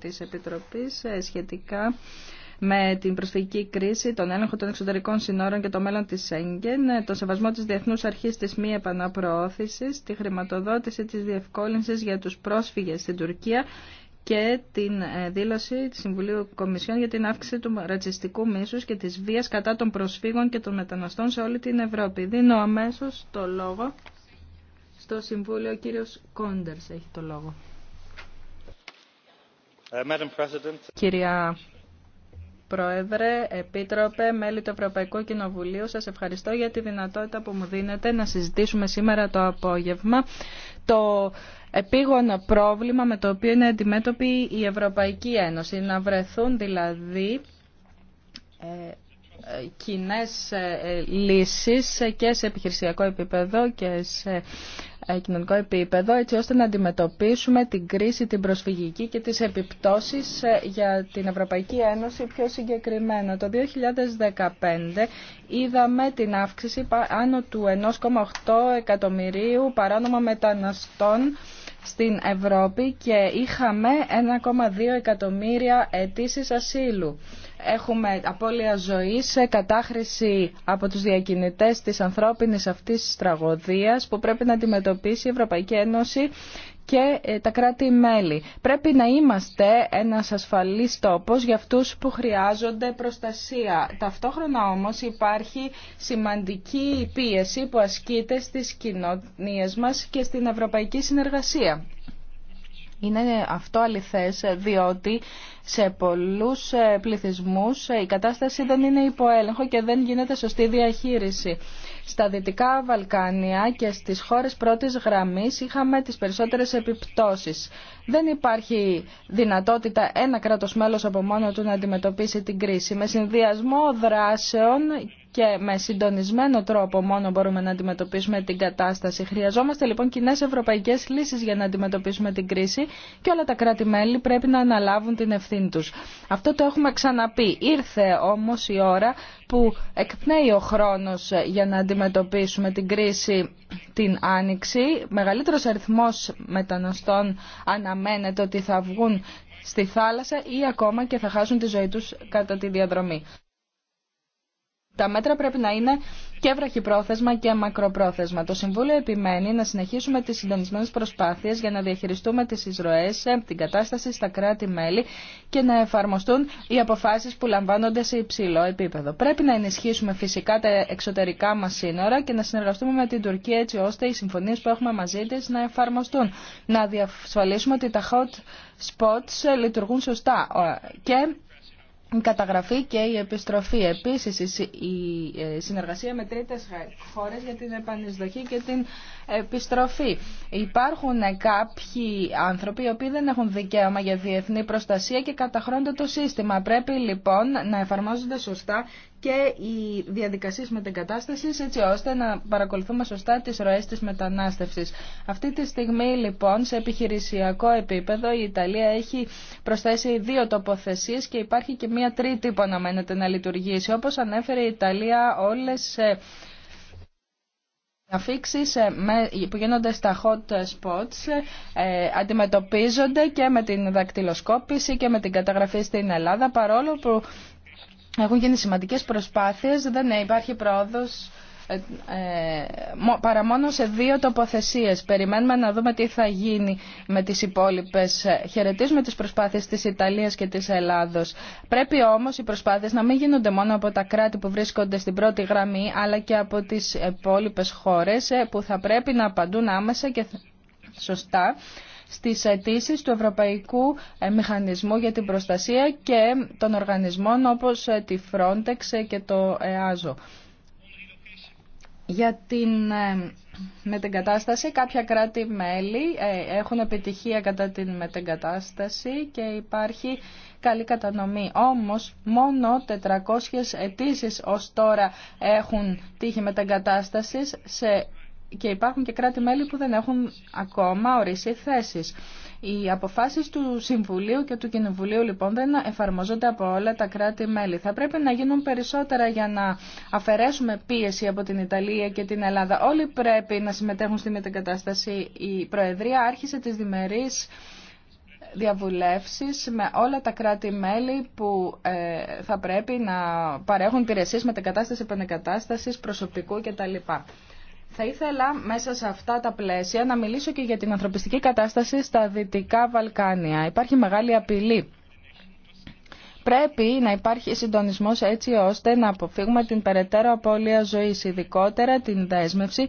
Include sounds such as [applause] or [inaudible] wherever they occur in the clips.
της Επιτροπής ε, σχετικά με την προσφυγική κρίση, τον έλεγχο των εξωτερικών συνόρων και το μέλλον της Σέγγεν, ε, τον σεβασμό της Διεθνούς Αρχής της Μη Επαναπροώθησης, τη χρηματοδότηση της διευκόλυνσης για τους πρόσφυγες στην Τουρκία και την ε, δήλωση της Συμβουλίου Κομισιών για την αύξηση του ρατσιστικού μίσους και της βίας κατά των προσφύγων και των μεταναστών σε όλη την Ευρώπη. Δίνω αμέσως το λόγο στο Συμβούλιο. Ο κύριος Κόντερς έχει το λόγο. Ε, Κυρία Πρόεδρε, Επίτροπε, μέλη του Ευρωπαϊκού Κοινοβουλίου, σας ευχαριστώ για τη δυνατότητα που μου δίνετε να συζητήσουμε σήμερα το απόγευμα το επίγον πρόβλημα με το οποίο είναι αντιμέτωπη η Ευρωπαϊκή Ένωση. Να βρεθούν δηλαδή ε, ε, κοινέ ε, ε, λύσεις και σε επιχειρησιακό επίπεδο και σε κοινωνικό επίπεδο έτσι ώστε να αντιμετωπίσουμε την κρίση, την προσφυγική και τις επιπτώσεις για την Ευρωπαϊκή Ένωση πιο συγκεκριμένα. Το 2015 είδαμε την αύξηση άνω του 1,8 εκατομμυρίου παράνομα μεταναστών στην Ευρώπη και είχαμε 1,2 εκατομμύρια αιτήσει ασύλου. Έχουμε απώλεια ζωής, κατάχρηση από τους διακινητές της ανθρώπινης αυτής της που πρέπει να αντιμετωπίσει η Ευρωπαϊκή Ένωση και ε, τα κράτη-μέλη. Πρέπει να είμαστε ένας ασφαλής τόπος για αυτούς που χρειάζονται προστασία. Ταυτόχρονα όμως υπάρχει σημαντική πίεση που ασκείται στις κοινωνίες μας και στην ευρωπαϊκή συνεργασία. Είναι αυτό αληθές διότι σε πολλούς ε, πληθυσμούς ε, η κατάσταση δεν είναι υποέλεγχο και δεν γίνεται σωστή διαχείριση. Στα Δυτικά Βαλκάνια και στις χώρες πρώτης γραμμής είχαμε τις περισσότερες επιπτώσεις. Δεν υπάρχει δυνατότητα ένα κράτος μέλος από μόνο του να αντιμετωπίσει την κρίση. Με συνδυασμό δράσεων και με συντονισμένο τρόπο μόνο μπορούμε να αντιμετωπίσουμε την κατάσταση. Χρειαζόμαστε λοιπόν κοινέ ευρωπαϊκέ λύσει για να αντιμετωπίσουμε την κρίση και όλα τα κράτη-μέλη πρέπει να αναλάβουν την ευθύνη του. Αυτό το έχουμε ξαναπεί. Ήρθε όμω η ώρα που εκπνέει ο χρόνο για να αντιμετωπίσουμε την κρίση την άνοιξη. Μεγαλύτερο αριθμό μεταναστών αναμένεται ότι θα βγουν στη θάλασσα ή ακόμα και θα χάσουν τη ζωή τους κατά τη διαδρομή τα μέτρα πρέπει να είναι και βραχυπρόθεσμα και μακροπρόθεσμα. Το Συμβούλιο επιμένει να συνεχίσουμε τις συντονισμένες προσπάθειες για να διαχειριστούμε τις εισρωές, ε, την κατάσταση στα κράτη-μέλη και να εφαρμοστούν οι αποφάσεις που λαμβάνονται σε υψηλό επίπεδο. Πρέπει να ενισχύσουμε φυσικά τα εξωτερικά μας σύνορα και να συνεργαστούμε με την Τουρκία έτσι ώστε οι συμφωνίες που έχουμε μαζί της να εφαρμοστούν. Να διασφαλίσουμε ότι τα hot spots ε, λειτουργούν σωστά ε, και η καταγραφή και η επιστροφή. Επίσης η ε, συνεργασία με τρίτες χώρες για την επανεισδοχή και την επιστροφή. Υπάρχουν κάποιοι άνθρωποι οι οποίοι δεν έχουν δικαίωμα για διεθνή προστασία και καταχρώνται το σύστημα. Πρέπει λοιπόν να εφαρμόζονται σωστά και οι διαδικασίε μετεγκατάσταση έτσι ώστε να παρακολουθούμε σωστά τι ροέ τη μετανάστευση. Αυτή τη στιγμή λοιπόν σε επιχειρησιακό επίπεδο η Ιταλία έχει προσθέσει δύο τοποθεσίε και υπάρχει και μία τρίτη που αναμένεται να λειτουργήσει. Όπω ανέφερε η Ιταλία, όλε ε, Αφήξει ε, που γίνονται στα hot spots ε, αντιμετωπίζονται και με την δακτυλοσκόπηση και με την καταγραφή στην Ελλάδα παρόλο που έχουν γίνει σημαντικέ προσπάθειες, δεν ναι, υπάρχει πρόοδος ε, ε, παρά μόνο σε δύο τοποθεσίες. Περιμένουμε να δούμε τι θα γίνει με τις υπόλοιπε ε, Χαιρετίζουμε τι προσπάθειες της Ιταλίας και της Ελλάδος. Πρέπει όμως οι προσπάθειες να μην γίνονται μόνο από τα κράτη που βρίσκονται στην πρώτη γραμμή, αλλά και από τις υπόλοιπε χώρες που θα πρέπει να απαντούν άμεσα και σωστά στις αιτήσει του Ευρωπαϊκού ε, Μηχανισμού για την Προστασία και των οργανισμών όπως ε, τη Frontex ε, και το Εάζο Για την μετεγκατάσταση, κάποια κράτη-μέλη έχουν επιτυχία κατά την μετεγκατάσταση και υπάρχει καλή κατανομή. Όμως, μόνο 400 αιτήσει ως τώρα έχουν τύχει μετεγκατάστασης σε και υπάρχουν και κράτη-μέλη που δεν έχουν ακόμα ορίσει θέσει. Οι αποφάσει του Συμβουλίου και του Κοινοβουλίου λοιπόν δεν εφαρμοζόνται από όλα τα κράτη-μέλη. Θα πρέπει να γίνουν περισσότερα για να αφαιρέσουμε πίεση από την Ιταλία και την Ελλάδα. Όλοι πρέπει να συμμετέχουν στη μετακατάσταση. Η Προεδρία άρχισε τι διμερείς διαβουλεύσεις με όλα τα κράτη-μέλη που ε, θα πρέπει να παρέχουν υπηρεσίε μετακατάσταση επανεκατάσταση, προσωπικού κτλ. Θα ήθελα μέσα σε αυτά τα πλαίσια να μιλήσω και για την ανθρωπιστική κατάσταση στα Δυτικά Βαλκάνια. Υπάρχει μεγάλη απειλή. Πρέπει να υπάρχει συντονισμός έτσι ώστε να αποφύγουμε την περαιτέρω απώλεια ζωής, ειδικότερα την δέσμευση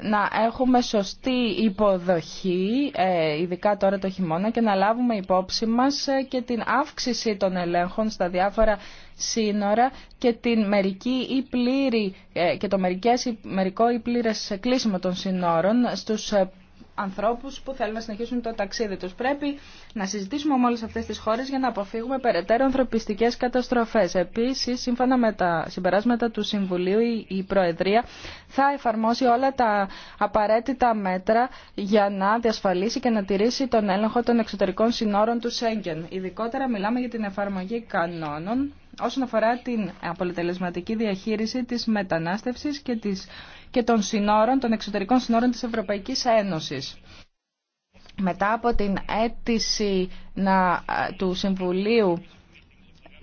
να έχουμε σωστή υποδοχή, ε, ειδικά τώρα το χειμώνα, και να λάβουμε υπόψη μας ε, και την αύξηση των ελέγχων στα διάφορα σύνορα και την μερική ή πλήρη ε, και το μερικές, μερικό ή πλήρες κλείσιμο των σύνορων στους ε, ανθρώπους που θέλουν να συνεχίσουν το ταξίδι τους. Πρέπει να συζητήσουμε με όλες αυτές τις χώρες για να αποφύγουμε περαιτέρω ανθρωπιστικές καταστροφές. Επίσης, σύμφωνα με τα συμπεράσματα του Συμβουλίου, η Προεδρία θα εφαρμόσει όλα τα απαραίτητα μέτρα για να διασφαλίσει και να τηρήσει τον έλεγχο των εξωτερικών συνόρων του Σέγγεν. Ειδικότερα μιλάμε για την εφαρμογή κανόνων όσον αφορά την αποτελεσματική διαχείριση της μετανάστευσης και, της, και των συνόρων, των εξωτερικών συνόρων της Ευρωπαϊκής Ένωσης. Μετά από την αίτηση να, ε, του Συμβουλίου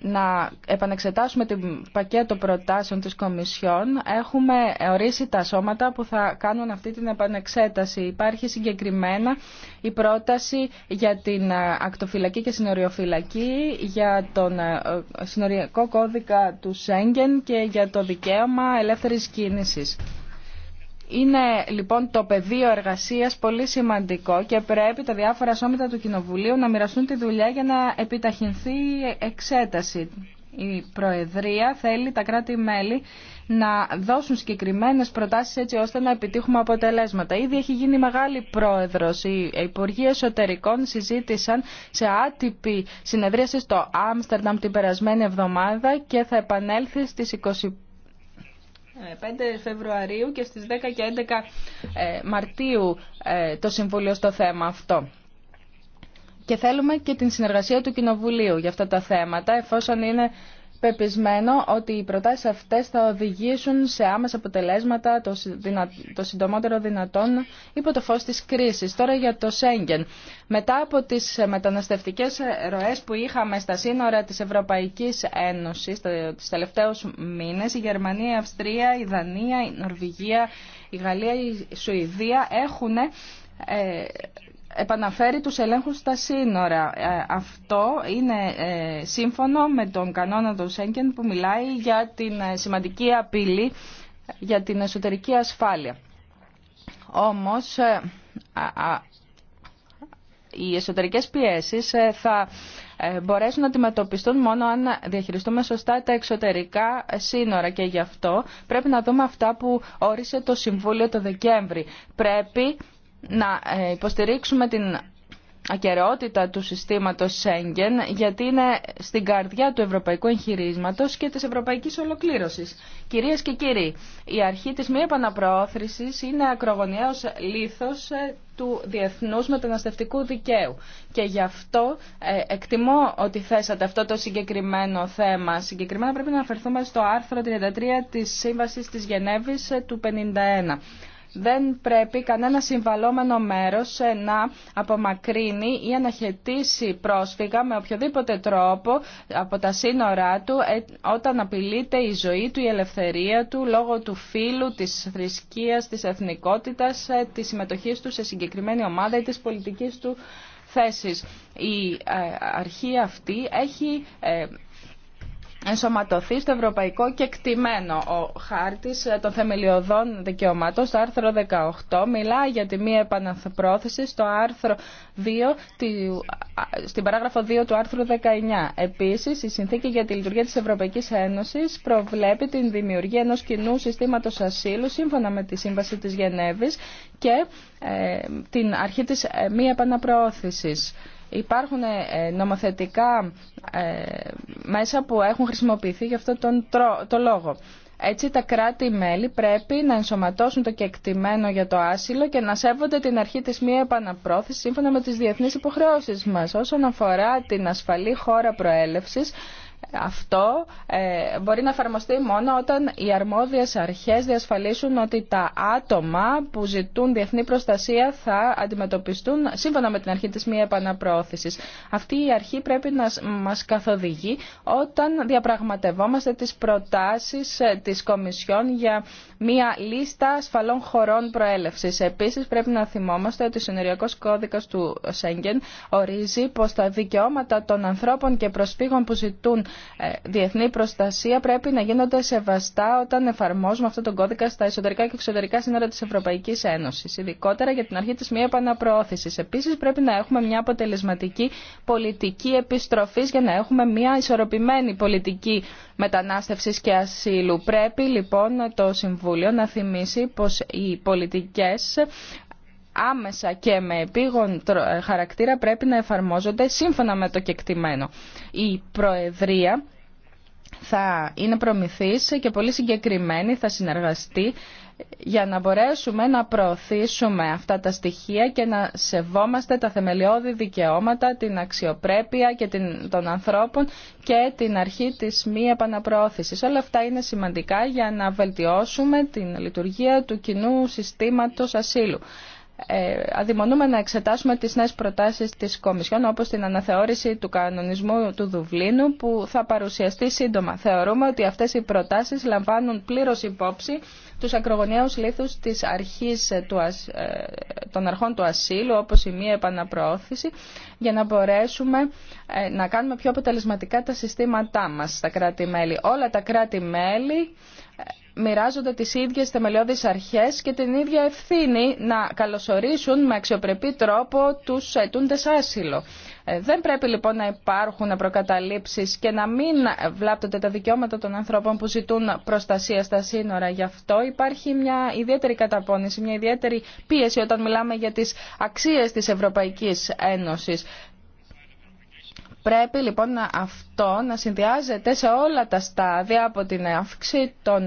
να επανεξετάσουμε το πακέτο προτάσεων της Κομισιόν έχουμε ορίσει τα σώματα που θα κάνουν αυτή την επανεξέταση. Υπάρχει συγκεκριμένα η πρόταση για την ακτοφυλακή και συνοριοφυλακή, για τον ε, ε, συνοριακό κώδικα του Σέγγεν και για το δικαίωμα ελεύθερης κίνησης. Είναι λοιπόν το πεδίο εργασίας πολύ σημαντικό και πρέπει τα διάφορα σώματα του Κοινοβουλίου να μοιραστούν τη δουλειά για να επιταχυνθεί η εξέταση. Η Προεδρία θέλει τα κράτη-μέλη να δώσουν συγκεκριμένε προτάσει έτσι ώστε να επιτύχουμε αποτελέσματα. Ήδη έχει γίνει μεγάλη πρόεδρο. Οι Υπουργοί Εσωτερικών συζήτησαν σε άτυπη συνεδρίαση στο Άμστερνταμ την περασμένη εβδομάδα και θα επανέλθει στι 25 5 Φεβρουαρίου και στις 10 και 11 ε, Μαρτίου ε, το Συμβούλιο στο θέμα αυτό. Και θέλουμε και την συνεργασία του Κοινοβουλίου για αυτά τα θέματα, εφόσον είναι πεπισμένο ότι οι προτάσεις αυτές θα οδηγήσουν σε άμεσα αποτελέσματα το, συντομότερο δυνατόν υπό το φως της κρίσης. Τώρα για το Σέγγεν. Μετά από τις μεταναστευτικές ροές που είχαμε στα σύνορα της Ευρωπαϊκής Ένωσης τους τελευταίους μήνες, η Γερμανία, η Αυστρία, η Δανία, η Νορβηγία, η Γαλλία, η Σουηδία έχουν ε, επαναφέρει τους ελέγχους στα σύνορα. Ε, αυτό είναι ε, σύμφωνο με τον κανόνα του Σέγγεν που μιλάει για την ε, σημαντική απειλή για την εσωτερική ασφάλεια. Όμως οι εσωτερικές πιέσεις θα μπορέσουν να αντιμετωπιστούν μόνο αν διαχειριστούμε σωστά τα εξωτερικά σύνορα και γι' αυτό πρέπει να δούμε αυτά που όρισε το Συμβούλιο το Δεκέμβρη. Πρέπει να ε, υποστηρίξουμε την ακαιρεότητα του συστήματος Σέγγεν γιατί είναι στην καρδιά του ευρωπαϊκού εγχειρίσματος και της ευρωπαϊκής ολοκλήρωσης. Κυρίες και κύριοι, η αρχή της μη επαναπροώθησης είναι ακρογωνιαίος λήθος ε, του διεθνούς μεταναστευτικού δικαίου. Και γι' αυτό ε, εκτιμώ ότι θέσατε αυτό το συγκεκριμένο θέμα. Συγκεκριμένα πρέπει να αφαιρθούμε στο άρθρο 33 της Σύμβασης της Γενέβης του 51 δεν πρέπει κανένα συμβαλόμενο μέρος ε, να απομακρύνει ή να χετήσει πρόσφυγα με οποιοδήποτε τρόπο από τα σύνορά του ε, όταν απειλείται η να προσφυγα με οποιοδηποτε τροπο απο τα συνορα του οταν απειλειται η ζωη του, η ελευθερία του λόγω του φίλου της θρησκείας, της εθνικότητας, ε, της συμμετοχής του σε συγκεκριμένη ομάδα ή της πολιτικής του θέσης. Η αρχή αυτή έχει ενσωματωθεί στο ευρωπαϊκό και κτημένο. Ο χάρτης ε, των θεμελιωδών δικαιωμάτων στο άρθρο 18 μιλά για τη μία επαναπρόθεση στο άρθρο 2, στην παράγραφο 2 του άρθρου 19. Επίσης, η συνθήκη για τη λειτουργία της Ευρωπαϊκής Ένωσης προβλέπει την δημιουργία ενός κοινού συστήματος ασύλου σύμφωνα με τη Σύμβαση της Γενέβης και ε, την αρχή της ε, μία επαναπρόθεσης. Υπάρχουν ε, νομοθετικά ε, μέσα που έχουν χρησιμοποιηθεί γι' αυτό τον το λόγο. Έτσι τα κράτη-μέλη πρέπει να ενσωματώσουν το κεκτημένο για το άσυλο και να σέβονται την αρχή της μία επαναπρόθεσης σύμφωνα με τις διεθνείς υποχρεώσεις μας όσον αφορά την ασφαλή χώρα προέλευσης αυτό ε, μπορεί να εφαρμοστεί μόνο όταν οι αρμόδιες αρχές διασφαλίσουν ότι τα άτομα που ζητούν διεθνή προστασία θα αντιμετωπιστούν σύμφωνα με την αρχή της μη επαναπροώθησης. Αυτή η αρχή πρέπει να μας καθοδηγεί όταν διαπραγματευόμαστε τις προτάσεις ε, της Κομισιόν για μια λίστα ασφαλών χωρών προέλευσης. Επίσης πρέπει να θυμόμαστε ότι ο Συνεριακός Κώδικας του Σέγγεν ορίζει πως τα δικαιώματα των ανθρώπων και προσφύγων που ζητούν ε, διεθνή προστασία πρέπει να γίνονται σεβαστά όταν εφαρμόζουμε αυτόν τον κώδικα στα εσωτερικά και εξωτερικά σύνορα της Ευρωπαϊκής Ένωσης, ειδικότερα για την αρχή της μια επαναπροώθηση. Επίσης πρέπει να έχουμε μια αποτελεσματική πολιτική επιστροφής για να έχουμε μια ισορροπημένη πολιτική μετανάστευση και ασύλου. Πρέπει λοιπόν το Συμβούλιο να θυμίσει πω οι πολιτικέ άμεσα και με επίγον ε, χαρακτήρα πρέπει να εφαρμόζονται σύμφωνα με το κεκτημένο. Η Προεδρία θα είναι προμηθής και πολύ συγκεκριμένη, θα συνεργαστεί για να μπορέσουμε να προωθήσουμε αυτά τα στοιχεία και να σεβόμαστε τα θεμελιώδη δικαιώματα, την αξιοπρέπεια και την, των ανθρώπων και την αρχή της μη επαναπροώθησης. Όλα αυτά είναι σημαντικά για να βελτιώσουμε την λειτουργία του κοινού συστήματος ασύλου. Ε, αδειμονούμε να εξετάσουμε τις νέες προτάσεις της Κομισιόν όπως την αναθεώρηση του κανονισμού του Δουβλίνου που θα παρουσιαστεί σύντομα. Θεωρούμε ότι αυτές οι προτάσεις λαμβάνουν πλήρως υπόψη τους ακρογωνιαίους λήθους της αρχής ε, των αρχών του ασύλου όπως η μία επαναπροώθηση για να μπορέσουμε ε, να κάνουμε πιο αποτελεσματικά τα συστήματά μας στα κράτη-μέλη. Όλα τα κράτη-μέλη μοιράζονται τις ίδιες θεμελιώδεις αρχές και την ίδια ευθύνη να καλωσορίσουν με αξιοπρεπή τρόπο τους αιτούντες άσυλο. Ε, δεν πρέπει λοιπόν να υπάρχουν προκαταλήψεις και να μην βλάπτονται τα δικαιώματα των ανθρώπων που ζητούν προστασία στα σύνορα. Γι' αυτό υπάρχει μια ιδιαίτερη καταπώνηση, μια ιδιαίτερη πίεση όταν μιλάμε για τις αξίες της Ευρωπαϊκής Ένωσης. Πρέπει λοιπόν αυτό να συνδυάζεται σε όλα τα στάδια από την αύξηση των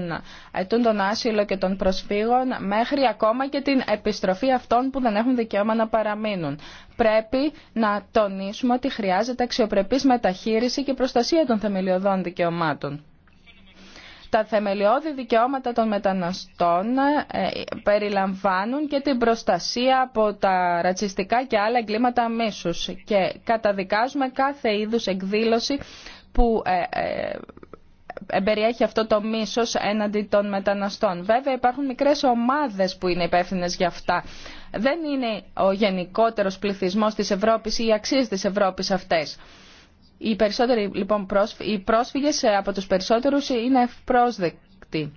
αιτούν των άσυλο και των προσφύγων μέχρι ακόμα και την επιστροφή αυτών που δεν έχουν δικαίωμα να παραμείνουν. Πρέπει να τονίσουμε ότι χρειάζεται αξιοπρεπής μεταχείριση και προστασία των θεμελιωδών δικαιωμάτων. Τα θεμελιώδη δικαιώματα των μεταναστών ε, περιλαμβάνουν και την προστασία από τα ρατσιστικά και άλλα εγκλήματα μίσους και καταδικάζουμε κάθε είδους εκδήλωση που ε, ε, περιέχει αυτό το μίσος έναντι των μεταναστών. Βέβαια υπάρχουν μικρές ομάδες που είναι υπεύθυνε για αυτά. Δεν είναι ο γενικότερος πληθυσμός της Ευρώπης ή οι αξίες της Ευρώπης αυτές. Οι περισσότεροι λοιπόν πρόσφυγες ε, από τους περισσότερους είναι ευπρόσδεκτοι.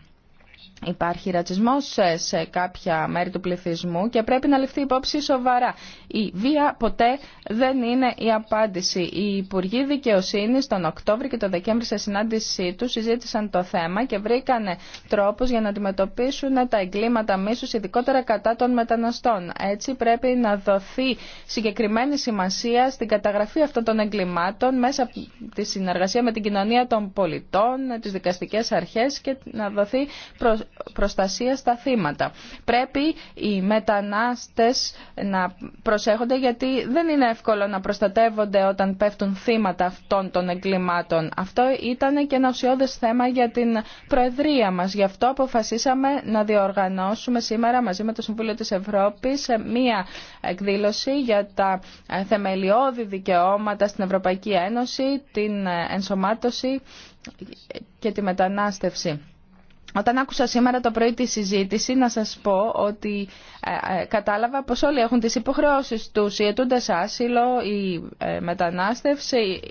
Υπάρχει ρατσισμό σε κάποια μέρη του πληθυσμού και πρέπει να ληφθεί υπόψη σοβαρά. Η βία ποτέ δεν είναι η απάντηση. Οι Υπουργοί Δικαιοσύνη τον Οκτώβριο και τον Δεκέμβρη σε συνάντησή του συζήτησαν το θέμα και βρήκαν τρόπους για να αντιμετωπίσουν τα εγκλήματα μίσους, ειδικότερα κατά των μεταναστών. Έτσι πρέπει να δοθεί συγκεκριμένη σημασία στην καταγραφή αυτών των εγκλημάτων μέσα από τη συνεργασία με την κοινωνία των πολιτών, τι δικαστικέ αρχέ και να δοθεί προ προστασία στα θύματα. Πρέπει οι μετανάστες να προσέχονται γιατί δεν είναι εύκολο να προστατεύονται όταν πέφτουν θύματα αυτών των εγκλημάτων. Αυτό ήταν και ένα ουσιώδες θέμα για την Προεδρία μας. Γι' αυτό αποφασίσαμε να διοργανώσουμε σήμερα μαζί με το Συμβούλιο της Ευρώπης μία εκδήλωση για τα θεμελιώδη δικαιώματα στην Ευρωπαϊκή Ένωση, την ενσωμάτωση και τη μετανάστευση. Όταν άκουσα σήμερα το πρωί τη συζήτηση, να σας πω ότι ε, ε, κατάλαβα πως όλοι έχουν τις υποχρεώσεις τους. Οι αιτούντες άσυλο, οι, ε, μετανάστες, οι,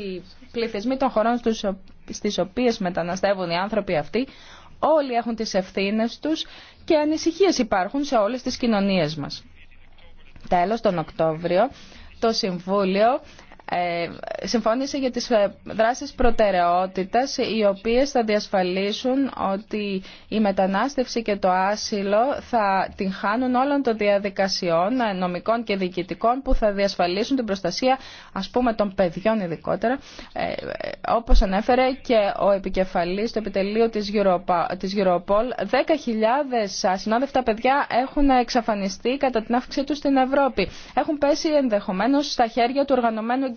οι οι πληθυσμοί των χωρών στους, στις οποίες μεταναστεύουν οι άνθρωποι αυτοί, όλοι έχουν τις ευθύνες τους και ανησυχίες υπάρχουν σε όλες τις κοινωνίες μας. Τέλος, τον Οκτώβριο, το Συμβούλιο ε, συμφώνησε για τις ε, δράσεις προτεραιότητας οι οποίες θα διασφαλίσουν ότι η μετανάστευση και το άσυλο θα την χάνουν όλων των διαδικασιών ε, νομικών και διοικητικών που θα διασφαλίσουν την προστασία ας πούμε των παιδιών ειδικότερα όπως ανέφερε και ο επικεφαλής του επιτελείου της Europol 10.000 ασυνόδευτα παιδιά έχουν εξαφανιστεί κατά την αύξηση του στην Ευρώπη έχουν πέσει ενδεχομένως στα χέρια του οργανωμένου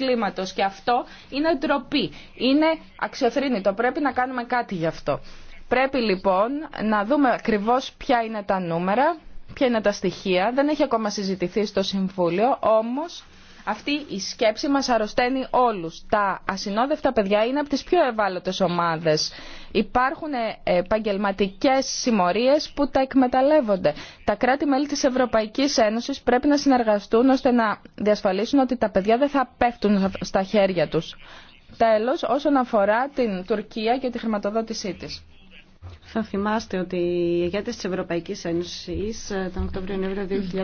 και αυτό είναι ντροπή, είναι αξιοθρύνητο, πρέπει να κάνουμε κάτι γι' αυτό. Πρέπει λοιπόν να δούμε ακριβώς ποια είναι τα νούμερα, ποια είναι τα στοιχεία, δεν έχει ακόμα συζητηθεί στο Συμβούλιο, όμως αυτή η σκέψη μας αρρωσταίνει όλους. Τα ασυνόδευτα παιδιά είναι από τις πιο ευάλωτες ομάδες. Υπάρχουν ε, επαγγελματικέ συμμορίες που τα εκμεταλλεύονται. Τα κράτη-μέλη της Ευρωπαϊκής Ένωσης πρέπει να συνεργαστούν ώστε να διασφαλίσουν ότι τα παιδιά δεν θα πέφτουν στα χέρια τους. Τέλος, όσον αφορά την Τουρκία και τη χρηματοδότησή της. Θα θυμάστε ότι οι αιγέτε τη Ευρωπαϊκή Ένωση, ε, τον Οκτώβριο-Νοέμβριο 2015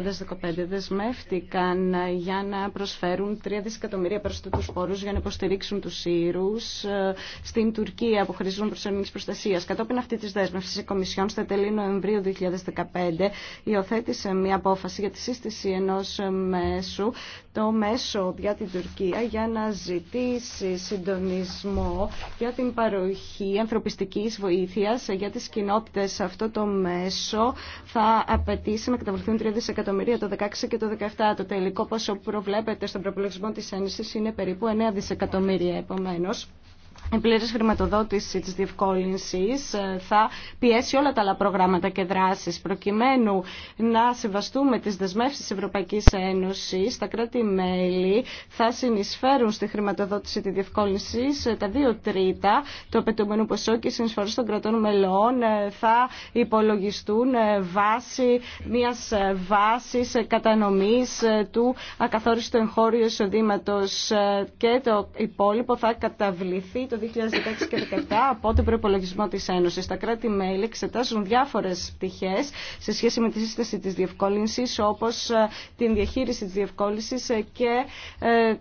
δεσμεύτηκαν ε, για να προσφέρουν 3 δισεκατομμύρια προσθέτου πόρου για να υποστηρίξουν του Σύρου ε, στην Τουρκία που χρήζουν προσωρινή προστασία. Κατόπιν αυτή τη δέσμευση, η Κομισιόν στα τέλη Νοεμβρίου 2015 υιοθέτησε μια απόφαση για τη σύστηση ενό μέσου, το μέσο για την Τουρκία για να ζητήσει συντονισμό για την παροχή ανθρωπιστική βοήθεια. για τις κοινότητες σε αυτό το μέσο θα απαιτήσει να καταβληθούν 3 δισεκατομμυρία το 2016 και το 2017. Το τελικό πόσο προβλέπεται στον προπολογισμό της Ένωσης είναι περίπου 9 δισεκατομμύρια επομένως η πλήρη χρηματοδότηση τη διευκόλυνση ε, θα πιέσει όλα τα άλλα προγράμματα και δράσει προκειμένου να συμβαστούμε τι δεσμεύσει τη Ευρωπαϊκή Ένωση. Τα κράτη-μέλη θα συνεισφέρουν στη χρηματοδότηση τη διευκόλυνση τα δύο τρίτα του απαιτούμενου ποσό και οι συνεισφορέ των κρατών μελών ε, θα υπολογιστούν ε, βάση μια βάση κατανομή του ακαθόριστου εγχώριου εισοδήματο και το υπόλοιπο θα καταβληθεί το 2016 και 2017 από τον προπολογισμό τη Ένωση. Τα κράτη-μέλη εξετάζουν διάφορε πτυχέ σε σχέση με τη σύσταση τη διευκόλυνση, όπω ε, την διαχείριση τη διευκόλυνση ε, και ε,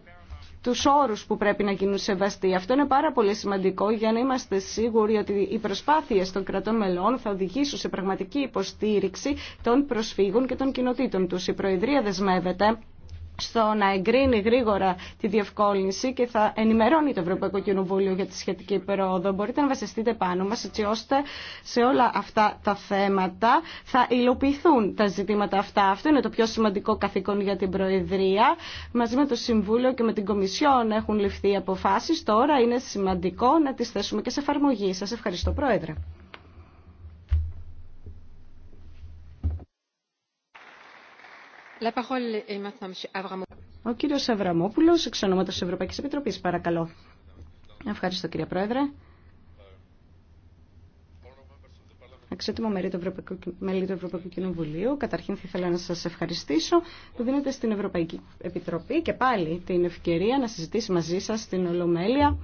του όρου που πρέπει να γίνουν σεβαστοί. Αυτό είναι πάρα πολύ σημαντικό για να είμαστε σίγουροι ότι οι προσπάθειε των κρατών μελών θα οδηγήσουν σε πραγματική υποστήριξη των προσφύγων και των κοινοτήτων του. Η Προεδρία δεσμεύεται στο να εγκρίνει γρήγορα τη διευκόλυνση και θα ενημερώνει το Ευρωπαϊκό Κοινοβούλιο για τη σχετική περίοδο. Μπορείτε να βασιστείτε πάνω μας έτσι ώστε σε όλα αυτά τα θέματα θα υλοποιηθούν τα ζητήματα αυτά. Αυτό είναι το πιο σημαντικό καθήκον για την Προεδρία. Μαζί με το Συμβούλιο και με την Κομισιόν έχουν ληφθεί αποφάσεις. Τώρα είναι σημαντικό να τις θέσουμε και σε εφαρμογή. Σας ευχαριστώ Πρόεδρε. Ο κύριος Αβραμόπουλος, εξ ονόματος της Ευρωπαϊκής Επιτροπής, παρακαλώ. Ευχαριστώ κύριε Πρόεδρε. Αξιότιμα μέλη του, Ευρωπαϊκού, μέλη του Ευρωπαϊκού Κοινοβουλίου, καταρχήν θα ήθελα να σας ευχαριστήσω που δίνετε στην Ευρωπαϊκή Επιτροπή και πάλι την ευκαιρία να συζητήσει μαζί σας στην Ολομέλεια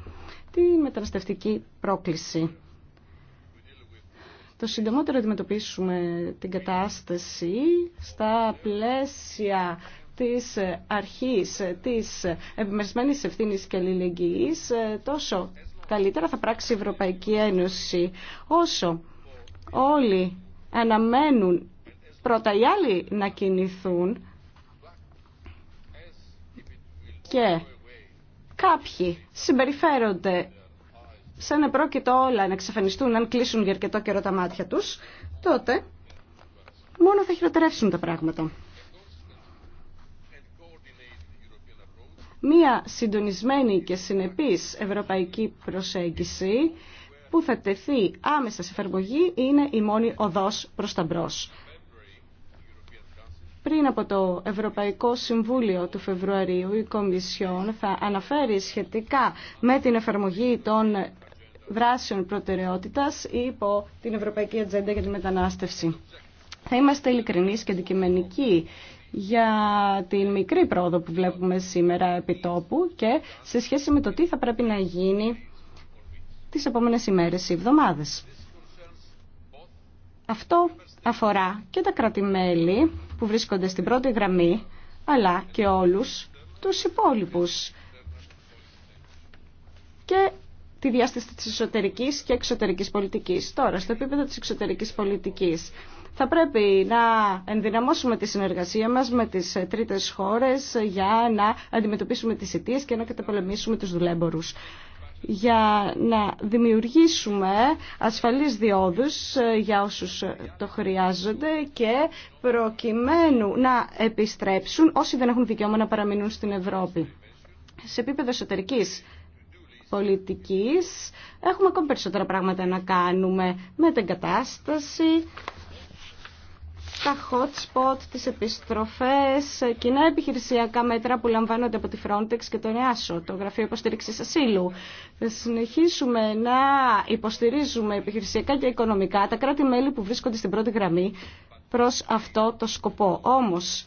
τη μεταναστευτική πρόκληση το συντομότερο αντιμετωπίσουμε την κατάσταση στα πλαίσια της αρχής της επιμερισμένης ευθύνης και αλληλεγγύης, τόσο καλύτερα θα πράξει η Ευρωπαϊκή Ένωση. Όσο όλοι αναμένουν πρώτα οι άλλοι να κινηθούν και κάποιοι συμπεριφέρονται σαν επρόκειτο όλα να εξαφανιστούν αν κλείσουν για αρκετό καιρό τα μάτια τους, τότε μόνο θα χειροτερεύσουν τα πράγματα. Μία συντονισμένη και συνεπής ευρωπαϊκή προσέγγιση που θα τεθεί άμεσα σε εφαρμογή είναι η μόνη οδός προς τα μπρος. Πριν από το Ευρωπαϊκό Συμβούλιο του Φεβρουαρίου, η Κομισιόν θα αναφέρει σχετικά με την εφαρμογή των δράσεων προτεραιότητας υπό την Ευρωπαϊκή Ατζέντα για τη Μετανάστευση. Θα είμαστε ειλικρινείς και αντικειμενικοί για την μικρή πρόοδο που βλέπουμε σήμερα επί τόπου και σε σχέση με το τι θα πρέπει να γίνει τις επόμενες ημέρες ή εβδομάδες. Αυτό αφορά και τα κρατημέλη που βρίσκονται στην πρώτη γραμμή, αλλά και όλους τους υπόλοιπους. Και τη διάσταση της εσωτερικής και εξωτερικής πολιτικής. Τώρα, στο επίπεδο της εξωτερικής πολιτικής, θα πρέπει να ενδυναμώσουμε τη συνεργασία μας με τις τρίτες χώρες για να αντιμετωπίσουμε τις αιτίες και να καταπολεμήσουμε τους δουλέμπορους για να δημιουργήσουμε ασφαλείς διόδους ε, για όσους ε, το χρειάζονται και προκειμένου να επιστρέψουν όσοι δεν έχουν δικαίωμα να παραμείνουν στην Ευρώπη. Σε επίπεδο εσωτερικής πολιτικής έχουμε ακόμη περισσότερα πράγματα να κάνουμε με την κατάσταση τα hot spot, τις επιστροφές, κοινά επιχειρησιακά μέτρα που λαμβάνονται από τη Frontex και τον ΕΑΣΟ, το Γραφείο Υποστήριξης Ασύλου. Θα συνεχίσουμε να υποστηρίζουμε επιχειρησιακά και οικονομικά τα κράτη-μέλη που βρίσκονται στην πρώτη γραμμή προς αυτό το σκοπό. Όμως,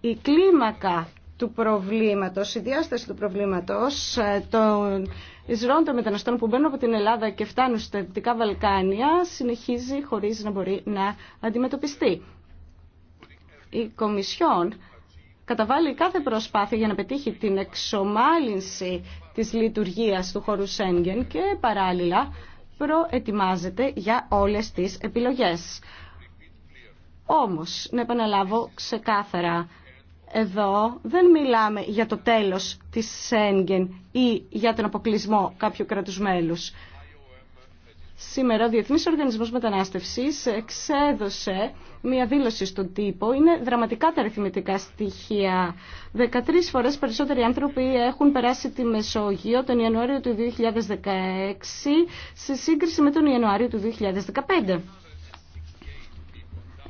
η κλίμακα του προβλήματος, η διάσταση του προβλήματος ε, των εισρώων των μεταναστών που μπαίνουν από την Ελλάδα και φτάνουν στα Δυτικά Βαλκάνια συνεχίζει χωρίς να μπορεί να αντιμετωπιστεί η Κομισιόν καταβάλει κάθε προσπάθεια για να πετύχει την εξομάλυνση της λειτουργίας του χώρου Σέγγεν και παράλληλα προετοιμάζεται για όλες τις επιλογές. Όμως, να επαναλάβω ξεκάθαρα, εδώ δεν μιλάμε για το τέλος της Σέγγεν ή για τον αποκλεισμό κάποιου κράτους μέλους. Σήμερα ο Διεθνής Οργανισμός Μετανάστευσης εξέδωσε μία δήλωση στον τύπο. Είναι δραματικά τα αριθμητικά στοιχεία. 13 φορές περισσότεροι άνθρωποι έχουν περάσει τη Μεσόγειο τον Ιανουάριο του 2016 σε σύγκριση με τον Ιανουάριο του 2015.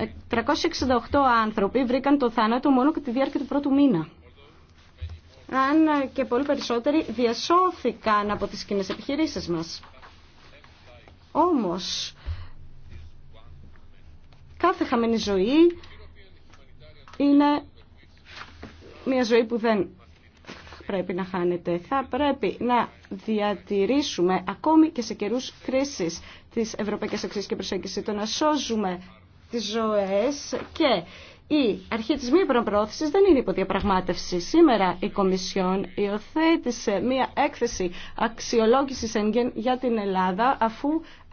368 άνθρωποι βρήκαν το θάνατο μόνο κατά τη διάρκεια του πρώτου μήνα αν και πολύ περισσότεροι διασώθηκαν από τις κοινέ επιχειρήσεις μας. Όμως, κάθε χαμένη ζωή είναι μια ζωή που δεν πρέπει να χάνεται. Θα πρέπει να διατηρήσουμε ακόμη και σε καιρούς κρίσης της Ευρωπαϊκής Αξίας και προσέγγιση, το να σώζουμε τις ζωές και η αρχή της μη προπρόθεσης δεν είναι υποδιαπραγμάτευση. Σήμερα η Κομισιόν υιοθέτησε μία έκθεση αξιολόγησης για την Ελλάδα αφού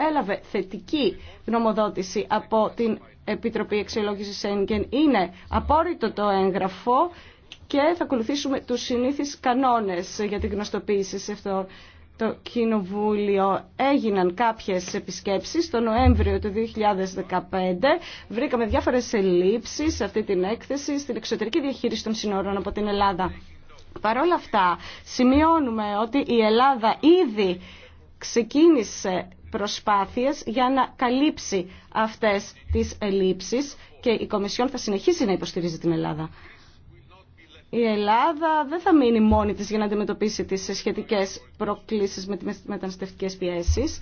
έλαβε θετική γνωμοδότηση από την Επιτροπή Αξιολόγησης Έγκεν. Είναι απόρριτο το έγγραφο και θα ακολουθήσουμε τους συνήθεις κανόνες για την γνωστοποίηση σε αυτό το Κοινοβούλιο έγιναν κάποιες επισκέψεις το Νοέμβριο του 2015. Βρήκαμε διάφορες ελλείψεις σε αυτή την έκθεση στην εξωτερική διαχείριση των συνόρων από την Ελλάδα. Παρ' όλα αυτά, σημειώνουμε ότι η Ελλάδα ήδη ξεκίνησε προσπάθειες για να καλύψει αυτές τις ελλείψεις και η Κομισιόν θα συνεχίσει να υποστηρίζει την Ελλάδα η Ελλάδα δεν θα μείνει μόνη της για να αντιμετωπίσει τις σχετικές προκλήσεις με τις μεταναστευτικές πιέσεις.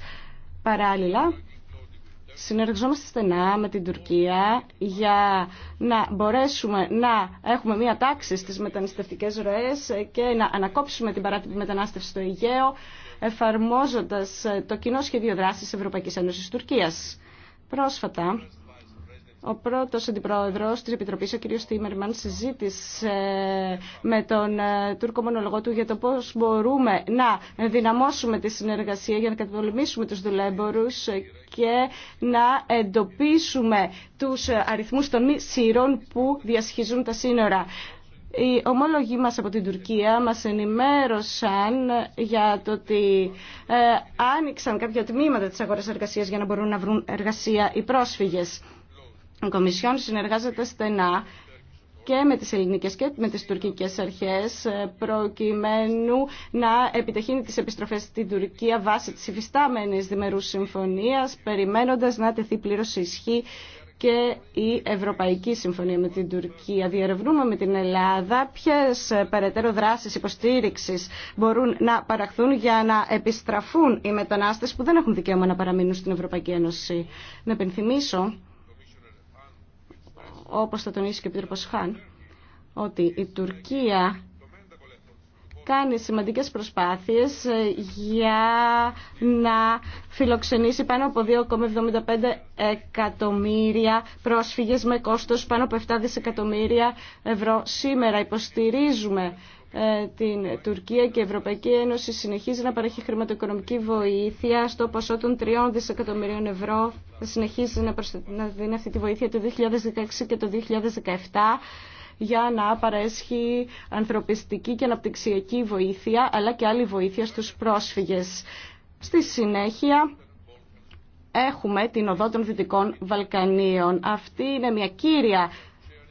Παράλληλα, συνεργαζόμαστε στενά με την Τουρκία για να μπορέσουμε να έχουμε μία τάξη στις μεταναστευτικές ροές και να ανακόψουμε την παράτυπη μετανάστευση στο Αιγαίο εφαρμόζοντας το κοινό σχέδιο δράσης Ευρωπαϊκής Ένωσης Τουρκίας. Πρόσφατα, ο πρώτο αντιπρόεδρο τη Επιτροπή, ο κ. Τίμερμαν, συζήτησε με τον ε, Τούρκο μονολογό του για το πώ μπορούμε να δυναμώσουμε τη συνεργασία για να κατολμήσουμε του δουλέμπορου και να εντοπίσουμε του αριθμού των σύρων που διασχίζουν τα σύνορα. Οι ομόλογοι μας από την Τουρκία μας ενημέρωσαν για το ότι ε, άνοιξαν κάποια τμήματα της αγοράς εργασίας για να μπορούν να βρουν εργασία οι πρόσφυγες. Η Κομισιόν συνεργάζεται στενά και με τις ελληνικές και με τις τουρκικές αρχές ε, προκειμένου να επιτεχύνει τις επιστροφές στην Τουρκία βάσει της υφιστάμενης διμερούς συμφωνίας περιμένοντας να τεθεί πλήρως ισχύ και η Ευρωπαϊκή Συμφωνία με την Τουρκία. Διερευνούμε με την Ελλάδα ποιε ε, περαιτέρω δράσει υποστήριξη μπορούν να παραχθούν για να επιστραφούν οι μετανάστε που δεν έχουν δικαίωμα να παραμείνουν στην Ευρωπαϊκή Ένωση. Να επενθυμίσω όπως θα τονίσει και ο Πίτροπος Χάν, ότι η Τουρκία κάνει σημαντικές προσπάθειες για να φιλοξενήσει πάνω από 2,75 εκατομμύρια πρόσφυγες με κόστος πάνω από 7 δισεκατομμύρια ευρώ. Σήμερα υποστηρίζουμε ε, την Τουρκία και η Ευρωπαϊκή Ένωση συνεχίζει να παρέχει χρηματοοικονομική βοήθεια στο ποσό των 3 δισεκατομμυρίων ευρώ. Θα να, να δίνει αυτή τη βοήθεια το 2016 και το 2017 για να παρέσχει ανθρωπιστική και αναπτυξιακή βοήθεια αλλά και άλλη βοήθεια στους πρόσφυγες. Στη συνέχεια έχουμε την οδό των Δυτικών Βαλκανίων. Αυτή είναι μια κύρια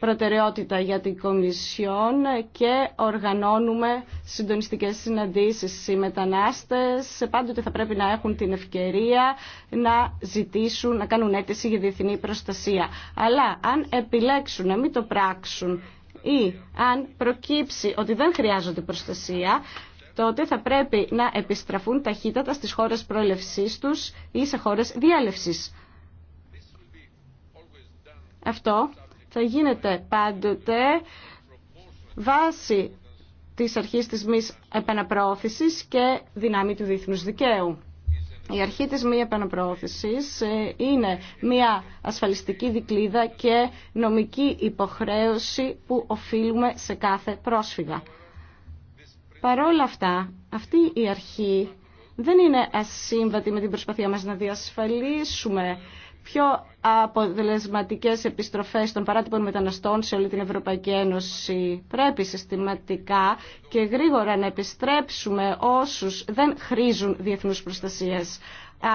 προτεραιότητα για την Κομισιόν και οργανώνουμε συντονιστικές συναντήσεις. Οι μετανάστες πάντοτε θα πρέπει να έχουν την ευκαιρία να ζητήσουν, να κάνουν αίτηση για διεθνή προστασία. Αλλά αν επιλέξουν να μην το πράξουν ή αν προκύψει ότι δεν χρειάζονται προστασία, τότε θα πρέπει να επιστραφούν ταχύτατα στις χώρες προελευσής τους ή σε χώρες διάλευσης. Αυτό θα γίνεται πάντοτε βάση της αρχής της μη επαναπροώθησης και δυνάμη του διεθνούς δικαίου. Η αρχή της μη επαναπροώθησης ε, είναι μια ασφαλιστική δικλίδα και νομική υποχρέωση που οφείλουμε σε κάθε πρόσφυγα. Παρόλα αυτά, αυτή η αρχή δεν είναι ασύμβατη με την προσπαθία μας να διασφαλίσουμε πιο αποτελεσματικές επιστροφές των παράτυπων μεταναστών σε όλη την Ευρωπαϊκή Ένωση. Πρέπει συστηματικά και γρήγορα να επιστρέψουμε όσους δεν χρήζουν διεθνούς προστασίες.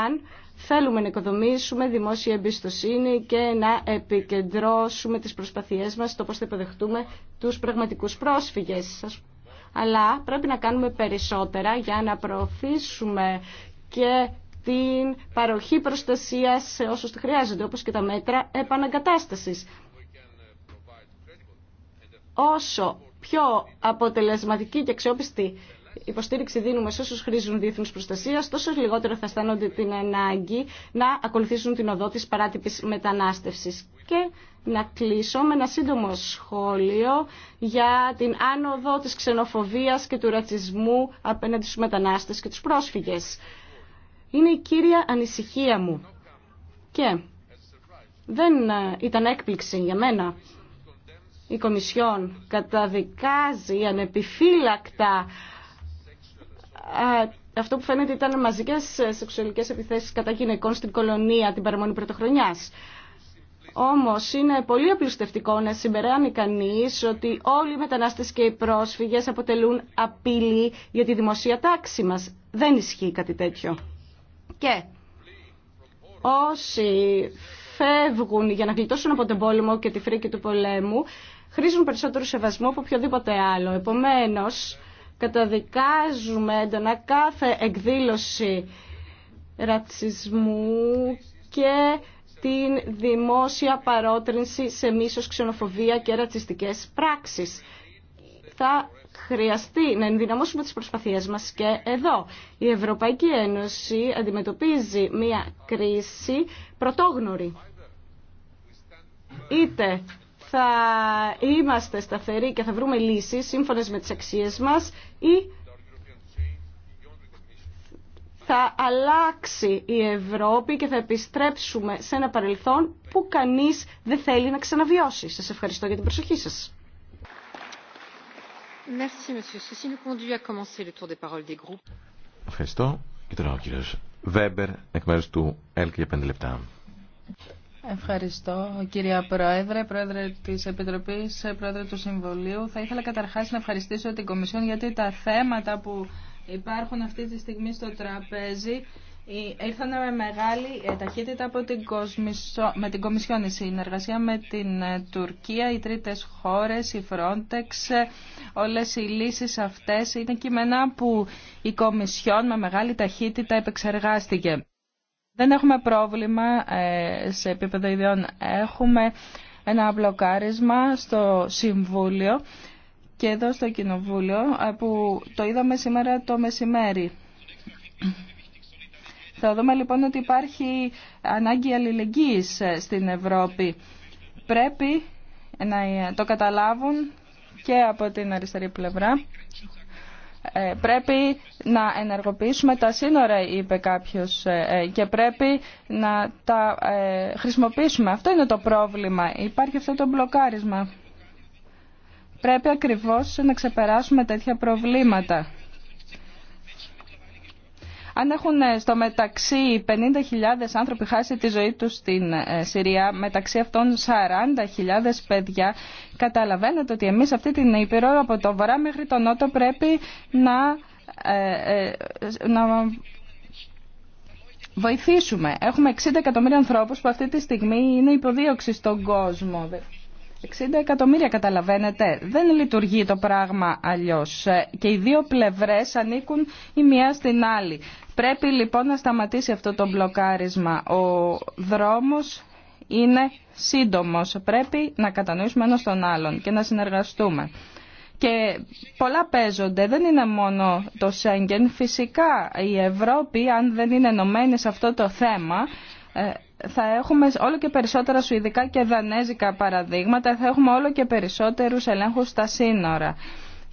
Αν θέλουμε να οικοδομήσουμε δημόσια εμπιστοσύνη και να επικεντρώσουμε τις προσπαθίες μας στο πώς θα υποδεχτούμε τους πραγματικούς πρόσφυγες. Αλλά πρέπει να κάνουμε περισσότερα για να προωθήσουμε και την παροχή προστασίας σε όσους τη χρειάζονται, όπως και τα μέτρα επαναγκατάστασης. Όσο πιο αποτελεσματική και αξιόπιστη υποστήριξη δίνουμε σε όσους χρήζουν διεθνούς προστασίας, τόσο λιγότερο θα αισθάνονται την ανάγκη να ακολουθήσουν την οδό της παράτυπης μετανάστευσης. Και να κλείσω με ένα σύντομο σχόλιο για την άνοδο της ξενοφοβίας και του ρατσισμού απέναντι στους μετανάστες και τους πρόσφυγες είναι η κύρια ανησυχία μου. Και δεν ε, ήταν έκπληξη για μένα. Η Κομισιόν καταδικάζει ανεπιφύλακτα ε, αυτό που φαίνεται ήταν μαζικές ε, σεξουαλικές επιθέσεις κατά γυναικών στην κολονία την παραμονή πρωτοχρονιά. Όμως είναι πολύ απλουστευτικό να συμπεράνει κανείς ότι όλοι οι μετανάστες και οι πρόσφυγες αποτελούν απειλή για τη δημοσία τάξη μας. Δεν ισχύει κάτι τέτοιο και όσοι φεύγουν για να γλιτώσουν από τον πόλεμο και τη φρίκη του πολέμου χρήζουν περισσότερο σεβασμό από οποιοδήποτε άλλο. Επομένως, καταδικάζουμε έντονα κάθε εκδήλωση ρατσισμού και την δημόσια παρότρινση σε μίσος, ξενοφοβία και ρατσιστικές πράξεις. Θα χρειαστεί να ενδυναμώσουμε τις προσπαθίες μας και εδώ. Η Ευρωπαϊκή Ένωση αντιμετωπίζει μια κρίση πρωτόγνωρη. Είτε θα είμαστε σταθεροί και θα βρούμε λύσεις σύμφωνες με τις αξίες μας ή θα αλλάξει η Ευρώπη και θα επιστρέψουμε σε ένα παρελθόν που κανείς δεν θέλει να ξαναβιώσει. Σας ευχαριστώ για την προσοχή σας. Ευχαριστώ. Και τώρα ο Βέμπερ, εκ μέρου του ΕΛΚ για πέντε λεπτά. Ευχαριστώ κυρία Πρόεδρε, Πρόεδρε της Επιτροπής, Πρόεδρε του Συμβολίου. Θα ήθελα καταρχάς να ευχαριστήσω την Κομισιόν γιατί τα θέματα που υπάρχουν αυτή τη στιγμή στο τραπέζι Ήρθαν με μεγάλη ε, ταχύτητα από την κοσμισο... με την Κομισιόν η συνεργασία με την ε, Τουρκία, οι τρίτες χώρες, η Frontex, ε, όλες οι λύσεις αυτές είναι κείμενα που η Κομισιόν με μεγάλη ταχύτητα επεξεργάστηκε. Δεν έχουμε πρόβλημα σε επίπεδο ιδιών. Έχουμε ένα μπλοκάρισμα στο Συμβούλιο και εδώ στο Κοινοβούλιο που το είδαμε σήμερα το μεσημέρι. Θα δούμε λοιπόν ότι υπάρχει ανάγκη αλληλεγγύης ε, στην Ευρώπη. Πρέπει να ε, το καταλάβουν και από την αριστερή πλευρά. Ε, πρέπει να ενεργοποιήσουμε τα σύνορα, είπε κάποιος, και πρέπει να τα χρησιμοποιήσουμε. Αυτό είναι το πρόβλημα. Υπάρχει αυτό το μπλοκάρισμα. Πρέπει ακριβώς να ξεπεράσουμε τέτοια προβλήματα. Αν έχουν ε, στο μεταξύ 50.000 άνθρωποι χάσει τη ζωή τους στην ε, Συρία, μεταξύ αυτών 40.000 παιδιά, καταλαβαίνετε ότι εμείς αυτή την Ήπειρο από το βορρά μέχρι το νότο πρέπει να, ε, βοηθήσουμε. Έχουμε 60 εκατομμύρια ανθρώπους που αυτή τη στιγμή είναι υποδίωξη στον κόσμο εκατομμύρια καταλαβαίνετε. Δεν λειτουργεί το πράγμα αλλιώς ε, και οι δύο πλευρές ανήκουν η μία στην άλλη. Πρέπει λοιπόν να σταματήσει αυτό το μπλοκάρισμα. Ο δρόμος είναι σύντομος. Πρέπει να κατανοήσουμε ένα τον άλλον και να συνεργαστούμε. Και πολλά παίζονται, δεν είναι μόνο το Σέγγεν. Φυσικά η Ευρώπη, αν δεν είναι ενωμένη σε αυτό το θέμα, ε, θα έχουμε όλο και περισσότερα σουηδικά και δανέζικα παραδείγματα, θα έχουμε όλο και περισσότερους ελέγχους στα σύνορα.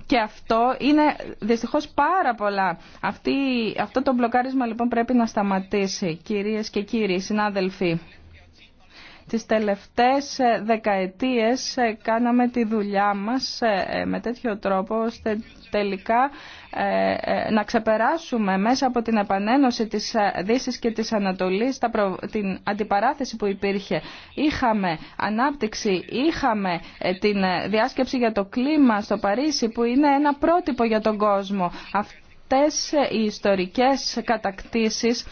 Και αυτό είναι δυστυχώς πάρα πολλά. Αυτή, αυτό το μπλοκάρισμα λοιπόν πρέπει να σταματήσει, κυρίες και κύριοι, συνάδελφοι. Τις τελευταίες ε, δεκαετίες ε, κάναμε τη δουλειά μας ε, με τέτοιο τρόπο ώστε τελικά να ξεπεράσουμε μέσα από την επανένωση της Δύσης και της Ανατολής την αντιπαράθεση που υπήρχε. Είχαμε ανάπτυξη, είχαμε την διάσκεψη για το κλίμα στο Παρίσι που είναι ένα πρότυπο για τον κόσμο. Αυτές οι ιστορικές κατακτήσεις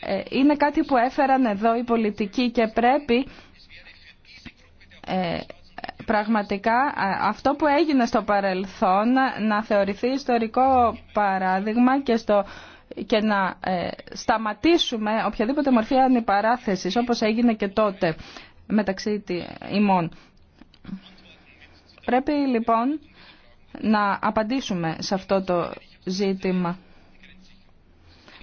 ε, είναι κάτι που έφεραν εδώ οι πολιτικοί και πρέπει ε, πραγματικά αυτό που έγινε στο παρελθόν να θεωρηθεί ιστορικό παράδειγμα και στο και να ε, σταματήσουμε οποιαδήποτε μορφή ανυπαράθεσης όπως έγινε και τότε μεταξύ ημών. Πρέπει λοιπόν να απαντήσουμε σε αυτό το ζήτημα.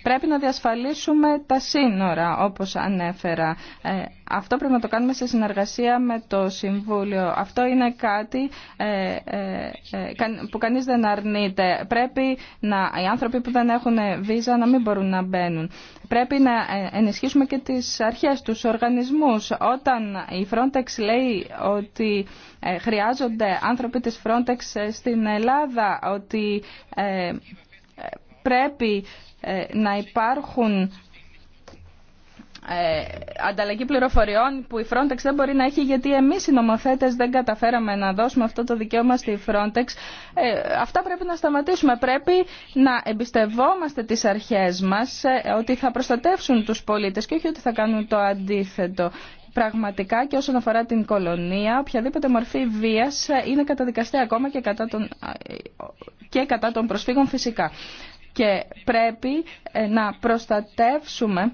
Πρέπει να διασφαλίσουμε τα σύνορα, όπως ανέφερα. Ε, αυτό πρέπει να το κάνουμε σε συνεργασία με το Συμβούλιο. Αυτό είναι κάτι ε, ε, που κανείς δεν αρνείται. Πρέπει να, οι άνθρωποι που δεν έχουν βίζα να μην μπορούν να μπαίνουν. Πρέπει να ενισχύσουμε και τις αρχές, τους οργανισμούς. Όταν η Frontex λέει ότι χρειάζονται άνθρωποι της Frontex στην Ελλάδα, ότι πρέπει ε, να υπάρχουν ε, ανταλλαγή πληροφοριών που η Frontex δεν μπορεί να έχει γιατί εμείς οι νομοθέτες δεν καταφέραμε να δώσουμε αυτό το δικαίωμα στη Frontex. Ε, αυτά πρέπει να σταματήσουμε. Πρέπει να εμπιστευόμαστε τις αρχές μας ότι θα προστατεύσουν τους πολίτες και όχι ότι θα κάνουν το αντίθετο. Πραγματικά και όσον αφορά την κολονία, οποιαδήποτε μορφή βίας είναι καταδικαστή ακόμα και κατά των, και κατά των προσφύγων φυσικά και πρέπει ε, να προστατεύσουμε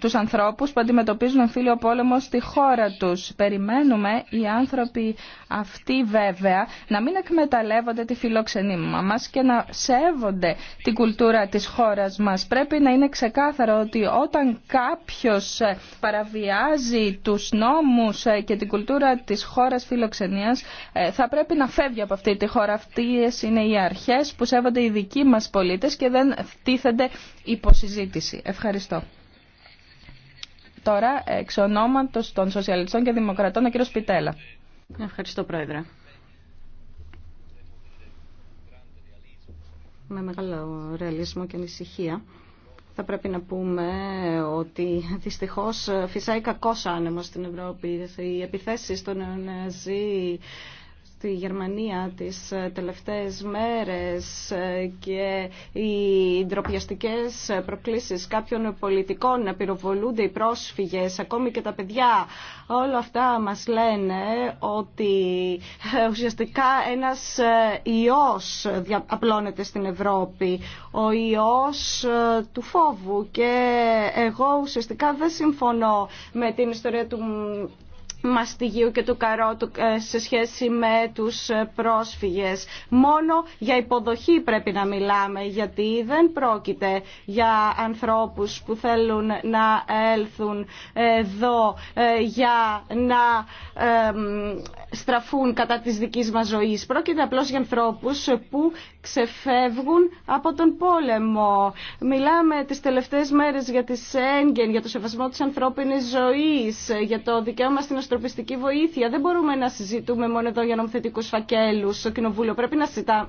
τους ανθρώπους που αντιμετωπίζουν εμφύλιο πόλεμο στη χώρα τους. Περιμένουμε οι άνθρωποι αυτοί βέβαια να μην εκμεταλλεύονται τη φιλοξενήμα μας και να σέβονται την κουλτούρα της χώρας μας. Πρέπει να είναι ξεκάθαρο ότι όταν κάποιος ε, παραβιάζει τους νόμους ε, και την κουλτούρα της χώρας φιλοξενίας ε, θα πρέπει να φεύγει από αυτή τη χώρα. Αυτές είναι οι αρχές που σέβονται οι δικοί μας πολίτες και δεν τίθενται υποσυζήτηση. Ευχαριστώ. Τώρα, εξ ονόματος των Σοσιαλιστών και Δημοκρατών, ο κύριος Πιτέλα. Ευχαριστώ, Πρόεδρε. Με μεγάλο ρεαλισμό και ανησυχία θα πρέπει να πούμε ότι δυστυχώς φυσάει κακός άνεμος στην Ευρώπη. Οι επιθέσεις των νεοναζί στη Γερμανία τις ε, τελευταίες μέρες ε, και οι ντροπιαστικέ προκλήσεις κάποιων πολιτικών να πυροβολούνται οι πρόσφυγες, ακόμη και τα παιδιά. Όλα αυτά μας λένε ότι ε, ουσιαστικά ένας ιός απλώνεται στην Ευρώπη, ο ιός του φόβου και εγώ ουσιαστικά δεν συμφωνώ με την ιστορία του μαστιγίου και του καρότου ε, σε σχέση με τους ε, πρόσφυγες. Μόνο για υποδοχή πρέπει να μιλάμε, γιατί δεν πρόκειται για ανθρώπους που θέλουν να έλθουν εδώ ε, για να στραφούν κατά της δικής μας ζωής. Πρόκειται απλώς για ανθρώπους που ξεφεύγουν από τον πόλεμο. Μιλάμε τις τελευταίες μέρες για τη Σέγγεν, για το σεβασμό της ανθρώπινης ζωής, για το δικαίωμα στην αστροπιστική βοήθεια. Δεν μπορούμε να συζητούμε μόνο εδώ για νομοθετικούς φακέλους στο Κοινοβούλιο. Πρέπει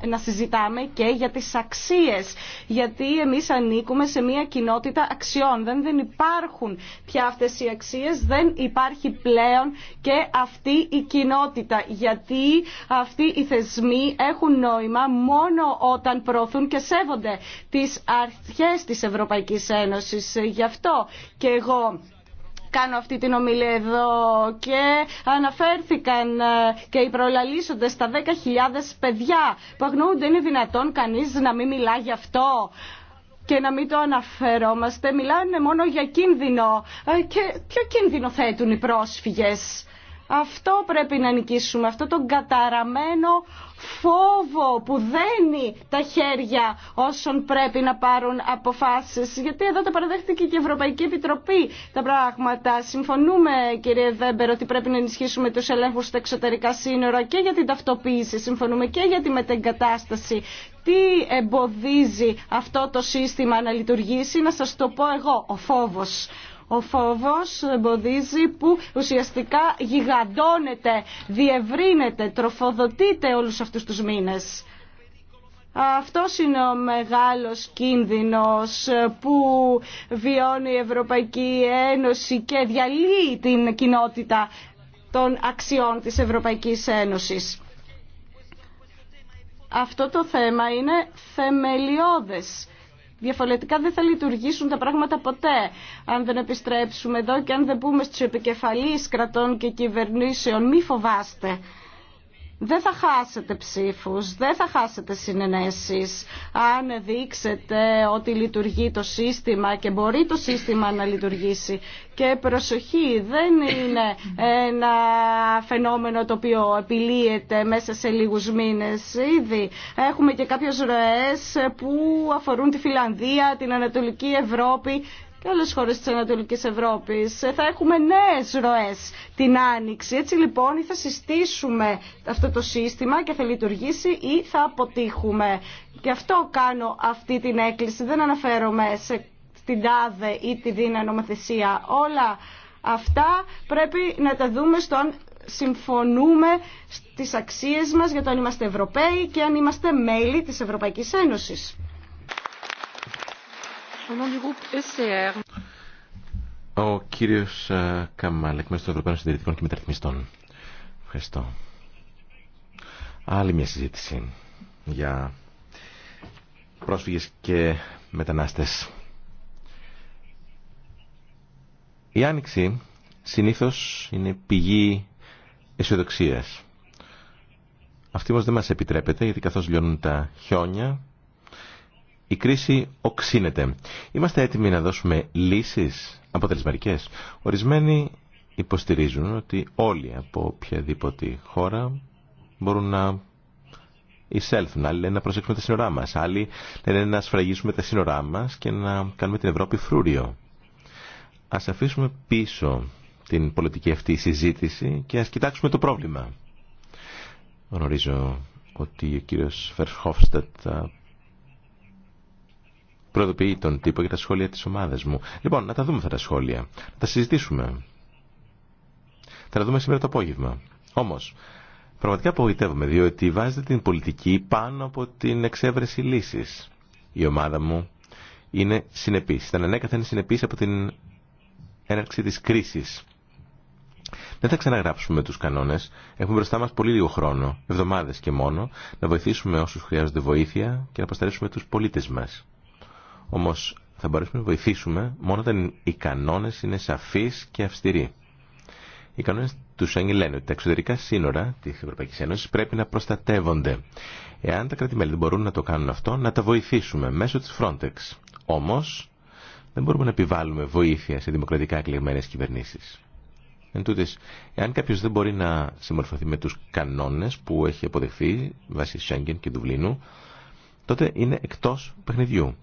να, συζητάμε και για τις αξίες. Γιατί εμείς ανήκουμε σε μια κοινότητα αξιών. Δεν, υπάρχουν πια αυτές οι αξίες, δεν υπάρχει πλέον και αυτή η κοινότητα. Γιατί αυτοί οι θεσμοί έχουν νόημα μόνο όταν προωθούν και σέβονται τις αρχές της Ευρωπαϊκής Ένωσης. Γι' αυτό και εγώ κάνω αυτή την ομιλία εδώ και αναφέρθηκαν ε, και οι προλαλήσοντες στα 10.000 παιδιά που αγνοούνται. Είναι δυνατόν κανείς να μην μιλά γι' αυτό και να μην το αναφερόμαστε. Μιλάνε μόνο για κίνδυνο. Ε, και ποιο κίνδυνο θέτουν οι πρόσφυγες. Αυτό πρέπει να νικήσουμε, αυτό το καταραμένο φόβο που δένει τα χέρια όσων πρέπει να πάρουν αποφάσεις. Γιατί εδώ το παραδέχτηκε και η Ευρωπαϊκή Επιτροπή τα πράγματα. Συμφωνούμε κύριε Βέμπερ ότι πρέπει να ενισχύσουμε τους ελέγχους στα εξωτερικά σύνορα και για την ταυτοποίηση. Συμφωνούμε και για τη μετεγκατάσταση. Τι εμποδίζει αυτό το σύστημα να λειτουργήσει, να σας το πω εγώ, ο φόβος. Ο φόβος εμποδίζει που ουσιαστικά γιγαντώνεται, διευρύνεται, τροφοδοτείται όλους αυτούς τους μήνες. Αυτό είναι ο μεγάλος κίνδυνος που βιώνει η Ευρωπαϊκή Ένωση και διαλύει την κοινότητα των αξιών της Ευρωπαϊκής Ένωσης. Αυτό το θέμα είναι θεμελιώδες Διαφορετικά δεν θα λειτουργήσουν τα πράγματα ποτέ. Αν δεν επιστρέψουμε εδώ και αν δεν πούμε στους επικεφαλείς κρατών και κυβερνήσεων μη φοβάστε δεν θα χάσετε ψήφους, δεν θα χάσετε συνενέσεις αν δείξετε ότι λειτουργεί το σύστημα και μπορεί το σύστημα να λειτουργήσει. Και προσοχή, δεν είναι ένα φαινόμενο το οποίο επιλύεται μέσα σε λίγους μήνες. Ήδη έχουμε και κάποιες ροές που αφορούν τη Φιλανδία, την Ανατολική Ευρώπη και όλες τις χώρες της Ανατολικής Ευρώπης. Ε, θα έχουμε νέες ροές την Άνοιξη. Έτσι λοιπόν ή θα συστήσουμε αυτό το σύστημα και θα λειτουργήσει ή θα αποτύχουμε. Γι' αυτό κάνω αυτή την έκκληση. Δεν αναφέρομαι σε την ΤΑΔΕ ή τη ΔΥΝΑ νομοθεσία. Όλα αυτά πρέπει να τα δούμε στο αν συμφωνούμε στις αξίες μας για το αν είμαστε Ευρωπαίοι και αν είμαστε μέλη της Ευρωπαϊκής Ένωσης. E Ο κύριος ε, Καμάλεκ, εκ των Ευρωπαίων Συντηρητικών και Μεταρρυθμιστών. Ευχαριστώ. Άλλη μια συζήτηση για πρόσφυγες και μετανάστες. Η άνοιξη συνήθως είναι πηγή αισιοδοξία. Αυτή όμως δεν μας επιτρέπεται γιατί καθώς λιώνουν τα χιόνια η κρίση οξύνεται. Είμαστε έτοιμοι να δώσουμε λύσεις αποτελεσματικές. Ορισμένοι υποστηρίζουν ότι όλοι από οποιαδήποτε χώρα μπορούν να εισέλθουν. Άλλοι λένε να προσέξουμε τα σύνορά μας. Άλλοι λένε να σφραγίσουμε τα σύνορά μας και να κάνουμε την Ευρώπη φρούριο. Ας αφήσουμε πίσω την πολιτική αυτή συζήτηση και ας κοιτάξουμε το πρόβλημα. Γνωρίζω ότι ο κύριος Προειδοποιεί τον τύπο για τα σχόλια της ομάδας μου. Λοιπόν, να τα δούμε αυτά τα σχόλια. Να τα συζητήσουμε. Θα τα δούμε σήμερα το απόγευμα. Όμως, πραγματικά απογοητεύομαι, διότι βάζετε την πολιτική πάνω από την εξέβρεση λύσης. Η ομάδα μου είναι συνεπής. Ήταν ανέκαθεν συνεπής από την έναρξη της κρίσης. Δεν θα ξαναγράψουμε τους κανόνες. Έχουμε μπροστά μας πολύ λίγο χρόνο, εβδομάδες και μόνο, να βοηθήσουμε όσους χρειάζονται βοήθεια και να προστατεύσουμε τους πολίτες μας. Όμω θα μπορέσουμε να βοηθήσουμε μόνο όταν οι κανόνε είναι σαφείς και αυστηροί. Οι κανόνε του Σέγγι λένε ότι τα εξωτερικά σύνορα τη Ευρωπαϊκή Ένωση πρέπει να προστατεύονται. Εάν τα κράτη-μέλη δεν μπορούν να το κάνουν αυτό, να τα βοηθήσουμε μέσω τη Frontex. Όμω, δεν μπορούμε να επιβάλλουμε βοήθεια σε δημοκρατικά εκλεγμένε κυβερνήσει. Εν τούτης, εάν κάποιο δεν μπορεί να συμμορφωθεί με του κανόνε που έχει αποδεχθεί βάσει Σέγγεν και Δουβλίνου, τότε είναι εκτό παιχνιδιού.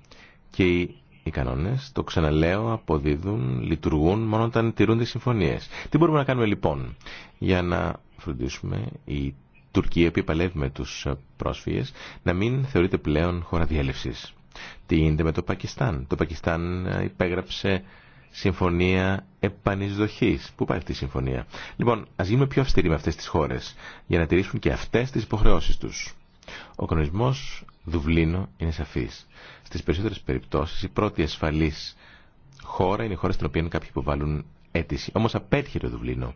Και οι, οι κανόνες, το ξαναλέω, αποδίδουν, λειτουργούν μόνο όταν τηρούνται οι συμφωνίες. Τι μπορούμε να κάνουμε λοιπόν για να φροντίσουμε η Τουρκία που παλεύει με τους πρόσφυγες να μην θεωρείται πλέον χώρα διέλευση. Τι γίνεται με το Πακιστάν. Το Πακιστάν υπέγραψε συμφωνία επανεισδοχή. Πού πάει αυτή η συμφωνία. Λοιπόν, α γίνουμε πιο αυστηροί με αυτές τις χώρες για να τηρήσουν και αυτέ τι υποχρεώσει του. Ο Δουβλίνο είναι σαφή. Στι περισσότερε περιπτώσει, η πρώτη ασφαλή χώρα είναι η χώρα στην οποία κάποιοι υποβάλλουν αίτηση. Όμω απέτυχε το Δουβλίνο.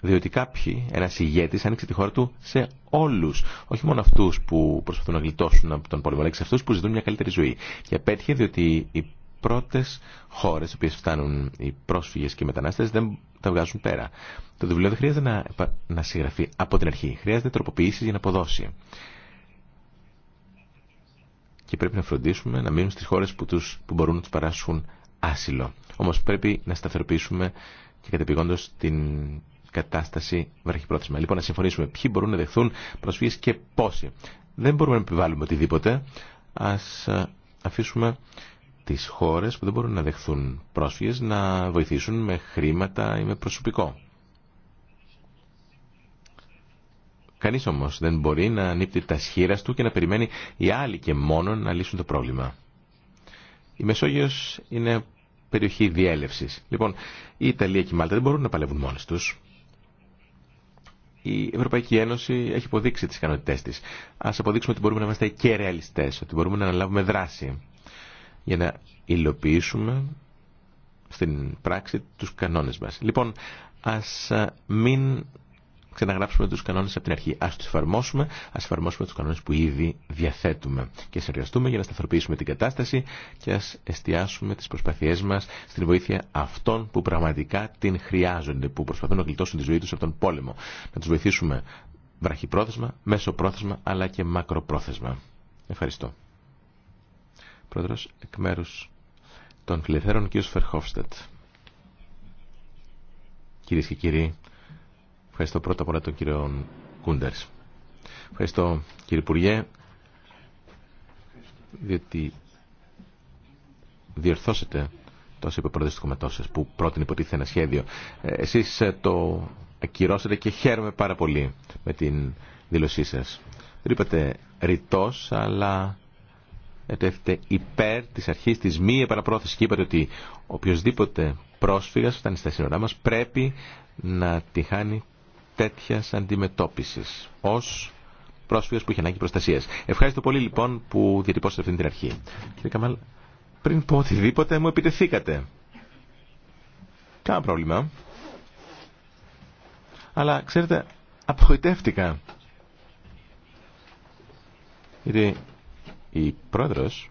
Διότι κάποιοι, ένα ηγέτη, άνοιξε τη χώρα του σε όλου. Όχι μόνο αυτού που προσπαθούν να γλιτώσουν από τον πόλεμο, αλλά και σε αυτού που ζητούν μια καλύτερη ζωή. Και απέτυχε διότι οι πρώτε χώρε, οι οποίε φτάνουν οι πρόσφυγε και οι μετανάστε, δεν τα βγάζουν πέρα. Το Δουβλίνο δεν χρειάζεται να, να συγγραφεί από την αρχή. Χρειάζεται τροποποιήσει για να αποδώσει και πρέπει να φροντίσουμε να μείνουν στις χώρες που, τους, που μπορούν να τους παράσχουν άσυλο. Όμως πρέπει να σταθεροποιήσουμε και κατεπηγόντως την κατάσταση βραχυπρόθεσμα. Λοιπόν, να συμφωνήσουμε ποιοι μπορούν να δεχθούν προσφύγες και πόσοι. Δεν μπορούμε να επιβάλλουμε οτιδήποτε. Ας ε, αφήσουμε τις χώρες που δεν μπορούν να δεχθούν πρόσφυγες να βοηθήσουν με χρήματα ή με προσωπικό. Κανείς όμως δεν μπορεί να ανύπτει τα σχήρα του και να περιμένει οι άλλοι και μόνο να λύσουν το πρόβλημα. Η Μεσόγειος είναι περιοχή διέλευσης. Λοιπόν, η Ιταλία και η Μάλτα δεν μπορούν να παλεύουν μόνες τους. Η Ευρωπαϊκή Ένωση έχει αποδείξει τις ικανότητές της. Ας αποδείξουμε ότι μπορούμε να είμαστε και ρεαλιστές, ότι μπορούμε να αναλάβουμε δράση για να υλοποιήσουμε στην πράξη τους κανόνες μας. Λοιπόν, ας μην ξαναγράψουμε τους κανόνες από την αρχή. Ας τους εφαρμόσουμε, ας εφαρμόσουμε τους κανόνες που ήδη διαθέτουμε και συνεργαστούμε για να σταθεροποιήσουμε την κατάσταση και ας εστιάσουμε τις προσπαθειές μας στην βοήθεια αυτών που πραγματικά την χρειάζονται, που προσπαθούν να γλιτώσουν τη ζωή τους από τον πόλεμο. Να τους βοηθήσουμε βραχυπρόθεσμα, μέσοπρόθεσμα αλλά και μακροπρόθεσμα. Ευχαριστώ. Πρόεδρος εκ μέρους των κ. Φερχόφστατ. και κύριοι, Ευχαριστώ πρώτα απ' όλα τον κύριο Κούντερ. Ευχαριστώ κύριε Υπουργέ, διότι διορθώσετε τόσο είπε ο του κομματό σα που πρότεινε υποτίθεται ένα σχέδιο. Ε, Εσεί ε, το ακυρώσατε και χαίρομαι πάρα πολύ με την δήλωσή σα. Δεν είπατε ρητό, αλλά ετεύχετε υπέρ τη αρχή τη μη επαναπρόθεση και είπατε ότι οποιοδήποτε πρόσφυγας φτάνει στα σύνορά μα, πρέπει να τη χάνει τέτοια αντιμετώπιση ως πρόσφυγας που είχε ανάγκη προστασία. Ευχαριστώ πολύ λοιπόν που διατυπώσατε αυτή την αρχή. Κύριε Καμάλ, πριν πω οτιδήποτε μου επιτεθήκατε. Κάνα πρόβλημα. Αλλά ξέρετε, απογοητεύτηκα. Γιατί η πρόεδρος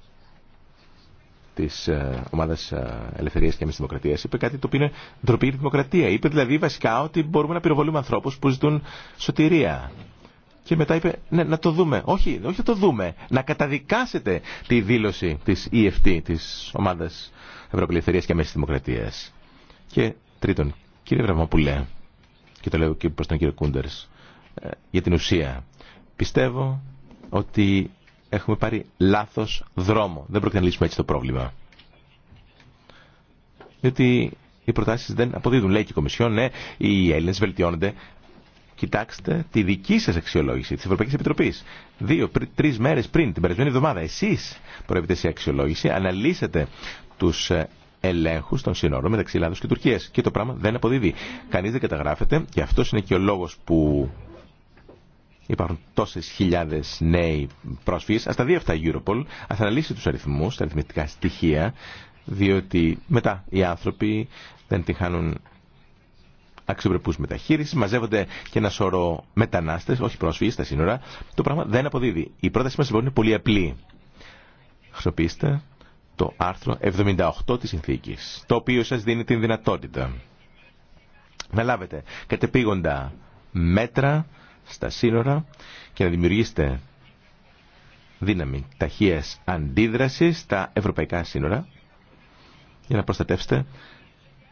τη ε, ομάδα ε, Ελευθερία και Εμεί Δημοκρατία, είπε κάτι το οποίο είναι ντροπή για τη δημοκρατία. Είπε δηλαδή βασικά ότι μπορούμε να πυροβολούμε ανθρώπου που ζητούν σωτηρία. Και μετά είπε, ναι, να το δούμε. Όχι, όχι να το δούμε. Να καταδικάσετε τη δήλωση τη EFT, τη ομάδα Ευρωπαϊκή και Εμεί Δημοκρατία. Και τρίτον, κύριε Βραμμαπουλέ, και το λέω και προ τον κύριο Κούντερ, ε, για την ουσία. Πιστεύω ότι έχουμε πάρει λάθος δρόμο. Δεν πρόκειται να λύσουμε έτσι το πρόβλημα. Διότι οι προτάσεις δεν αποδίδουν. Λέει και η Κομισιόν, ναι, οι Έλληνες βελτιώνονται. Κοιτάξτε τη δική σας αξιολόγηση της Ευρωπαϊκής Επιτροπής. Δύο, τρεις μέρες πριν, την περασμένη εβδομάδα, εσείς προέβητε σε αξιολόγηση, αναλύσατε τους ε, ελέγχου των σύνορων μεταξύ Ελλάδο και Τουρκία. Και το πράγμα δεν αποδίδει. Κανεί δεν καταγράφεται και αυτό είναι και ο λόγο που υπάρχουν τόσε χιλιάδε νέοι πρόσφυγε. Α τα δει αυτά η Europol, α αναλύσει του αριθμού, τα αριθμητικά στοιχεία, διότι μετά οι άνθρωποι δεν την χάνουν αξιοπρεπούς μεταχείριση. μαζεύονται και ένα σωρό μετανάστες, όχι πρόσφυγες στα σύνορα. Το πράγμα δεν αποδίδει. Η πρόταση μας λοιπόν είναι πολύ απλή. Χρησιμοποιήστε το άρθρο 78 της συνθήκης, το οποίο σας δίνει την δυνατότητα να λάβετε κατεπήγοντα μέτρα στα σύνορα και να δημιουργήσετε δύναμη ταχεία αντίδρασης στα ευρωπαϊκά σύνορα για να προστατεύσετε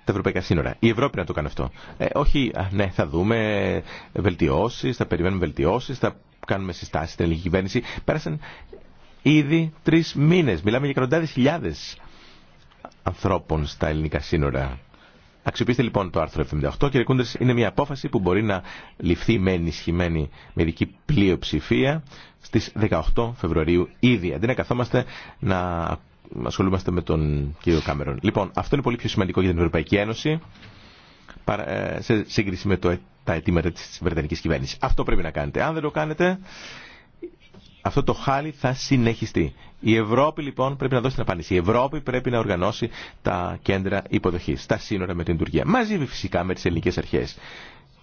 τα ευρωπαϊκά σύνορα. Η Ευρώπη να το κάνει αυτό. Ε, όχι, ναι, θα δούμε βελτιώσεις, θα περιμένουμε βελτιώσεις, θα κάνουμε συστάσεις στην ελληνική κυβέρνηση. Πέρασαν ήδη τρεις μήνες. Μιλάμε για εκατοντάδες χιλιάδες ανθρώπων στα ελληνικά σύνορα. Αξιοποιήστε λοιπόν το άρθρο 78. Κύριε Κούντερ, είναι μια απόφαση που μπορεί να ληφθεί με ενισχυμένη με πλειοψηφία στις 18 Φεβρουαρίου ήδη. Αντί να καθόμαστε να ασχολούμαστε με τον κύριο Κάμερον. Λοιπόν, αυτό είναι πολύ πιο σημαντικό για την Ευρωπαϊκή Ένωση ε, σε σύγκριση με τα αιτήματα της Βρετανικής κυβέρνησης. Αυτό πρέπει να κάνετε. Αν δεν το κάνετε, αυτό το χάλι θα συνεχιστεί. Η Ευρώπη λοιπόν πρέπει να δώσει την απάντηση. Η Ευρώπη πρέπει να οργανώσει τα κέντρα υποδοχή, τα σύνορα με την Τουρκία. Μαζί φυσικά με τι ελληνικέ αρχέ.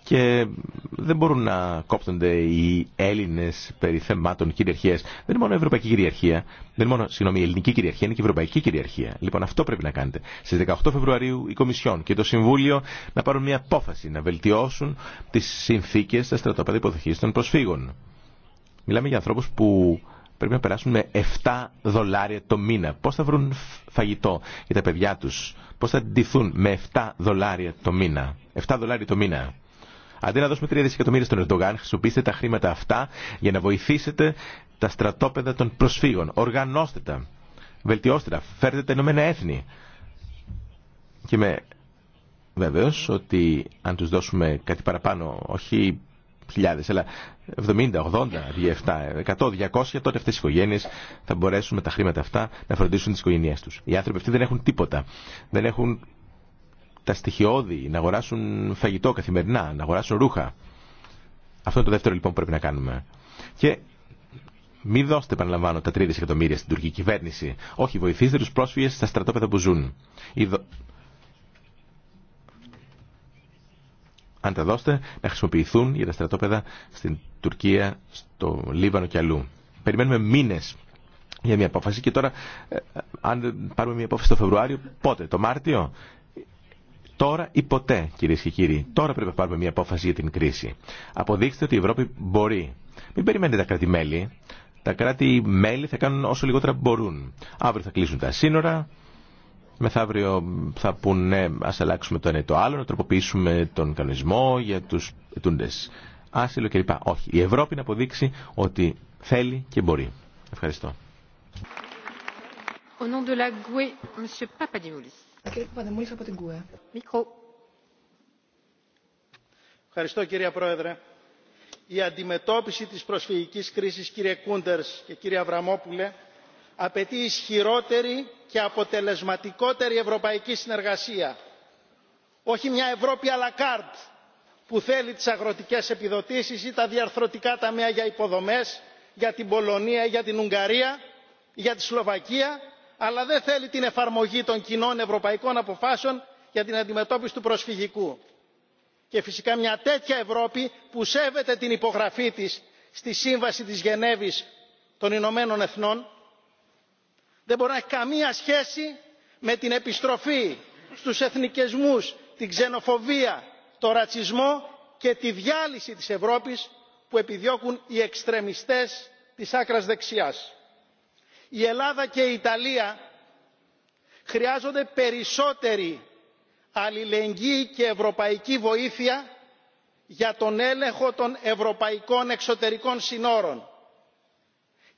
Και δεν μπορούν να κόπτονται οι Έλληνε περί θεμάτων κυριαρχία. Δεν είναι μόνο η ευρωπαϊκή κυριαρχία. Δεν μόνο συγγνώμη, η ελληνική κυριαρχία, είναι και η ευρωπαϊκή κυριαρχία. Λοιπόν, αυτό πρέπει να κάνετε. Στι 18 Φεβρουαρίου η Κομισιόν και το Συμβούλιο να πάρουν μια απόφαση να βελτιώσουν τι συνθήκε στα στρατόπεδα υποδοχή των προσφύγων. Μιλάμε για ανθρώπους που πρέπει να περάσουν με 7 δολάρια το μήνα. Πώς θα βρουν φαγητό για τα παιδιά τους. Πώς θα ντυθούν με 7 δολάρια το μήνα. 7 δολάρια το μήνα. Αντί να δώσουμε 3 δισεκατομμύρια στον Ερντογάν, χρησιμοποιήστε τα χρήματα αυτά για να βοηθήσετε τα στρατόπεδα των προσφύγων. Οργανώστε τα. Βελτιώστε τα. Φέρτε τα Ηνωμένα Έθνη. Και με βεβαίω ότι αν του δώσουμε κάτι παραπάνω, όχι χιλιάδες, αλλά 70, 80, 100, 200, τότε αυτές οι οικογένειες θα μπορέσουν με τα χρήματα αυτά να φροντίσουν τις οικογένειές τους. Οι άνθρωποι αυτοί δεν έχουν τίποτα. Δεν έχουν τα στοιχειώδη, να αγοράσουν φαγητό καθημερινά, να αγοράσουν ρούχα. Αυτό είναι το δεύτερο λοιπόν που πρέπει να κάνουμε. Και μην δώστε, επαναλαμβάνω, τα 3 εκατομμύρια στην τουρκική κυβέρνηση. Όχι, βοηθήστε του πρόσφυγε στα στρατόπεδα που ζουν. αν τα δώστε, να χρησιμοποιηθούν για τα στρατόπεδα στην Τουρκία, στο Λίβανο και αλλού. Περιμένουμε μήνε για μια απόφαση και τώρα, ε, αν πάρουμε μια απόφαση το Φεβρουάριο, πότε, το Μάρτιο. Τώρα ή ποτέ, κυρίε και κύριοι. Τώρα πρέπει να πάρουμε μια απόφαση για την κρίση. Αποδείξτε ότι η Ευρώπη μπορεί. Μην περιμένετε τα κράτη-μέλη. Τα κράτη-μέλη θα κάνουν όσο λιγότερα μπορούν. Αύριο θα κλείσουν τα σύνορα, Μεθαύριο θα πούνε ναι, ας αλλάξουμε το ένα ή το άλλο, να τροποποιήσουμε τον κανονισμό για τους ετούντε άσυλο κλπ. Όχι. Η Ευρώπη να αποδείξει ότι θέλει και μπορεί. Ευχαριστώ. Au nom de la GUE, Monsieur Papadimoulis. Papadimoulis από την e. Μικρό. Ευχαριστώ κύριε Πρόεδρε. Η αντιμετώπιση της προσφυγικής κρίσης κύριε Κούντερς και κύριε Αβραμόπουλε απαιτεί ισχυρότερη και αποτελεσματικότερη ευρωπαϊκή συνεργασία όχι μια ευρώπη la carte που θέλει τις αγροτικές επιδοτήσεις ή τα διαρθρωτικά ταμεία για υποδομές για την πολωνία για την ουγγαρία για τη σλοβακία αλλά δεν θέλει την εφαρμογή των κοινών ευρωπαϊκών αποφάσεων για την αντιμετώπιση του προσφυγικού. και φυσικά μια τέτοια ευρώπη που σέβεται την υπογραφή της στη σύμβαση της γενέβης των ηνωμένων εθνών δεν μπορεί να έχει καμία σχέση με την επιστροφή στους εθνικισμούς την ξενοφοβία τον ρατσισμό και τη διάλυση της ευρώπης που επιδιώκουν οι εξτρεμιστές της άκρας δεξιάς. η ελλάδα και η ιταλία χρειάζονται περισσότερη αλληλεγγύη και ευρωπαϊκή βοήθεια για τον έλεγχο των ευρωπαϊκών εξωτερικών συνόρων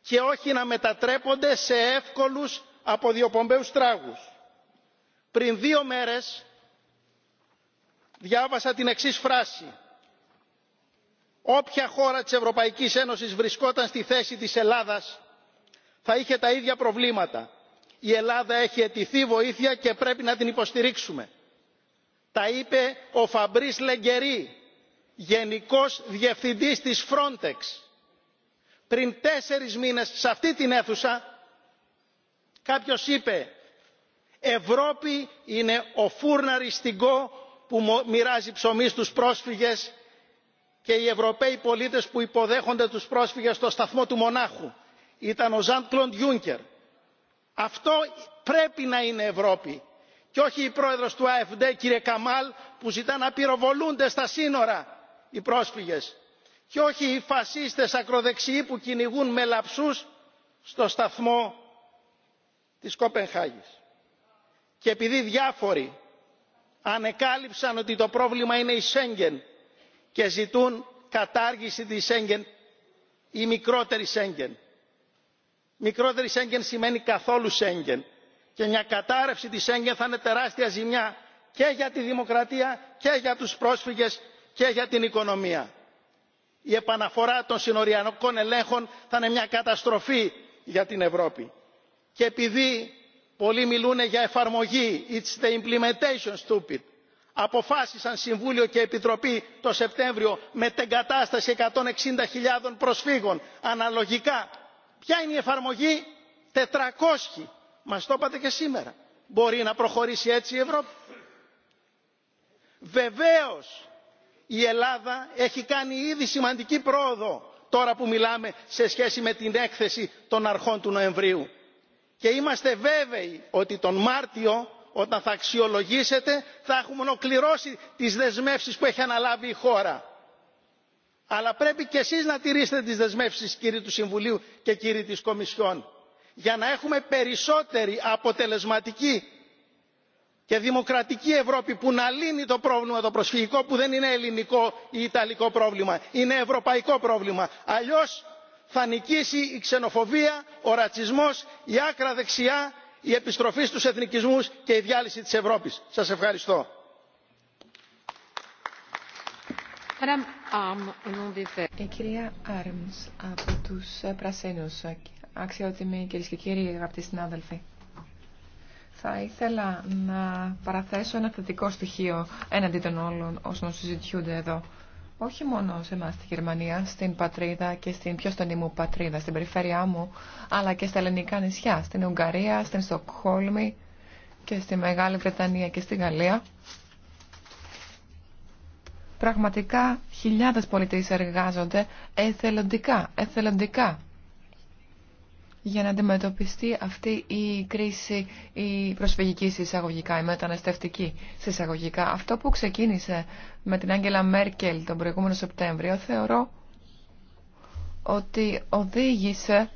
και όχι να μετατρέπονται σε εύκολους αποδιοπομπαίους τράγους. Πριν δύο μέρες διάβασα την εξής φράση όποια χώρα της Ευρωπαϊκής Ένωσης βρισκόταν στη θέση της Ελλάδας θα είχε τα ίδια προβλήματα. Η Ελλάδα έχει αιτηθεί βοήθεια και πρέπει να την υποστηρίξουμε. Τα είπε ο Φαμπρίς Λεγκερή, Γενικός Διευθυντής της Frontex πριν τέσσερις μήνες σε αυτή την αίθουσα κάποιος είπε «Ευρώπη είναι ο φούρναριστικό που μοιράζει ψωμί στους πρόσφυγες και οι Ευρωπαίοι πολίτες που υποδέχονται τους πρόσφυγες στο σταθμό του Μονάχου». Ήταν ο Ζαν Κλοντ Γιούνκερ. Αυτό πρέπει να είναι Ευρώπη και όχι η πρόεδρος του ΑΕΦΔ, κύριε Καμάλ που ζητά να πυροβολούνται στα σύνορα οι πρόσφυγες και όχι οι φασίστες ακροδεξιοί που κυνηγούν με λαψούς στο σταθμό της Κοπενχάγης. Και επειδή διάφοροι ανεκάλυψαν ότι το πρόβλημα είναι η Σέγγεν και ζητούν κατάργηση της Σέγγεν ή μικρότερη Σέγγεν. Μικρότερη Σέγγεν σημαίνει καθόλου Σέγγεν και μια κατάρρευση της Σέγγεν θα είναι τεράστια ζημιά και για τη δημοκρατία και για τους πρόσφυγες και για την οικονομία η επαναφορά των συνοριακών ελέγχων θα είναι μια καταστροφή για την ευρώπη. και επειδή πολλοί μιλούν για εφαρμογή it's the implementation stupid αποφάσισαν συμβούλιο και επιτροπή το σεπτέμβριο με την κατάσταση 160.000 προσφύγων αναλογικά ποια είναι η εφαρμογή 400 μας το είπατε και σήμερα μπορεί να προχωρήσει έτσι η ευρώπη. βεβαίως η ελλάδα έχει κάνει ήδη σημαντική πρόοδο τώρα που μιλάμε σε σχέση με την έκθεση των αρχών του νοεμβρίου και είμαστε βέβαιοι ότι τον μάρτιο όταν θα αξιολογήσετε θα έχουμε ολοκληρώσει τις δεσμεύσεις που έχει αναλάβει η χώρα. Αλλά πρέπει και εσείς να τηρήσετε τις δεσμεύσεις κύριοι του Συμβουλίου και κύριοι της Κομισιόν για να έχουμε περισσότερη αποτελεσματική και δημοκρατική ευρώπη που να λύνει το πρόβλημα το προσφυγικό που δεν είναι ελληνικό ή ιταλικό πρόβλημα είναι ευρωπαϊκό πρόβλημα. αλλιώς θα νικήσει η ξενοφοβία ο ρατσισμός η άκρα δεξιά η επιστροφή στους εθνικισμούς και η διάλυση της ευρώπης. σας ευχαριστώ. Η κυρία Άρμς από τους πρασένους, αξιότιμοι κυρίες και κύριοι, αγαπητοί συνάδελφοι. Θα ήθελα να παραθέσω ένα θετικό στοιχείο έναντι των όλων όσων συζητιούνται εδώ. Όχι μόνο σε εμά στη Γερμανία, στην πατρίδα και στην πιο στενή μου πατρίδα, στην περιφέρειά μου, αλλά και στα ελληνικά νησιά, στην Ουγγαρία, στην Στοκχόλμη και στη Μεγάλη Βρετανία και στη Γαλλία. Πραγματικά χιλιάδες πολιτείς εργάζονται εθελοντικά, εθελοντικά για να αντιμετωπιστεί αυτή η κρίση η προσφυγική εισαγωγικά, η μεταναστευτική εισαγωγικά. Αυτό που ξεκίνησε με την Άγγελα Μέρκελ τον προηγούμενο Σεπτέμβριο θεωρώ ότι οδήγησε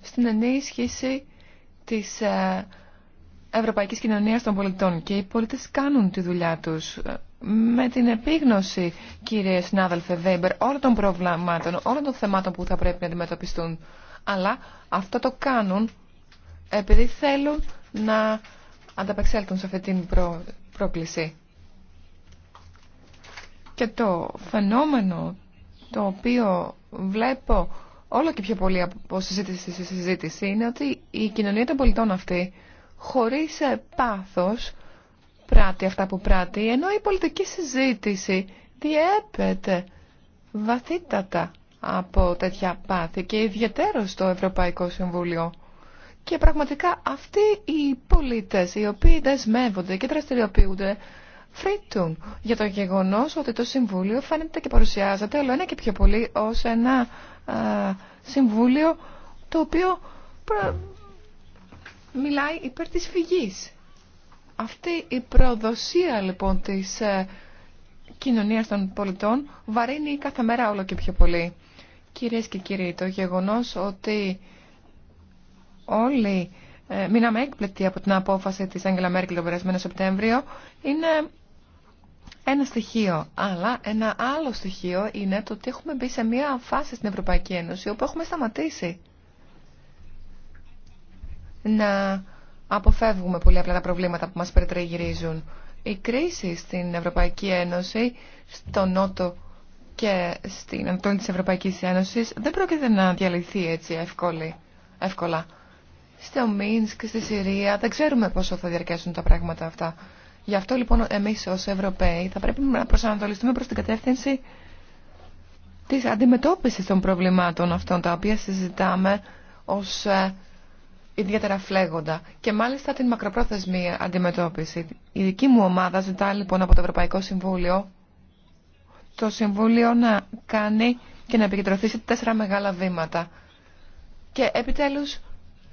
στην ενίσχυση της ε, Ευρωπαϊκής Κοινωνίας των Πολιτών και οι πολίτες κάνουν τη δουλειά τους με την επίγνωση, κύριε συνάδελφε Βέμπερ, όλων των προβλημάτων, όλων των θεμάτων που θα πρέπει να αντιμετωπιστούν. Αλλά αυτό το κάνουν επειδή θέλουν να ανταπεξέλθουν σε αυτή την πρόκληση. Και το φαινόμενο το οποίο βλέπω όλο και πιο πολύ από συζήτηση σε συζήτηση είναι ότι η κοινωνία των πολιτών αυτή χωρίς πάθος πράττει αυτά που πράττει, ενώ η πολιτική συζήτηση διέπεται βαθύτατα από τέτοια πάθη και ιδιαίτερο στο Ευρωπαϊκό Συμβούλιο. Και πραγματικά αυτοί οι πολίτες οι οποίοι δεσμεύονται και δραστηριοποιούνται φρύτουν για το γεγονός ότι το Συμβούλιο φαίνεται και παρουσιάζεται όλο ένα και πιο πολύ ως ένα Συμβούλιο το οποίο μιλάει υπέρ της φυγής. Αυτή η προδοσία λοιπόν της ε, κοινωνίας των πολιτών βαρύνει κάθε μέρα όλο και πιο πολύ. Κυρίες και κύριοι, το γεγονός ότι όλοι ε, μείναμε έκπληκτοι από την απόφαση της Άγγελα Μέρκελ τον περασμένο Σεπτέμβριο είναι ένα στοιχείο. Αλλά ένα άλλο στοιχείο είναι το ότι έχουμε μπει σε μια φάση στην Ευρωπαϊκή Ένωση όπου έχουμε σταματήσει να αποφεύγουμε πολύ απλά τα προβλήματα που μας περιτριγυρίζουν. Η κρίση στην Ευρωπαϊκή Ένωση, στο Νότο και στην Ανατολή της Ευρωπαϊκής Ένωσης δεν πρόκειται να διαλυθεί έτσι εύκολη, εύκολα. Στο Μίνσκ, στη Συρία, δεν ξέρουμε πόσο θα διαρκέσουν τα πράγματα αυτά. Γι' αυτό λοιπόν εμείς ως Ευρωπαίοι θα πρέπει να προσανατολιστούμε προς την κατεύθυνση της αντιμετώπισης των προβλημάτων αυτών τα οποία συζητάμε ως ε, ιδιαίτερα φλέγοντα και μάλιστα την μακροπρόθεσμη αντιμετώπιση. Η δική μου ομάδα ζητά λοιπόν από το Ευρωπαϊκό Συμβούλιο το Συμβούλιο να κάνει και να επικεντρωθεί σε τέσσερα μεγάλα βήματα και επιτέλους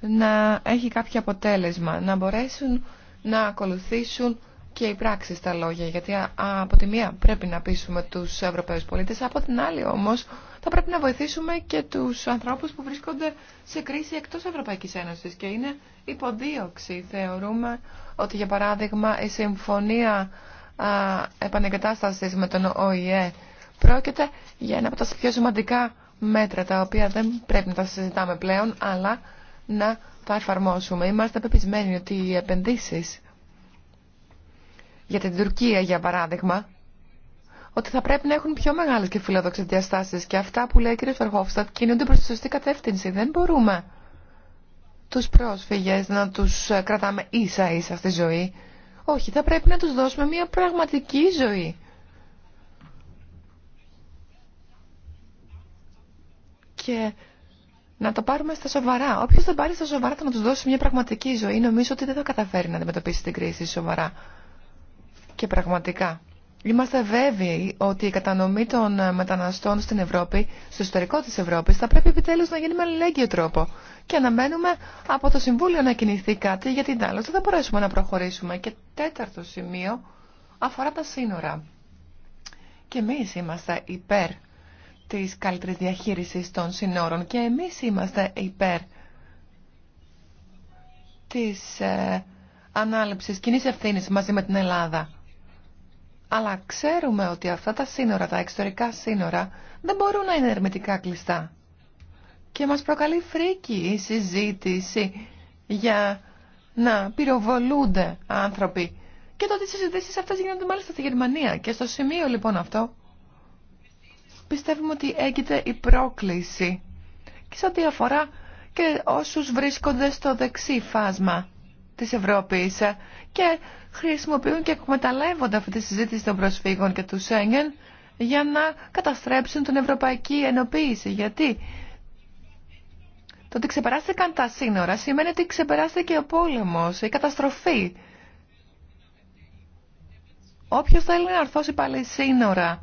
να έχει κάποιο αποτέλεσμα, να μπορέσουν να ακολουθήσουν και οι πράξεις τα λόγια, γιατί από τη μία πρέπει να πείσουμε τους Ευρωπαίους πολίτες, από την άλλη όμως θα πρέπει να βοηθήσουμε και τους ανθρώπους που βρίσκονται σε κρίση εκτός Ευρωπαϊκής Ένωσης και είναι υποδίωξη. Θεωρούμε ότι για παράδειγμα η συμφωνία Επανεγκατάσταση με τον ΟΗΕ πρόκειται για ένα από τα πιο σημαντικά μέτρα τα οποία δεν πρέπει να τα συζητάμε πλέον αλλά να τα εφαρμόσουμε. Είμαστε πεπισμένοι ότι οι επενδύσει για την Τουρκία για παράδειγμα ότι θα πρέπει να έχουν πιο μεγάλες και φιλόδοξες διαστάσεις και αυτά που λέει ο κ. Φερχόφστατ κινούνται προς τη σωστή κατεύθυνση. Δεν μπορούμε τους πρόσφυγες να τους ε, κρατάμε ίσα ίσα στη ζωή. Όχι, θα πρέπει να τους δώσουμε μια πραγματική ζωή. Και να το πάρουμε στα σοβαρά. Όποιο δεν πάρει στα σοβαρά θα να του δώσει μια πραγματική ζωή, νομίζω ότι δεν θα καταφέρει να αντιμετωπίσει την κρίση σοβαρά. Και πραγματικά. Είμαστε βέβαιοι ότι η κατανομή των ε, μεταναστών στην Ευρώπη, στο εσωτερικό της Ευρώπης, θα πρέπει επιτέλους να γίνει με αλληλέγγυο τρόπο. Και αναμένουμε από το Συμβούλιο να κινηθεί κάτι, γιατί άλλως δεν θα μπορέσουμε να προχωρήσουμε. Και τέταρτο σημείο αφορά τα σύνορα. Και εμείς είμαστε υπέρ της καλύτερης διαχείρισης των σύνορων και εμείς είμαστε υπέρ της ε, ανάληψης κοινή ευθύνη μαζί με την Ελλάδα. Αλλά ξέρουμε ότι αυτά τα σύνορα, τα εξωτερικά σύνορα, δεν μπορούν να είναι ερμητικά κλειστά. Και μας προκαλεί φρίκη η συζήτηση για να πυροβολούνται άνθρωποι. Και τότε οι συζητήσεις αυτές γίνονται μάλιστα στη Γερμανία. Και στο σημείο λοιπόν αυτό πιστεύουμε ότι έγινε η πρόκληση. Και σε ό,τι αφορά και όσους βρίσκονται στο δεξί φάσμα της Ευρώπης και χρησιμοποιούν και εκμεταλλεύονται αυτή τη συζήτηση των προσφύγων και του Σέγγεν για να καταστρέψουν την Ευρωπαϊκή Ενοποίηση. Γιατί το ότι ξεπεράστηκαν τα σύνορα σημαίνει ότι ξεπεράστηκε ο πόλεμος, η καταστροφή. Όποιος θέλει να αρθώσει πάλι σύνορα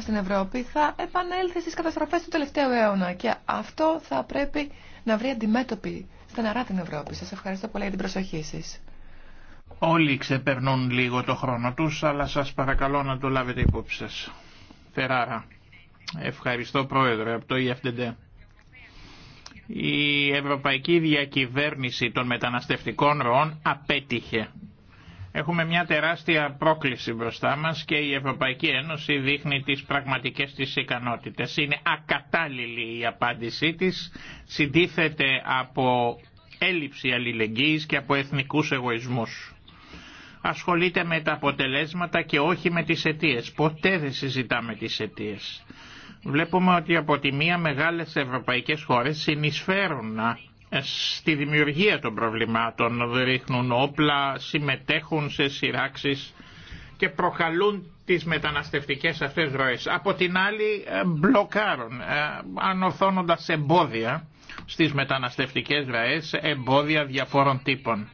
στην Ευρώπη θα επανέλθει στις καταστροφές του τελευταίου αιώνα και αυτό θα πρέπει να βρει αντιμέτωπη στεναρά την Ευρώπη. Σας ευχαριστώ πολύ για την προσοχή σας. Όλοι ξεπερνούν λίγο το χρόνο τους, αλλά σας παρακαλώ να το λάβετε υπόψη σας. Φεράρα. Ευχαριστώ Πρόεδρε από το EFDD. Η ευρωπαϊκή διακυβέρνηση των μεταναστευτικών ροών απέτυχε. Έχουμε μια τεράστια πρόκληση μπροστά μας και η Ευρωπαϊκή Ένωση δείχνει τις πραγματικές της ικανότητες. Είναι ακατάλληλη η απάντησή της, συντίθεται από έλλειψη αλληλεγγύης και από εθνικούς εγωισμούς. Ασχολείται με τα αποτελέσματα και όχι με τις αιτίε. Ποτέ δεν συζητάμε τις αιτίε. Βλέπουμε ότι από τη μία μεγάλες ευρωπαϊκές χώρες συνεισφέρουν στη δημιουργία των προβλημάτων, ρίχνουν όπλα, συμμετέχουν σε σειράξεις και προκαλούν τις μεταναστευτικές αυτές ροές. Από την άλλη ε, μπλοκάρουν, ε, ανορθώνοντας εμπόδια στις μεταναστευτικές ροές, εμπόδια διαφόρων τύπων.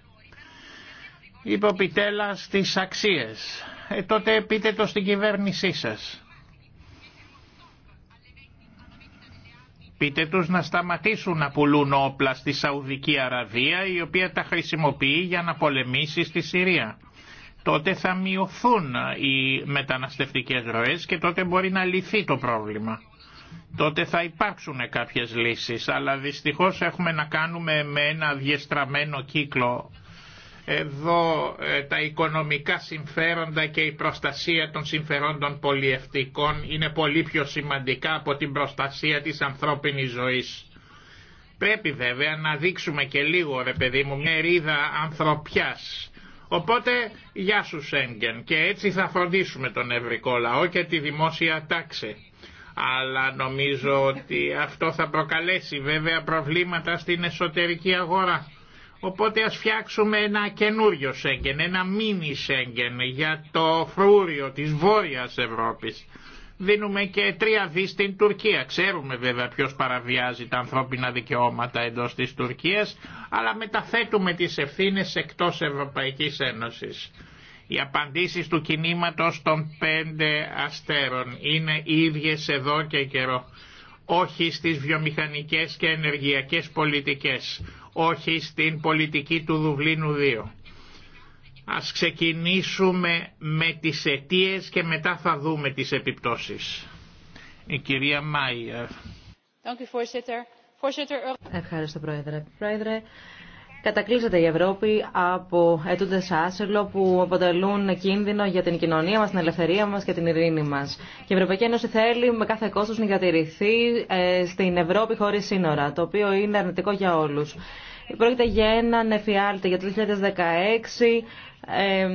Υποπιτέλα στις αξίες. Ε, τότε πείτε το στην κυβέρνησή σας. Πείτε τους να σταματήσουν να πουλούν όπλα στη Σαουδική Αραβία η οποία τα χρησιμοποιεί για να πολεμήσει στη Συρία. Τότε θα μειωθούν οι μεταναστευτικές ροές και τότε μπορεί να λυθεί το πρόβλημα. Τότε θα υπάρξουν κάποιες λύσεις, αλλά δυστυχώς έχουμε να κάνουμε με ένα διεστραμμένο κύκλο εδώ ε, τα οικονομικά συμφέροντα και η προστασία των συμφερόντων πολιευτικών είναι πολύ πιο σημαντικά από την προστασία της ανθρώπινης ζωής. Πρέπει βέβαια να δείξουμε και λίγο ρε παιδί μου μια ρίδα ανθρωπιάς. Οπότε γεια σου Σέγγεν και έτσι θα φροντίσουμε τον ευρικό λαό και τη δημόσια τάξη αλλά νομίζω ότι αυτό θα προκαλέσει βέβαια προβλήματα στην εσωτερική αγορά. Οπότε ας φτιάξουμε ένα καινούριο Σέγγεν, ένα μίνι Σέγγεν για το φρούριο της Βόρειας Ευρώπης. Δίνουμε και τρία δι στην Τουρκία. Ξέρουμε βέβαια ποιος παραβιάζει τα ανθρώπινα δικαιώματα εντός της Τουρκίας, αλλά μεταθέτουμε τις ευθύνες εκτός Ευρωπαϊκής Ένωσης. Οι απαντήσεις του κινήματος των πέντε αστέρων είναι εδώ και καιρό. Όχι στις βιομηχανικές και ενεργειακές πολιτικές όχι στην πολιτική του Δουβλίνου 2. Ας ξεκινήσουμε με τις αιτίε και μετά θα δούμε τις επιπτώσεις. Η κυρία Μάιερ. Ευχαριστώ, Πρόεδρε. Πρόεδρε, Κατακλείζεται η Ευρώπη από ετούντε άσυλο που αποτελούν κίνδυνο για την κοινωνία μα, την ελευθερία μα και την ειρήνη μα. Και η Ευρωπαϊκή Ένωση θέλει με κάθε κόστο να διατηρηθεί ε, στην Ευρώπη χωρί σύνορα, το οποίο είναι αρνητικό για όλου. Πρόκειται για έναν εφιάλτη για το 2016. Ε,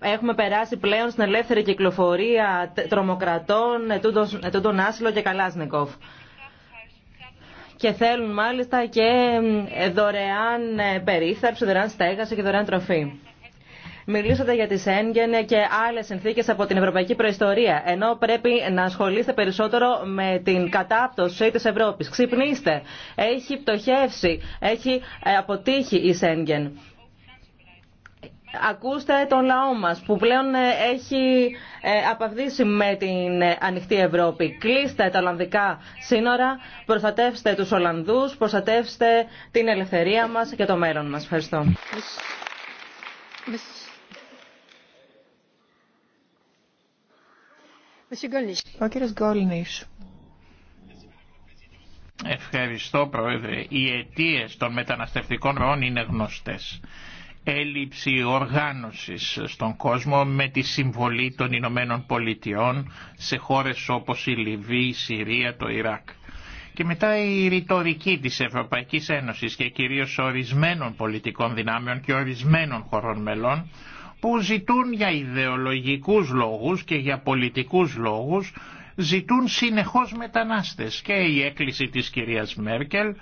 έχουμε περάσει πλέον στην ελεύθερη κυκλοφορία τρομοκρατών, ετούντων άσυλο και καλάζνικοφ και θέλουν μάλιστα και δωρεάν ε, περίθαλψη, δωρεάν στέγαση και δωρεάν τροφή. Μιλήσατε για τη Σέγγεν και άλλε συνθήκε από την ευρωπαϊκή προϊστορία. Ενώ πρέπει να ασχολείστε περισσότερο με την κατάπτωση τη Ευρώπη. Ξυπνήστε. Έχει πτωχεύσει. Έχει ε, αποτύχει η Σέγγεν. Ακούστε τον λαό μας που πλέον ε, έχει ε, απαυδίσει με την ε, ανοιχτή Ευρώπη. Κλείστε τα Ολλανδικά σύνορα, προστατεύστε τους Ολλανδούς, προστατεύστε την ελευθερία μας και το μέλλον μας. Ευχαριστώ. Ο κύριος Ευχαριστώ Πρόεδρε. Οι αιτίες των μεταναστευτικών ροών είναι γνωστές έλλειψη οργάνωσης στον κόσμο με τη συμβολή των Ηνωμένων Πολιτειών σε χώρες όπως η Λιβύη, η Συρία, το Ιράκ. Και μετά η ρητορική της Ευρωπαϊκής Ένωσης και κυρίως ορισμένων πολιτικών δυνάμεων και ορισμένων χωρών μελών που ζητούν για ιδεολογικούς λόγους και για πολιτικούς λόγους ζητούν συνεχώς μετανάστες και η έκκληση της κυρίας Μέρκελ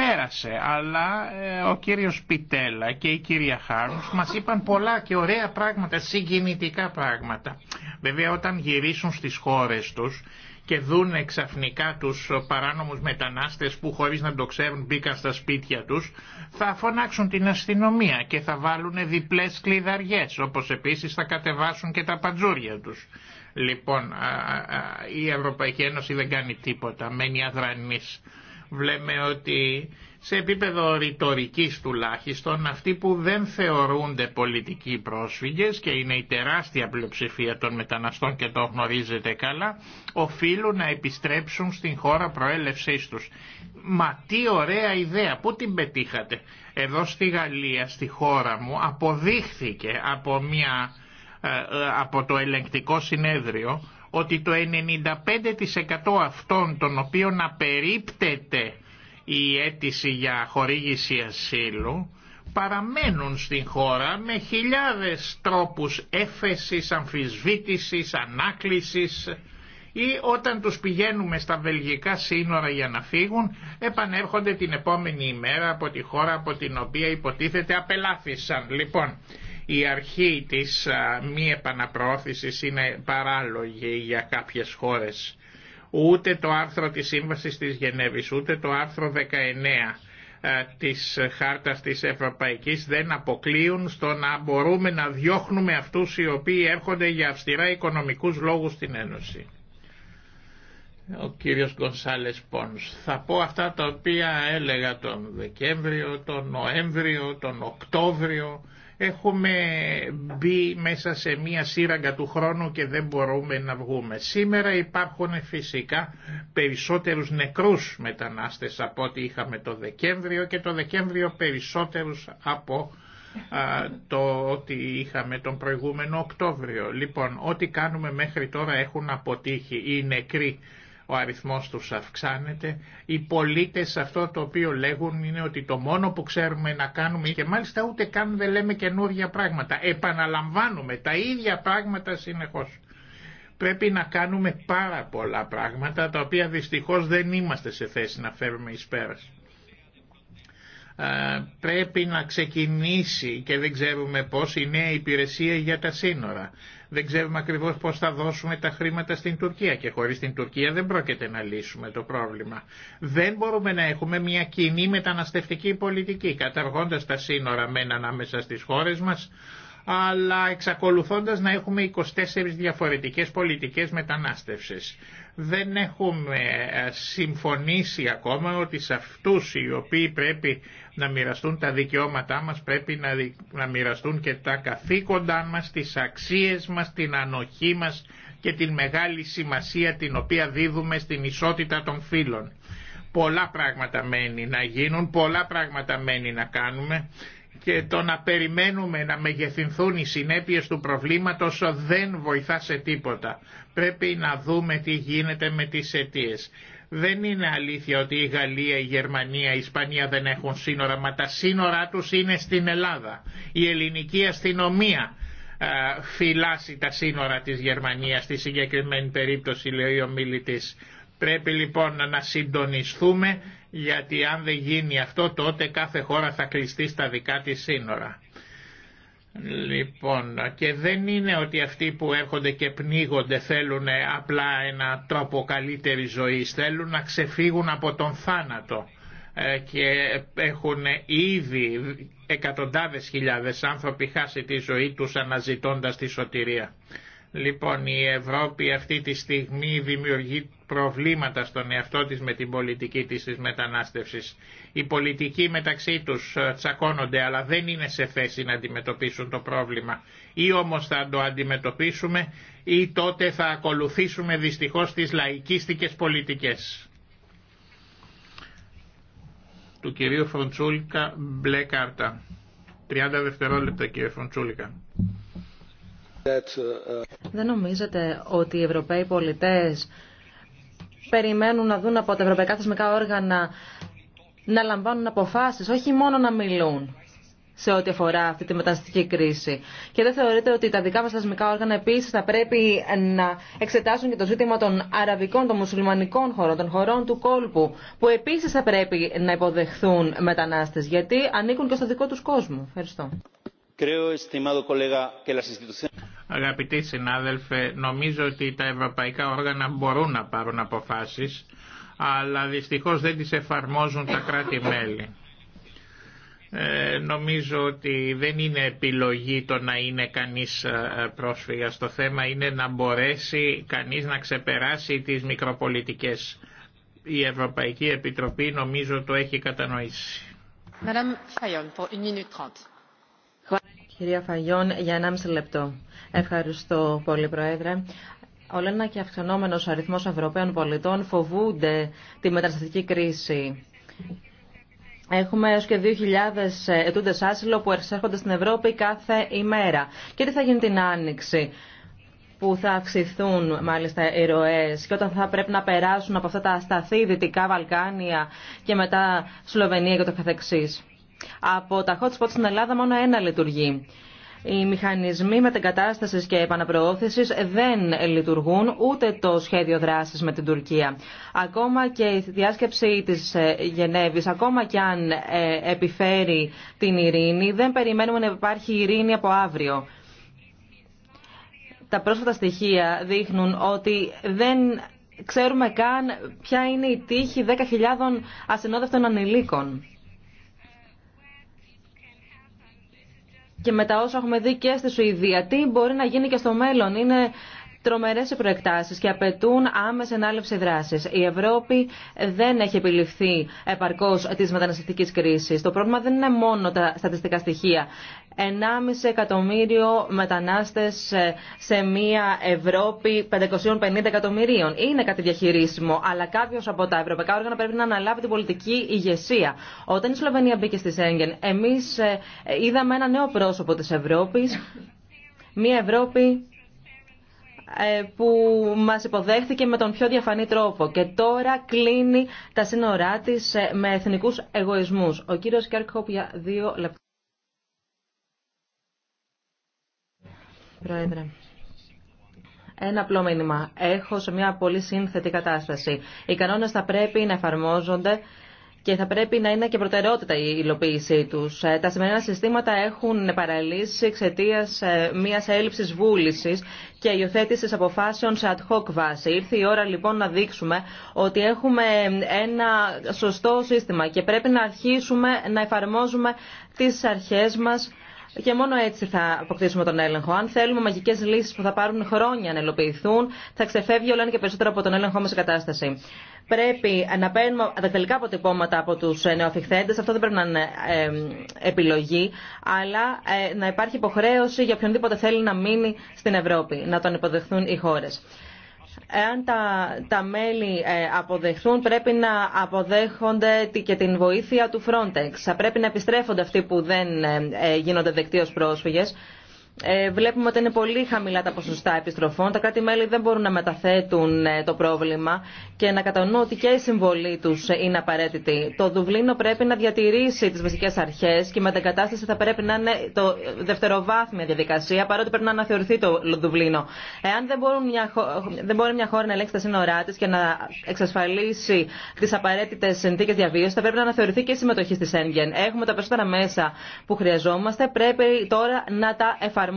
πέρασε, αλλά ε, ο κύριος Πιτέλα και η κυρία Χάρνους μας είπαν πολλά και ωραία πράγματα, συγκινητικά πράγματα. Βέβαια όταν γυρίσουν στις χώρες τους και δουν ξαφνικά τους παράνομους μετανάστες που χωρίς να το ξέρουν μπήκαν στα σπίτια τους, θα φωνάξουν την αστυνομία και θα βάλουν διπλές κλειδαριές, όπως επίσης θα κατεβάσουν και τα παντζούρια τους. Λοιπόν, η Ευρωπαϊκή Ένωση δεν κάνει τίποτα, μένει αδρανής. Βλέπουμε ότι σε επίπεδο ρητορική τουλάχιστον αυτοί που δεν θεωρούνται πολιτικοί πρόσφυγες και είναι η τεράστια πλειοψηφία των μεταναστών και το γνωρίζετε καλά οφείλουν να επιστρέψουν στην χώρα προέλευσής τους. Μα τι ωραία ιδέα, πού την πετύχατε. Εδώ στη Γαλλία, στη χώρα μου αποδείχθηκε από, μια, ε, ε, από το ελεγκτικό συνέδριο ότι το 95% αυτών των οποίων απερίπτεται η αίτηση για χορήγηση ασύλου παραμένουν στην χώρα με χιλιάδες τρόπους έφεσης, αμφισβήτησης, ανάκλησης ή όταν τους πηγαίνουμε στα βελγικά σύνορα για να φύγουν επανέρχονται την επόμενη ημέρα από τη χώρα από την οποία υποτίθεται απελάθησαν. Λοιπόν, η αρχή της μη επαναπρόθεσης είναι παράλογη για κάποιες χώρες. Ούτε το άρθρο της Σύμβασης της Γενέβης, ούτε το άρθρο 19 της χάρτας της Ευρωπαϊκής δεν αποκλείουν στο να μπορούμε να διώχνουμε αυτούς οι οποίοι έρχονται για αυστηρά οικονομικούς λόγους στην Ένωση. Ο κύριος Γκονσάλες Πόνς. Θα πω αυτά τα οποία έλεγα τον Δεκέμβριο, τον Νοέμβριο, τον Οκτώβριο Έχουμε μπει μέσα σε μία σύραγγα του χρόνου και δεν μπορούμε να βγούμε. Σήμερα υπάρχουν φυσικά περισσότερους νεκρούς μετανάστες από ό,τι είχαμε το Δεκέμβριο και το Δεκέμβριο περισσότερους από το ότι είχαμε τον προηγούμενο Οκτώβριο. Λοιπόν, ό,τι κάνουμε μέχρι τώρα έχουν αποτύχει. Οι νεκροί ο αριθμός τους αυξάνεται. Οι πολίτες αυτό το οποίο λέγουν είναι ότι το μόνο που ξέρουμε να κάνουμε και μάλιστα ούτε καν δεν λέμε καινούργια πράγματα. Επαναλαμβάνουμε τα ίδια πράγματα συνεχώς. Πρέπει να κάνουμε πάρα πολλά πράγματα τα οποία δυστυχώς δεν είμαστε σε θέση να φέρουμε εις πέρας. πρέπει να ξεκινήσει και δεν ξέρουμε πώς η νέα υπηρεσία για τα σύνορα. Δεν ξέρουμε ακριβώς πώς θα δώσουμε τα χρήματα στην Τουρκία και χωρίς την Τουρκία δεν πρόκειται να λύσουμε το πρόβλημα. Δεν μπορούμε να έχουμε μια κοινή μεταναστευτική πολιτική καταργώντας τα σύνορα μένα ανάμεσα στις χώρες μας αλλά εξακολουθώντας να έχουμε 24 διαφορετικές πολιτικές μετανάστευσης. Δεν έχουμε ε, συμφωνήσει ακόμα ότι σε αυτούς οι οποίοι πρέπει να μοιραστούν τα δικαιώματά μας, πρέπει να μοιραστούν και τα καθήκοντά μας, τις αξίες μας, την ανοχή μας και την μεγάλη σημασία την οποία δίδουμε στην ισότητα των φύλων. Πολλά πράγματα μένει να γίνουν, πολλά πράγματα μένει να κάνουμε και το να περιμένουμε να μεγεθυνθούν οι συνέπειες του προβλήματος δεν βοηθά σε τίποτα. Πρέπει να δούμε τι γίνεται με τις αιτίες. Δεν είναι αλήθεια ότι η Γαλλία, η Γερμανία, η Ισπανία δεν έχουν σύνορα, μα τα σύνορά τους είναι στην Ελλάδα. Η ελληνική αστυνομία φυλάσει τα σύνορα της Γερμανίας, στη συγκεκριμένη περίπτωση λέει ο μιλητής. Πρέπει λοιπόν να συντονιστούμε γιατί αν δεν γίνει αυτό τότε κάθε χώρα θα κλειστεί στα δικά της σύνορα. Λοιπόν, και δεν είναι ότι αυτοί που έρχονται και πνίγονται θέλουν ε, απλά ένα τρόπο καλύτερη ζωής, θέλουν να ξεφύγουν από τον θάνατο ε, και έχουν ήδη εκατοντάδες χιλιάδες άνθρωποι χάσει τη ζωή τους αναζητώντας τη σωτηρία. Λοιπόν, η Ευρώπη αυτή τη στιγμή δημιουργεί προβλήματα στον εαυτό της με την πολιτική της της μετανάστευσης. Οι πολιτικοί μεταξύ τους ε, τσακώνονται αλλά δεν είναι σε θέση να αντιμετωπίσουν το πρόβλημα. Ή όμως θα το αντιμετωπίσουμε ή τότε θα ακολουθήσουμε δυστυχώς τις λαϊκίστικες πολιτικές. Του κυρίου Φροντσούλικα μπλε κάρτα. 30 δευτερόλεπτα κύριε Φροντσούλικα. Δεν νομίζετε ότι οι Ευρωπαίοι πολιτές περιμένουν να δουν από τα ευρωπαϊκά θεσμικά όργανα να λαμβάνουν αποφάσεις, όχι μόνο να μιλούν σε ό,τι αφορά αυτή τη μεταναστική κρίση. Και δεν θεωρείτε ότι τα δικά μας θεσμικά όργανα επίσης θα πρέπει να εξετάσουν και το ζήτημα των αραβικών, των μουσουλμανικών χωρών, των χωρών του κόλπου, που επίσης θα πρέπει να υποδεχθούν μετανάστες, γιατί ανήκουν και στο δικό τους κόσμο. Ευχαριστώ. Αγαπητοί συνάδελφοι, νομίζω ότι τα ευρωπαϊκά όργανα μπορούν να πάρουν αποφάσεις, αλλά δυστυχώς δεν τις εφαρμόζουν τα κράτη-μέλη. Ε, νομίζω ότι δεν είναι επιλογή το να είναι κανείς ε, πρόσφυγας. Το θέμα είναι να μπορέσει κανείς να ξεπεράσει τις μικροπολιτικές. Η Ευρωπαϊκή Επιτροπή νομίζω το έχει κατανοήσει. Madame Κυρία Φαγιόν, για 1,5 λεπτό. Ευχαριστώ πολύ, Πρόεδρε. Όλο ένα και αυξανόμενο αριθμό Ευρωπαίων πολιτών φοβούνται τη μεταναστευτική κρίση. Έχουμε έω και 2.000 ετούντε άσυλο που εξέρχονται στην Ευρώπη κάθε ημέρα. Και τι θα γίνει την Άνοιξη που θα αυξηθούν μάλιστα οι ροές και όταν θα πρέπει να περάσουν από αυτά τα ασταθή Δυτικά Βαλκάνια και μετά Σλοβενία και το καθεξής. Από τα hot spots στην Ελλάδα μόνο ένα λειτουργεί. Οι μηχανισμοί μετεγκατάσταση και επαναπροώθηση δεν λειτουργούν ούτε το σχέδιο δράση με την Τουρκία. Ακόμα και η διάσκεψη τη ε, Γενέβη, ακόμα και αν ε, επιφέρει την ειρήνη, δεν περιμένουμε να υπάρχει ειρήνη από αύριο. Τα πρόσφατα στοιχεία δείχνουν ότι δεν ξέρουμε καν ποια είναι η τύχη 10.000 ασυνόδευτων ανηλίκων. και μετά τα όσα έχουμε δει και στη Σουηδία, τι μπορεί να γίνει και στο μέλλον. Είναι τρομερέ οι προεκτάσει και απαιτούν άμεση ανάληψη δράση. Η Ευρώπη δεν έχει επιληφθεί επαρκώ τη μεταναστευτική κρίση. Το πρόβλημα δεν είναι μόνο τα στατιστικά στοιχεία. 1,5 εκατομμύριο μετανάστε σε μια Ευρώπη 550 εκατομμυρίων. Είναι κάτι διαχειρίσιμο, αλλά κάποιο από τα ευρωπαϊκά όργανα πρέπει να αναλάβει την πολιτική ηγεσία. Όταν η Σλοβενία μπήκε στη Σέγγεν, εμεί ε, ε, είδαμε ένα νέο πρόσωπο τη Ευρώπη. Μια Ευρώπη ε, που μας υποδέχθηκε με τον πιο διαφανή τρόπο και τώρα κλείνει τα σύνορά της ε, με εθνικούς εγωισμούς. Ο κύριος Κέρκοπ για δύο λεπτά. Πρόεδρε. Ένα απλό μήνυμα. Έχω σε μια πολύ σύνθετη κατάσταση. Οι κανόνες θα πρέπει να εφαρμόζονται και θα πρέπει να είναι και προτεραιότητα η υλοποίησή του. Ε, τα σημερινά συστήματα έχουν παραλύσει εξαιτία ε, μια έλλειψη βούληση και υιοθέτηση αποφάσεων σε ad hoc βάση. Ήρθε η ώρα λοιπόν να δείξουμε ότι έχουμε ένα σωστό σύστημα και πρέπει να αρχίσουμε να εφαρμόζουμε τι αρχέ μα και μόνο έτσι θα αποκτήσουμε τον έλεγχο. Αν θέλουμε μαγικέ λύσει που θα πάρουν χρόνια να ελοποιηθούν, θα ξεφεύγει όλο και περισσότερο από τον έλεγχό μα κατάσταση. Πρέπει να παίρνουμε τελικά αποτυπώματα από του νεοαφιχθέντε. Αυτό δεν πρέπει να είναι ε, επιλογή, αλλά ε, να υπάρχει υποχρέωση για οποιονδήποτε θέλει να μείνει στην Ευρώπη, να τον υποδεχθούν οι χώρε. Εάν τα, τα μέλη ε, αποδεχθούν, πρέπει να αποδέχονται και την βοήθεια του Frontex. Θα πρέπει να επιστρέφονται αυτοί που δεν ε, ε, γίνονται δεκτοί ως πρόσφυγες. Ε, βλέπουμε ότι είναι πολύ χαμηλά τα ποσοστά επιστροφών. Τα κράτη-μέλη δεν μπορούν να μεταθέτουν ε, το πρόβλημα και να κατανοούν ότι και η συμβολή του ε, είναι απαραίτητη. Το Δουβλίνο πρέπει να διατηρήσει τι βασικέ αρχέ και η μετεγκατάσταση θα πρέπει να είναι το δευτεροβάθμια διαδικασία, παρότι πρέπει να αναθεωρηθεί το Δουβλίνο. Εάν δεν, μπορούν δεν μπορεί μια χώρα να ελέγξει τα σύνορά τη και να εξασφαλίσει τι απαραίτητε συνθήκε διαβίωση, θα πρέπει να αναθεωρηθεί και η συμμετοχή στη Σέγγεν. Έχουμε τα περισσότερα μέσα που χρειαζόμαστε. Πρέπει τώρα να τα εφαρμόσουμε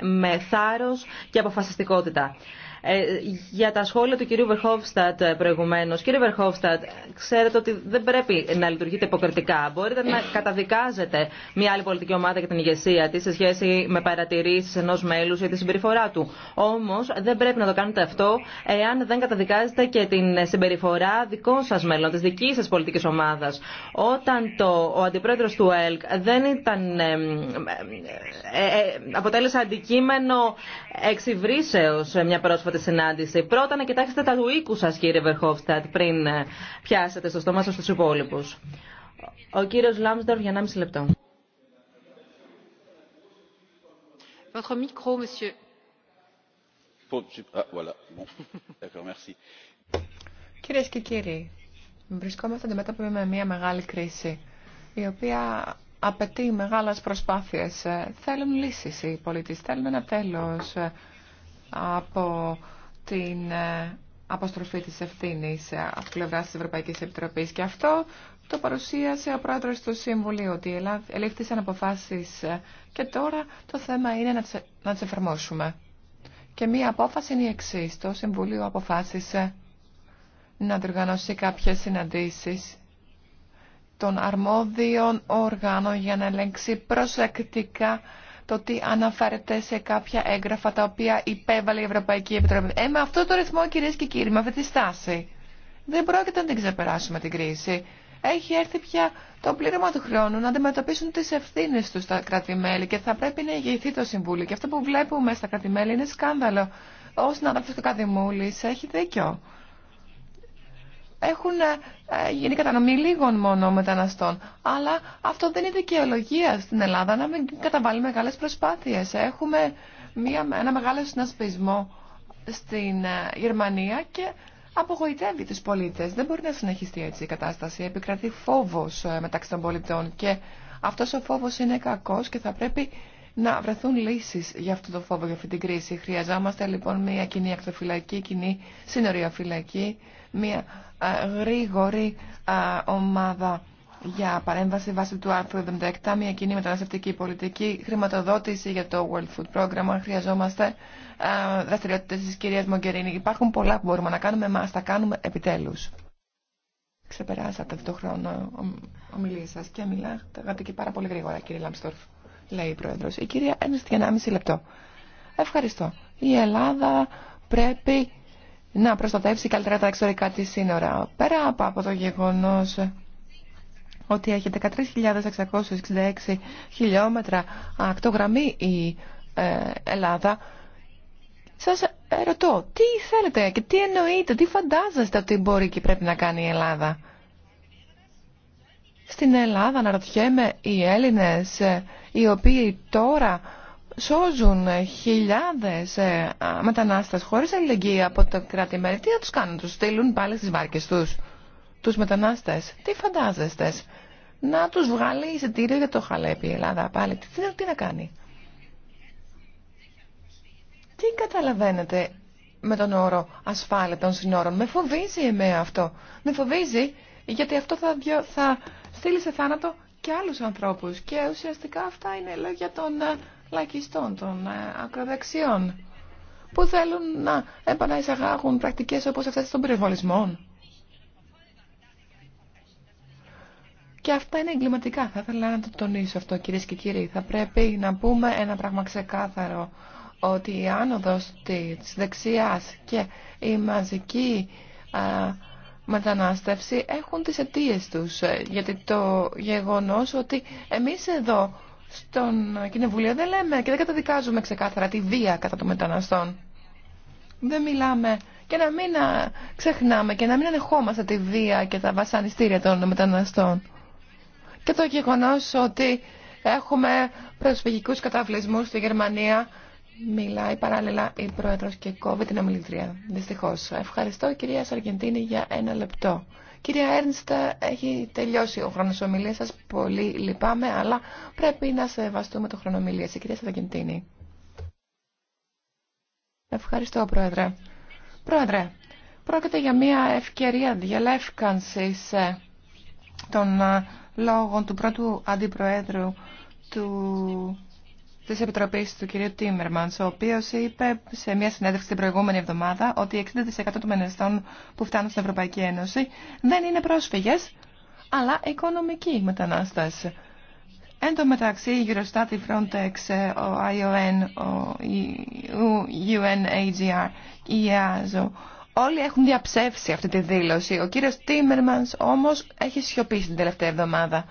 με θάρρος και αποφασιστικότητα. Ε, για τα σχόλια του κυρίου Βερχόφστατ ε, προηγουμένω. Κύριε Βερχόφστατ, ξέρετε ότι δεν πρέπει να λειτουργείτε υποκριτικά. Μπορείτε να καταδικάζετε μια άλλη πολιτική ομάδα και την ηγεσία τη σε σχέση με παρατηρήσει ενό μέλου ή τη συμπεριφορά του. Όμω δεν πρέπει να το κάνετε αυτό εάν δεν καταδικάζετε και την συμπεριφορά δικών σα μέλων, τη δική σα πολιτική ομάδα. Όταν το, ο αντιπρόεδρο του ΕΛΚ δεν ήταν. Ε, ε, ε, ε αποτέλεσε αντικείμενο εξυβρίσεω μια πρόσφατη πρόσφατη συνάντηση. Πρώτα να κοιτάξετε τα του οίκου σα, κύριε Βερχόφστατ, πριν ε, πιάσετε στο στόμα σα του υπόλοιπου. Ο κύριο Λάμσδορφ για 1,5 λεπτό. Ah, [laughs] Κυρίε και κύριοι, βρισκόμαστε αντιμέτωποι με μια μεγάλη κρίση, η οποία απαιτεί μεγάλες προσπάθειες. Ε, θέλουν λύσεις οι πολίτες, θέλουν ένα τέλος ε, από την ε, αποστροφή της ευθύνης ε, από πλευρά της Ευρωπαϊκής Επιτροπής και αυτό το παρουσίασε ο πρόεδρος του Συμβουλίου ότι ελήφθησαν αποφάσεις ε, και τώρα το θέμα είναι να τις, εφαρμόσουμε. Και μία απόφαση είναι η εξή. Το Συμβουλίο αποφάσισε να διοργανώσει κάποιες συναντήσεις των αρμόδιων οργάνων για να ελέγξει προσεκτικά το ότι αναφέρεται σε κάποια έγγραφα τα οποία υπέβαλε η Ευρωπαϊκή Επιτροπή. Ε, με αυτό το ρυθμό κυρίες και κύριοι, με αυτή τη στάση, δεν πρόκειται να την ξεπεράσουμε την κρίση. Έχει έρθει πια το πλήρωμα του χρόνου να αντιμετωπίσουν τι ευθύνε του στα κρατη και θα πρέπει να ηγηθεί το Συμβούλιο. Και αυτό που βλέπουμε στα κρατη είναι σκάνδαλο. Ο συνάδελφο του Καδημούλη, έχει δίκιο έχουν ε, ε, γίνει κατανομή λίγων μόνο μεταναστών. Αλλά αυτό δεν είναι δικαιολογία στην Ελλάδα να μην καταβάλει μεγάλες προσπάθειες. Έχουμε μια, ένα μεγάλο συνασπισμό στην ε, Γερμανία και απογοητεύει τους πολίτες. Δεν μπορεί να συνεχιστεί έτσι η κατάσταση. Επικρατεί φόβος μεταξύ των πολιτών και αυτός ο φόβος είναι κακός και θα πρέπει να βρεθούν λύσεις για αυτό το φόβο, για αυτή την κρίση. Χρειαζόμαστε λοιπόν μια κοινή ακτοφυλακή, κοινή συνοριοφυλακή, μια ε, γρήγορη ε, ομάδα για παρέμβαση βάσει του άρθρου 76, μια κοινή μεταναστευτική πολιτική, χρηματοδότηση για το World Food Program. Χρειαζόμαστε ε, δραστηριότητε τη κυρία Μογκερίνη. Υπάρχουν πολλά που μπορούμε να κάνουμε, μα τα κάνουμε επιτέλου. Ξεπεράσατε αυτό το χρόνο ομιλία σα και μιλάτε και πάρα πολύ γρήγορα, κύριε Λαμπστόρφ, λέει η πρόεδρο. Η κυρία Ένστη για 1,5 λεπτό. Ευχαριστώ. Η Ελλάδα πρέπει να προστατεύσει καλύτερα τα εξωτερικά τη σύνορα. Πέρα από το γεγονό ότι έχει 13.666 χιλιόμετρα ακτογραμμή η ε, Ελλάδα, σας ρωτώ, τι θέλετε και τι εννοείτε, τι φαντάζεστε ότι μπορεί και πρέπει να κάνει η Ελλάδα. Στην Ελλάδα αναρωτιέμαι οι Έλληνες ε, οι οποίοι τώρα σώζουν χιλιάδες ε, μετανάστες χωρίς αλληλεγγύη από τα κράτη-μέρη. Τι θα τους κάνουν, τους στείλουν πάλι στις βάρκες τους, τους μετανάστες. Τι φαντάζεστε, να τους βγάλει εισιτήριο για το χαλέπι η Ελλάδα πάλι. Τι, τι, να κάνει. Τι καταλαβαίνετε με τον όρο ασφάλεια των συνόρων. Με φοβίζει εμένα αυτό. Με φοβίζει γιατί αυτό θα, θα στείλει σε θάνατο και άλλους ανθρώπους. Και ουσιαστικά αυτά είναι λόγια των ε, λαϊκιστών, των ε, ακροδεξιών, που θέλουν να επαναεισαγάγουν πρακτικές όπως αυτές των περιβολισμών. Και αυτά είναι εγκληματικά. Θα ήθελα να το τονίσω αυτό κυρίες και κύριοι. Θα πρέπει να πούμε ένα πράγμα ξεκάθαρο ότι η άνοδος της δεξιάς και η μαζική μετανάστευση έχουν τις αιτίες τους. Ε, γιατί το γεγονός ότι εμείς εδώ στον Κοινοβουλίο δεν λέμε και δεν καταδικάζουμε ξεκάθαρα τη βία κατά των μεταναστών. Δεν μιλάμε και να μην ξεχνάμε και να μην ανεχόμαστε τη βία και τα βασανιστήρια των μεταναστών. Και το γεγονός ότι έχουμε προσφυγικούς καταβλισμούς στη Γερμανία Μιλάει παράλληλα η Πρόεδρος και κόβει την ομιλητρία. Δυστυχώς. Ευχαριστώ κυρία Σαργεντίνη για ένα λεπτό. Κυρία Έρνστ, έχει τελειώσει ο χρόνο ομιλία σα Πολύ λυπάμαι, αλλά πρέπει να σεβαστούμε το χρόνο ομιλία. Η κυρία Ευχαριστώ, Πρόεδρε. Πρόεδρε, πρόκειται για μια ευκαιρία διαλέφκανση ε, των ε, λόγων του πρώτου αντιπροέδρου του τη επιτροπή του κ. Τίμερμαντ, ο οποίο είπε σε μια συνέντευξη την προηγούμενη εβδομάδα ότι 60% των μενεστών που φτάνουν στην Ευρωπαϊκή Ένωση δεν είναι πρόσφυγε, αλλά οικονομικοί μετανάστε. Εν τω μεταξύ, η Eurostat, η Frontex, ο ION, ο UNAGR, η EASO, όλοι έχουν διαψεύσει αυτή τη δήλωση. Ο κύριος Τίμερμανς όμως έχει σιωπήσει την τελευταία εβδομάδα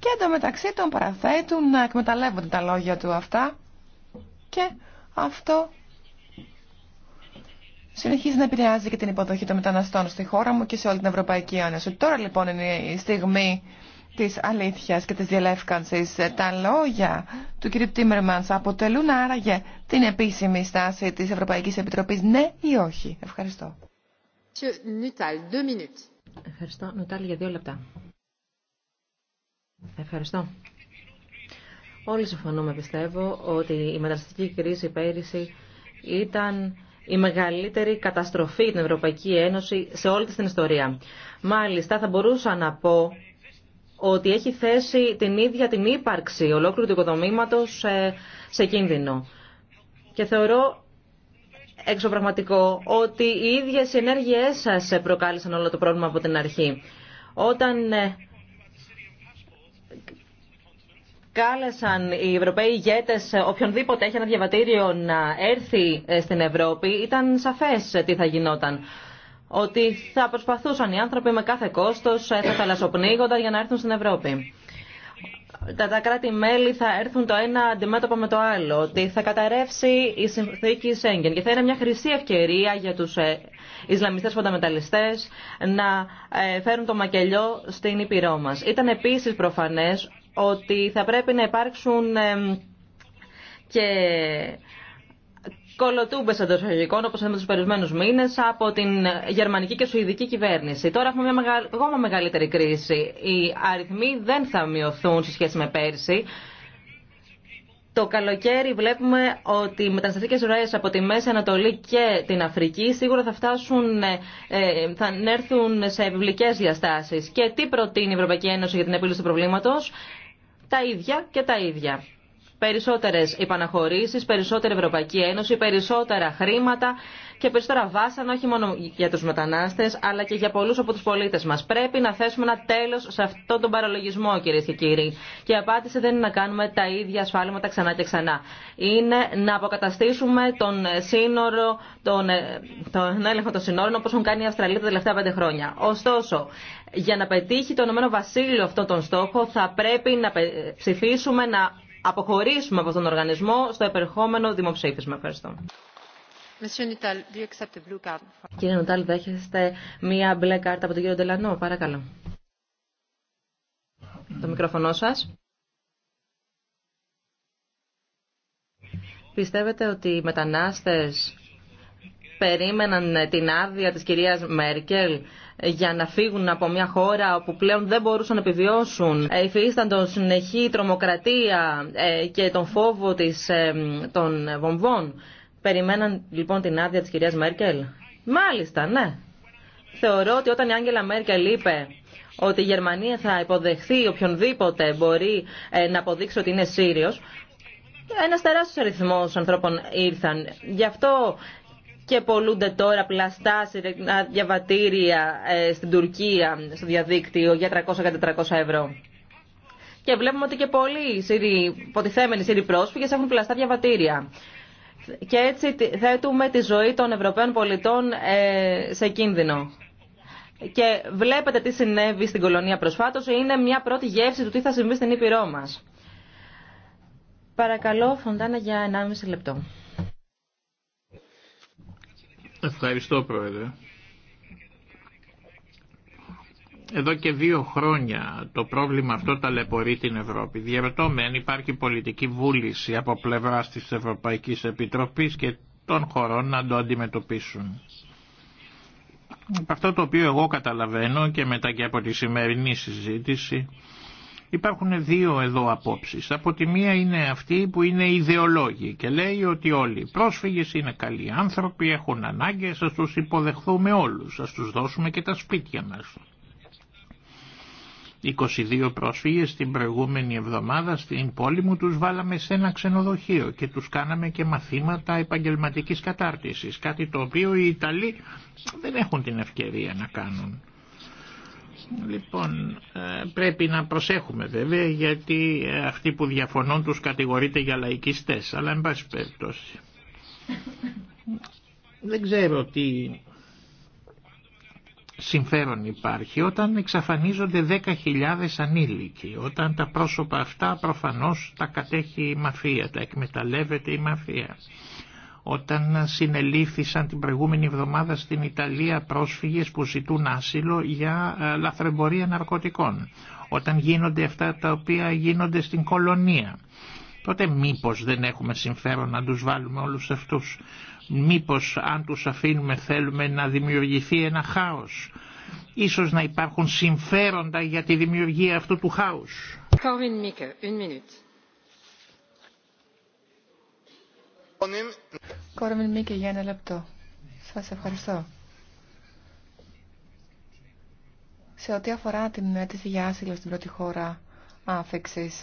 και εντωμεταξύ τον παραθέτουν να εκμεταλλεύονται τα λόγια του αυτά και αυτό συνεχίζει να επηρεάζει και την υποδοχή των μεταναστών στη χώρα μου και σε όλη την Ευρωπαϊκή Ένωση. Τώρα λοιπόν είναι η στιγμή της αλήθειας και της διαλεύκανσης. Τα λόγια του κ. Τίμερμανς αποτελούν άραγε την επίσημη στάση της Ευρωπαϊκής Επιτροπής, ναι ή όχι. Ευχαριστώ. Ευχαριστώ. Νουτάλ για δύο λεπτά. Ευχαριστώ. Όλοι συμφωνούμε, πιστεύω, ότι η μεταναστευτική κρίση πέρυσι ήταν η μεγαλύτερη καταστροφή την Ευρωπαϊκή Ένωση σε όλη της την ιστορία. Μάλιστα, θα μπορούσα να πω ότι έχει θέσει την ίδια την ύπαρξη ολόκληρου του οικοδομήματος σε, κίνδυνο. Και θεωρώ εξωπραγματικό ότι οι ίδιες οι ενέργειές σας προκάλεσαν όλο το πρόβλημα από την αρχή. Όταν ε, κάλεσαν οι Ευρωπαίοι ηγέτες οποιονδήποτε έχει ένα διαβατήριο να έρθει ε, στην Ευρώπη ήταν σαφέ τι θα γινόταν. Ότι θα προσπαθούσαν οι άνθρωποι με κάθε κόστο, ε, θα θαλασσοπνίγονταν για να έρθουν στην Ευρώπη. Τα, τα κράτη-μέλη θα έρθουν το ένα αντιμέτωπα με το άλλο, ότι θα καταρρεύσει η συνθήκη Σέγγεν και θα είναι μια χρυσή ευκαιρία για τους ε, Ισλαμιστέ φονταμεταλλιστέ να φέρουν το μακελιό στην Ήπειρό μα. Ήταν επίση προφανέ ότι θα πρέπει να υπάρξουν και κολοτούμπε εντό εισαγωγικών, όπω είδαμε του περισμένου μήνε, από την γερμανική και σουηδική κυβέρνηση. Τώρα έχουμε μια μεγα... ακόμα μεγαλύτερη κρίση. Οι αριθμοί δεν θα μειωθούν σε σχέση με πέρσι. Το καλοκαίρι βλέπουμε ότι οι μεταναστευτικέ ροέ από τη Μέση Ανατολή και την Αφρική σίγουρα θα φτάσουν, ε, ε, θα έρθουν σε επιβλικέ διαστάσει. Και τι προτείνει η Ευρωπαϊκή Ένωση για την επίλυση του προβλήματο, τα ίδια και τα ίδια περισσότερε υπαναχωρήσει, περισσότερη Ευρωπαϊκή Ένωση, περισσότερα χρήματα και περισσότερα βάσανα όχι μόνο για του μετανάστε, αλλά και για πολλού από του πολίτε μα. Πρέπει να θέσουμε ένα τέλο σε αυτόν τον παραλογισμό, κυρίε και κύριοι. Και η απάντηση δεν είναι να κάνουμε τα ίδια ασφάλματα ξανά και ξανά. Είναι να αποκαταστήσουμε τον σύνορο, τον, ε, τον έλεγχο των συνόρων, όπω έχουν κάνει οι Αυστραλοί τα τελευταία πέντε χρόνια. Ωστόσο, για να πετύχει το Ηνωμένο Βασίλειο αυτόν τον στόχο, θα πρέπει να ψηφίσουμε να αποχωρήσουμε από τον οργανισμό στο επερχόμενο δημοψήφισμα. Ευχαριστώ. Κύριε Νουτάλ, δέχεστε μία μπλε κάρτα από τον κύριο Ντελανό. Παρακαλώ. Το μικρόφωνο σας. Πιστεύετε ότι οι μετανάστες περίμεναν την άδεια της κυρίας Μέρκελ για να φύγουν από μια χώρα όπου πλέον δεν μπορούσαν να επιβιώσουν. Ε, Υφίσταν συνεχή τρομοκρατία ε, και τον φόβο της, ε, των βομβών. Περιμέναν λοιπόν την άδεια της κυρίας Μέρκελ. Μάλιστα, ναι. Θεωρώ ότι όταν η Άγγελα Μέρκελ είπε ότι η Γερμανία θα υποδεχθεί οποιονδήποτε μπορεί να αποδείξει ότι είναι Σύριος, ένα τεράστιο αριθμό ανθρώπων ήρθαν. Γι' αυτό και πολλούνται τώρα πλαστά σε διαβατήρια ε, στην Τουρκία στο διαδίκτυο για 300 400 ευρώ. Και βλέπουμε ότι και πολλοί σύρι, υποτιθέμενοι Σύριοι πρόσφυγες έχουν πλαστά διαβατήρια. Και έτσι θέτουμε τη ζωή των Ευρωπαίων πολιτών ε, σε κίνδυνο. Και βλέπετε τι συνέβη στην κολονία προσφάτως. Είναι μια πρώτη γεύση του τι θα συμβεί στην Ήπειρό μας. Παρακαλώ, Φοντάνα, για 1,5 λεπτό. Ευχαριστώ Πρόεδρε. Εδώ και δύο χρόνια το πρόβλημα αυτό ταλαιπωρεί την Ευρώπη. Διαρωτώ με αν υπάρχει πολιτική βούληση από πλευράς της Ευρωπαϊκής Επιτροπής και των χωρών να το αντιμετωπίσουν. Από αυτό το οποίο εγώ καταλαβαίνω και μετά και από τη σημερινή συζήτηση Υπάρχουν δύο εδώ απόψεις. Από τη μία είναι αυτή που είναι ιδεολόγη και λέει ότι όλοι οι πρόσφυγες είναι καλοί άνθρωποι, έχουν ανάγκες, ας τους υποδεχθούμε όλους, ας τους δώσουμε και τα σπίτια μας. 22 πρόσφυγες την προηγούμενη εβδομάδα στην πόλη μου τους βάλαμε σε ένα ξενοδοχείο και τους κάναμε και μαθήματα επαγγελματικής κατάρτισης, κάτι το οποίο οι Ιταλοί δεν έχουν την ευκαιρία να κάνουν. Λοιπόν, ε, πρέπει να προσέχουμε βέβαια γιατί ε, αυτοί που διαφωνούν τους κατηγορείται για λαϊκιστές, αλλά εν πάση περιπτώσει. Δεν ξέρω τι συμφέρον υπάρχει όταν εξαφανίζονται 10.000 ανήλικοι, όταν τα πρόσωπα αυτά προφανώς τα κατέχει η μαφία, τα εκμεταλλεύεται η μαφία όταν συνελήφθησαν την προηγούμενη εβδομάδα στην Ιταλία πρόσφυγες που ζητούν άσυλο για ε, λαθρεμπορία ναρκωτικών, όταν γίνονται αυτά τα οποία γίνονται στην κολονία. Τότε μήπως δεν έχουμε συμφέρον να τους βάλουμε όλους αυτούς. Μήπως αν τους αφήνουμε θέλουμε να δημιουργηθεί ένα χάος. Ίσως να υπάρχουν συμφέροντα για τη δημιουργία αυτού του χάους. Κόρμιν Μίκη για ένα λεπτό. Σας ευχαριστώ. Σε ό,τι αφορά την αίτηση για άσυλο στην πρώτη χώρα άφηξης,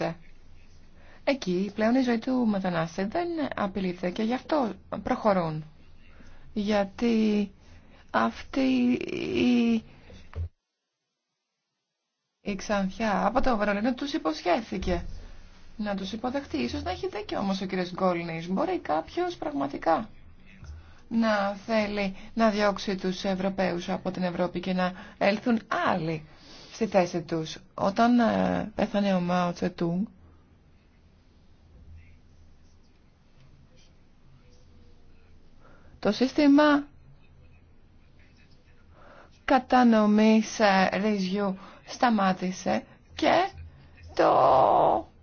εκεί πλέον η ζωή του μετανάστε δεν απειλείται και γι' αυτό προχωρούν. Γιατί αυτή η ξανθιά από το Βερολίνο τους υποσχέθηκε να τους υποδεχτεί. Ίσως να έχει και όμως ο κ. Γκόλνης. Μπορεί κάποιος πραγματικά να θέλει να διώξει τους Ευρωπαίους από την Ευρώπη και να έλθουν άλλοι στη θέση τους. Όταν ε, πέθανε ο Μάο το σύστημα κατανομής ε, ρίζιου σταμάτησε και το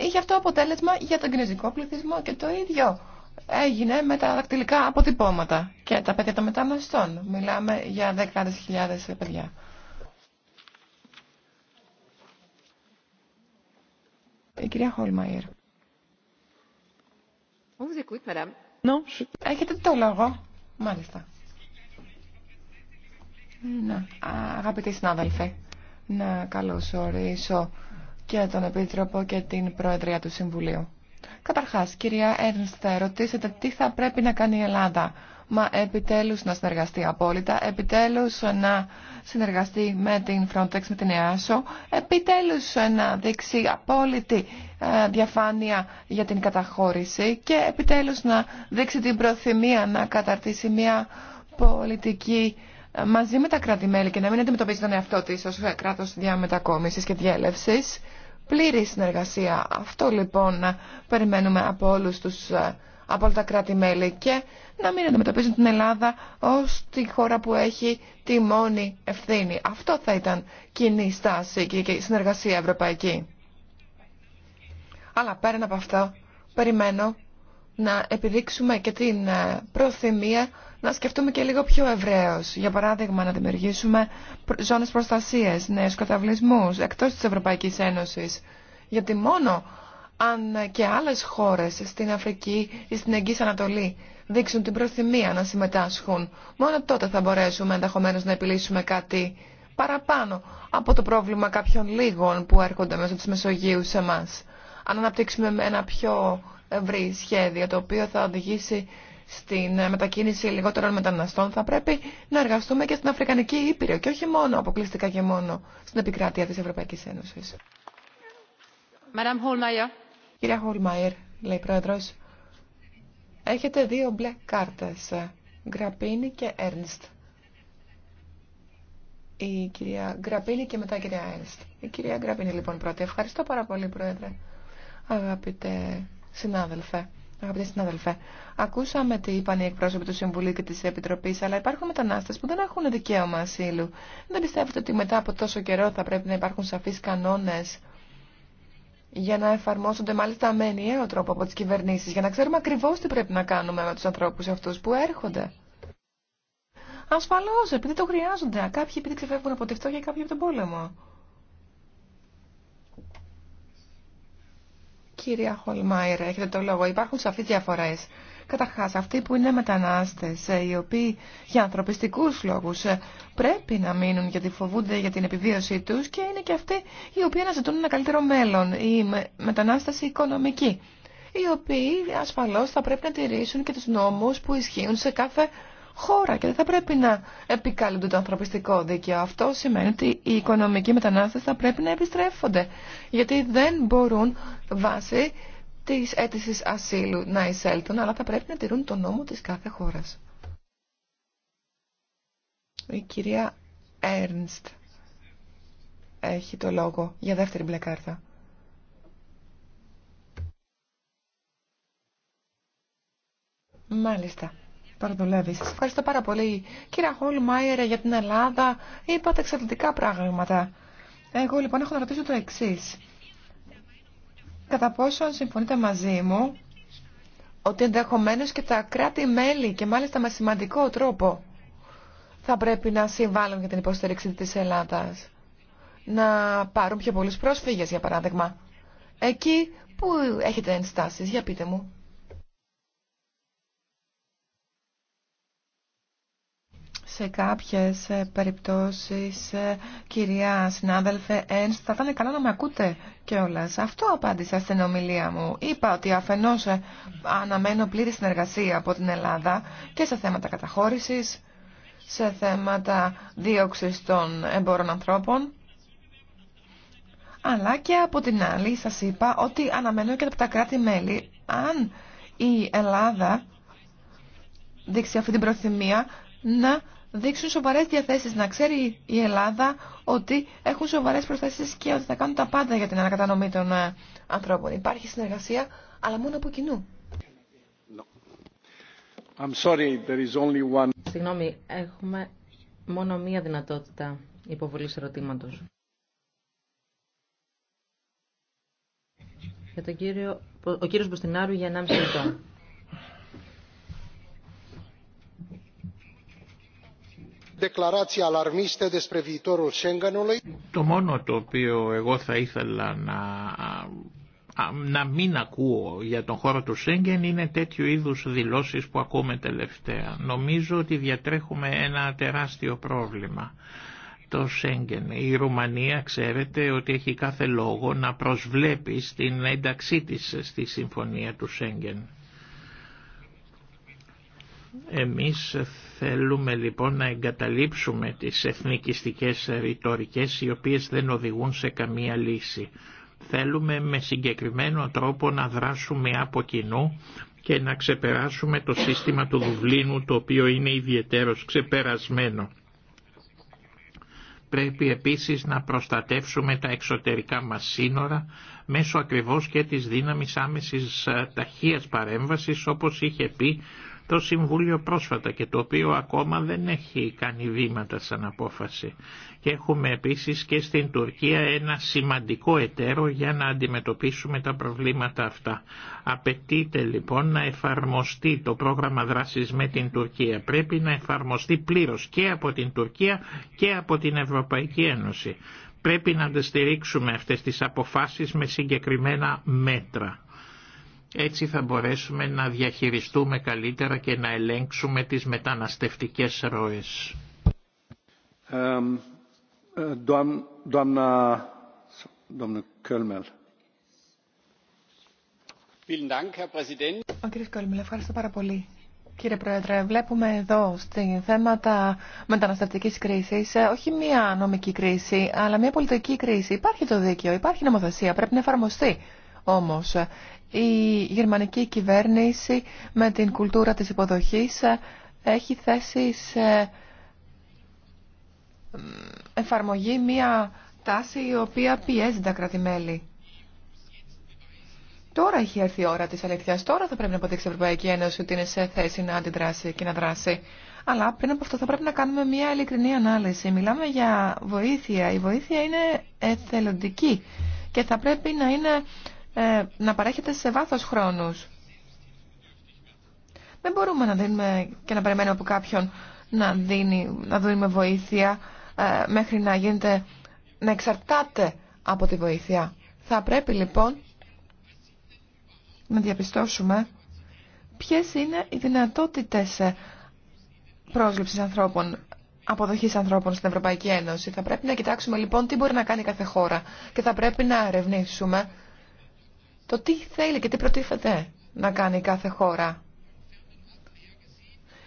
είχε αυτό αποτέλεσμα για τον κινέζικο πληθυσμό και το ίδιο έγινε με τα δακτυλικά αποτυπώματα και τα παιδιά των μεταναστών. Μιλάμε για δεκάδες χιλιάδες παιδιά. Η κυρία Χολμαϊρ. Έχετε το λόγο. Μάλιστα. Να, αγαπητοί συνάδελφοι, να καλωσορίσω και τον Επίτροπο και την Προεδρία του Συμβουλίου. Καταρχάς, κυρία Έρνστ, θα ρωτήσετε τι θα πρέπει να κάνει η Ελλάδα. Μα επιτέλους να συνεργαστεί απόλυτα, επιτέλους να συνεργαστεί με την Frontex, με την ΕΑΣΟ, επιτέλους να δείξει απόλυτη ε, διαφάνεια για την καταχώρηση και επιτέλους να δείξει την προθυμία να καταρτήσει μια πολιτική ε, μαζί με τα κράτη-μέλη και να μην αντιμετωπίζει τον εαυτό της ως ε, κράτος διαμετακόμισης και διέλευσης πλήρη συνεργασία. Αυτό λοιπόν περιμένουμε από όλους τους από όλα τα κράτη-μέλη και να μην αντιμετωπίζουν την Ελλάδα ως τη χώρα που έχει τη μόνη ευθύνη. Αυτό θα ήταν κοινή στάση και συνεργασία ευρωπαϊκή. Αλλά πέραν από αυτό, περιμένω να επιδείξουμε και την ε, προθυμία να σκεφτούμε και λίγο πιο ευρέω. Για παράδειγμα, να δημιουργήσουμε ζώνε προστασία, νέου καταβλισμού εκτό τη Ευρωπαϊκή Ένωση. Γιατί μόνο αν και άλλε χώρε στην Αφρική ή στην Εγγύη Ανατολή δείξουν την προθυμία να συμμετάσχουν, μόνο τότε θα μπορέσουμε ενδεχομένω να επιλύσουμε κάτι παραπάνω από το πρόβλημα κάποιων λίγων που έρχονται μέσω τη Μεσογείου σε εμά. Αν αναπτύξουμε ένα πιο ευρύ σχέδιο το οποίο θα οδηγήσει στην ε, μετακίνηση λιγότερων μεταναστών, θα πρέπει να εργαστούμε και στην Αφρικανική Ήπειρο και όχι μόνο, αποκλειστικά και μόνο, στην επικράτεια της Ευρωπαϊκής Ένωσης. Κυρία Χολμαϊρ, λέει πρόεδρος, έχετε δύο μπλε κάρτες, ε, Γκραπίνη και Έρνστ. Η κυρία Γκραπίνη και μετά η κυρία Έρνστ. Η κυρία Γκραπίνη λοιπόν πρώτη. Ευχαριστώ πάρα πολύ, Πρόεδρε. Αγαπητέ συνάδελφε. Αγαπητέ συνάδελφε, ακούσαμε τι είπαν οι εκπρόσωποι του Συμβουλίου και τη Επιτροπή, αλλά υπάρχουν μετανάστε που δεν έχουν δικαίωμα ασύλου. Δεν πιστεύετε ότι μετά από τόσο καιρό θα πρέπει να υπάρχουν σαφεί κανόνε για να εφαρμόσονται μάλιστα με ενιαίο τρόπο από τι κυβερνήσει, για να ξέρουμε ακριβώ τι πρέπει να κάνουμε με του ανθρώπου αυτού που έρχονται. Ασφαλώ, επειδή το χρειάζονται. Κάποιοι επειδή ξεφεύγουν από τη φτώχεια, κάποιοι από τον πόλεμο. Κυρία Χολμάιρε, έχετε το λόγο. Υπάρχουν σαφείς διαφορές. Καταρχάς, αυτοί που είναι μετανάστες, ε, οι οποίοι για ανθρωπιστικούς λόγους ε, πρέπει να μείνουν γιατί φοβούνται για την επιβίωσή τους και είναι και αυτοί οι οποίοι αναζητούν ένα καλύτερο μέλλον, η μετανάσταση οικονομική. οι οποίοι ασφαλώς θα πρέπει να τηρήσουν και τους νόμους που ισχύουν σε κάθε χώρα και δεν θα πρέπει να επικάλυπτουν το ανθρωπιστικό δίκαιο. Αυτό σημαίνει ότι οι οικονομικοί μετανάστες θα πρέπει να επιστρέφονται, γιατί δεν μπορούν βάσει της αίτηση ασύλου να εισέλθουν, αλλά θα πρέπει να τηρούν τον νόμο της κάθε χώρας. Η κυρία Έρνστ έχει το λόγο για δεύτερη μπλε κάρτα. Μάλιστα παραδουλεύει. Σας ευχαριστώ πάρα πολύ. Κύριε Χολμάιερ, για την Ελλάδα είπατε εξαιρετικά πράγματα. Εγώ λοιπόν έχω να ρωτήσω το εξή. Κατά πόσο συμφωνείτε μαζί μου ότι ενδεχομένω και τα κράτη-μέλη και μάλιστα με σημαντικό τρόπο θα πρέπει να συμβάλλουν για την υποστήριξη της Ελλάδα. Να πάρουν πιο πολλούς προσφυγε, για παράδειγμα. Εκεί που έχετε ενστάσεις, για πείτε μου. σε κάποιες ε, περιπτώσεις, ε, κυρία συνάδελφε, έν, θα ήταν καλό να με ακούτε κιόλα. Αυτό απάντησα στην ομιλία μου. Είπα ότι αφενός ε, αναμένω πλήρη συνεργασία από την Ελλάδα και σε θέματα καταχώρησης, σε θέματα δίωξης των εμπόρων ανθρώπων, αλλά και από την άλλη σας είπα ότι αναμένω και από τα κράτη-μέλη αν η Ελλάδα δείξει αυτή την προθυμία να δείξουν σοβαρές διαθέσεις, να ξέρει η Ελλάδα ότι έχουν σοβαρές προθέσεις και ότι θα κάνουν τα πάντα για την ανακατανομή των ε, ανθρώπων. Υπάρχει συνεργασία, αλλά μόνο από κοινού. I'm sorry, there is only one... Συγγνώμη, έχουμε μόνο μία δυνατότητα υποβολής ερωτήματος. Για τον κύριο... Ο κύριος Μποστινάρου για 1,5 λεπτό. declarații Το μόνο το οποίο εγώ θα ήθελα να, μην ακούω για τον χώρο του Σέγγεν είναι τέτοιου είδους δηλώσεις που ακούμε τελευταία. Νομίζω ότι διατρέχουμε ένα τεράστιο πρόβλημα το Σέγγεν. Η Ρουμανία ξέρετε ότι έχει κάθε λόγο να προσβλέπει στην ένταξή της στη συμφωνία του Σέγγεν. Εμείς θέλουμε λοιπόν να εγκαταλείψουμε τις εθνικιστικές ρητορικέ οι οποίες δεν οδηγούν σε καμία λύση. Θέλουμε με συγκεκριμένο τρόπο να δράσουμε από κοινού και να ξεπεράσουμε το σύστημα του Δουβλίνου το οποίο είναι ιδιαίτερος ξεπερασμένο. Πρέπει επίσης να προστατεύσουμε τα εξωτερικά μας σύνορα μέσω ακριβώς και της δύναμης άμεσης ε, ταχείας παρέμβασης όπως είχε πει το Συμβούλιο πρόσφατα και το οποίο ακόμα δεν έχει κάνει βήματα σαν απόφαση. Και έχουμε επίσης και στην Τουρκία ένα σημαντικό εταίρο για να αντιμετωπίσουμε τα προβλήματα αυτά. Απαιτείται λοιπόν να εφαρμοστεί το πρόγραμμα δράσης με την Τουρκία. Πρέπει να εφαρμοστεί πλήρως και από την Τουρκία και από την Ευρωπαϊκή Ένωση. Πρέπει να αντιστηρίξουμε αυτές τις αποφάσεις με συγκεκριμένα μέτρα έτσι θα μπορέσουμε να διαχειριστούμε καλύτερα και να ελέγξουμε τις μεταναστευτικές ροές. Ε, Ο κύριος Κόλμελ, ευχαριστώ πάρα πολύ. Κύριε Πρόεδρε, βλέπουμε εδώ στη θέματα μεταναστευτικής κρίσης ε, όχι μία νομική κρίση, αλλά μία πολιτική κρίση. Υπάρχει το δίκαιο, υπάρχει νομοθεσία, πρέπει να εφαρμοστεί. Όμως η γερμανική κυβέρνηση με την κουλτούρα της υποδοχής έχει θέσει σε εφαρμογή μία τάση η οποία πιέζει τα κρατημέλη. Τώρα έχει έρθει η ώρα της αλήθειας. Τώρα θα πρέπει να αποδείξει η Ευρωπαϊκή Ένωση ότι είναι σε θέση να αντιδράσει και να δράσει. Αλλά πριν από αυτό θα πρέπει να κάνουμε μια ειλικρινή ανάλυση. Μιλάμε για βοήθεια. Η βοήθεια είναι εθελοντική και θα πρέπει να είναι ε, να παρέχεται σε βάθος χρόνους. Δεν μπορούμε να δίνουμε και να περιμένουμε από κάποιον να, δίνει, να δίνουμε βοήθεια ε, μέχρι να γίνεται, να εξαρτάται από τη βοήθεια. Θα πρέπει λοιπόν να διαπιστώσουμε ποιες είναι οι δυνατότητες ε, πρόσληψης ανθρώπων, αποδοχής ανθρώπων στην Ευρωπαϊκή Ένωση. Θα πρέπει να κοιτάξουμε λοιπόν τι μπορεί να κάνει κάθε χώρα και θα πρέπει να ερευνήσουμε το τι θέλει και τι προτίθεται να κάνει κάθε χώρα.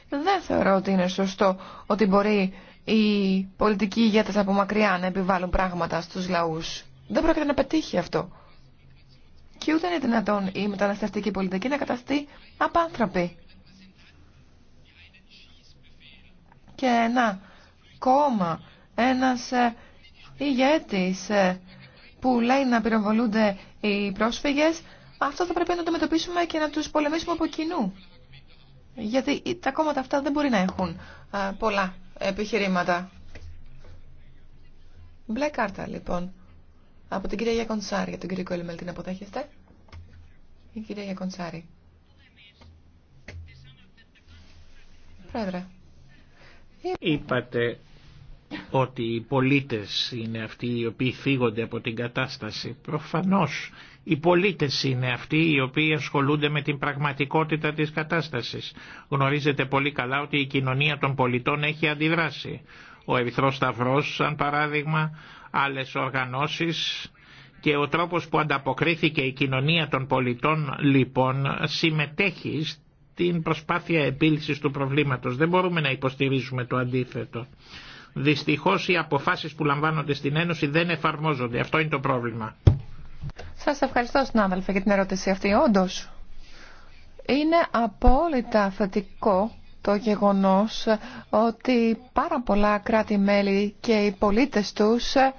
Δεν θεωρώ ότι είναι σωστό ότι μπορεί οι πολιτικοί ηγέτες από μακριά να επιβάλλουν πράγματα στους λαούς. Δεν πρόκειται να πετύχει αυτό. Και ούτε είναι δυνατόν η μεταναστευτική πολιτική να καταστεί απάνθρωπη. Και ένα κόμμα, ένας ε, ηγέτης ε, που λέει να πυροβολούνται οι πρόσφυγες, αυτό θα πρέπει να το αντιμετωπίσουμε και να τους πολεμήσουμε από κοινού. Γιατί τα κόμματα αυτά δεν μπορεί να έχουν πολλά επιχειρήματα. Μπλε κάρτα λοιπόν. Από την κυρία Γιακοντσάρη για τον κύριο Κολυμέλ την αποδέχεστε. Η κυρία Γιακοντσάρη. Πρόεδρε. Είπατε ότι οι πολίτες είναι αυτοί οι οποίοι φύγονται από την κατάσταση. Προφανώς οι πολίτες είναι αυτοί οι οποίοι ασχολούνται με την πραγματικότητα της κατάστασης. Γνωρίζετε πολύ καλά ότι η κοινωνία των πολιτών έχει αντιδράσει. Ο Ερυθρός Σταυρός, σαν παράδειγμα, άλλες οργανώσεις και ο τρόπος που ανταποκρίθηκε η κοινωνία των πολιτών λοιπόν συμμετέχει στην προσπάθεια επίλυσης του προβλήματος. Δεν μπορούμε να υποστηρίζουμε το αντίθετο. Δυστυχώς οι αποφάσεις που λαμβάνονται στην Ένωση δεν εφαρμόζονται. Αυτό είναι το πρόβλημα. Σας ευχαριστώ συνάδελφε για την ερώτηση αυτή. όντω. είναι απόλυτα θετικό το γεγονός ότι πάρα πολλά κράτη-μέλη και οι πολίτες τους ε,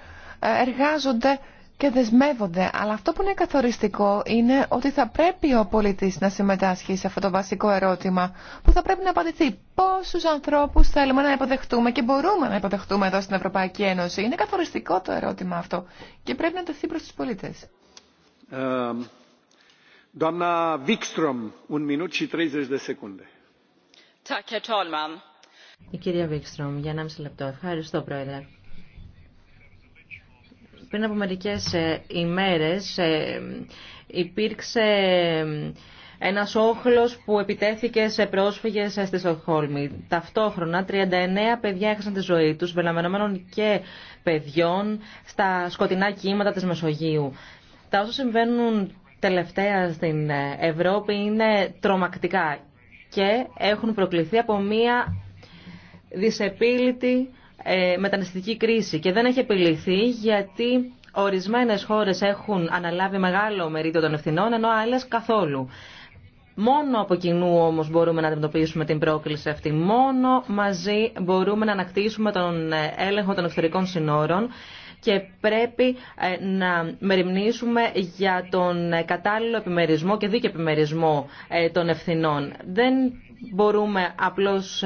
εργάζονται και δεσμεύονται. Αλλά αυτό που είναι καθοριστικό είναι ότι θα πρέπει ο πολίτης να συμμετάσχει σε αυτό το βασικό ερώτημα που θα πρέπει να απαντηθεί. Πόσους ανθρώπους θέλουμε να υποδεχτούμε και μπορούμε να υποδεχτούμε εδώ στην Ευρωπαϊκή Ένωση. Είναι καθοριστικό το ερώτημα αυτό και πρέπει να τεθεί προς τους πολίτες. Η κυρία Βίξτρομ, για λεπτό. Ευχαριστώ, πριν από μερικές ε, ημέρες ε, υπήρξε ε, ένα όχλος που επιτέθηκε σε πρόσφυγες στη Στοχόλμη. Ταυτόχρονα 39 παιδιά έχασαν τη ζωή τους, βελαμενόμενων και παιδιών, στα σκοτεινά κύματα της Μεσογείου. Τα όσα συμβαίνουν τελευταία στην Ευρώπη είναι τρομακτικά και έχουν προκληθεί από μία δυσεπίλητη ε, μεταναστευτική κρίση και δεν έχει επιληθεί γιατί ορισμένες χώρες έχουν αναλάβει μεγάλο μερίδιο των ευθυνών ενώ άλλες καθόλου. Μόνο από κοινού όμως μπορούμε να αντιμετωπίσουμε την πρόκληση αυτή. Μόνο μαζί μπορούμε να ανακτήσουμε τον ε, έλεγχο των εξωτερικών συνόρων και πρέπει ε, να μεριμνήσουμε για τον κατάλληλο επιμερισμό και δίκαιο επιμερισμό των ευθυνών. Δεν μπορούμε απλώς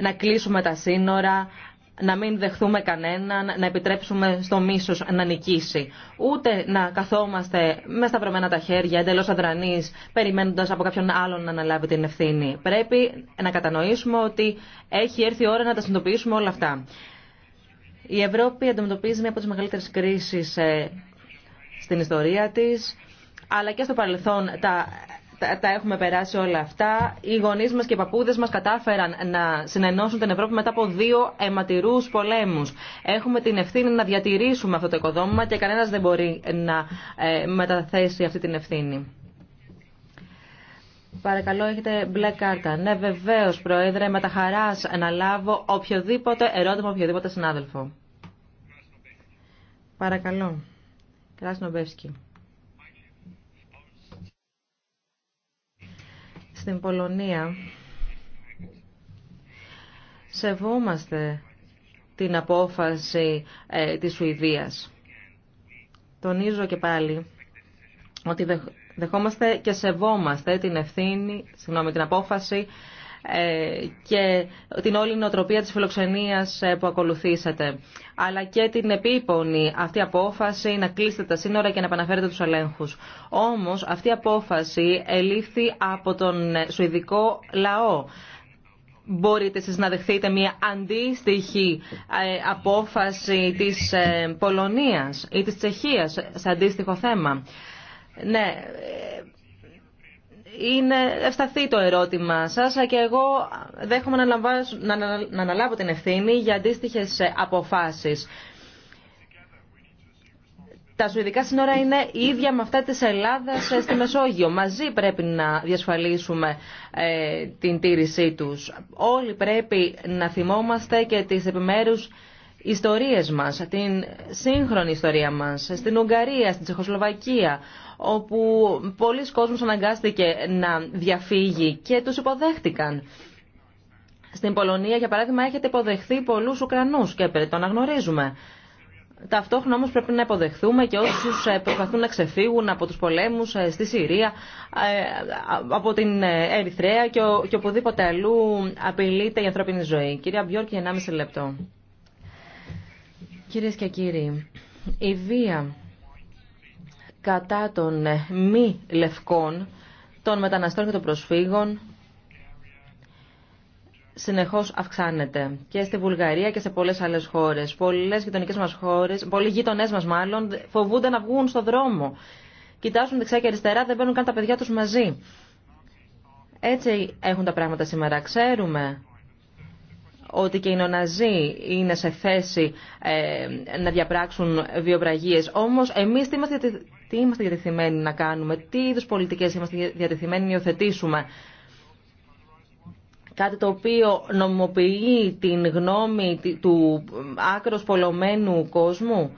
να κλείσουμε τα σύνορα, να μην δεχθούμε κανέναν, να επιτρέψουμε στο μίσος να νικήσει. Ούτε να καθόμαστε με σταυρωμένα τα χέρια, εντελώς αδρανείς, περιμένοντας από κάποιον άλλον να αναλάβει την ευθύνη. Πρέπει να κατανοήσουμε ότι έχει έρθει η ώρα να τα συνειδητοποιήσουμε όλα αυτά. Η Ευρώπη αντιμετωπίζει μία από τις μεγαλύτερες κρίσεις ε, στην ιστορία της, αλλά και στο παρελθόν τα τα έχουμε περάσει όλα αυτά. Οι γονεί μα και οι παππούδε μα κατάφεραν να συνενώσουν την Ευρώπη μετά από δύο αιματηρού πολέμου. Έχουμε την ευθύνη να διατηρήσουμε αυτό το οικοδόμημα και κανένα δεν μπορεί να ε, μεταθέσει αυτή την ευθύνη. Παρακαλώ, έχετε μπλε κάρτα. Ναι, βεβαίω, Πρόεδρε, με τα χαρά λάβω οποιοδήποτε ερώτημα, οποιοδήποτε συνάδελφο. Παρακαλώ. Μπεύσκι. στην Πολωνία σεβόμαστε την απόφαση ε, της Σουηδίας. Τονίζω και πάλι ότι δεχόμαστε και σεβόμαστε την ευθύνη, συγγνώμη, την απόφαση ε, και την όλη νοοτροπία της φιλοξενίας ε, που ακολουθήσατε, αλλά και την επίπονη αυτή απόφαση να κλείσετε τα σύνορα και να επαναφέρετε τους ελέγχου. Όμως αυτή η απόφαση ελήφθη από τον Σουηδικό λαό. Μπορείτε εσείς να δεχθείτε μια αντίστοιχη ε, απόφαση της Πολωνίας ή της Τσεχίας σε αντίστοιχο θέμα. Ναι, είναι ευσταθεί το ερώτημά σας και εγώ δέχομαι να, να αναλάβω την ευθύνη για αντίστοιχε αποφάσεις. Τα Σουηδικά σύνορα είναι ίδια με αυτά της Ελλάδας ε, στη Μεσόγειο. Μαζί πρέπει να διασφαλίσουμε ε, την τήρησή τους. Όλοι πρέπει να θυμόμαστε και τις επιμέρους ιστορίες μας, την σύγχρονη ιστορία μας, στην Ουγγαρία, στην Τσεχοσλοβακία, όπου πολλοί κόσμος αναγκάστηκε να διαφύγει και τους υποδέχτηκαν. Στην Πολωνία, για παράδειγμα, έχετε υποδεχθεί πολλούς Ουκρανούς και το αναγνωρίζουμε. Ταυτόχρονα όμως πρέπει να υποδεχθούμε και όσους ε, προσπαθούν να ξεφύγουν από τους πολέμους ε, στη Συρία, ε, από την Ερυθρέα και, και οπουδήποτε αλλού απειλείται η ανθρώπινη ζωή. Κυρία Μπιόρκη, 1,5 λεπτό. Κυρίες και κύριοι, η βία κατά των ε, μη λευκών, των μεταναστών και των προσφύγων συνεχώς αυξάνεται και στη Βουλγαρία και σε πολλές άλλες χώρες. Πολλές γειτονικές μας χώρες, πολλοί γείτονές μας μάλλον φοβούνται να βγουν στο δρόμο. Κοιτάζουν δεξιά και αριστερά, δεν παίρνουν καν τα παιδιά τους μαζί. Έτσι έχουν τα πράγματα σήμερα. Ξέρουμε ότι και οι νοναζοί είναι σε θέση ε, να διαπράξουν βιοπραγίες. Όμως εμείς τι τι είμαστε διατεθειμένοι να κάνουμε, τι είδους πολιτικές είμαστε διατεθειμένοι να υιοθετήσουμε. Κάτι το οποίο νομοποιεί την γνώμη του άκρος πολλωμένου κόσμου.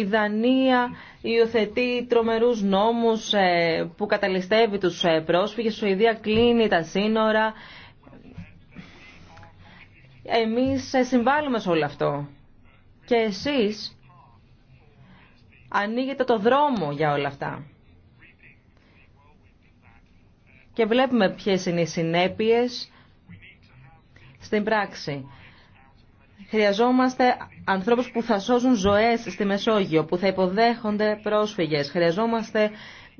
Η Δανία υιοθετεί τρομερούς νόμους ε, που καταλυστεύει τους ε, πρόσφυγες. Η Σουηδία κλείνει τα σύνορα. Εμείς ε, συμβάλλουμε σε όλο αυτό. Και εσείς ανοίγεται το δρόμο για όλα αυτά. Και βλέπουμε ποιες είναι οι συνέπειες στην πράξη. Χρειαζόμαστε ανθρώπους που θα σώζουν ζωές στη Μεσόγειο, που θα υποδέχονται πρόσφυγες. Χρειαζόμαστε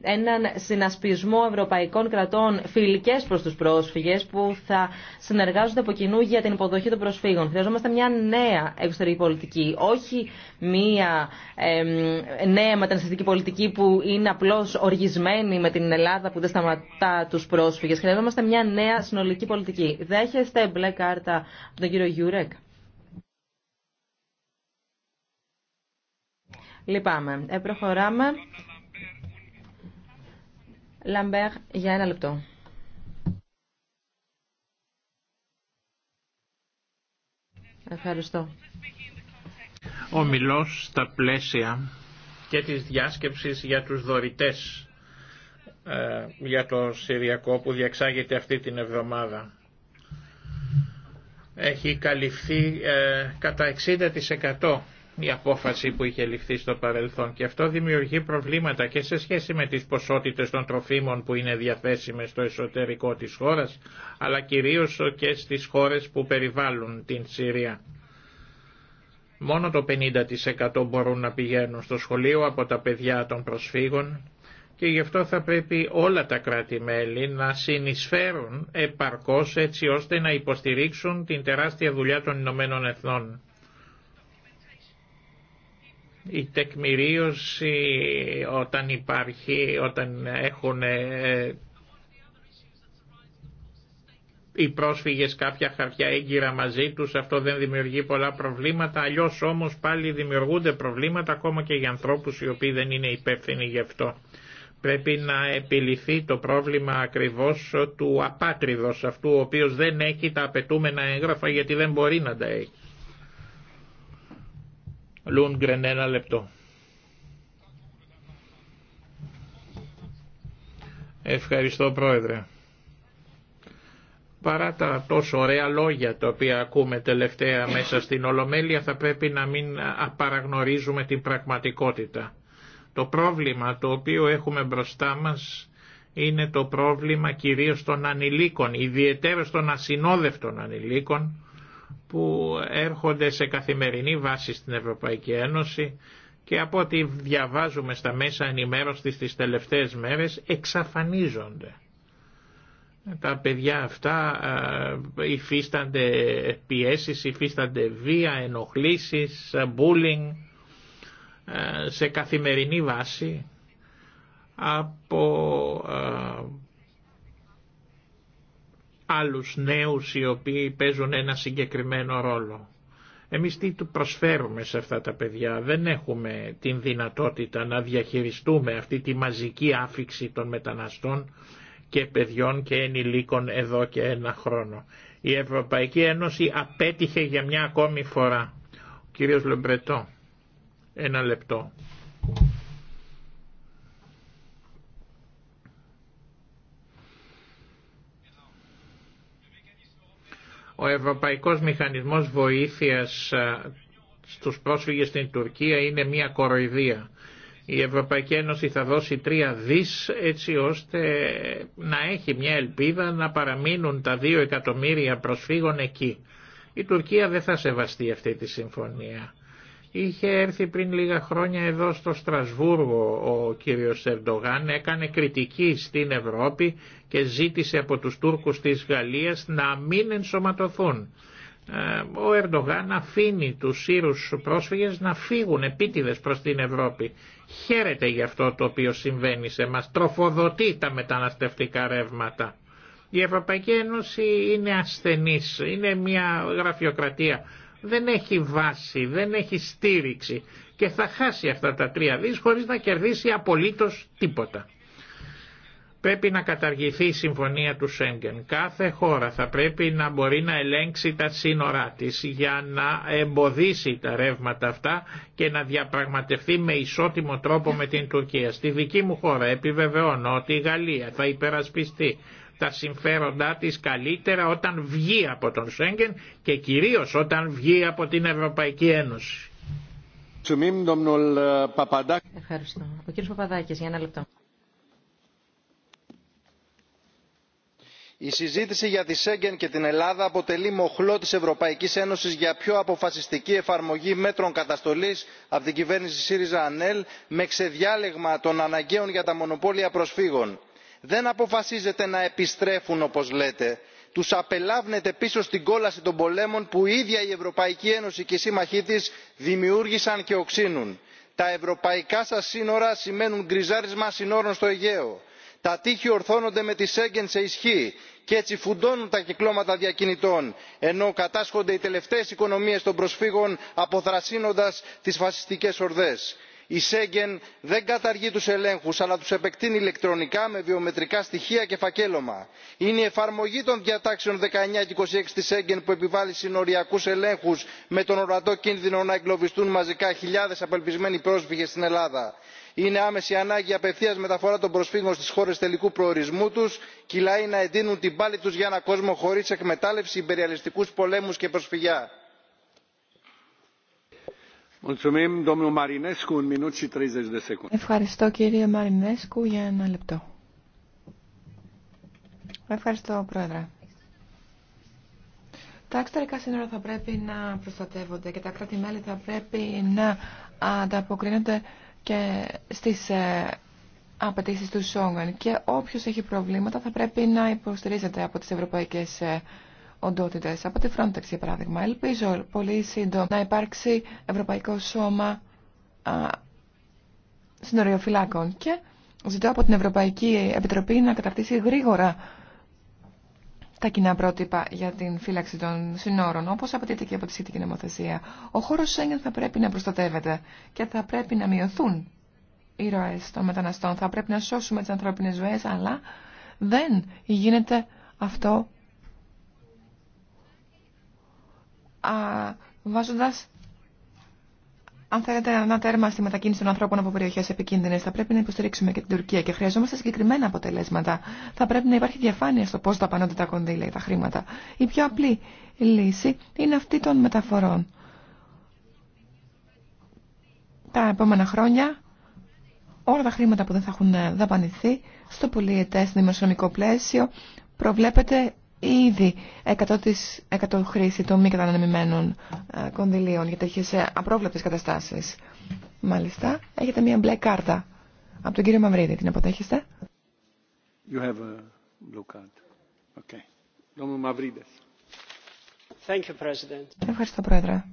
έναν συνασπισμό ευρωπαϊκών κρατών φιλικές προς τους πρόσφυγες που θα συνεργάζονται από κοινού για την υποδοχή των προσφύγων. Χρειαζόμαστε μια νέα εξωτερική πολιτική, όχι μια νέα μεταναστευτική πολιτική που είναι απλώς οργισμένη με την Ελλάδα που δεν σταματά τους πρόσφυγες. Χρειαζόμαστε μια νέα συνολική πολιτική. Δέχεστε μπλε κάρτα από τον κύριο Γιούρεκ. Λυπάμαι. Ε, προχωράμε Λαμπέρ, για ένα λεπτό. Ευχαριστώ. Ο μιλός στα πλαίσια και της διάσκεψης για τους δωρητές ε, για το Συριακό που διεξάγεται αυτή την εβδομάδα. Έχει καλυφθεί ε, κατά 60% η απόφαση που είχε ληφθεί στο παρελθόν και αυτό δημιουργεί προβλήματα και σε σχέση με τις ποσότητες των τροφίμων που είναι διαθέσιμες στο εσωτερικό της χώρας αλλά κυρίως και στις χώρες που περιβάλλουν την Συρία. Μόνο το 50% μπορούν να πηγαίνουν στο σχολείο από τα παιδιά των προσφύγων και γι' αυτό θα πρέπει όλα τα κράτη-μέλη να συνεισφέρουν επαρκώς έτσι ώστε να υποστηρίξουν την τεράστια δουλειά των Ηνωμένων Εθνών η τεκμηρίωση όταν υπάρχει, όταν έχουν ε, οι πρόσφυγες κάποια χαρτιά έγκυρα μαζί τους, αυτό δεν δημιουργεί πολλά προβλήματα, αλλιώς όμως πάλι δημιουργούνται προβλήματα ακόμα και για ανθρώπους οι οποίοι δεν είναι υπεύθυνοι γι' αυτό. Πρέπει να επιληθεί το πρόβλημα ακριβώς του απάτριδος αυτού ο οποίος δεν έχει τα απαιτούμενα έγγραφα γιατί δεν μπορεί να τα έχει. Λούνγκρεν ένα λεπτό. Ευχαριστώ πρόεδρε. Παρά τα τόσο ωραία λόγια τα οποία ακούμε τελευταία μέσα στην Ολομέλεια θα πρέπει να μην απαραγνωρίζουμε την πραγματικότητα. Το πρόβλημα το οποίο έχουμε μπροστά μας είναι το πρόβλημα κυρίως των ανηλίκων, ιδιαίτερα των ασυνόδευτων ανηλίκων, που έρχονται σε καθημερινή βάση στην Ευρωπαϊκή Ένωση και από ό,τι διαβάζουμε στα μέσα ενημέρωσης τις τελευταίες μέρες εξαφανίζονται. Τα παιδιά αυτά ε, υφίστανται πιέσεις, υφίστανται βία, ενοχλήσεις, bullying ε, σε καθημερινή βάση από ε, άλλους νέους οι οποίοι παίζουν ένα συγκεκριμένο ρόλο. Εμείς τι του προσφέρουμε σε αυτά τα παιδιά, δεν έχουμε την δυνατότητα να διαχειριστούμε αυτή τη μαζική άφηξη των μεταναστών και παιδιών και ενηλίκων εδώ και ένα χρόνο. Η Ευρωπαϊκή Ένωση απέτυχε για μια ακόμη φορά. Ο κύριος Λεμπρετό, ένα λεπτό. Ο Ευρωπαϊκός Μηχανισμός Βοήθειας στους πρόσφυγες στην Τουρκία είναι μια κοροϊδία. Η Ευρωπαϊκή Ένωση θα δώσει τρία δις έτσι ώστε να έχει μια ελπίδα να παραμείνουν τα δύο εκατομμύρια προσφύγων εκεί. Η Τουρκία δεν θα σεβαστεί αυτή τη συμφωνία. Είχε έρθει πριν λίγα χρόνια εδώ στο Στρασβούργο ο κύριος Ερντογάν, έκανε κριτική στην Ευρώπη και ζήτησε από τους Τούρκους της Γαλλίας να μην ενσωματωθούν. Ε, ο Ερντογάν αφήνει τους Σύρους πρόσφυγες να φύγουν επίτηδες προς την Ευρώπη. Χαίρεται για αυτό το οποίο συμβαίνει σε μας, τροφοδοτεί τα μεταναστευτικά ρεύματα. Η Ευρωπαϊκή Ένωση είναι ασθενής, είναι μια γραφειοκρατία δεν έχει βάση, δεν έχει στήριξη και θα χάσει αυτά τα τρία δις χωρίς να κερδίσει απολύτως τίποτα. Πρέπει να καταργηθεί η συμφωνία του Σέγγεν. Κάθε χώρα θα πρέπει να μπορεί να ελέγξει τα σύνορά της για να εμποδίσει τα ρεύματα αυτά και να διαπραγματευτεί με ισότιμο τρόπο με την Τουρκία. Στη δική μου χώρα επιβεβαιώνω ότι η Γαλλία θα υπερασπιστεί τα συμφέροντά της καλύτερα όταν βγει από τον Σέγγεν και κυρίως όταν βγει από την Ευρωπαϊκή Ένωση. Ευχαριστώ. Ο κύριος Παπαδάκης, για ένα λεπτό. η συζήτηση για τη σέγγεν και την ελλάδα αποτελεί μοχλό της ευρωπαϊκής ένωσης για πιο αποφασιστική εφαρμογή μέτρων καταστολής από την κυβέρνηση συριζα ανέλ με ξεδιάλεγμα των αναγκαίων για τα μονοπόλια προσφύγων δεν αποφασίζετε να επιστρέφουν όπως λέτε τους απελάβνετε πίσω στην κόλαση των πολέμων που η ίδια η ευρωπαϊκή ένωση και οι σύμμαχοί της δημιούργησαν και οξύνουν. τα ευρωπαϊκά σας σύνορα σημαίνουν γκριζάρισμα συνόρων στο αιγαίο τα τείχη ορθώνονται με τη σέγγεν σε ισχύ και έτσι φουντώνουν τα κυκλώματα διακινητών ενώ κατάσχονται οι τελευταίες οικονομίες των προσφύγων αποθρασύνοντας τις φασιστικές ορδές η σέγγεν δεν καταργεί τους ελέγχους αλλά τους επεκτείνει ηλεκτρονικά με βιομετρικά στοιχεία και φακέλωμα. είναι η εφαρμογή των διατάξεων 19 και 26 της σέγγεν που επιβάλλει συνοριακούς ελέγχους με τον ορατό κίνδυνο να εγκλωβιστούν μαζικά χιλιάδες απελπισμένοι πρόσφυγες στην ελλάδα. είναι άμεση ανάγκη απευθείας μεταφορά των προσφύγων στις χώρες τελικού προορισμού τους και οι λαοί να εντείνουν την πάλη τους για ένα κόσμο χωρί εκμετάλλευση υπεριαλιστικούς πολέμους και προσφυγιά. Ευχαριστώ κύριε Μαρινέσκου για ένα λεπτό. Ευχαριστώ πρόεδρε. Τα εξωτερικά σύνορα θα πρέπει να προστατεύονται και τα κράτη-μέλη θα πρέπει να ανταποκρίνονται και στις ε, απαιτήσει του Σόγκαν. και όποιος έχει προβλήματα θα πρέπει να υποστηρίζεται από τις ευρωπαϊκές ε, οντότητες από τη Frontex για παράδειγμα. Ελπίζω πολύ σύντομα να υπάρξει Ευρωπαϊκό Σώμα Συνοριοφυλάκων και ζητώ από την Ευρωπαϊκή Επιτροπή να καταρτήσει γρήγορα τα κοινά πρότυπα για την φύλαξη των συνόρων, όπω απαιτείται και από τη σχετική νομοθεσία. Ο χώρο Σέγγεν θα πρέπει να προστατεύεται και θα πρέπει να μειωθούν οι ροέ των μεταναστών. Θα πρέπει να σώσουμε τι ανθρώπινε ζωέ, αλλά δεν γίνεται αυτό βάζοντας αν θέλετε ένα τέρμα στη μετακίνηση των ανθρώπων από περιοχέ επικίνδυνε, θα πρέπει να υποστηρίξουμε και την Τουρκία και χρειαζόμαστε συγκεκριμένα αποτελέσματα. Θα πρέπει να υπάρχει διαφάνεια στο πώ δαπανώνται τα κονδύλια ή τα χρήματα. Η πιο απλή λύση είναι αυτή των μεταφορών. Τα επόμενα χρόνια όλα τα χρήματα που δεν θα έχουν δαπανηθεί στο πολιετέ δημοσιονομικό πλαίσιο προβλέπεται ήδη 100, χρήση των μη κατανεμημένων ε, κονδυλίων για τέτοιες απρόβλεπτες καταστάσεις. Μάλιστα, έχετε μία μπλε κάρτα από τον κύριο Μαυρίδη. Την αποτέχεστε. You have a Ευχαριστώ, Πρόεδρε.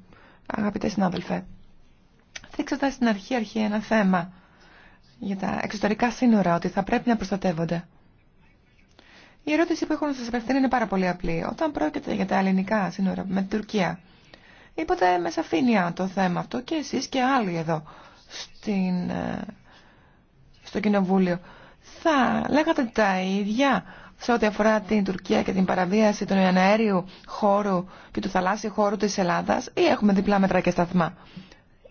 Αγαπητέ συνάδελφε, θέξατε στην αρχή αρχή ένα θέμα για τα εξωτερικά σύνορα, ότι θα πρέπει να προστατεύονται. Η ερώτηση που έχω να σα απευθύνω είναι πάρα πολύ απλή. Όταν πρόκειται για τα ελληνικά σύνορα με την Τουρκία, είπατε με σαφήνεια το θέμα αυτό και εσεί και άλλοι εδώ στην, ε, στο Κοινοβούλιο. Θα λέγατε τα ίδια σε ό,τι αφορά την Τουρκία και την παραβίαση του αέριου χώρου και του θαλάσσιου χώρου της Ελλάδας ή έχουμε διπλά μέτρα και σταθμά.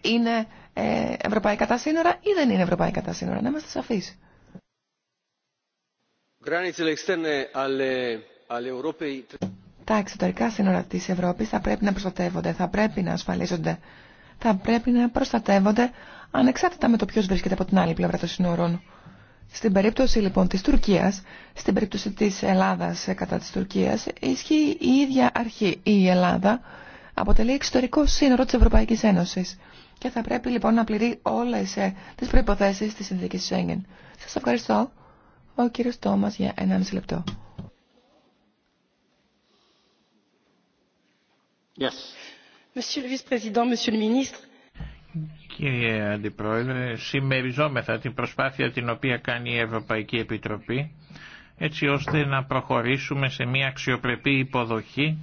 Είναι ε, ευρωπαϊκά τα σύνορα ή δεν είναι ευρωπαϊκά τα σύνορα. Να είμαστε σαφείς. Τα εξωτερικά σύνορα της Ευρώπης θα πρέπει να προστατεύονται, θα πρέπει να ασφαλίζονται, θα πρέπει να προστατεύονται ανεξάρτητα με το ποιος βρίσκεται από την άλλη πλευρά των σύνορων. Στην περίπτωση λοιπόν της Τουρκίας, στην περίπτωση της Ελλάδας κατά της Τουρκίας, ισχύει η ίδια αρχή. Η Ελλάδα αποτελεί εξωτερικό σύνορο της Ευρωπαϊκής Ένωσης και θα πρέπει λοιπόν να πληρεί όλες ε, τις προϋποθέσεις της Συνδίκης Σέγγεν. Σα ευχαριστώ. Ο κύριος Τόμας για 1,5 λεπτό. Yes. Κύριε Αντιπρόεδρε, συμμεριζόμεθα την προσπάθεια την οποία κάνει η Ευρωπαϊκή Επιτροπή έτσι ώστε να προχωρήσουμε σε μια αξιοπρεπή υποδοχή,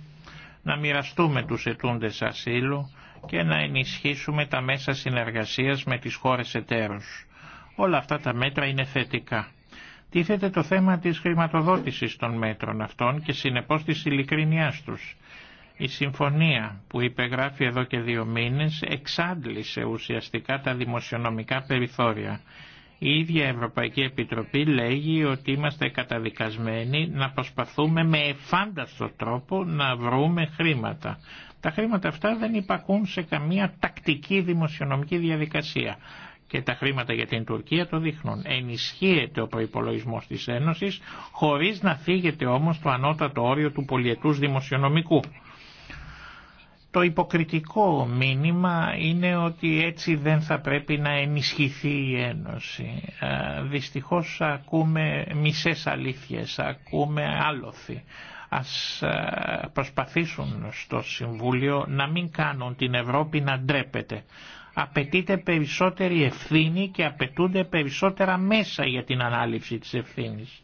να μοιραστούμε τους ετούντες ασύλου και να ενισχύσουμε τα μέσα συνεργασίας με τις χώρες εταίρους. Όλα αυτά τα μέτρα είναι θετικά. Τίθεται το θέμα της χρηματοδότησης των μέτρων αυτών και συνεπώς της ειλικρινιάς τους. Η συμφωνία που υπεγράφει εδώ και δύο μήνες εξάντλησε ουσιαστικά τα δημοσιονομικά περιθώρια. Η ίδια Ευρωπαϊκή Επιτροπή λέγει ότι είμαστε καταδικασμένοι να προσπαθούμε με εφάνταστο τρόπο να βρούμε χρήματα. Τα χρήματα αυτά δεν υπακούν σε καμία τακτική δημοσιονομική διαδικασία και τα χρήματα για την Τουρκία το δείχνουν. Ενισχύεται ο προπολογισμό της Ένωσης χωρίς να φύγεται όμως το ανώτατο όριο του πολιετού δημοσιονομικού. Το υποκριτικό μήνυμα είναι ότι έτσι δεν θα πρέπει να ενισχυθεί η Ένωση. Ε, δυστυχώς ακούμε μισές αλήθειες, ακούμε άλοθη. Ας ε, προσπαθήσουν στο Συμβούλιο να μην κάνουν την Ευρώπη να ντρέπεται απαιτείται περισσότερη ευθύνη και απαιτούνται περισσότερα μέσα για την ανάληψη της ευθύνης.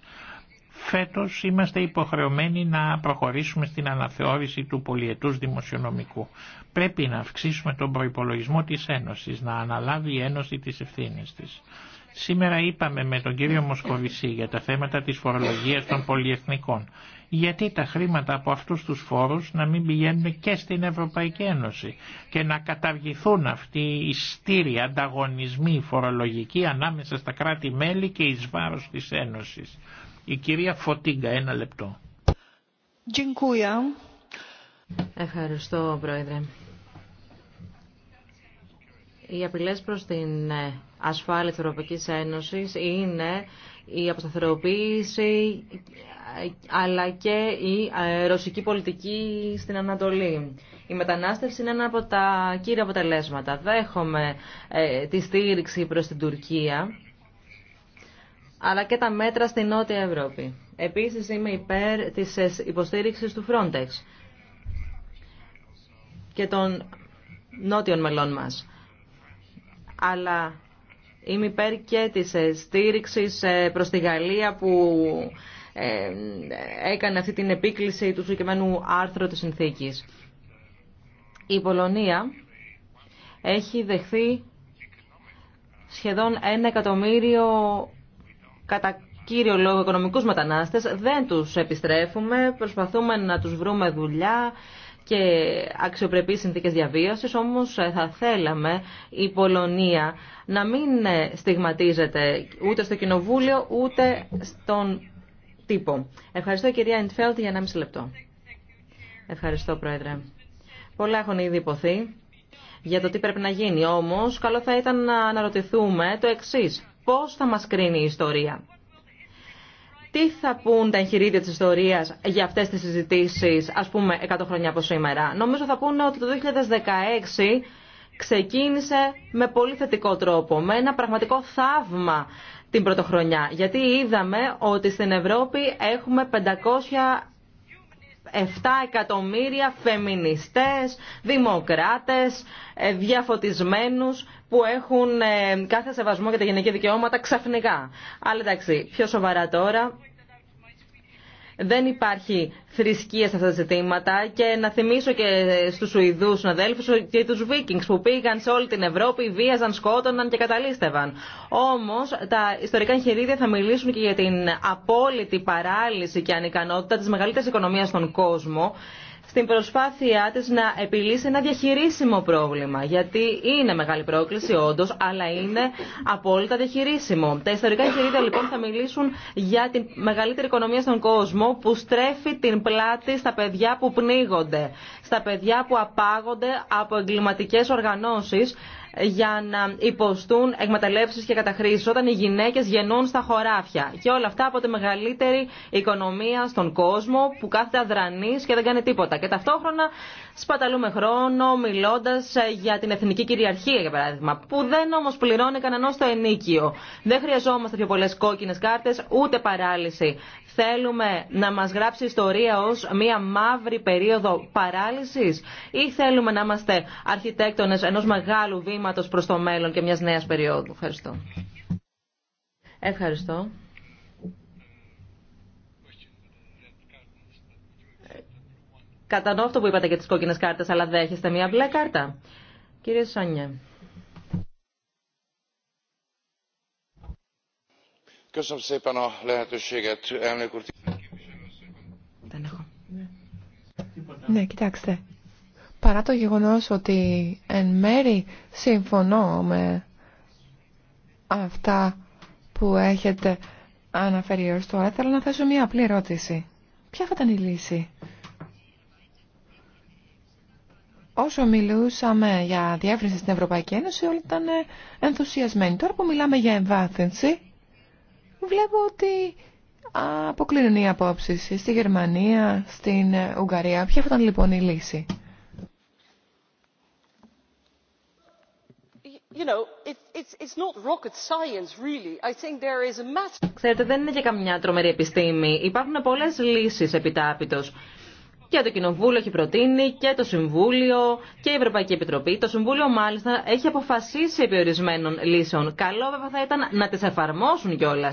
Φέτος είμαστε υποχρεωμένοι να προχωρήσουμε στην αναθεώρηση του πολιετούς δημοσιονομικού. Πρέπει να αυξήσουμε τον προϋπολογισμό της Ένωσης, να αναλάβει η Ένωση τις ευθύνες της. Σήμερα είπαμε με τον κύριο Μοσκοβισή για τα θέματα της φορολογίας των πολιεθνικών γιατί τα χρήματα από αυτούς τους φόρους να μην πηγαίνουν και στην Ευρωπαϊκή Ένωση και να καταργηθούν αυτοί οι στήροι ανταγωνισμοί φορολογικοί ανάμεσα στα κράτη-μέλη και εις βάρος της Ένωσης. Η κυρία Φωτίγκα, ένα λεπτό. Ευχαριστώ, Πρόεδρε. Οι απειλές προς την ε, ασφάλεια της Ευρωπαϊκής Ένωσης είναι η αποσταθεροποίηση αλλά και η ε, ρωσική πολιτική στην Ανατολή. Η μετανάστευση είναι ένα από τα κύρια αποτελέσματα. Δέχομαι ε, τη στήριξη προς την Τουρκία, αλλά και τα μέτρα στην Νότια Ευρώπη. Επίσης είμαι υπέρ της ε, υποστήριξης του Frontex και των νότιων μελών μας. Αλλά είμαι υπέρ και της στήριξης προς τη Γαλλία που ε, έκανε αυτή την επίκληση του συγκεκριμένου άρθρου της συνθήκης. Η Πολωνία έχει δεχθεί σχεδόν ένα εκατομμύριο κατά κύριο λόγο οικονομικούς μετανάστες. Δεν τους επιστρέφουμε, προσπαθούμε να τους βρούμε δουλειά και αξιοπρεπείς συνθήκες διαβίωσης, όμως ε, θα θέλαμε η Πολωνία να μην ε, στιγματίζεται ούτε στο Κοινοβούλιο, ούτε στον τύπο. Ευχαριστώ κυρία Εντφέλτ για 1,5 λεπτό. Ευχαριστώ Πρόεδρε. Πολλά έχουν ήδη υποθεί για το τι πρέπει να γίνει. Όμως, καλό θα ήταν να αναρωτηθούμε το εξής. Πώς θα μας κρίνει η ιστορία. Τι θα πούν τα εγχειρίδια της ιστορίας για αυτές τις συζητήσεις, ας πούμε, 100 χρόνια από σήμερα. Νομίζω θα πούνε ότι το 2016 ξεκίνησε με πολύ θετικό τρόπο, με ένα πραγματικό θαύμα την πρωτοχρονιά. Γιατί είδαμε ότι στην Ευρώπη έχουμε 500 εκατομμύρια φεμινιστές, δημοκράτες, ε, διαφωτισμένους που έχουν ε, κάθε σεβασμό για τα γενική δικαιώματα ξαφνικά. Αλλά εντάξει, πιο σοβαρά τώρα, δεν υπάρχει θρησκεία σε αυτά τα ζητήματα και να θυμίσω και στους Σουηδούς συναδέλφους και τους Βίκινγκς που πήγαν σε όλη την Ευρώπη, βίαζαν, σκότωναν και καταλήστευαν. Όμως τα ιστορικά εγχειρίδια θα μιλήσουν και για την απόλυτη παράλυση και ανικανότητα της μεγαλύτερης οικονομίας στον κόσμο στην προσπάθειά της να επιλύσει ένα διαχειρίσιμο πρόβλημα. Γιατί είναι μεγάλη πρόκληση όντω, αλλά είναι απόλυτα διαχειρίσιμο. Τα ιστορικά εγχειρίδια λοιπόν θα μιλήσουν για την μεγαλύτερη οικονομία στον κόσμο που στρέφει την πλάτη στα παιδιά που πνίγονται, στα παιδιά που απάγονται από εγκληματικές οργανώσεις για να υποστούν εκμεταλλεύσει και καταχρήσει όταν οι γυναίκε γεννούν στα χωράφια. Και όλα αυτά από τη μεγαλύτερη οικονομία στον κόσμο που κάθεται αδρανή και δεν κάνει τίποτα. Και ταυτόχρονα σπαταλούμε χρόνο μιλώντα ε, για την εθνική κυριαρχία για παράδειγμα που δεν όμω πληρώνει κανένα το ενίκιο. Δεν χρειαζόμαστε πιο πολλέ κόκκινε κάρτε ούτε παράλυση. Θέλουμε να μας γράψει ιστορία ως μία μαύρη περίοδο παράλυσης ή θέλουμε να είμαστε αρχιτέκτονες ενός μεγάλου βήματος προς το μέλλον και μιας νέας περίοδου. Ευχαριστώ. Ευχαριστώ. Κατανοώ αυτό που είπατε για τις κόκκινες κάρτες, αλλά δέχεστε μία μπλε κάρτα. Κύριε Σόνια. Ναι, κοιτάξτε. Παρά το γεγονός ότι εν μέρη συμφωνώ με αυτά που έχετε αναφέρει ως τώρα, θέλω να θέσω μια απλή ερώτηση. Ποια θα ήταν η λύση. Όσο μιλούσαμε για διεύρυνση στην Ευρωπαϊκή Ένωση, όλοι ήταν ενθουσιασμένοι. Τώρα που μιλάμε για εμβάθυνση, βλέπω ότι αποκλίνουν οι απόψει στη Γερμανία, στην Ουγγαρία. Ποια θα ήταν λοιπόν η λύση. Ξέρετε, δεν είναι και καμιά τρομερή επιστήμη. Υπάρχουν πολλές λύσεις επιτάπητος. Και το Κοινοβούλιο έχει προτείνει και το Συμβούλιο και η Ευρωπαϊκή Επιτροπή. Το Συμβούλιο μάλιστα έχει αποφασίσει επί ορισμένων λύσεων. Καλό βέβαια θα ήταν να τις εφαρμόσουν κιόλα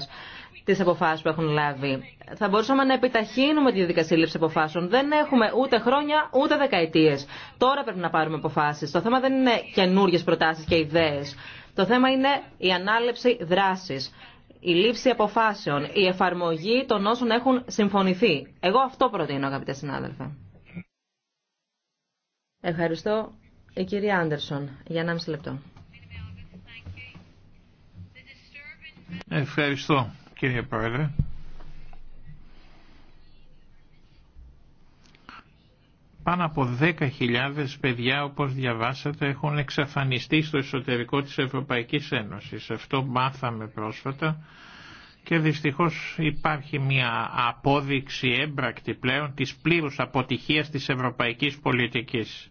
τι αποφάσει που έχουν λάβει. Θα μπορούσαμε να επιταχύνουμε τη διαδικασία λήψη αποφάσεων. Δεν έχουμε ούτε χρόνια ούτε δεκαετίε. Τώρα πρέπει να πάρουμε αποφάσει. Το θέμα δεν είναι καινούριε προτάσει και ιδέε. Το θέμα είναι η ανάληψη δράση η λήψη αποφάσεων, η εφαρμογή των όσων έχουν συμφωνηθεί. Εγώ αυτό προτείνω, αγαπητέ συνάδελφε. Ευχαριστώ η κυρία Άντερσον για 1,5 λεπτό. Ευχαριστώ κύριε Πρόεδρε. Πάνω από 10.000 παιδιά, όπως διαβάσατε, έχουν εξαφανιστεί στο εσωτερικό της Ευρωπαϊκής Ένωσης. Αυτό μάθαμε πρόσφατα και δυστυχώς υπάρχει μια απόδειξη έμπρακτη πλέον της πλήρους αποτυχίας της ευρωπαϊκής πολιτικής.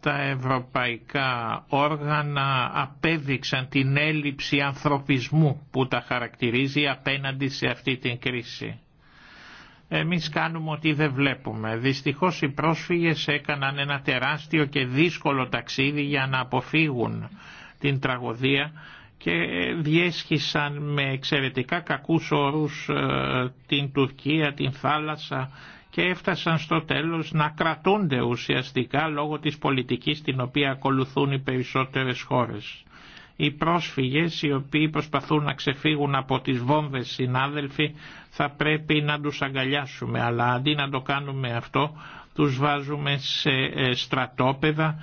Τα ευρωπαϊκά όργανα απέδειξαν την έλλειψη ανθρωπισμού που τα χαρακτηρίζει απέναντι σε αυτή την κρίση εμείς κάνουμε ότι δεν βλέπουμε. Δυστυχώς οι πρόσφυγες έκαναν ένα τεράστιο και δύσκολο ταξίδι για να αποφύγουν την τραγωδία και διέσχισαν με εξαιρετικά κακούς όρους ε, την Τουρκία, την θάλασσα και έφτασαν στο τέλος να κρατούνται ουσιαστικά λόγω της πολιτικής την οποία ακολουθούν οι περισσότερες χώρες οι πρόσφυγες οι οποίοι προσπαθούν να ξεφύγουν από τις βόμβες συνάδελφοι θα πρέπει να τους αγκαλιάσουμε αλλά αντί να το κάνουμε αυτό τους βάζουμε σε ε, στρατόπεδα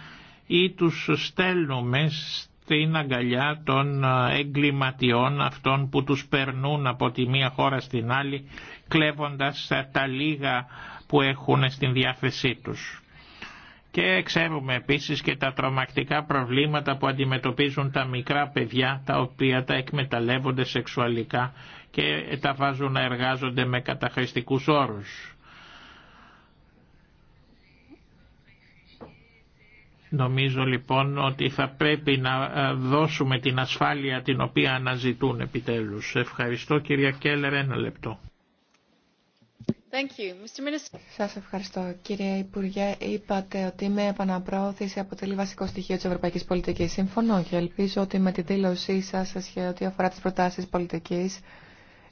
ή τους στέλνουμε στην αγκαλιά των ε, εγκληματιών αυτών που τους περνούν από τη μία χώρα στην άλλη κλέβοντας ε, τα λίγα που έχουν στην διάθεσή τους. Και ξέρουμε επίσης και τα τρομακτικά προβλήματα που αντιμετωπίζουν τα μικρά παιδιά τα οποία τα εκμεταλλεύονται σεξουαλικά και τα βάζουν να εργάζονται με καταχρηστικούς όρους. Νομίζω λοιπόν ότι θα πρέπει να ε, δώσουμε την ασφάλεια την οποία αναζητούν επιτέλους. Ευχαριστώ κυρία Κέλλερ ένα λεπτό. Thank Σας ευχαριστώ. Κύριε Υπουργέ, είπατε ότι με επαναπρόθεση αποτελεί βασικό στοιχείο της ευρωπαϊκής πολιτικής. Συμφωνώ και ελπίζω ότι με τη δήλωσή σας σε ό,τι αφορά τις προτάσεις πολιτικής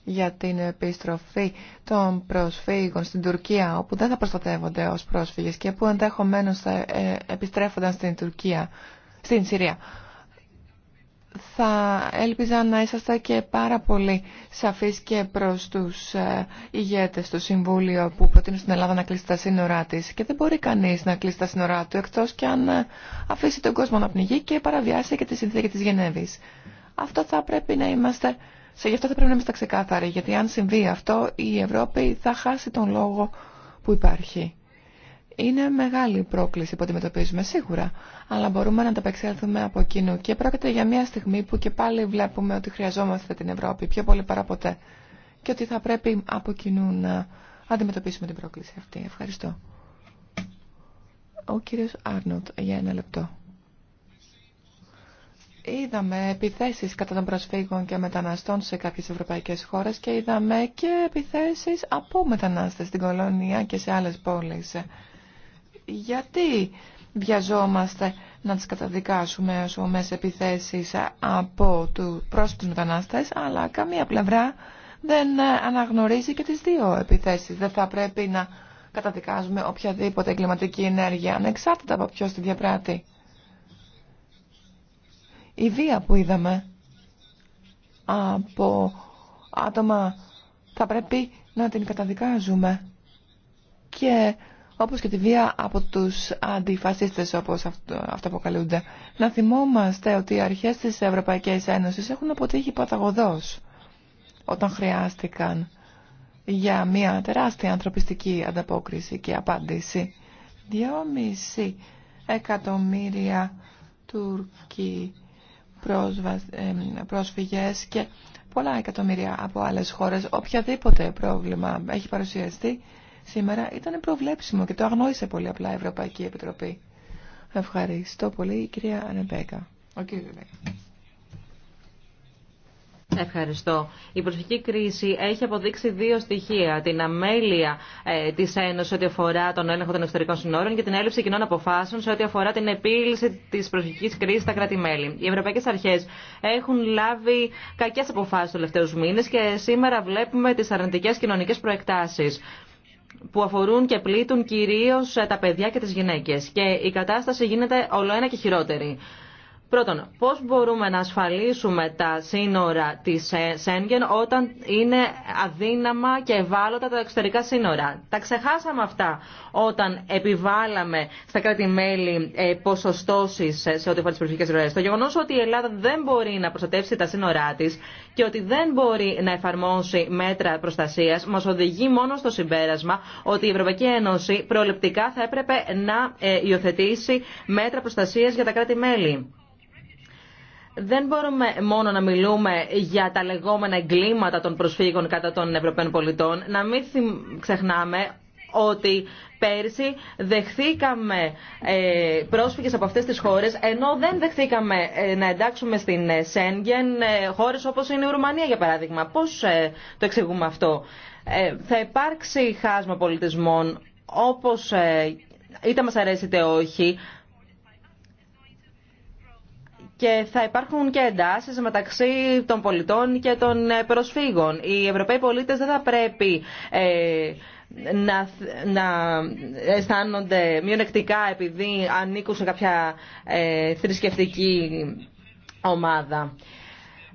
για την επιστροφή των προσφύγων στην Τουρκία, όπου δεν θα προστατεύονται ως πρόσφυγες και που ενδεχομένως θα ε, επιστρέφονταν στην Τουρκία, στην Συρία θα έλπιζα να είσαστε και πάρα πολύ σαφείς και προς τους ε, ηγέτες του Συμβούλιο που προτείνουν στην Ελλάδα να κλείσει τα σύνορά της. Και δεν μπορεί κανείς να κλείσει τα σύνορά του εκτός και αν ε, αφήσει τον κόσμο να πνιγεί και παραβιάσει και τη συνθήκη της Γενέβης. Αυτό θα πρέπει να είμαστε... Σε γι' αυτό θα πρέπει να είμαστε ξεκάθαροι, γιατί αν συμβεί αυτό η Ευρώπη θα χάσει τον λόγο που υπάρχει. Είναι μεγάλη πρόκληση που αντιμετωπίζουμε σίγουρα, αλλά μπορούμε να τα ανταπεξέλθουμε από κοινού. Και πρόκειται για μια στιγμή που και πάλι βλέπουμε ότι χρειαζόμαστε την Ευρώπη πιο πολύ παρά ποτέ και ότι θα πρέπει από κοινού να αντιμετωπίσουμε την πρόκληση αυτή. Ευχαριστώ. Ο κύριος Άρνοτ για ένα λεπτό. Είδαμε επιθέσεις κατά των προσφύγων και μεταναστών σε κάποιες ευρωπαϊκές χώρες και είδαμε και επιθέσεις από μετανάστες στην Κολόνια και σε άλλες πόλεις γιατί βιαζόμαστε να τις καταδικάσουμε ως ομές επιθέσεις από του προς τους μετανάστες, αλλά καμία πλευρά δεν αναγνωρίζει και τις δύο επιθέσεις. Δεν θα πρέπει να καταδικάζουμε οποιαδήποτε εγκληματική ενέργεια, ανεξάρτητα από ποιος τη διαπράττει. Η βία που είδαμε από άτομα θα πρέπει να την καταδικάζουμε. Και όπως και τη βία από τους αντιφασίστες όπως αυτοαποκαλούνται. Να θυμόμαστε ότι οι αρχές της Ευρωπαϊκής Ένωσης έχουν αποτύχει παταγωδός όταν χρειάστηκαν για μια τεράστια ανθρωπιστική ανταπόκριση και απάντηση. 2,5 εκατομμύρια Τούρκοι ε, πρόσφυγες και πολλά εκατομμύρια από άλλες χώρες. Οποιαδήποτε πρόβλημα έχει παρουσιαστεί σήμερα ήταν προβλέψιμο και το αγνόησε πολύ απλά η Ευρωπαϊκή Επιτροπή. Ευχαριστώ πολύ η κυρία Ανεμπέκα. Ο Ευχαριστώ. Η προσφυγική κρίση έχει αποδείξει δύο στοιχεία. Την αμέλεια ε, τη Ένωση ό,τι αφορά τον έλεγχο των εξωτερικών συνόρων και την έλλειψη κοινών αποφάσεων σε ό,τι αφορά την επίλυση τη προσφυγική κρίση στα κράτη-μέλη. Οι ευρωπαϊκέ αρχέ έχουν λάβει κακέ αποφάσει του τελευταίου μήνε και σήμερα βλέπουμε τι αρνητικέ κοινωνικέ προεκτάσει που αφορούν και πλήττουν κυρίως ε, τα παιδιά και τις γυναίκες. Και η κατάσταση γίνεται ολοένα και χειρότερη. Πρώτον, πώς μπορούμε να ασφαλίσουμε τα σύνορα της Σέγγεν όταν είναι αδύναμα και ευάλωτα τα εξωτερικά σύνορα. Τα ξεχάσαμε αυτά όταν επιβάλαμε στα κράτη-μέλη ε, ποσοστώσεις σε ό,τι αφορά τις προσφυγικές ροές. Το γεγονός ότι η Ελλάδα δεν μπορεί να προστατεύσει τα σύνορά της και ότι δεν μπορεί να εφαρμόσει μέτρα προστασίας μας οδηγεί μόνο στο συμπέρασμα ότι η Ευρωπαϊκή Ένωση προληπτικά θα έπρεπε να ε, υιοθετήσει μέτρα προστασίας για τα κράτη-μέλη δεν μπορούμε μόνο να μιλούμε για τα λεγόμενα εγκλήματα των προσφύγων κατά των Ευρωπαίων πολιτών. Να μην ξεχνάμε ότι πέρσι δεχθήκαμε ε, πρόσφυγες από αυτές τις χώρες ενώ δεν δεχθήκαμε ε, να εντάξουμε στην ε, Σέγγεν χώρες όπως είναι η Ρουμανία για παράδειγμα. Πώς το εξηγούμε αυτό. Θα υπάρξει χάσμα πολιτισμών όπως είτε μας αρέσει είτε όχι και θα υπάρχουν και εντάσει μεταξύ των πολιτών και των ε, προσφύγων. Οι Ευρωπαίοι πολίτες δεν θα πρέπει ε, να, να αισθάνονται μειονεκτικά επειδή ανήκουν σε κάποια ε, θρησκευτική ομάδα.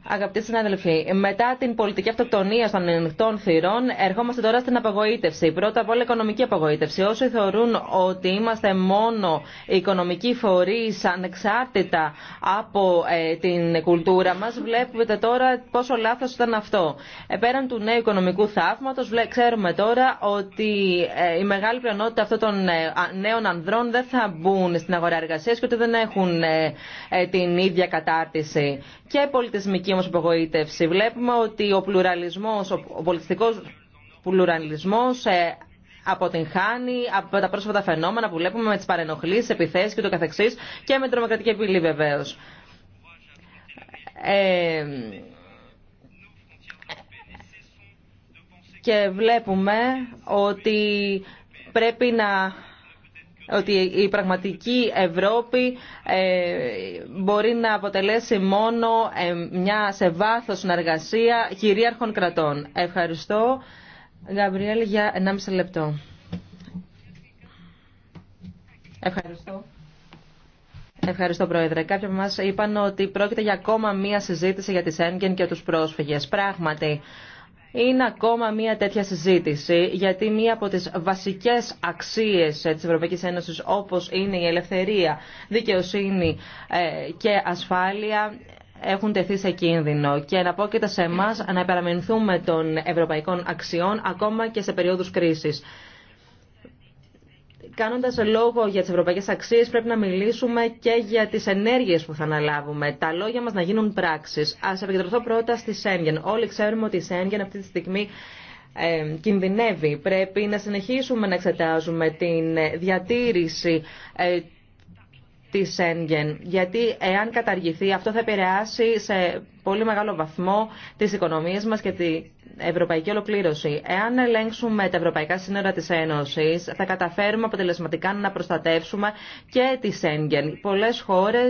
Αγαπητοί συνάδελφοι, μετά την πολιτική αυτοκτονία των ανοιχτών θυρών, ερχόμαστε τώρα στην απογοήτευση. Πρώτα απ' όλα, οικονομική απογοήτευση. Όσοι θεωρούν ότι είμαστε μόνο οικονομικοί φορεί, ανεξάρτητα από ε, την κουλτούρα μα, βλέπετε τώρα πόσο λάθο ήταν αυτό. Ε, πέραν του νέου οικονομικού θαύματο, ξέρουμε τώρα ότι ε, η μεγάλη πλειονότητα αυτών των ε, νέων ανδρών δεν θα μπουν στην αγορά εργασία και ότι δεν έχουν ε, ε, την ίδια κατάρτιση. Και πολιτισμική όμως απογοήτευση. Βλέπουμε ότι ο πλουραλισμό, ο πολιτιστικός πλουραλισμός ε, αποτυγχάνει από τα πρόσφατα φαινόμενα που βλέπουμε με τις παρενοχλήσεις, επιθέσεις και το καθεξής και με την τρομοκρατική επιλή βεβαίω. Ε, και βλέπουμε ότι πρέπει να ότι η πραγματική Ευρώπη ε, μπορεί να αποτελέσει μόνο ε, μια σε βάθος συνεργασία κυρίαρχων κρατών. Ευχαριστώ. Γαμπριέλ για 1,5 λεπτό. Ευχαριστώ. Ευχαριστώ, Πρόεδρε. Κάποιοι από εμά είπαν ότι πρόκειται για ακόμα μία συζήτηση για τη Σέγγεν και του πρόσφυγε. Πράγματι, είναι ακόμα μια τέτοια συζήτηση, γιατί μία από τις βασικές αξίες ε, τη Ευρωπαϊκής Ένωσης, όπως είναι η ελευθερία, δικαιοσύνη ε, και ασφάλεια, έχουν τεθεί σε κίνδυνο και αναπόκειται σε εμά να υπεραμεινθούμε των ευρωπαϊκών αξιών ακόμα και σε περίοδους κρίσης κάνοντας λόγο για τις ευρωπαϊκές αξίε, πρέπει να μιλήσουμε και για τις ενέργειες που θα αναλάβουμε. Τα λόγια μας να γίνουν πράξεις. Ας επικεντρωθώ πρώτα στη Σέγγεν. Όλοι ξέρουμε ότι η Σέγγεν αυτή τη στιγμή ε, κινδυνεύει. Πρέπει να συνεχίσουμε να εξετάζουμε την διατήρηση ε, τη Σέγγεν. Γιατί εάν καταργηθεί, αυτό θα επηρεάσει σε πολύ μεγάλο βαθμό τι οικονομίε μα και τη ευρωπαϊκή ολοκλήρωση. Εάν ελέγξουμε τα ευρωπαϊκά σύνορα τη Ένωση, θα καταφέρουμε αποτελεσματικά να προστατεύσουμε και τη Σέγγεν. Πολλέ χώρε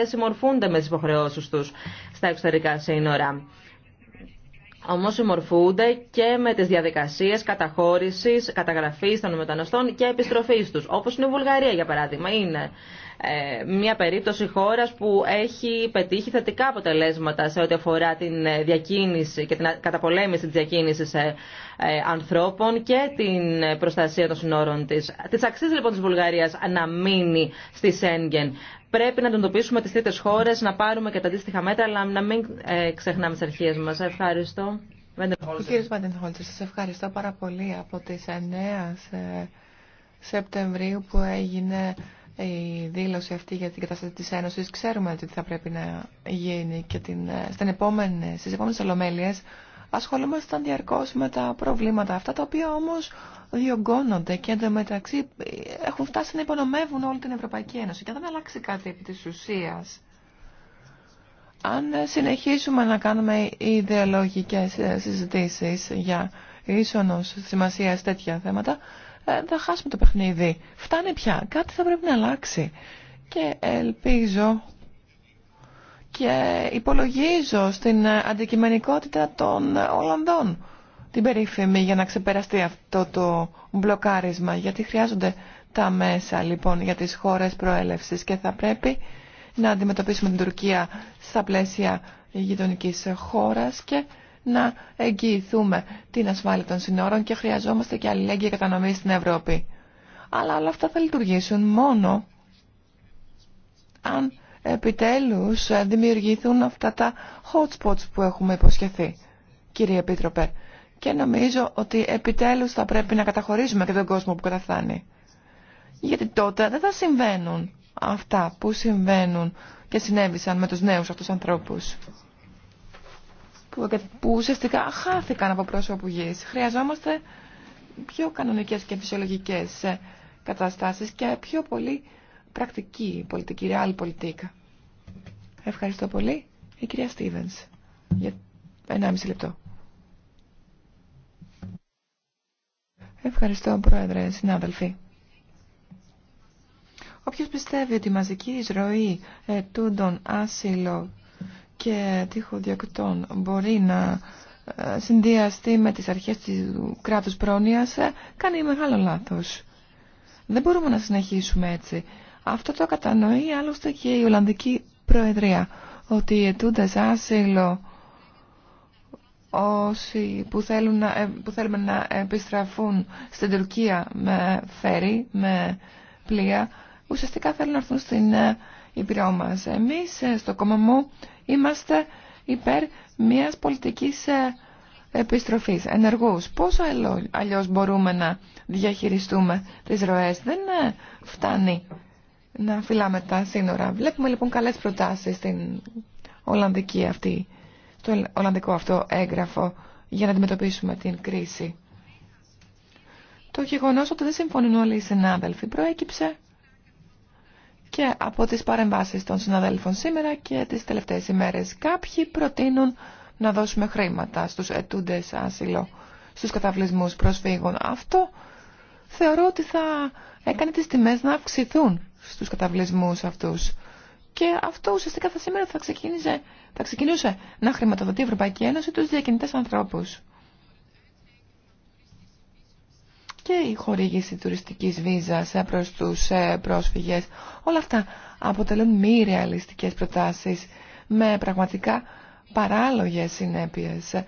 ε, συμμορφούνται με τι υποχρεώσει του στα εξωτερικά σύνορα. Όμω συμμορφούνται και με τι διαδικασίε καταχώρηση, καταγραφή των μεταναστών και επιστροφή του. Όπω είναι η Βουλγαρία, για παράδειγμα. Είναι ε, μια περίπτωση χώρας που έχει πετύχει θετικά αποτελέσματα σε ό,τι αφορά την ε, διακίνηση και την καταπολέμηση της διακίνησης ε, ανθρώπων και την προστασία των συνόρων της. Της αξίζει λοιπόν της Βουλγαρίας να μείνει στη Σέγγεν. Πρέπει να εντοπίσουμε τις τρίτες χώρες, να πάρουμε και τα αντίστοιχα μέτρα, αλλά να μην ξεχνάμε τις αρχές μας. Ευχαριστώ. Κύριε Βαντενχόλτσερ, σας ευχαριστώ πάρα πολύ από τις 9 Σεπτεμβρίου που έγινε η δήλωση αυτή για την κατάσταση της Ένωσης ξέρουμε ότι θα πρέπει να γίνει και την, στην επόμενη, στις επόμενες ολομέλειες ασχολούμασταν διαρκώς με τα προβλήματα αυτά τα οποία όμως διωγγώνονται και μεταξύ έχουν φτάσει να υπονομεύουν όλη την Ευρωπαϊκή Ένωση και δεν αλλάξει κάτι επί της ουσίας. Αν συνεχίσουμε να κάνουμε ιδεολογικές ε, συζητήσεις για ίσονος σημασία τέτοια θέματα, ε, θα χάσουμε το παιχνίδι. Φτάνει πια. Κάτι θα πρέπει να αλλάξει. Και ελπίζω και υπολογίζω στην αντικειμενικότητα των Ολλανδών την περίφημη για να ξεπεραστεί αυτό το μπλοκάρισμα γιατί χρειάζονται τα μέσα λοιπόν για τις χώρες προέλευσης και θα πρέπει να αντιμετωπίσουμε την Τουρκία στα πλαίσια γειτονική χώρας και να εγγυηθούμε την ασφάλεια των συνόρων και χρειαζόμαστε και αλληλέγγυα κατανομή στην Ευρώπη. Αλλά όλα αυτά θα λειτουργήσουν μόνο αν επιτέλους δημιουργηθούν αυτά τα hot spots που έχουμε υποσχεθεί, κύριε Επίτροπε. Και νομίζω ότι επιτέλους θα πρέπει να καταχωρίζουμε και τον κόσμο που καταφθάνει. Γιατί τότε δεν θα συμβαίνουν αυτά που συμβαίνουν και συνέβησαν με τους νέους αυτούς ανθρώπους που, ουσιαστικά χάθηκαν από πρόσωπο γη. Χρειαζόμαστε πιο κανονικές και φυσιολογικές ε, καταστάσεις και πιο πολύ πρακτική πολιτική, ρεάλ πολιτική. Ευχαριστώ πολύ. Η κυρία Στίβενς για 1,5 λεπτό. Ευχαριστώ, Πρόεδρε, συνάδελφοι. Όποιος πιστεύει ότι η μαζική εισρωή ετούντων άσυλο και τείχο διακτών μπορεί να ε, συνδυαστεί με τις αρχές της κράτους πρόνοιας, ε, κάνει μεγάλο λάθος. Δεν μπορούμε να συνεχίσουμε έτσι. Αυτό το κατανοεί άλλωστε και η Ολλανδική Προεδρία, ότι οι αιτούντες άσυλο όσοι που, θέλουν να, ε, που θέλουμε να επιστραφούν στην Τουρκία με φέρι, με πλοία, ουσιαστικά θέλουν να έρθουν στην Ήπειρό μας. Εμείς στο κόμμα μου είμαστε υπέρ μιας πολιτικής ε, επιστροφής, ενεργούς. Πόσο αλλιώς μπορούμε να διαχειριστούμε τις ροές. Δεν ε, φτάνει να φυλάμε τα σύνορα. Βλέπουμε λοιπόν καλές προτάσεις στην Ολλανδική αυτή, στο Ολλανδικό αυτό έγγραφο για να αντιμετωπίσουμε την κρίση. Το γεγονό ότι δεν συμφωνούν όλοι οι συνάδελφοι προέκυψε και από τις παρεμβάσεις των συναδέλφων σήμερα και τις τελευταίες ημέρες. Κάποιοι προτείνουν να δώσουμε χρήματα στους ετούντες άσυλο, στους καταβλισμούς προσφύγων. Αυτό θεωρώ ότι θα έκανε τις τιμές να αυξηθούν στους καταβλισμούς αυτούς. Και αυτό ουσιαστικά θα σήμερα θα, ξεκίνησε, θα ξεκινούσε να χρηματοδοτεί η Ευρωπαϊκή Ένωση τους διακινητές ανθρώπους. και η χορήγηση τουριστικής βίζας ε, προς τους ε, πρόσφυγες. Όλα αυτά αποτελούν μη ρεαλιστικές προτάσεις με πραγματικά παράλογες συνέπειες. Ε,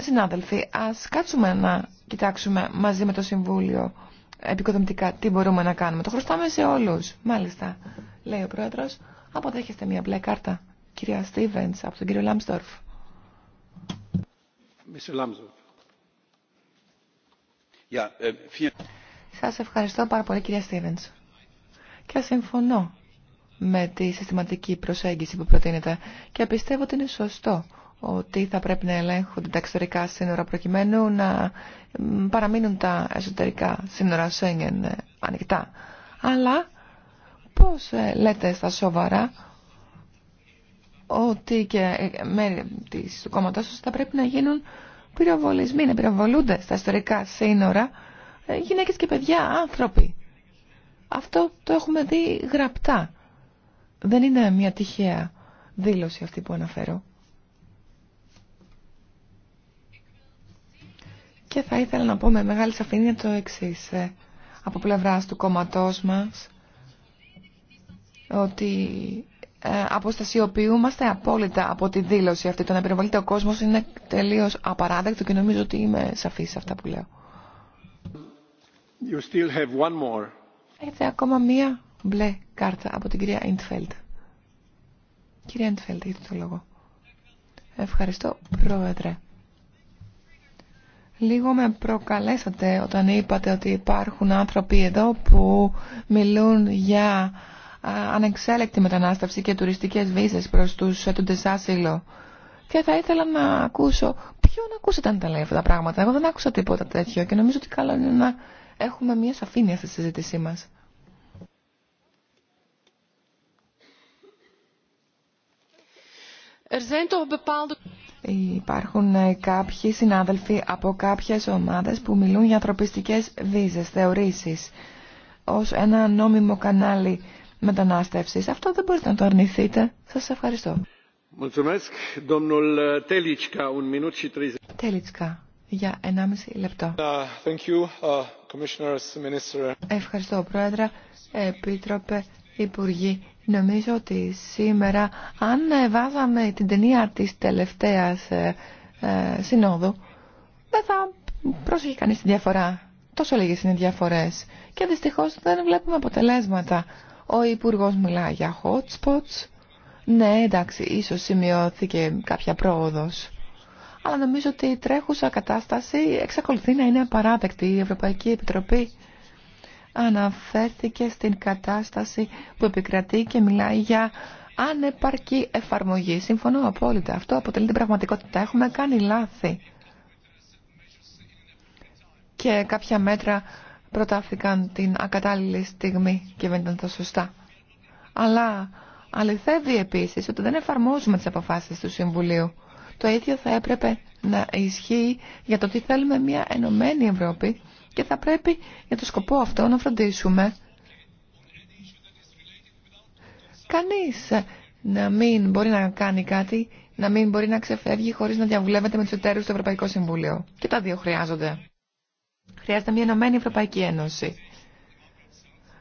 συνάδελφοι, ας κάτσουμε να κοιτάξουμε μαζί με το Συμβούλιο επικοδομητικά τι μπορούμε να κάνουμε. Το χρωστάμε σε όλους. Μάλιστα, λέει ο Πρόεδρος, αποδέχεστε μια μπλε κάρτα. Κυρία Στίβενς από τον κύριο Λάμστορφ. Mr. Uh, σας ευχαριστώ πάρα πολύ κυρία Στίβενς. Και συμφωνώ με τη συστηματική προσέγγιση που προτείνεται και πιστεύω ότι είναι σωστό ότι θα πρέπει να ελέγχονται τα εξωτερικά σύνορα προκειμένου να παραμείνουν τα εσωτερικά σύνορα Σέγγεν ε, ανοιχτά. Αλλά πώς ε, λέτε στα σοβαρά ότι και ε, μέρη της κόμματός σας θα πρέπει να γίνουν πυροβολισμοί, να πυροβολούνται στα ιστορικά σύνορα ε, γυναίκες και παιδιά, άνθρωποι. Αυτό το έχουμε δει γραπτά. Δεν είναι μια τυχαία δήλωση αυτή που αναφέρω. Και θα ήθελα να πω με μεγάλη σαφήνεια το εξή ε, από πλευράς του κόμματός μας ότι ε, αποστασιοποιούμαστε απόλυτα από τη δήλωση αυτή. Το να περιβαλλείται ο κόσμος είναι τελείως απαράδεκτο και νομίζω ότι είμαι σαφής σε αυτά που λέω. You still have one more. Έχετε ακόμα μία μπλε κάρτα από την κυρία Ιντφέλτ. Κυρία Ιντφέλτ, έχετε το λόγο. Ευχαριστώ, Πρόεδρε. Λίγο με προκαλέσατε όταν είπατε ότι υπάρχουν άνθρωποι εδώ που μιλούν για ανεξέλεκτη μετανάστευση και τουριστικές βίζες προς τους έτοντες άσυλο. Και θα ήθελα να ακούσω ποιον να αν τα λέει αυτά τα πράγματα. Εγώ δεν άκουσα τίποτα τέτοιο και νομίζω ότι καλό είναι να έχουμε μια σαφήνεια στη συζήτησή μας. Er Υπάρχουν ε, κάποιοι συνάδελφοι από κάποιες ομάδες που μιλούν για ανθρωπιστικές βίζες, θεωρήσεις, ως ένα νόμιμο κανάλι αυτό δεν μπορείτε να το αρνηθείτε. Σας ευχαριστώ. Τελίτσκα, για 1,5 λεπτό. Ευχαριστώ, Πρόεδρε, Επίτροπε, Υπουργοί. Νομίζω ότι σήμερα, αν βάζαμε την ταινία της τελευταίας ε, ε, συνόδου, δεν θα πρόσεχε κανείς τη διαφορά. Τόσο λίγες είναι οι διαφορές. Και δυστυχώς δεν βλέπουμε αποτελέσματα. Ο Υπουργός μιλά για hot spots. Ναι, εντάξει, ίσως σημειώθηκε κάποια πρόοδος. Αλλά νομίζω ότι η τρέχουσα κατάσταση εξακολουθεί να είναι απαράδεκτη. Η Ευρωπαϊκή Επιτροπή αναφέρθηκε στην κατάσταση που επικρατεί και μιλάει για ανεπαρκή εφαρμογή. Συμφωνώ απόλυτα. Αυτό αποτελεί την πραγματικότητα. Έχουμε κάνει λάθη. Και κάποια μέτρα προτάθηκαν την ακατάλληλη στιγμή και δεν ήταν τα σωστά. Αλλά αληθεύει επίσης ότι δεν εφαρμόζουμε τις αποφάσεις του Συμβουλίου. Το ίδιο θα έπρεπε να ισχύει για το ότι θέλουμε μια ενωμένη Ευρώπη και θα πρέπει για το σκοπό αυτό να φροντίσουμε κανείς να μην μπορεί να κάνει κάτι, να μην μπορεί να ξεφεύγει χωρίς να διαβουλεύεται με τους εταίρους του Ευρωπαϊκού Συμβουλίου. Και τα δύο χρειάζονται. Χρειάζεται μια ενωμένη Ευρωπαϊκή Ένωση.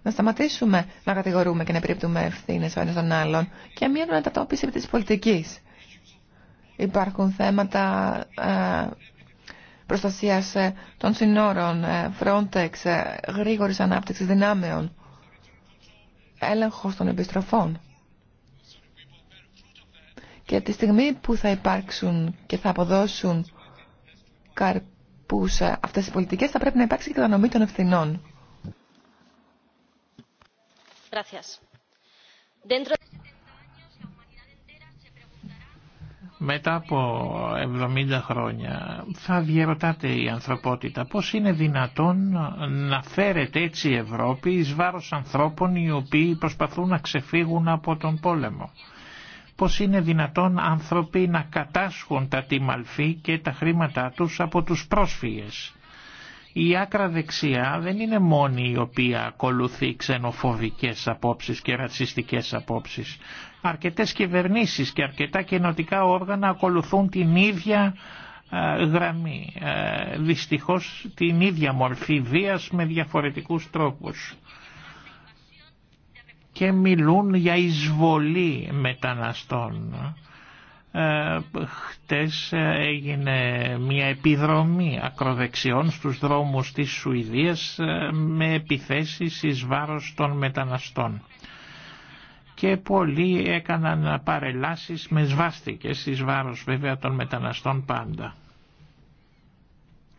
Να σταματήσουμε να κατηγορούμε και να επιρρύπτουμε ευθύνε ο ένα τον άλλον και μια μετατόπιση τη πολιτική. Υπάρχουν θέματα ε, προστασία ε, των συνόρων, ε, Frontex, ε, γρήγορη ανάπτυξη δυνάμεων, έλεγχο των επιστροφών. Και τη στιγμή που θα υπάρξουν και θα αποδώσουν καρπού, σε αυτές οι πολιτικές θα πρέπει να υπάρξει και κατανομή των ευθυνών. Μετά από 70 χρόνια θα διαρωτάτε η ανθρωπότητα πώς είναι δυνατόν να φέρεται έτσι η Ευρώπη εις βάρος ανθρώπων οι οποίοι προσπαθούν να ξεφύγουν από τον πόλεμο πως είναι δυνατόν άνθρωποι να κατάσχουν τα τιμαλφή και τα χρήματά τους από τους πρόσφυγες. Η άκρα δεξιά δεν είναι μόνη η οποία ακολουθεί ξενοφοβικές απόψεις και ρατσιστικές απόψεις. Αρκετές κυβερνήσεις και αρκετά κοινοτικά όργανα ακολουθούν την ίδια ε, γραμμή, ε, δυστυχώς την ίδια μορφή βίας με διαφορετικούς τρόπους και μιλούν για εισβολή μεταναστών. Ε, χτες έγινε μια επιδρομή ακροδεξιών στους δρόμους της Σουηδίας ε, με επιθέσεις εις βάρος των μεταναστών και πολλοί έκαναν παρελάσεις με σβάστηκες εις βάρος βέβαια των μεταναστών πάντα.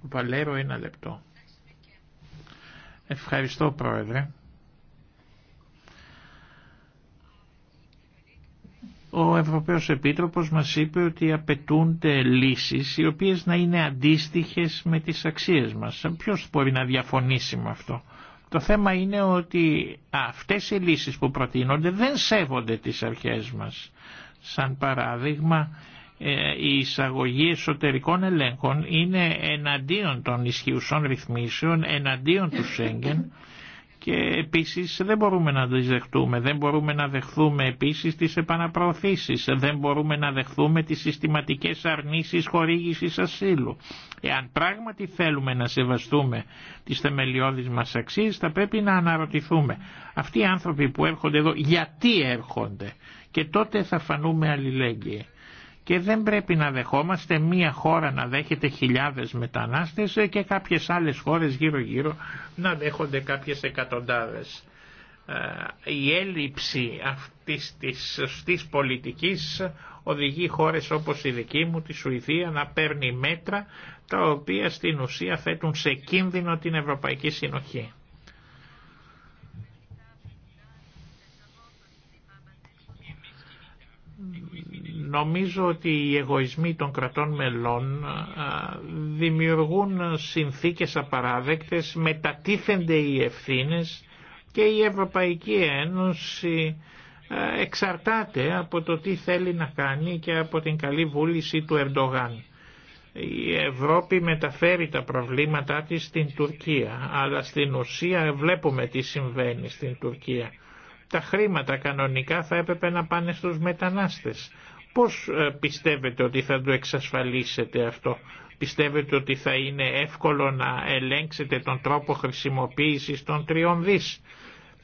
Βαλέρο ένα λεπτό. Ευχαριστώ πρόεδρε. Ο Ευρωπαίος Επίτροπος μας είπε ότι απαιτούνται λύσεις οι οποίες να είναι αντίστοιχες με τις αξίες μας. Ποιος μπορεί να διαφωνήσει με αυτό. Το θέμα είναι ότι αυτές οι λύσεις που προτείνονται δεν σέβονται τις αρχές μας. Σαν παράδειγμα ε, η εισαγωγή εσωτερικών ελέγχων είναι εναντίον των ισχυουσών ρυθμίσεων, εναντίον του Σέγγεν [laughs] και επίσης δεν μπορούμε να τις δεχτούμε. Δεν μπορούμε να δεχθούμε επίσης τις επαναπροωθήσεις. Δεν μπορούμε να δεχθούμε τις συστηματικές αρνήσεις χορήγησης ασύλου. Εάν πράγματι θέλουμε να σεβαστούμε τις θεμελιώδεις μας αξίες θα πρέπει να αναρωτηθούμε. Αυτοί οι άνθρωποι που έρχονται εδώ γιατί έρχονται και τότε θα φανούμε αλληλέγγυοι και δεν πρέπει να δεχόμαστε μία χώρα να δέχεται χιλιάδες μετανάστες και κάποιες άλλες χώρες γύρω γύρω να δέχονται κάποιες εκατοντάδες. Ε, η έλλειψη αυτής της σωστής πολιτικής οδηγεί χώρες όπως η δική μου, τη Σουηδία, να παίρνει μέτρα τα οποία στην ουσία θέτουν σε κίνδυνο την Ευρωπαϊκή Συνοχή. Νομίζω ότι οι εγωισμοί των κρατών μελών δημιουργούν συνθήκες απαράδεκτες, μετατίθενται οι ευθύνες και η Ευρωπαϊκή Ένωση εξαρτάται από το τι θέλει να κάνει και από την καλή βούληση του Ερντογάν. Η Ευρώπη μεταφέρει τα προβλήματά της στην Τουρκία, αλλά στην ουσία βλέπουμε τι συμβαίνει στην Τουρκία. Τα χρήματα κανονικά θα έπρεπε να πάνε στους μετανάστες. Πώς ε, πιστεύετε ότι θα το εξασφαλίσετε αυτό. Πιστεύετε ότι θα είναι εύκολο να ελέγξετε τον τρόπο χρησιμοποίησης των τριών δις.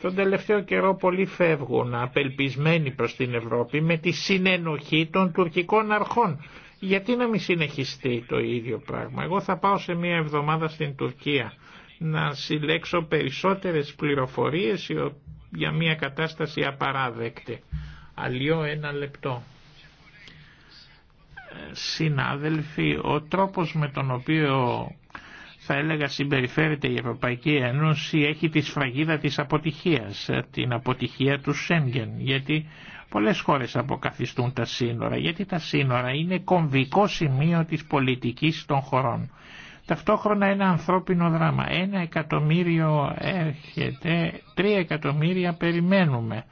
Τον τελευταίο καιρό πολλοί φεύγουν απελπισμένοι προς την Ευρώπη με τη συνενοχή των τουρκικών αρχών. Γιατί να μην συνεχιστεί το ίδιο πράγμα. Εγώ θα πάω σε μία εβδομάδα στην Τουρκία να συλλέξω περισσότερες πληροφορίες για μία κατάσταση απαράδεκτη. Αλλιώ ένα λεπτό συνάδελφοι, ο τρόπος με τον οποίο θα έλεγα συμπεριφέρεται η Ευρωπαϊκή Ένωση έχει τη σφραγίδα της αποτυχίας, την αποτυχία του Σέγγεν, γιατί πολλές χώρες αποκαθιστούν τα σύνορα, γιατί τα σύνορα είναι κομβικό σημείο της πολιτικής των χωρών. Ταυτόχρονα ένα ανθρώπινο δράμα, ένα εκατομμύριο έρχεται, τρία εκατομμύρια περιμένουμε.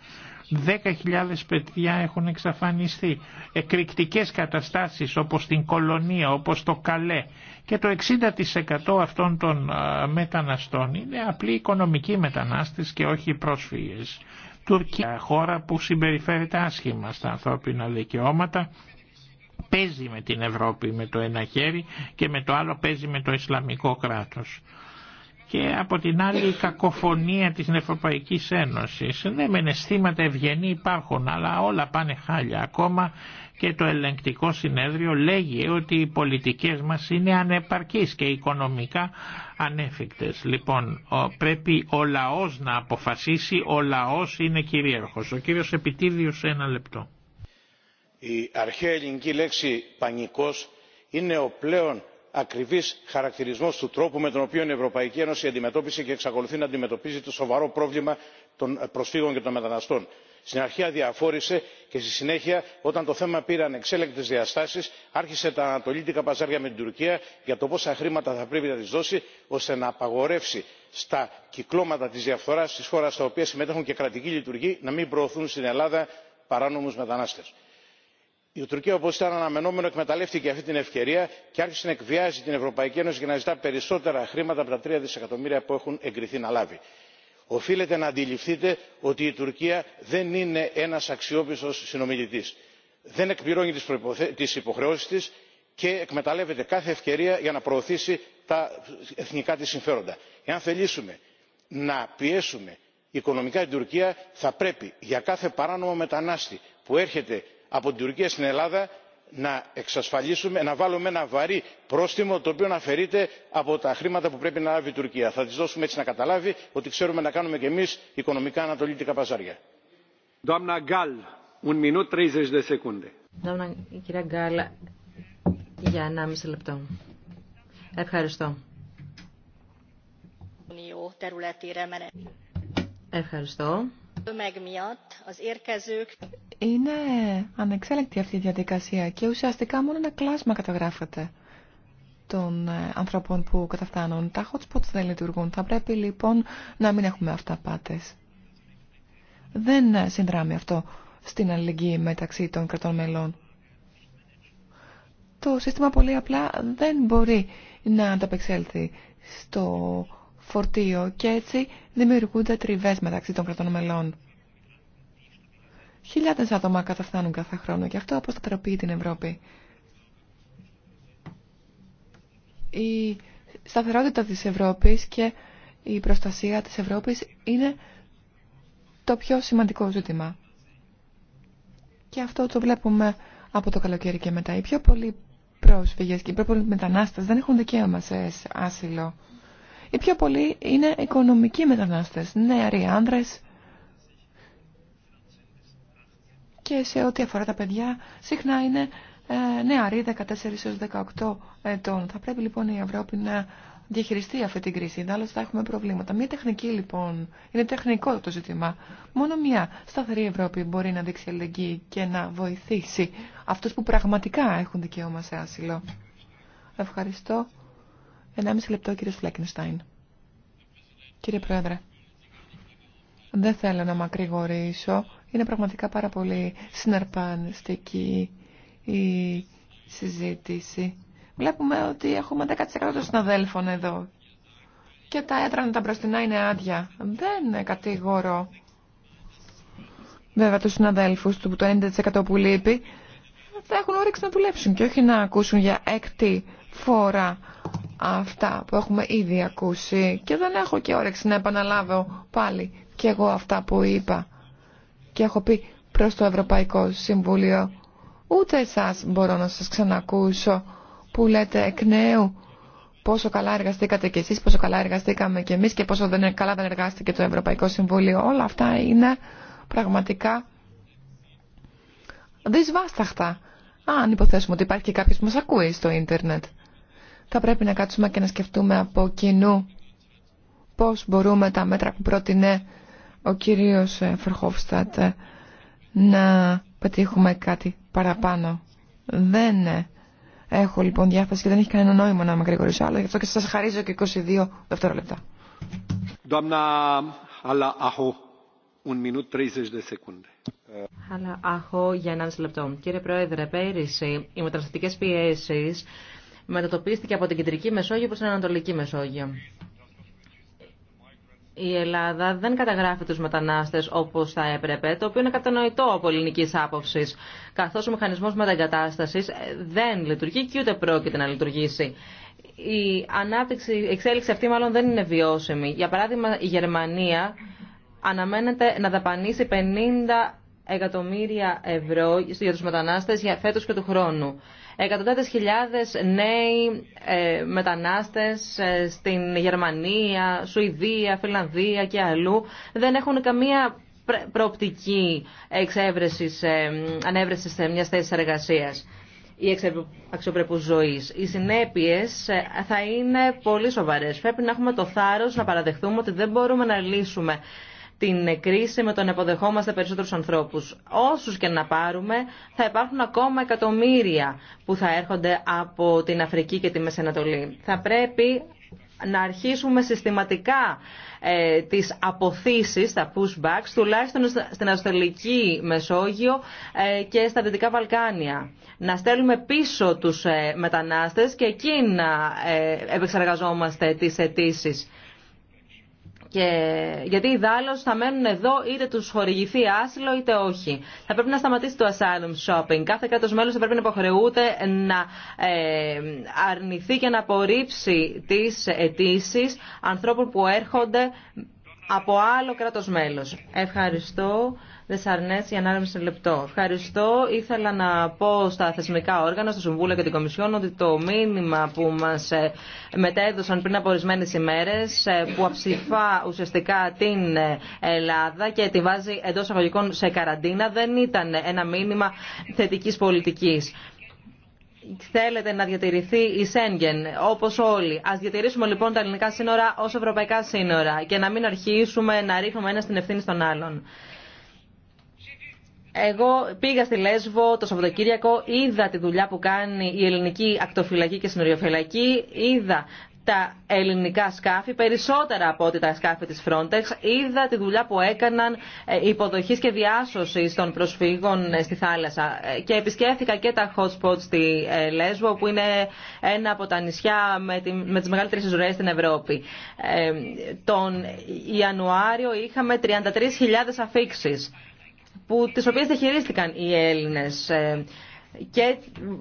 10.000 παιδιά έχουν εξαφανιστεί. Εκρηκτικές καταστάσεις όπως την Κολονία, όπως το Καλέ και το 60% αυτών των μεταναστών είναι απλοί οικονομικοί μετανάστες και όχι πρόσφυγες. Τουρκία, χώρα που συμπεριφέρεται άσχημα στα ανθρώπινα δικαιώματα, παίζει με την Ευρώπη με το ένα χέρι και με το άλλο παίζει με το Ισλαμικό κράτος και από την άλλη η κακοφωνία της Ευρωπαϊκής Ένωσης. Ναι με αισθήματα ευγενή υπάρχουν αλλά όλα πάνε χάλια. Ακόμα και το ελεγκτικό συνέδριο λέγει ότι οι πολιτικές μας είναι ανεπαρκείς και οικονομικά ανέφικτες. Λοιπόν πρέπει ο λαός να αποφασίσει, ο λαός είναι κυρίαρχος. Ο κύριος Επιτίδιος ένα λεπτό. Η αρχαία ελληνική λέξη πανικός είναι ο πλέον ακριβή χαρακτηρισμό του τρόπου με τον οποίο η ευρωπαϊκή ένωση αντιμετώπισε και εξακολουθεί να αντιμετωπίζει το σοβαρό πρόβλημα των προσφύγων και των μεταναστών. στην αρχή αδιαφόρησε και στη συνέχεια όταν το θέμα πήρε ανεξέλεγκτε διαστάσει άρχισε τα ανατολίτικα παζάρια με την τουρκία για το πόσα χρήματα θα πρέπει να τη δώσει ώστε να απαγορεύσει στα κυκλώματα τη διαφθορά τη χώρα στα οποία συμμετέχουν και κρατικοί λειτουργοί να μην προωθούν στην ελλάδα παράνομου μετανάστε η τουρκία όπω ήταν αναμενόμενο εκμεταλλεύτηκε αυτή την ευκαιρία και άρχισε να εκβιάζει την ευρωπαϊκή ένωση για να ζητά περισσότερα χρήματα από τα τρία δισεκατομμύρια που έχουν εγκριθεί να λάβει. οφείλετε να αντιληφθείτε ότι η τουρκία δεν είναι ένα αξιόπιστο συνομιλητή δεν εκπληρώνει τι υποχρεώσει τη και εκμεταλλεύεται κάθε ευκαιρία για να προωθήσει τα εθνικά τη συμφέροντα. εάν θελήσουμε να πιέσουμε οικονομικά την τουρκία θα πρέπει για κάθε παράνομο μετανάστη που έρχεται από την τουρκία στην ελλάδα να εξασφαλίσουμε να βάλουμε ένα βαρύ πρόστιμο το οποίο να αφαιρείται από τα χρήματα που πρέπει να λάβει η τουρκία. θα της δώσουμε έτσι να καταλάβει ότι ξέρουμε να κάνουμε και εμείς οικονομικά ανατολίτικα παζάρια. Ευχαριστώ. Είναι ανεξέλεγκτη αυτή η διαδικασία και ουσιαστικά μόνο ένα κλάσμα καταγράφεται των ε, ανθρώπων που καταφτάνουν. Τα hot spots δεν λειτουργούν. Θα πρέπει λοιπόν να μην έχουμε αυταπάτες. Δεν ε, συνδράμει αυτό στην αλληλεγγύη μεταξύ των κρατών μελών. Το σύστημα πολύ απλά δεν μπορεί να ανταπεξέλθει στο φορτίο και έτσι δημιουργούνται τριβές μεταξύ των κρατών μελών. Χιλιάδες άτομα καταφθάνουν κάθε χρόνο και αυτό αποστατεροποιεί την Ευρώπη. Η σταθερότητα της Ευρώπης και η προστασία της Ευρώπης είναι το πιο σημαντικό ζήτημα. Και αυτό το βλέπουμε από το καλοκαίρι και μετά. Οι πιο πολλοί πρόσφυγες και οι πιο πολλοί μετανάστες δεν έχουν δικαίωμα σε άσυλο. Οι πιο πολλοί είναι οικονομικοί μετανάστες, νεαροί άνδρες. Και σε ό,τι αφορά τα παιδιά, συχνά είναι ε, νεαροί 14 έως 18 ετών. Θα πρέπει λοιπόν η Ευρώπη να διαχειριστεί αυτή την κρίση, άλλως θα έχουμε προβλήματα. Μία τεχνική λοιπόν, είναι τεχνικό το ζήτημα. Μόνο μία σταθερή Ευρώπη μπορεί να δείξει αλληλεγγύη και να βοηθήσει αυτούς που πραγματικά έχουν δικαίωμα σε άσυλο. Ευχαριστώ. Ενάμιση λεπτό, κύριε Φλέκενστάιν. Κύριε Πρόεδρε, δεν θέλω να μακρηγορήσω. Είναι πραγματικά πάρα πολύ συναρπανιστική η συζήτηση. Βλέπουμε ότι έχουμε 10% των συναδέλφων εδώ και τα έδρανα τα μπροστινά είναι άδεια. Δεν κατηγορώ βέβαια τους συναδέλφους του το 90% που λείπει θα έχουν όρεξη να δουλέψουν και όχι να ακούσουν για έκτη φορά αυτά που έχουμε ήδη ακούσει και δεν έχω και όρεξη να επαναλάβω πάλι και εγώ αυτά που είπα και έχω πει προς το Ευρωπαϊκό Συμβούλιο ούτε εσάς μπορώ να σας ξανακούσω που λέτε εκ νέου πόσο καλά εργαστήκατε κι εσείς, πόσο καλά εργαστήκαμε κι εμείς και πόσο δεν, καλά δεν εργάστηκε το Ευρωπαϊκό Συμβούλιο. Όλα αυτά είναι πραγματικά δυσβάσταχτα. Αν υποθέσουμε ότι υπάρχει και κάποιος που μας ακούει στο ίντερνετ θα πρέπει να κάτσουμε και να σκεφτούμε από κοινού πώς μπορούμε τα μέτρα που πρότεινε ο κύριος Φερχόφστατ ε, να πετύχουμε κάτι παραπάνω. Δεν ε, έχω λοιπόν διάθεση και δεν έχει κανένα νόημα να με γρηγορήσω άλλο, γι' αυτό και σας χαρίζω και 22 δευτερόλεπτα. Αλλά αχώ για ένα λεπτό. Κύριε Πρόεδρε, πέρυσι οι μεταναστευτικές πιέσεις μετατοπίστηκε από την Κεντρική Μεσόγειο προς την Ανατολική Μεσόγειο. Η Ελλάδα δεν καταγράφει τους μετανάστες όπως θα έπρεπε, το οποίο είναι κατανοητό από ελληνική άποψη, καθώς ο μηχανισμός μεταγκατάστασης ε, δεν λειτουργεί και ούτε πρόκειται να λειτουργήσει. Η ανάπτυξη, η εξέλιξη αυτή μάλλον δεν είναι βιώσιμη. Για παράδειγμα, η Γερμανία αναμένεται να δαπανίσει 50 εκατομμύρια ευρώ για τους μετανάστες για φέτος και του χρόνου εκατοντάδες χιλιάδες νέοι ε, μετανάστες ε, στην Γερμανία, Σουηδία, Φιλανδία και αλλού δεν έχουν καμία προοπτική εξέβρεσης, ε, ανέβρεσης σε μια θέση εργασίας ή αξιοπρεπούς ζωής. Οι συνέπειες θα είναι πολύ σοβαρές. Πρέπει να έχουμε το θάρρος να παραδεχθούμε ότι δεν μπορούμε να λύσουμε την κρίση με τον να περισσότερους ανθρώπους. Όσους και να πάρουμε, θα υπάρχουν ακόμα εκατομμύρια που θα έρχονται από την Αφρική και τη Μεσανατολή. Θα πρέπει να αρχίσουμε συστηματικά ε, τις αποθήσεις, τα pushbacks, τουλάχιστον στην Αυστραλική Μεσόγειο ε, και στα Δυτικά Βαλκάνια. Να στέλνουμε πίσω τους ε, μετανάστες και εκεί να ε, επεξεργαζόμαστε τις αιτήσει. Και... Γιατί οι δάλος θα μένουν εδώ είτε του χορηγηθεί άσυλο είτε όχι. Θα πρέπει να σταματήσει το asylum shopping. Κάθε κράτος μέλος θα πρέπει να υποχρεούται να ε, αρνηθεί και να απορρίψει τις αιτήσει ανθρώπων που έρχονται από άλλο κράτος μέλος. Ευχαριστώ η για σε λεπτό. Ευχαριστώ. Ήθελα να πω στα θεσμικά όργανα, στο Συμβούλιο και την Κομισιόν, ότι το μήνυμα που μα ε, μετέδωσαν πριν από ορισμένε ημέρε, ε, που αψηφά ουσιαστικά την ε, Ελλάδα και τη βάζει εντό αγωγικών σε καραντίνα, δεν ήταν ένα μήνυμα θετική πολιτική θέλετε να διατηρηθεί η Σέγγεν, όπω όλοι. Α διατηρήσουμε λοιπόν τα ελληνικά σύνορα ω ευρωπαϊκά σύνορα και να μην αρχίσουμε να ρίχνουμε ένα την ευθύνη στον άλλον. Εγώ πήγα στη Λέσβο το Σαββατοκύριακο, είδα τη δουλειά που κάνει η ελληνική ακτοφυλακή και συνοριοφυλακή, είδα τα ελληνικά σκάφη, περισσότερα από ότι τα σκάφη της Frontex. Είδα τη δουλειά που έκαναν ε, υποδοχής και διάσωσης των προσφύγων ε, στη θάλασσα. Ε, και επισκέφθηκα και τα hot spots στη Λέσβο, που είναι ένα από τα νησιά με, τη, με τις μεγαλύτερες ζωές στην Ευρώπη. τον Ιανουάριο είχαμε 33.000 αφήξεις που, τις οποίες διαχειρίστηκαν οι Έλληνες ε, και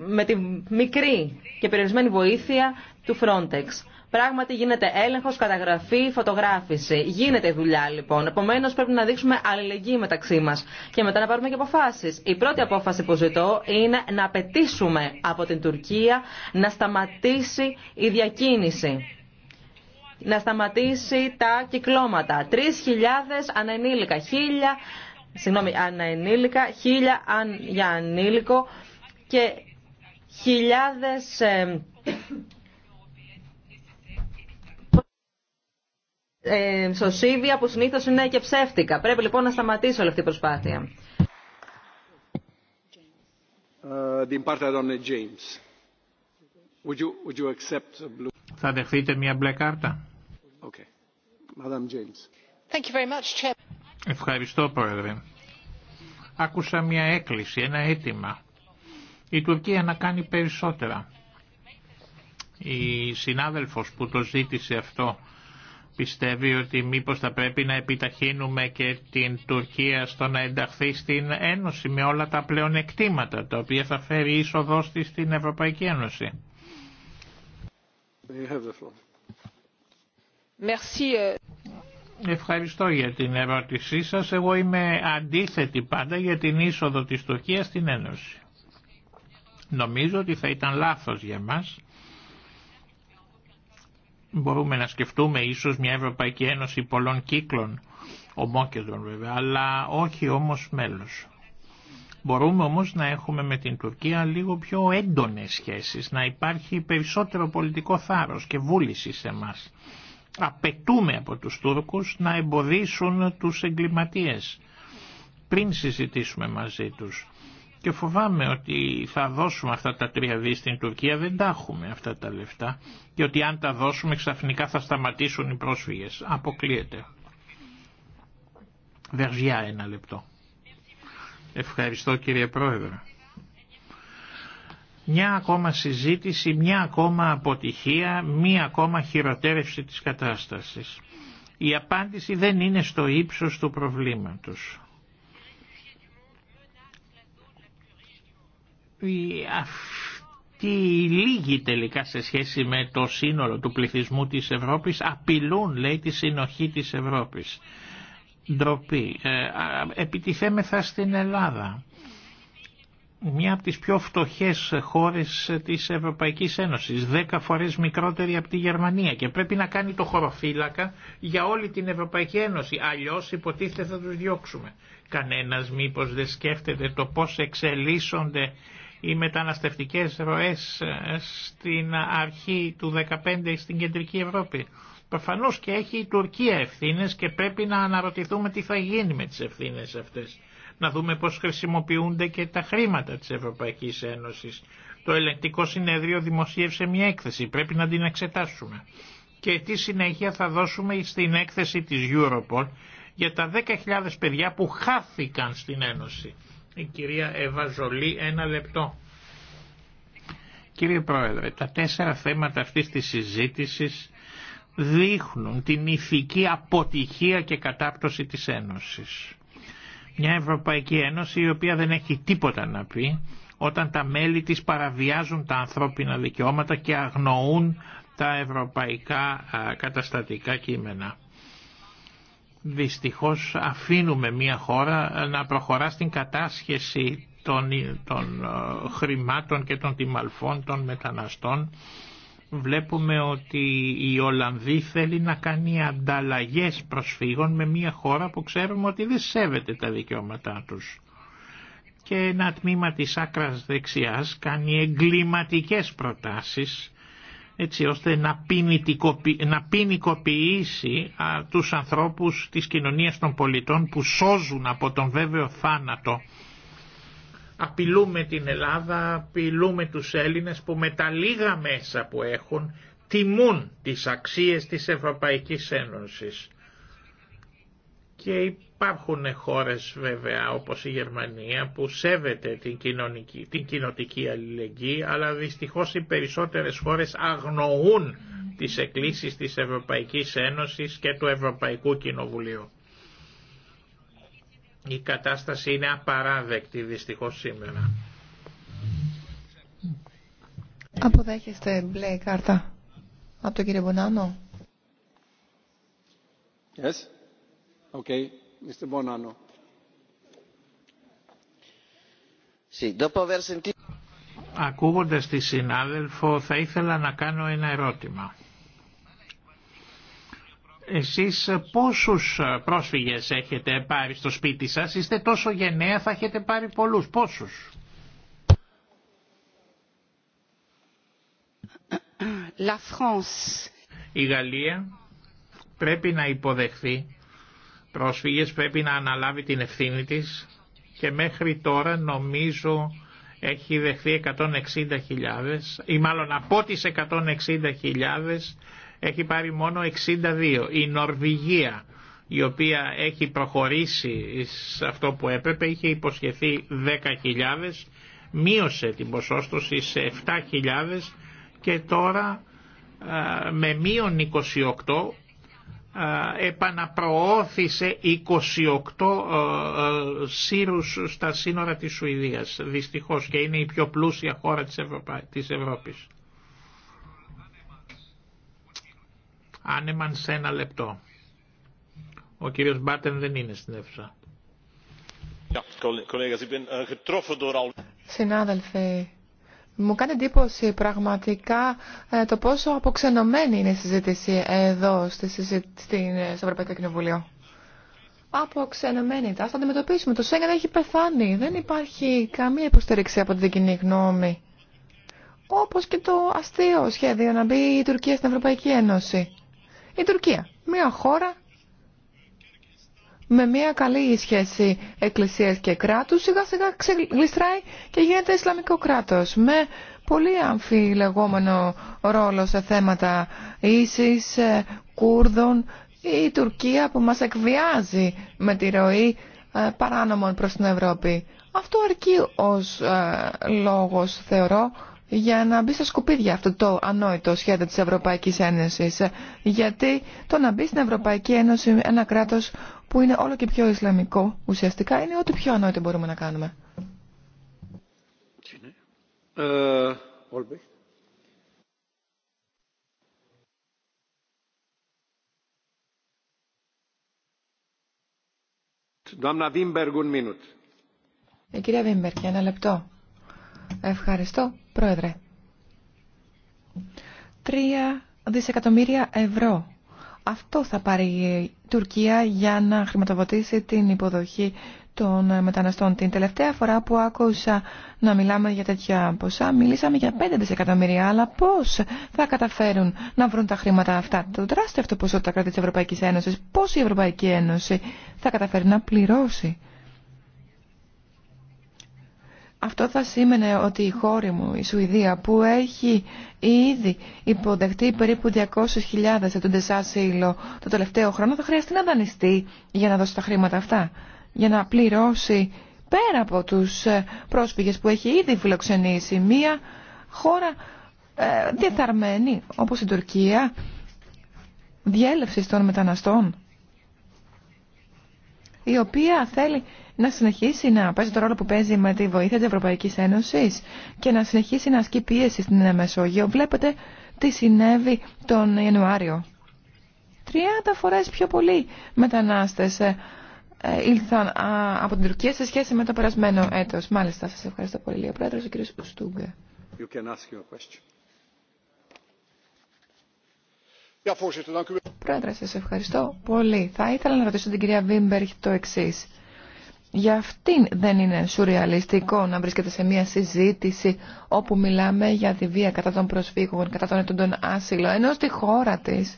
με τη μικρή και περιορισμένη βοήθεια του Frontex. Πράγματι γίνεται έλεγχος, καταγραφή, φωτογράφηση. Γίνεται δουλειά λοιπόν. Επομένως πρέπει να δείξουμε αλληλεγγύη μεταξύ μας και μετά να πάρουμε και αποφάσεις. Η πρώτη απόφαση που ζητώ είναι να απαιτήσουμε από την Τουρκία να σταματήσει η διακίνηση να σταματήσει τα κυκλώματα. 3.000 ανενήλικα, χίλια συγγνώμη, αναενήλικα, χίλια αν, για ανήλικο και χιλιάδες ε, ε, σωσίβια που συνήθως είναι και ψεύτικα. Πρέπει λοιπόν να σταματήσει όλη αυτή η προσπάθεια. Ε, ναι, Θα δεχθείτε μια μπλε κάρτα. Okay. Madam James. Thank you very much, Ευχαριστώ Πρόεδρε. Άκουσα μια έκκληση, ένα αίτημα. Η Τουρκία να κάνει περισσότερα. Η συνάδελφος που το ζήτησε αυτό πιστεύει ότι μήπως θα πρέπει να επιταχύνουμε και την Τουρκία στο να ενταχθεί στην Ένωση με όλα τα πλεονεκτήματα τα οποία θα φέρει είσοδο της στην Ευρωπαϊκή Ένωση. Ευχαριστώ για την ερώτησή σας. Εγώ είμαι αντίθετη πάντα για την είσοδο της Τουρκίας στην Ένωση. Νομίζω ότι θα ήταν λάθος για μας. Μπορούμε να σκεφτούμε ίσως μια Ευρωπαϊκή Ένωση πολλών κύκλων, ομόκεντρων βέβαια, αλλά όχι όμως μέλος. Μπορούμε όμως να έχουμε με την Τουρκία λίγο πιο έντονες σχέσεις, να υπάρχει περισσότερο πολιτικό θάρρος και βούληση σε μας απαιτούμε από τους Τούρκους να εμποδίσουν τους εγκληματίες πριν συζητήσουμε μαζί τους. Και φοβάμαι ότι θα δώσουμε αυτά τα τρία δι στην Τουρκία, δεν τα έχουμε αυτά τα λεφτά και ότι αν τα δώσουμε ξαφνικά θα σταματήσουν οι πρόσφυγες. Αποκλείεται. Βεργιά ένα λεπτό. Ευχαριστώ κύριε Πρόεδρε μια ακόμα συζήτηση, μια ακόμα αποτυχία, μια ακόμα χειροτέρευση της κατάστασης. Η απάντηση δεν είναι στο ύψος του προβλήματος. Αυτή οι λίγοι τελικά σε σχέση με το σύνολο του πληθυσμού της Ευρώπης απειλούν λέει τη συνοχή της Ευρώπης. Ντροπή. Ε, επιτιθέμεθα στην Ελλάδα μια από τις πιο φτωχές χώρες της Ευρωπαϊκής Ένωσης, δέκα φορές μικρότερη από τη Γερμανία και πρέπει να κάνει το χωροφύλακα για όλη την Ευρωπαϊκή Ένωση, αλλιώς υποτίθεται θα τους διώξουμε. Κανένας μήπως δεν σκέφτεται το πώς εξελίσσονται οι μεταναστευτικές ροές ε, στην αρχή του 2015 στην Κεντρική Ευρώπη. Προφανώς και έχει η Τουρκία ευθύνες και πρέπει να αναρωτηθούμε τι θα γίνει με τις ευθύνες αυτές να δούμε πώς χρησιμοποιούνται και τα χρήματα της Ευρωπαϊκής Ένωσης. Το ελεκτικό συνέδριο δημοσίευσε μια έκθεση, πρέπει να την εξετάσουμε. Και τι συνέχεια θα δώσουμε στην έκθεση της Europol για τα 10.000 παιδιά που χάθηκαν στην Ένωση. Η κυρία Εύα ένα λεπτό. Κύριε Πρόεδρε, τα τέσσερα θέματα αυτής της συζήτησης δείχνουν την ηθική αποτυχία και κατάπτωση της Ένωσης. Μια Ευρωπαϊκή Ένωση η οποία δεν έχει τίποτα να πει όταν τα μέλη της παραβιάζουν τα ανθρώπινα δικαιώματα και αγνοούν τα ευρωπαϊκά καταστατικά κείμενα. Δυστυχώς αφήνουμε μια χώρα να προχωρά στην κατάσχεση των, των χρημάτων και των τιμαλφών των μεταναστών βλέπουμε ότι η Ολλανδή θέλει να κάνει ανταλλαγές προσφύγων με μια χώρα που ξέρουμε ότι δεν σέβεται τα δικαιώματά τους. Και ένα τμήμα της άκρας δεξιάς κάνει εγκληματικές προτάσεις έτσι ώστε να, να ποινικοποιήσει α, τους ανθρώπους της κοινωνίας των πολιτών που σώζουν από τον βέβαιο θάνατο απειλούμε την Ελλάδα, απειλούμε τους Έλληνες που με τα λίγα μέσα που έχουν τιμούν τις αξίες της Ευρωπαϊκής Ένωσης. Και υπάρχουν χώρες βέβαια όπως η Γερμανία που σέβεται την, κοινωνική, την κοινοτική αλληλεγγύη αλλά δυστυχώς οι περισσότερες χώρες αγνοούν τις εκκλήσεις της Ευρωπαϊκής Ένωσης και του Ευρωπαϊκού Κοινοβουλίου. Η κατάσταση είναι απαράδεκτη δυστυχώς σήμερα. Αποδέχεστε μπλε κάρτα από τον κύριο Μπονάνο. Yes. Okay. Mr. Bonanno. Ακούγοντας τη συνάδελφο θα ήθελα να κάνω ένα ερώτημα. Εσείς πόσους πρόσφυγες έχετε πάρει στο σπίτι σας, είστε τόσο γενναία θα έχετε πάρει πολλούς, πόσους. Η Γαλλία πρέπει να υποδεχθεί πρόσφυγες, πρέπει να αναλάβει την ευθύνη της και μέχρι τώρα νομίζω έχει δεχθεί 160.000 ή μάλλον από τις 160.000 έχει πάρει μόνο 62. Η Νορβηγία η οποία έχει προχωρήσει σε αυτό που έπρεπε είχε υποσχεθεί 10.000 μείωσε την ποσόστοση σε 7.000 και τώρα με μείον 28 επαναπροώθησε 28 σύρους στα σύνορα της Σουηδίας δυστυχώς και είναι η πιο πλούσια χώρα της Ευρώπης. Άνεμαν σε ένα λεπτό. Ο κύριος Μπάτεν δεν είναι στην αίθουσα. Ε, Συνάδελφοι, μου κάνει εντύπωση πραγματικά ε, το πόσο αποξενωμένη είναι η συζήτηση εδώ στη συζήτηση, ε, στο Ευρωπαϊκό Κοινοβουλίο. Αποξενωμένη, θα τα αντιμετωπίσουμε. Το Σέγγεν έχει πεθάνει. Δεν υπάρχει καμία υποστήριξη από την κοινή γνώμη. Όπως και το αστείο σχέδιο να μπει η Τουρκία στην Ευρωπαϊκή Ένωση η Τουρκία. Μια χώρα με μια καλή σχέση εκκλησίας και κράτους σιγά σιγά ξεγλιστράει και γίνεται Ισλαμικό κράτος με πολύ αμφιλεγόμενο ρόλο σε θέματα ίσης, ε, Κούρδων η Τουρκία που μας εκβιάζει με τη ροή ε, παράνομων προς την Ευρώπη. Αυτό αρκεί ως ε, λόγος θεωρώ για να μπει στα σκουπίδια αυτό το ανόητο σχέδιο της Ευρωπαϊκής Ένωσης. Γιατί το να μπει στην Ευρωπαϊκή Ένωση ένα κράτος που είναι όλο και πιο Ισλαμικό ουσιαστικά είναι ό,τι πιο ανόητο μπορούμε να κάνουμε. Ε, ε, κυρία Βίμπερ, ένα λεπτό. Ευχαριστώ, Πρόεδρε. Τρία δισεκατομμύρια ευρώ. Αυτό θα πάρει η Τουρκία για να χρηματοδοτήσει την υποδοχή των μεταναστών. Την τελευταία φορά που άκουσα να μιλάμε για τέτοια ποσά, μιλήσαμε για 5 δισεκατομμύρια. Αλλά πώ θα καταφέρουν να βρουν τα χρήματα αυτά, το τεράστιο αυτό ποσό τα κράτη τη Ευρωπαϊκή Ένωση, πώ η Ευρωπαϊκή Ένωση θα καταφέρει να πληρώσει αυτό θα σήμαινε ότι η χώρα μου, η Σουηδία, που έχει ήδη υποδεχτεί περίπου 200.000 από άσυλο το τελευταίο χρόνο, θα χρειαστεί να δανειστεί για να δώσει τα χρήματα αυτά, για να πληρώσει πέρα από τους ε, πρόσφυγες που έχει ήδη φιλοξενήσει μία χώρα ε, όπως η Τουρκία, διέλευση των μεταναστών, η οποία θέλει να συνεχίσει να παίζει το ρόλο που παίζει με τη βοήθεια της Ευρωπαϊκής Ένωσης και να συνεχίσει να ασκεί πίεση στην Μεσόγειο. Βλέπετε τι συνέβη τον Ιανουάριο. 30 φορές πιο πολλοί μετανάστες ε, ε, ήλθαν από την Τουρκία σε σχέση με το περασμένο έτος. Μάλιστα, σας ευχαριστώ πολύ. Ο πρόεδρος, ο κ. Στούγκε. Πρόεδρε, σας ευχαριστώ πολύ. Θα ήθελα να ρωτήσω την κυρία Βίμπεργκ το εξής. Για αυτήν δεν είναι σουρεαλιστικό να βρίσκεται σε μια συζήτηση όπου μιλάμε για τη βία κατά των προσφύγων, κατά των των άσυλων. ενώ στη χώρα της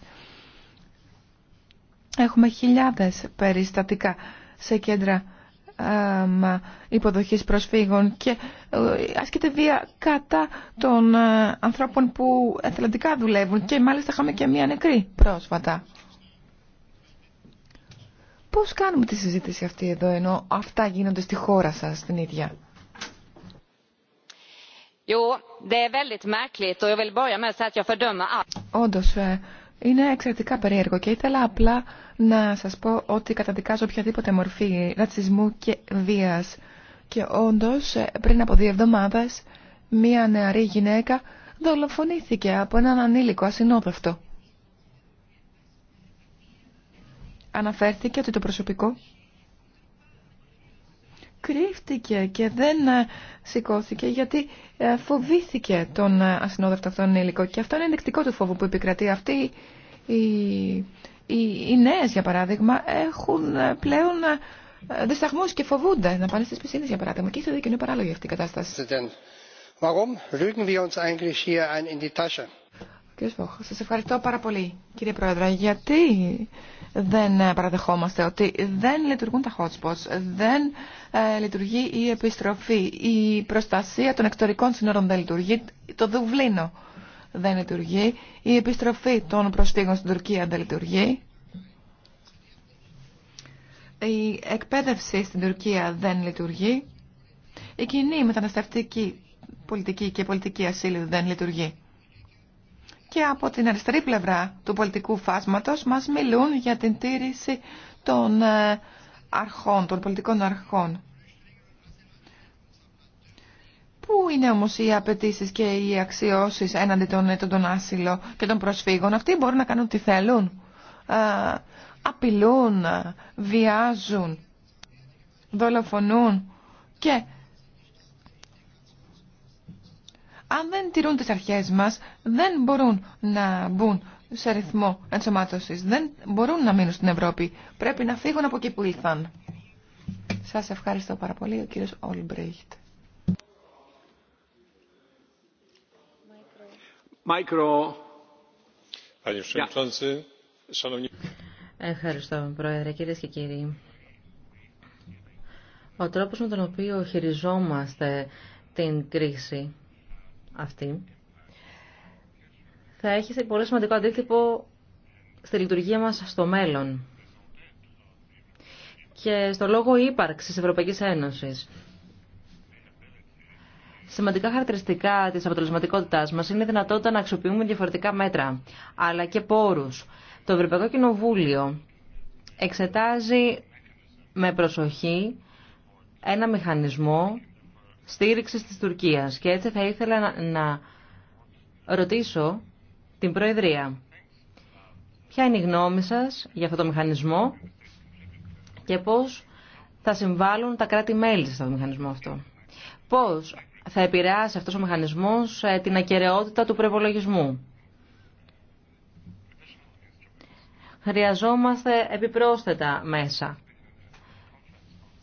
έχουμε χιλιάδες περιστατικά σε κέντρα υποδοχής προσφύγων και ε, ασκείται βία κατά των ε, ανθρώπων που εθελοντικά δουλεύουν και μάλιστα είχαμε και μία νεκρή πρόσφατα. Πώς κάνουμε τη συζήτηση αυτή εδώ, ενώ αυτά γίνονται στη χώρα σας, την ίδια. Όντως, είναι εξαιρετικά περίεργο και ήθελα απλά να σας πω ότι καταδικάζω οποιαδήποτε μορφή ρατσισμού και βίας. Και όντως, ε, πριν από δύο εβδομάδες, μία νεαρή γυναίκα δολοφονήθηκε από έναν ανήλικο ασυνόδευτο. αναφέρθηκε ότι το προσωπικό κρύφτηκε και δεν ε, σηκώθηκε γιατί ε, φοβήθηκε τον ε, ασυνόδευτο αυτόν υλικό. Και αυτό είναι ενδεικτικό του φόβου που επικρατεί. Αυτοί οι, οι, νέες, για παράδειγμα, έχουν πλέον δισταγμού και φοβούνται να πάνε στις πισίνες, για παράδειγμα. Και είστε δίκαιο, είναι παράλογη αυτή η κατάσταση. Κύριε Σπόχ, σας ευχαριστώ πάρα πολύ, κύριε Πρόεδρε. Γιατί δεν ε, παραδεχόμαστε ότι δεν λειτουργούν τα hot δεν ε, λειτουργεί η επιστροφή, η προστασία των εκτορικών σύνορων δεν λειτουργεί, το Δουβλίνο δεν λειτουργεί, η επιστροφή των προστίγων στην Τουρκία δεν λειτουργεί, η εκπαίδευση στην Τουρκία δεν λειτουργεί, η κοινή μεταναστευτική πολιτική και πολιτική ασύλου δεν λειτουργεί και από την αριστερή πλευρά του πολιτικού φάσματος μας μιλούν για την τήρηση των ε, αρχών, των πολιτικών αρχών. Πού είναι όμως οι απαιτήσει και οι αξιώσεις έναντι των έτων των άσυλων και των προσφύγων. Αυτοί μπορούν να κάνουν τι θέλουν. Ε, απειλούν, βιάζουν, δολοφονούν και αν δεν τηρούν τις αρχές μας, δεν μπορούν να μπουν σε ρυθμό ενσωμάτωσης. Δεν μπορούν να μείνουν στην Ευρώπη. Πρέπει να φύγουν από εκεί που ήλθαν. Σας ευχαριστώ πάρα πολύ, ο κύριος Όλμπριχτ. Ευχαριστώ, Πρόεδρε, κύριε και κύριοι. Ο τρόπος με τον οποίο χειριζόμαστε την κρίση αυτή θα έχει πολύ σημαντικό αντίκτυπο στη λειτουργία μας στο μέλλον και στο λόγο ύπαρξης της Ευρωπαϊκής Ένωσης. Σημαντικά χαρακτηριστικά της αποτελεσματικότητάς μας είναι η δυνατότητα να αξιοποιούμε διαφορετικά μέτρα, αλλά και πόρους. Το Ευρωπαϊκό Κοινοβούλιο εξετάζει με προσοχή ένα μηχανισμό στήριξης της Τουρκίας. Και έτσι θα ήθελα να ρωτήσω την Προεδρία. Ποια είναι η γνώμη σας για αυτό το μηχανισμό και πώς θα συμβάλλουν τα κράτη-μέλη σε αυτό το μηχανισμό αυτό. Πώς θα επηρεάσει αυτός ο μηχανισμός ε, την ακαιρεότητα του προπολογισμού. Χρειαζόμαστε επιπρόσθετα μέσα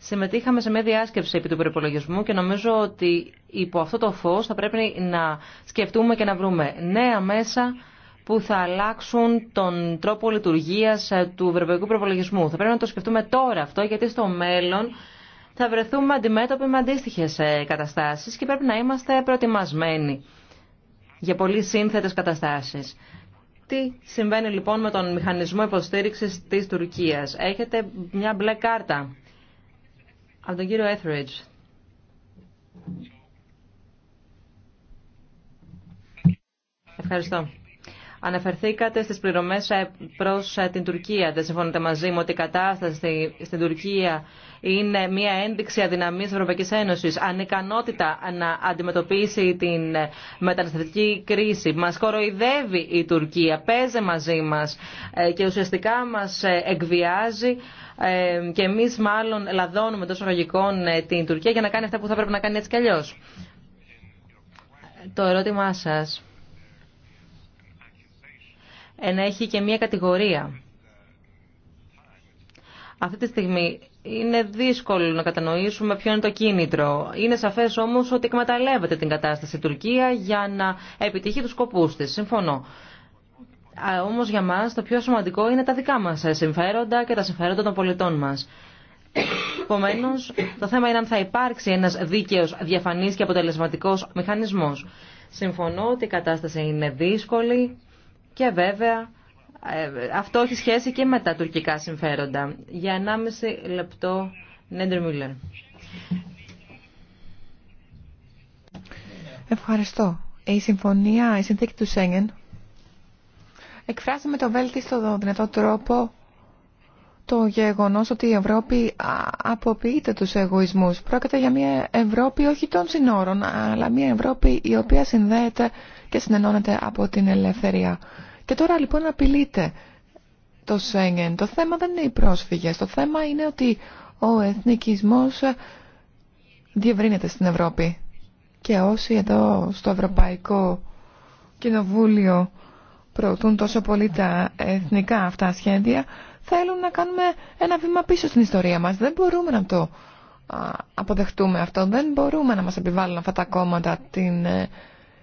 συμμετείχαμε σε μια διάσκεψη επί του προπολογισμού και νομίζω ότι υπό αυτό το φω θα πρέπει να σκεφτούμε και να βρούμε νέα μέσα που θα αλλάξουν τον τρόπο λειτουργία ε, του ευρωπαϊκού προπολογισμού. Θα πρέπει να το σκεφτούμε τώρα αυτό γιατί στο μέλλον θα βρεθούμε αντιμέτωποι με αντίστοιχε καταστάσει και πρέπει να είμαστε προετοιμασμένοι για πολύ σύνθετε καταστάσει. Τι συμβαίνει λοιπόν με τον μηχανισμό υποστήριξη τη Τουρκία, Έχετε μια μπλε κάρτα από τον κύριο Έθριτζ. Ευχαριστώ. Αναφερθήκατε στις πληρωμές ε, προς ε, την Τουρκία. Δεν συμφωνείτε μαζί μου ότι η κατάσταση στην Τουρκία είναι μια ένδειξη αδυναμίας της Ευρωπαϊκής Ένωσης, ανικανότητα να αντιμετωπίσει την ε, μεταναστευτική κρίση. Μας κοροϊδεύει η Τουρκία, παίζει μαζί μας και ουσιαστικά μας εκβιάζει και εμεί μάλλον λαδώνουμε τόσο ρογικών ε, την Τουρκία για να κάνει αυτά που θα πρέπει να κάνει έτσι κι αλλιώ. Το ερώτημά σας έχει και μία κατηγορία. Αυτή τη στιγμή είναι δύσκολο να κατανοήσουμε ποιο είναι το κίνητρο. Είναι σαφές όμως ότι εκμεταλλεύεται την κατάσταση η Τουρκία για να επιτύχει τους σκοπούς της. Συμφωνώ. Όμως για μα το πιο σημαντικό είναι τα δικά μας ε, συμφέροντα και τα συμφέροντα των πολιτών μας. Επομένω, το θέμα είναι αν θα υπάρξει ένα δίκαιο, διαφανή και αποτελεσματικό μηχανισμό. Συμφωνώ ότι η κατάσταση είναι δύσκολη και βέβαια ε, αυτό έχει σχέση και με τα τουρκικά συμφέροντα. Για 1,5 λεπτό, Νέντρ Μίλλερ. Ευχαριστώ. Η συμφωνία, η συνθήκη του Σέγγεν Εκφράζουμε το βέλτιστο δυνατό τρόπο το γεγονός ότι η Ευρώπη αποποιείται τους εγωισμούς. Πρόκειται για μια Ευρώπη όχι των συνόρων, αλλά μια Ευρώπη η οποία συνδέεται και συνενώνεται από την ελευθερία. Και τώρα λοιπόν απειλείται το Σέγγεν. Το θέμα δεν είναι οι πρόσφυγες. Το θέμα είναι ότι ο εθνικισμός διευρύνεται στην Ευρώπη. Και όσοι εδώ στο Ευρωπαϊκό Κοινοβούλιο προωθούν τόσο πολύ τα εθνικά αυτά σχέδια, θέλουν να κάνουμε ένα βήμα πίσω στην ιστορία μας. Δεν μπορούμε να το αποδεχτούμε αυτό. Δεν μπορούμε να μας επιβάλλουν αυτά τα κόμματα την ε,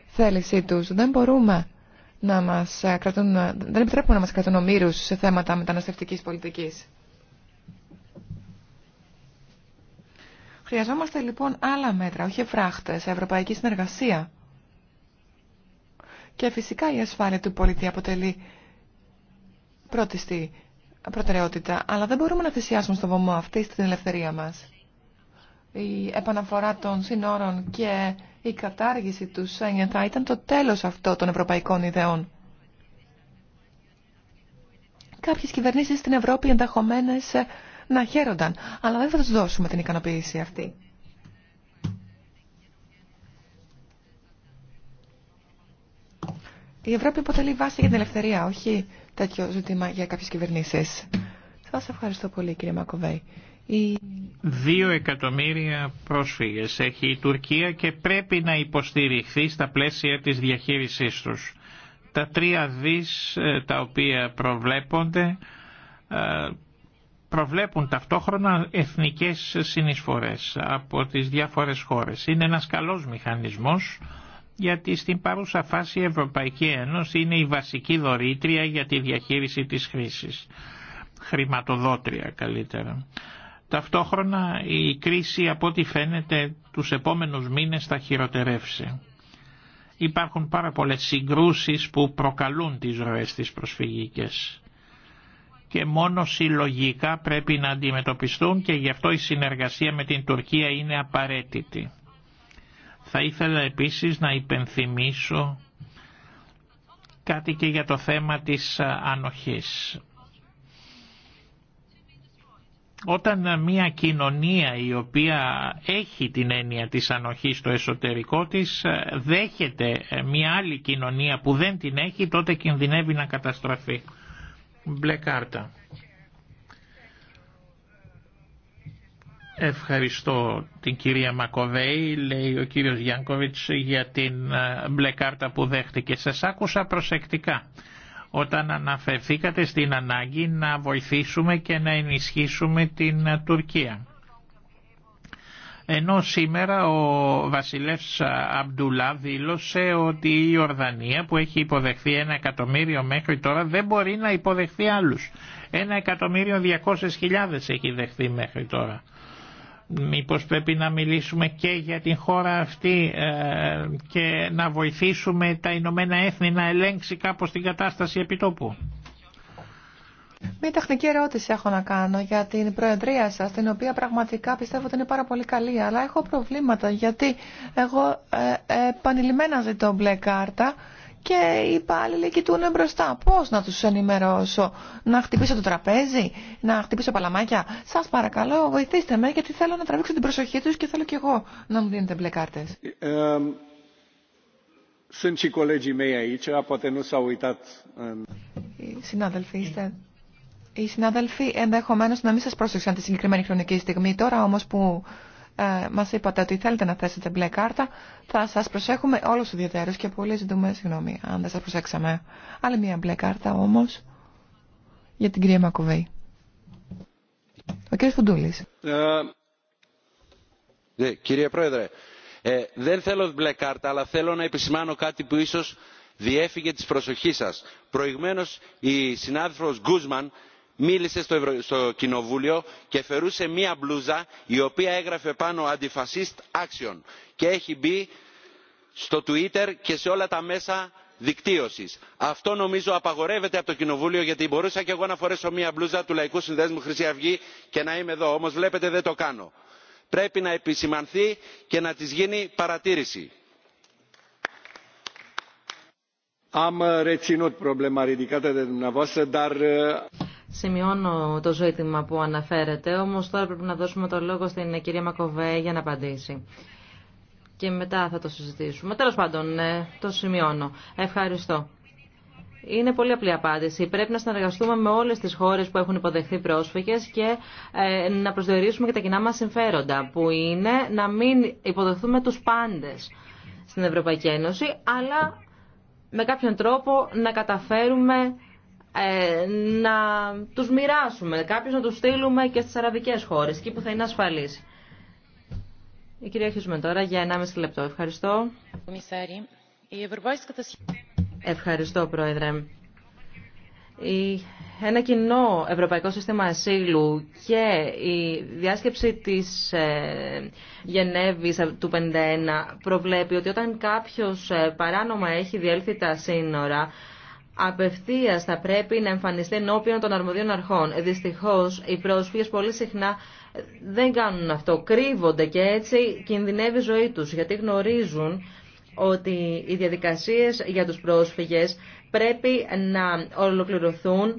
θέλησή τους. Δεν μπορούμε να μας ε, κρατούν, ε, δεν επιτρέπουμε να μας κρατούν ομήρους σε θέματα μεταναστευτικής πολιτικής. Χρειαζόμαστε λοιπόν άλλα μέτρα, όχι φράχτες, ευρωπαϊκή συνεργασία. Και φυσικά η ασφάλεια του πολίτη αποτελεί πρώτη προτεραιότητα, αλλά δεν μπορούμε να θυσιάσουμε στο βωμό αυτή στην ελευθερία μας. Η επαναφορά των συνόρων και η κατάργηση του Σένιεν θα ήταν το τέλος αυτό των ευρωπαϊκών ιδεών. Κάποιες κυβερνήσεις στην Ευρώπη ενδεχομένω να χαίρονταν, αλλά δεν θα τους δώσουμε την ικανοποίηση αυτή. Η Ευρώπη αποτελεί βάση για την ελευθερία, όχι τέτοιο ζήτημα για κάποιε κυβερνήσεις. Σας ευχαριστώ πολύ κύριε Μακοβέη. Δύο εκατομμύρια πρόσφυγες έχει η Τουρκία και πρέπει να υποστηριχθεί στα πλαίσια της διαχείρισής τους. Τα τρία δις ε, τα οποία προβλέπονται ε, προβλέπουν ταυτόχρονα εθνικές συνεισφορές από τις διάφορες χώρες. Είναι ένας καλός μηχανισμός γιατί στην παρούσα φάση η Ευρωπαϊκή Ένωση είναι η βασική δωρήτρια για τη διαχείριση της χρήσης. Χρηματοδότρια καλύτερα. Ταυτόχρονα η κρίση από ό,τι φαίνεται τους επόμενους μήνες θα χειροτερεύσει. Υπάρχουν πάρα πολλές συγκρούσεις που προκαλούν τις ροές της προσφυγικές και μόνο συλλογικά πρέπει να αντιμετωπιστούν και γι' αυτό η συνεργασία με την Τουρκία είναι απαραίτητη. Θα ήθελα επίσης να υπενθυμίσω κάτι και για το θέμα της ε, ανοχής. Όταν ε, μια κοινωνία η οποία έχει την έννοια της ανοχής στο εσωτερικό της ε, δέχεται μια άλλη κοινωνία που δεν την έχει τότε κινδυνεύει να καταστραφεί. Μπλε κάρτα. Ευχαριστώ την κυρία Μακοβέη, λέει ο κύριος Γιάνκοβιτς για την ε, μπλε κάρτα που δέχτηκε. Σας άκουσα προσεκτικά όταν αναφερθήκατε στην ανάγκη να βοηθήσουμε και να ενισχύσουμε την ε, Τουρκία. Ενώ σήμερα ο βασιλεύς ε, Αμπτουλά δήλωσε ότι η Ιορδανία που έχει υποδεχθεί ένα εκατομμύριο μέχρι τώρα δεν μπορεί να υποδεχθεί άλλους. Ένα εκατομμύριο διακόσες χιλιάδες έχει δεχθεί μέχρι τώρα. Μήπως πρέπει να μιλήσουμε και για την χώρα αυτή ε, και να βοηθήσουμε τα Ηνωμένα Έθνη να ελέγξει κάπως την κατάσταση επί τόπου. Μία τεχνική ερώτηση έχω να κάνω για την Προεδρία σας, την οποία πραγματικά πιστεύω ότι είναι πάρα πολύ καλή, αλλά έχω προβλήματα γιατί εγώ ε, επανειλημμένα ζητώ μπλε κάρτα και οι υπάλληλοι κοιτούν μπροστά. Πώ να του ενημερώσω, να χτυπήσω το τραπέζι, να χτυπήσω παλαμάκια. Σα παρακαλώ, βοηθήστε με, γιατί θέλω να τραβήξω την προσοχή του και θέλω κι εγώ να μου δίνετε μπλε κάρτε. Ε, ε, συνάδελφοι, είστε. Οι συνάδελφοι ενδεχομένω να μην σα πρόσεξαν τη συγκεκριμένη χρονική στιγμή. Τώρα όμω που ε, μας είπατε ότι θέλετε να θέσετε μπλε κάρτα, θα σας προσέχουμε όλους ιδιαίτερους και πολύ ζητούμε συγγνώμη αν δεν σας προσέξαμε. Άλλη μια μπλε κάρτα όμως για την κυρία Μακοβέη. Ο κύριος Φουντούλης. Ε, ε κύριε Πρόεδρε, ε, δεν θέλω μπλε κάρτα, αλλά θέλω να επισημάνω κάτι που ίσως διέφυγε της προσοχής σας. Προηγμένως η συνάδελφος Γκούσμαν μίλησε στο κοινοβούλιο και φερούσε μία μπλούζα η οποία έγραφε πάνω antifascist action και έχει μπει στο twitter και σε όλα τα μέσα δικτύωσης. αυτό νομίζω απαγορεύεται από το κοινοβούλιο γιατί μπορούσα και εγώ να φορέσω μία μπλούζα του λαϊκού συνδέσμου χρυσή αυγή και να είμαι εδώ όμως βλέπετε δεν το κάνω. πρέπει να επισημανθεί και να της γίνει παρατήρηση. Ε, Σημειώνω το ζήτημα που αναφέρεται, όμως τώρα πρέπει να δώσουμε το λόγο στην κυρία Μακοβέ για να απαντήσει. Και μετά θα το συζητήσουμε. Τέλος πάντων, ε, το σημειώνω. Ευχαριστώ. Είναι πολύ απλή απάντηση. Πρέπει να συνεργαστούμε με όλες τις χώρες που έχουν υποδεχθεί πρόσφυγες και ε, να προσδιορίσουμε και τα κοινά μας συμφέροντα, που είναι να μην υποδεχθούμε τους πάντες στην Ευρωπαϊκή Ένωση, αλλά με κάποιον τρόπο να καταφέρουμε ε, να τους μοιράσουμε, κάποιους να τους στείλουμε και στις αραβικές χώρες, εκεί που θα είναι ασφαλής Η κυρία Χιούσμε τώρα για 1,5 λεπτό. Ευχαριστώ. Ευχαριστώ, Πρόεδρε. Ένα κοινό ευρωπαϊκό σύστημα ασύλου και η διάσκεψη της ε, Γενέβης του 51 προβλέπει ότι όταν κάποιος ε, παράνομα έχει διέλθει τα σύνορα, απευθεία θα πρέπει να εμφανιστεί ενώπιον των αρμοδίων αρχών. Ε, Δυστυχώ, οι πρόσφυγε πολύ συχνά ε, δεν κάνουν αυτό. Κρύβονται και έτσι κινδυνεύει η ζωή του, γιατί γνωρίζουν ότι οι διαδικασίε για τους πρόσφυγε πρέπει να ολοκληρωθούν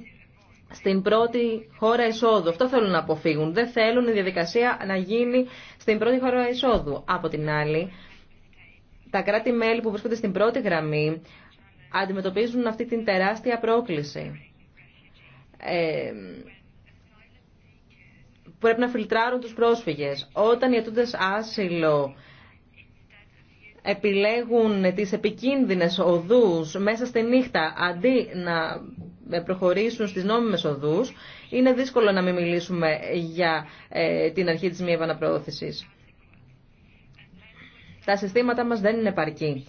στην πρώτη χώρα εισόδου. Αυτό θέλουν να αποφύγουν. Δεν θέλουν η διαδικασία να γίνει στην πρώτη χώρα εισόδου. Από την άλλη, τα κράτη-μέλη που βρίσκονται στην πρώτη γραμμή αντιμετωπίζουν αυτή την τεράστια πρόκληση. Ε, πρέπει να φιλτράρουν τους πρόσφυγες. Όταν οι αιτούντες άσυλο επιλέγουν τις επικίνδυνες οδούς μέσα στη νύχτα αντί να προχωρήσουν στις νόμιμες οδούς, είναι δύσκολο να μην μιλήσουμε για ε, την αρχή της μη επαναπρόθεσης. Τα συστήματα μας δεν είναι παρκή.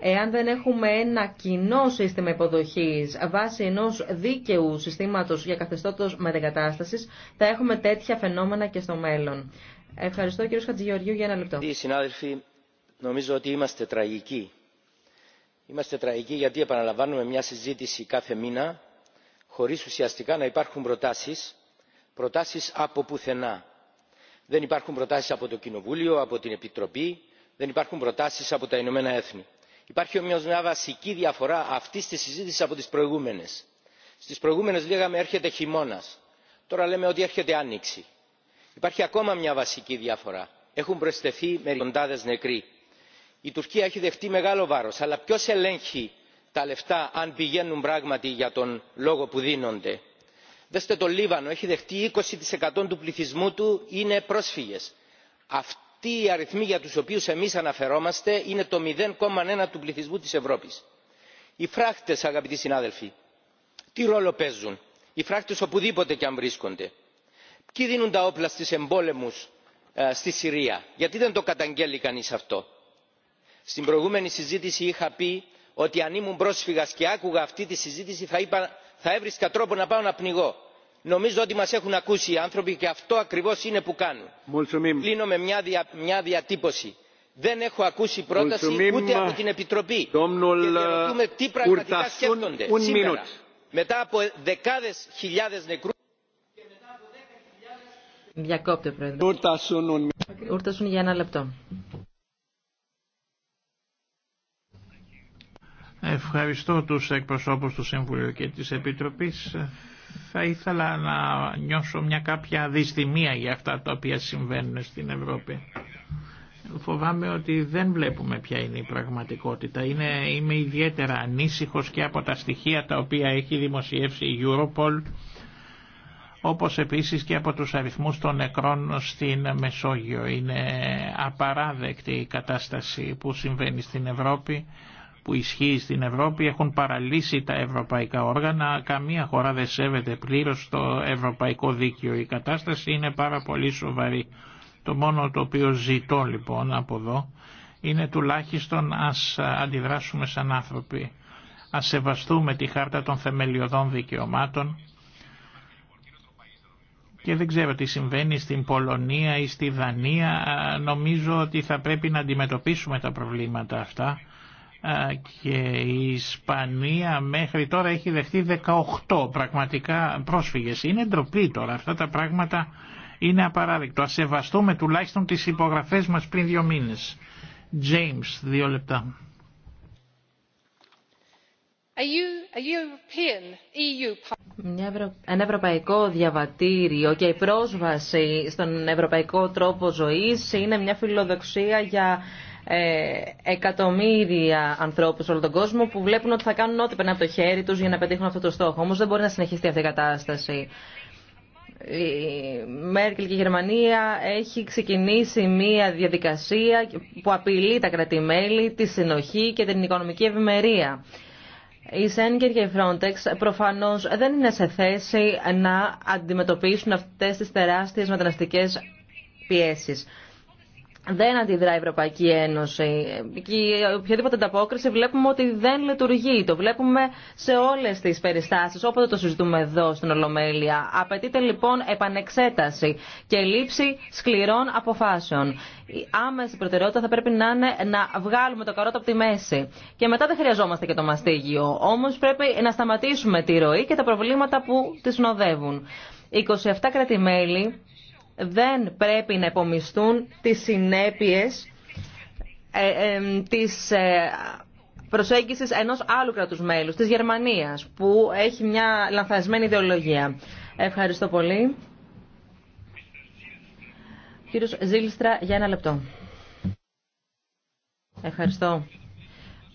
Εάν δεν έχουμε ένα κοινό σύστημα υποδοχής βάσει ενός δίκαιου συστήματος για καθεστώτος μετεγκατάστασης, θα έχουμε τέτοια φαινόμενα και στο μέλλον. Ευχαριστώ κύριο Χατζηγεωργίου για ένα λεπτό. Οι συνάδελφοι, νομίζω ότι είμαστε τραγικοί. Είμαστε τραγικοί γιατί επαναλαμβάνουμε μια συζήτηση κάθε μήνα χωρίς ουσιαστικά να υπάρχουν προτάσεις, προτάσεις από πουθενά. Δεν υπάρχουν προτάσεις από το Κοινοβούλιο, από την Επιτροπή, δεν υπάρχουν προτάσει από τα Ηνωμένα Έθνη. Υπάρχει όμω μια βασική διαφορά αυτή τη συζήτηση από τι προηγούμενε. Στι προηγούμενε λέγαμε έρχεται χειμώνα. Τώρα λέμε ότι έρχεται άνοιξη. Υπάρχει ακόμα μια βασική διαφορά. Έχουν προσθεθεί μερικοντάδε νεκροί. Η Τουρκία έχει δεχτεί μεγάλο βάρο, αλλά ποιο ελέγχει τα λεφτά αν πηγαίνουν πράγματι για τον λόγο που δίνονται. Δέστε το Λίβανο, έχει δεχτεί 20% του πληθυσμού του είναι πρόσφυγε αυτοί οι αριθμοί για τους οποίους εμείς αναφερόμαστε είναι το 0,1 του πληθυσμού της Ευρώπης. Οι φράχτες, αγαπητοί συνάδελφοι, τι ρόλο παίζουν. Οι φράχτες οπουδήποτε και αν βρίσκονται. Ποιοι δίνουν τα όπλα στις εμπόλεμους ε, στη Συρία. Γιατί δεν το καταγγέλει κανείς αυτό. Στην προηγούμενη συζήτηση είχα πει ότι αν ήμουν πρόσφυγας και άκουγα αυτή τη συζήτηση θα έβρισκα τρόπο να πάω να πνιγώ νομίζω ότι μας έχουν ακούσει οι άνθρωποι και αυτό ακριβώς είναι που κάνουν. κλείνω με μια, διατύπωση δεν έχω ακούσει πρόταση ούτε από την επιτροπή και διαρωτούμε τι πραγματικά σκέφτονται σήμερα μετά από δεκάδες χιλιάδες νεκρούς και μετά από δέκα χιλιάδες... Διακόπτε πρόεδρε. Ούρτασουν για ένα λεπτό. Ευχαριστώ τους εκπροσώπους του Συμβουλίου και της Επιτροπής θα ήθελα να νιώσω μια κάποια δυστημία για αυτά τα οποία συμβαίνουν στην Ευρώπη. Φοβάμαι ότι δεν βλέπουμε ποια είναι η πραγματικότητα. Είναι, είμαι ιδιαίτερα ανήσυχος και από τα στοιχεία τα οποία έχει δημοσιεύσει η Europol όπως επίσης και από τους αριθμούς των νεκρών στην Μεσόγειο. Είναι απαράδεκτη η κατάσταση που συμβαίνει στην Ευρώπη που ισχύει στην Ευρώπη έχουν παραλύσει τα ευρωπαϊκά όργανα. Καμία χώρα δεν σέβεται πλήρως το ευρωπαϊκό δίκαιο. Η κατάσταση είναι πάρα πολύ σοβαρή. Το μόνο το οποίο ζητώ λοιπόν από εδώ είναι τουλάχιστον ας αντιδράσουμε σαν άνθρωποι. Ας σεβαστούμε τη χάρτα των θεμελιωδών δικαιωμάτων και δεν ξέρω τι συμβαίνει στην Πολωνία ή στη Δανία. Νομίζω ότι θα πρέπει να αντιμετωπίσουμε τα προβλήματα αυτά και η Ισπανία μέχρι τώρα έχει δεχτεί 18 πραγματικά πρόσφυγες. Είναι ντροπή τώρα αυτά τα πράγματα είναι απαράδεκτο. Ας σεβαστούμε τουλάχιστον τις υπογραφές μας πριν δύο μήνες. James, δύο λεπτά. E ένα ευρωπαϊκό διαβατήριο και η πρόσβαση στον ευρωπαϊκό τρόπο ζωής είναι μια φιλοδοξία για ε, εκατομμύρια ανθρώπου σε όλο τον κόσμο που βλέπουν ότι θα κάνουν ό,τι περνάει από το χέρι του για να πετύχουν αυτό το στόχο. Όμως δεν μπορεί να συνεχιστεί αυτή η κατάσταση. Η Μέρκελ και η Γερμανία έχει ξεκινήσει μία διαδικασία που απειλεί τα κρατημέλη, τη συνοχή και την οικονομική ευημερία. Η Σένγκερ και η Frontex προφανώς δεν είναι σε θέση να αντιμετωπίσουν αυτές τις τεράστιες μεταναστικές πιέσεις δεν αντιδρά η Ευρωπαϊκή Ένωση. Και οποιαδήποτε ανταπόκριση βλέπουμε ότι δεν λειτουργεί. Το βλέπουμε σε όλε τι περιστάσει, όποτε το συζητούμε εδώ στην Ολομέλεια. Απαιτείται λοιπόν επανεξέταση και λήψη σκληρών αποφάσεων. Η άμεση προτεραιότητα θα πρέπει να είναι να βγάλουμε το καρότο από τη μέση. Και μετά δεν χρειαζόμαστε και το μαστίγιο. Όμω πρέπει να σταματήσουμε τη ροή και τα προβλήματα που τη συνοδεύουν. 27 κράτη-μέλη δεν πρέπει να επομιστούν τις συνέπειες ε, ε, της ε, προσέγγισης ενός άλλου κρατούς μέλους, της Γερμανίας, που έχει μια λανθασμένη ιδεολογία. Ευχαριστώ πολύ. Κύριος Ζήλιστρα, για ένα λεπτό. Ευχαριστώ.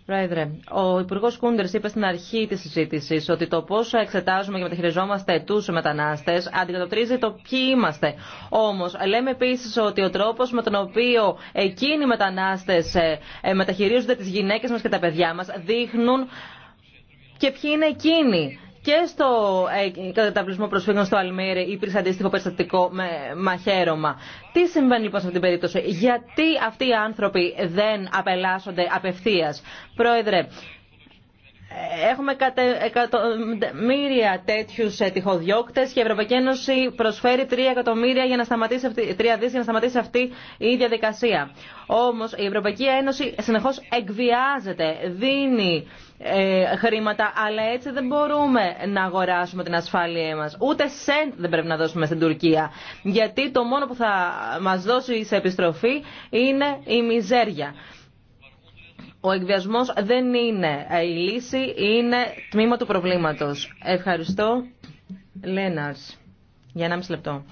Πρόεδρε, ο Υπουργό Κούντερ είπε στην αρχή τη συζήτηση ότι το πόσο εξετάζουμε και μεταχειριζόμαστε του μετανάστε αντικατοπτρίζει το ποιοι είμαστε. Όμω, λέμε επίση ότι ο τρόπο με τον οποίο εκείνοι οι μετανάστε ε, ε, μεταχειρίζονται τι γυναίκε μα και τα παιδιά μα δείχνουν και ποιοι είναι εκείνοι και στο ε, καταπλησμό προσφύγων στο Αλμύρι υπήρξε αντίστοιχο περιστατικό με μαχαίρωμα. Τι συμβαίνει λοιπόν σε αυτή την περίπτωση, γιατί αυτοί οι άνθρωποι δεν απελάσσονται απευθεία. Πρόεδρε, Έχουμε εκατομμύρια τέτοιου ε, τυχοδιώκτε και η Ευρωπαϊκή Ένωση προσφέρει 3 εκατομμύρια για να σταματήσει αυτή, 3 για να σταματήσει αυτή η διαδικασία. Όμω η Ευρωπαϊκή Ένωση συνεχώ εκβιάζεται, δίνει ε, χρήματα, αλλά έτσι δεν μπορούμε να αγοράσουμε την ασφάλειά μας. Ούτε σεντ δεν πρέπει να δώσουμε στην Τουρκία, γιατί το μόνο που θα μας δώσει σε επιστροφή είναι η μιζέρια. Ο εκβιασμό δεν είναι ε, η λύση, είναι τμήμα του προβλήματος. Ευχαριστώ. Λέναρς, για ένα μισή λεπτό.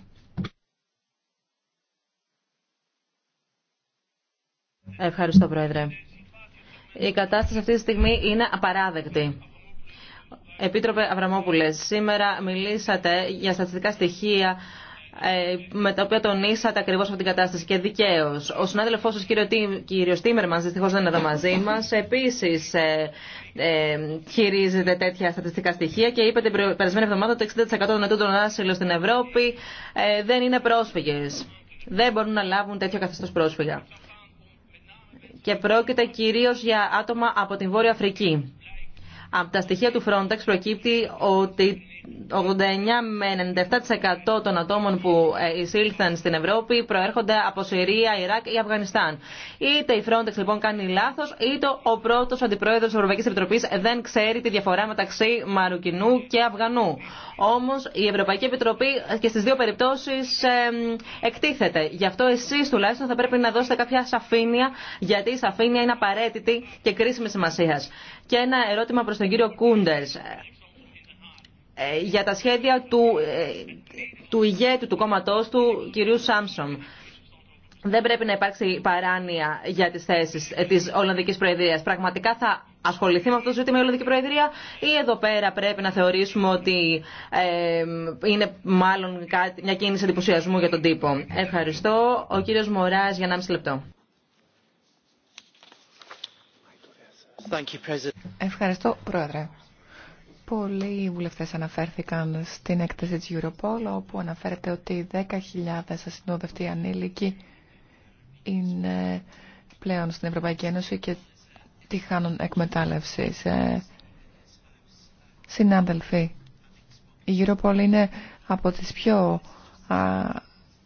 Ευχαριστώ, Πρόεδρε. Η κατάσταση αυτή τη στιγμή είναι απαράδεκτη. Επίτροπε Αβραμόπουλε, σήμερα μιλήσατε για στατιστικά στοιχεία ε, με τα οποία τονίσατε ακριβώ αυτή την κατάσταση και δικαίω. Ο συνάδελφό σα, κύριο Τίμερμαν, δυστυχώ δεν είναι εδώ μαζί μα, επίση ε, ε, χειρίζεται τέτοια στατιστικά στοιχεία και είπε την περασμένη εβδομάδα ότι το 60% των ετούντων άσυλων στην Ευρώπη δεν είναι πρόσφυγε. Δεν μπορούν να λάβουν τέτοιο καθεστώ πρόσφυγα και πρόκειται κυρίως για άτομα από την Βόρεια Αφρική. Από τα στοιχεία του Frontex προκύπτει ότι 89 με 97% των ατόμων που ε, εισήλθαν στην Ευρώπη προέρχονται από Συρία, Ιράκ ή Αφγανιστάν. Είτε η Frontex λοιπόν κάνει λάθο, είτε ο πρώτο αντιπρόεδρο τη Ευρωπαϊκή Επιτροπή δεν ξέρει τη διαφορά μεταξύ Μαρουκινού και Αφγανού. Όμω η Ευρωπαϊκή Επιτροπή ε, και στι δύο περιπτώσει εκτίθεται. Γι' αυτό εσεί τουλάχιστον θα πρέπει να δώσετε κάποια σαφήνεια, γιατί η σαφήνεια είναι απαραίτητη και κρίσιμη σημασία. Και ένα ερώτημα προ τον κύριο Κούντερ. Ε, για τα σχέδια του, ε, του ηγέτου του κόμματός του, κυρίου Σάμσον. Δεν πρέπει να υπάρξει παράνοια για τις θέσεις ε, της Ολλανδικής Προεδρίας. Πραγματικά θα ασχοληθεί με αυτό το ζήτημα η Ολλανδική Προεδρία ή εδώ πέρα πρέπει να θεωρήσουμε ότι ε, είναι μάλλον κάτι, μια κίνηση εντυπωσιασμού για τον τύπο. Ευχαριστώ. Ο κύριος Μωράς για 1,5 λεπτό. Ευχαριστώ, Πρόεδρε. Πολλοί βουλευτές αναφέρθηκαν στην έκθεση της Europol, όπου αναφέρεται ότι 10.000 ασυνόδευτοί ανήλικοι είναι πλέον στην Ευρωπαϊκή Ένωση και τη χάνουν εκμετάλλευση. Συνάδελφοι, η Europol είναι από τις πιο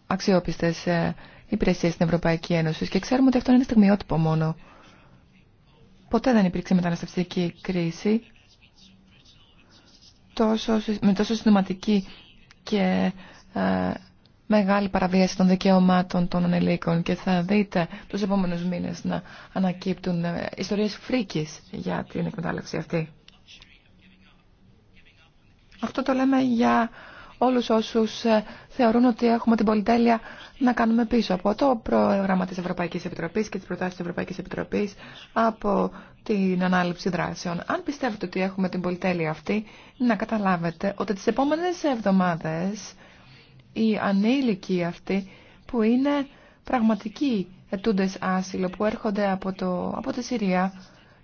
αξιόπιστες ε, υπηρεσίες στην Ευρωπαϊκή Ένωση και ξέρουμε ότι αυτό είναι στιγμιότυπο μόνο. Ποτέ δεν υπήρξε μεταναστευτική κρίση τόσο, με τόσο συστηματική και ε, μεγάλη παραβίαση των δικαιωμάτων των ανελίκων και θα δείτε τους επόμενους μήνες να ανακύπτουν ε, ιστορίες φρίκης για την εκμετάλλευση αυτή. Αυτό το λέμε για όλους όσους ε, θεωρούν ότι έχουμε την πολυτέλεια να κάνουμε πίσω από το πρόγραμμα της Ευρωπαϊκής Επιτροπής και τις προτάσεις της Ευρωπαϊκής Επιτροπής από την ανάληψη δράσεων. Αν πιστεύετε ότι έχουμε την πολυτέλεια αυτή, να καταλάβετε ότι τις επόμενες εβδομάδες οι ανήλικοι αυτοί που είναι πραγματικοί ετούντες άσυλο που έρχονται από, το, από τη Συρία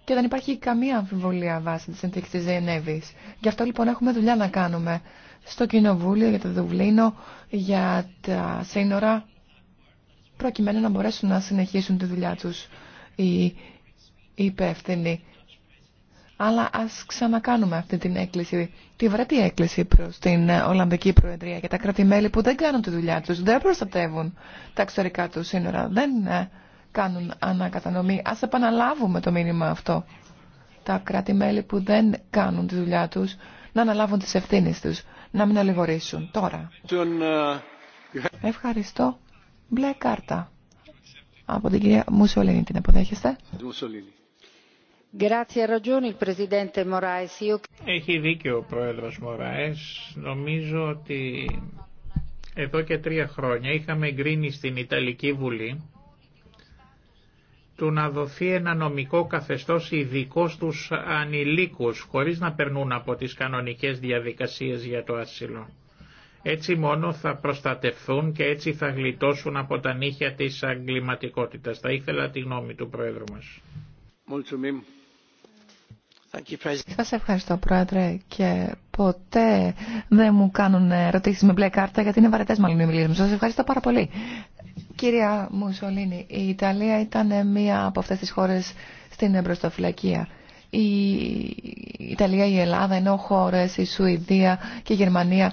και δεν υπάρχει καμία αμφιβολία βάσει της συνθήκης της Ζενέβης. Γι' αυτό λοιπόν έχουμε δουλειά να κάνουμε στο Κοινοβούλιο για το Δουβλίνο, για τα σύνορα, προκειμένου να μπορέσουν να συνεχίσουν τη δουλειά τους οι υπεύθυνοι. Αλλά ας ξανακάνουμε αυτή την έκκληση, τη βρετή έκκληση προς την Ολλανδική Προεδρία για τα κρατη που δεν κάνουν τη δουλειά τους, δεν προστατεύουν τα εξωτερικά του σύνορα, δεν ε, κάνουν ανακατανομή. Ας επαναλάβουμε το μήνυμα αυτό. Τα κράτη-μέλη που δεν κάνουν τη δουλειά τους να αναλάβουν τις ευθύνες τους να μην αλληγορήσουν Τώρα. Ευχαριστώ. Μπλε κάρτα. Από την κυρία Μουσολίνη την αποδέχεστε. Έχει δίκιο ο πρόεδρος Μωράες. Νομίζω ότι εδώ και τρία χρόνια είχαμε εγκρίνει στην Ιταλική Βουλή του να δοθεί ένα νομικό καθεστώς ειδικό στους ανηλίκους, χωρίς να περνούν από τις κανονικές διαδικασίες για το άσυλο. Έτσι μόνο θα προστατευθούν και έτσι θα γλιτώσουν από τα νύχια της αγκληματικότητας. Θα ήθελα τη γνώμη του Πρόεδρου μας. Σας ευχαριστώ Πρόεδρε και ποτέ δεν μου κάνουν ερωτήσεις με μπλε κάρτα γιατί είναι βαρετές μάλλον οι μιλίες μου. Σας ευχαριστώ πάρα πολύ. Κυρία Μουσολίνη, η Ιταλία ήταν μία από αυτές τις χώρες στην εμπροστοφυλακία. Η Ιταλία, η Ελλάδα, ενώ χώρε, η Σουηδία και η Γερμανία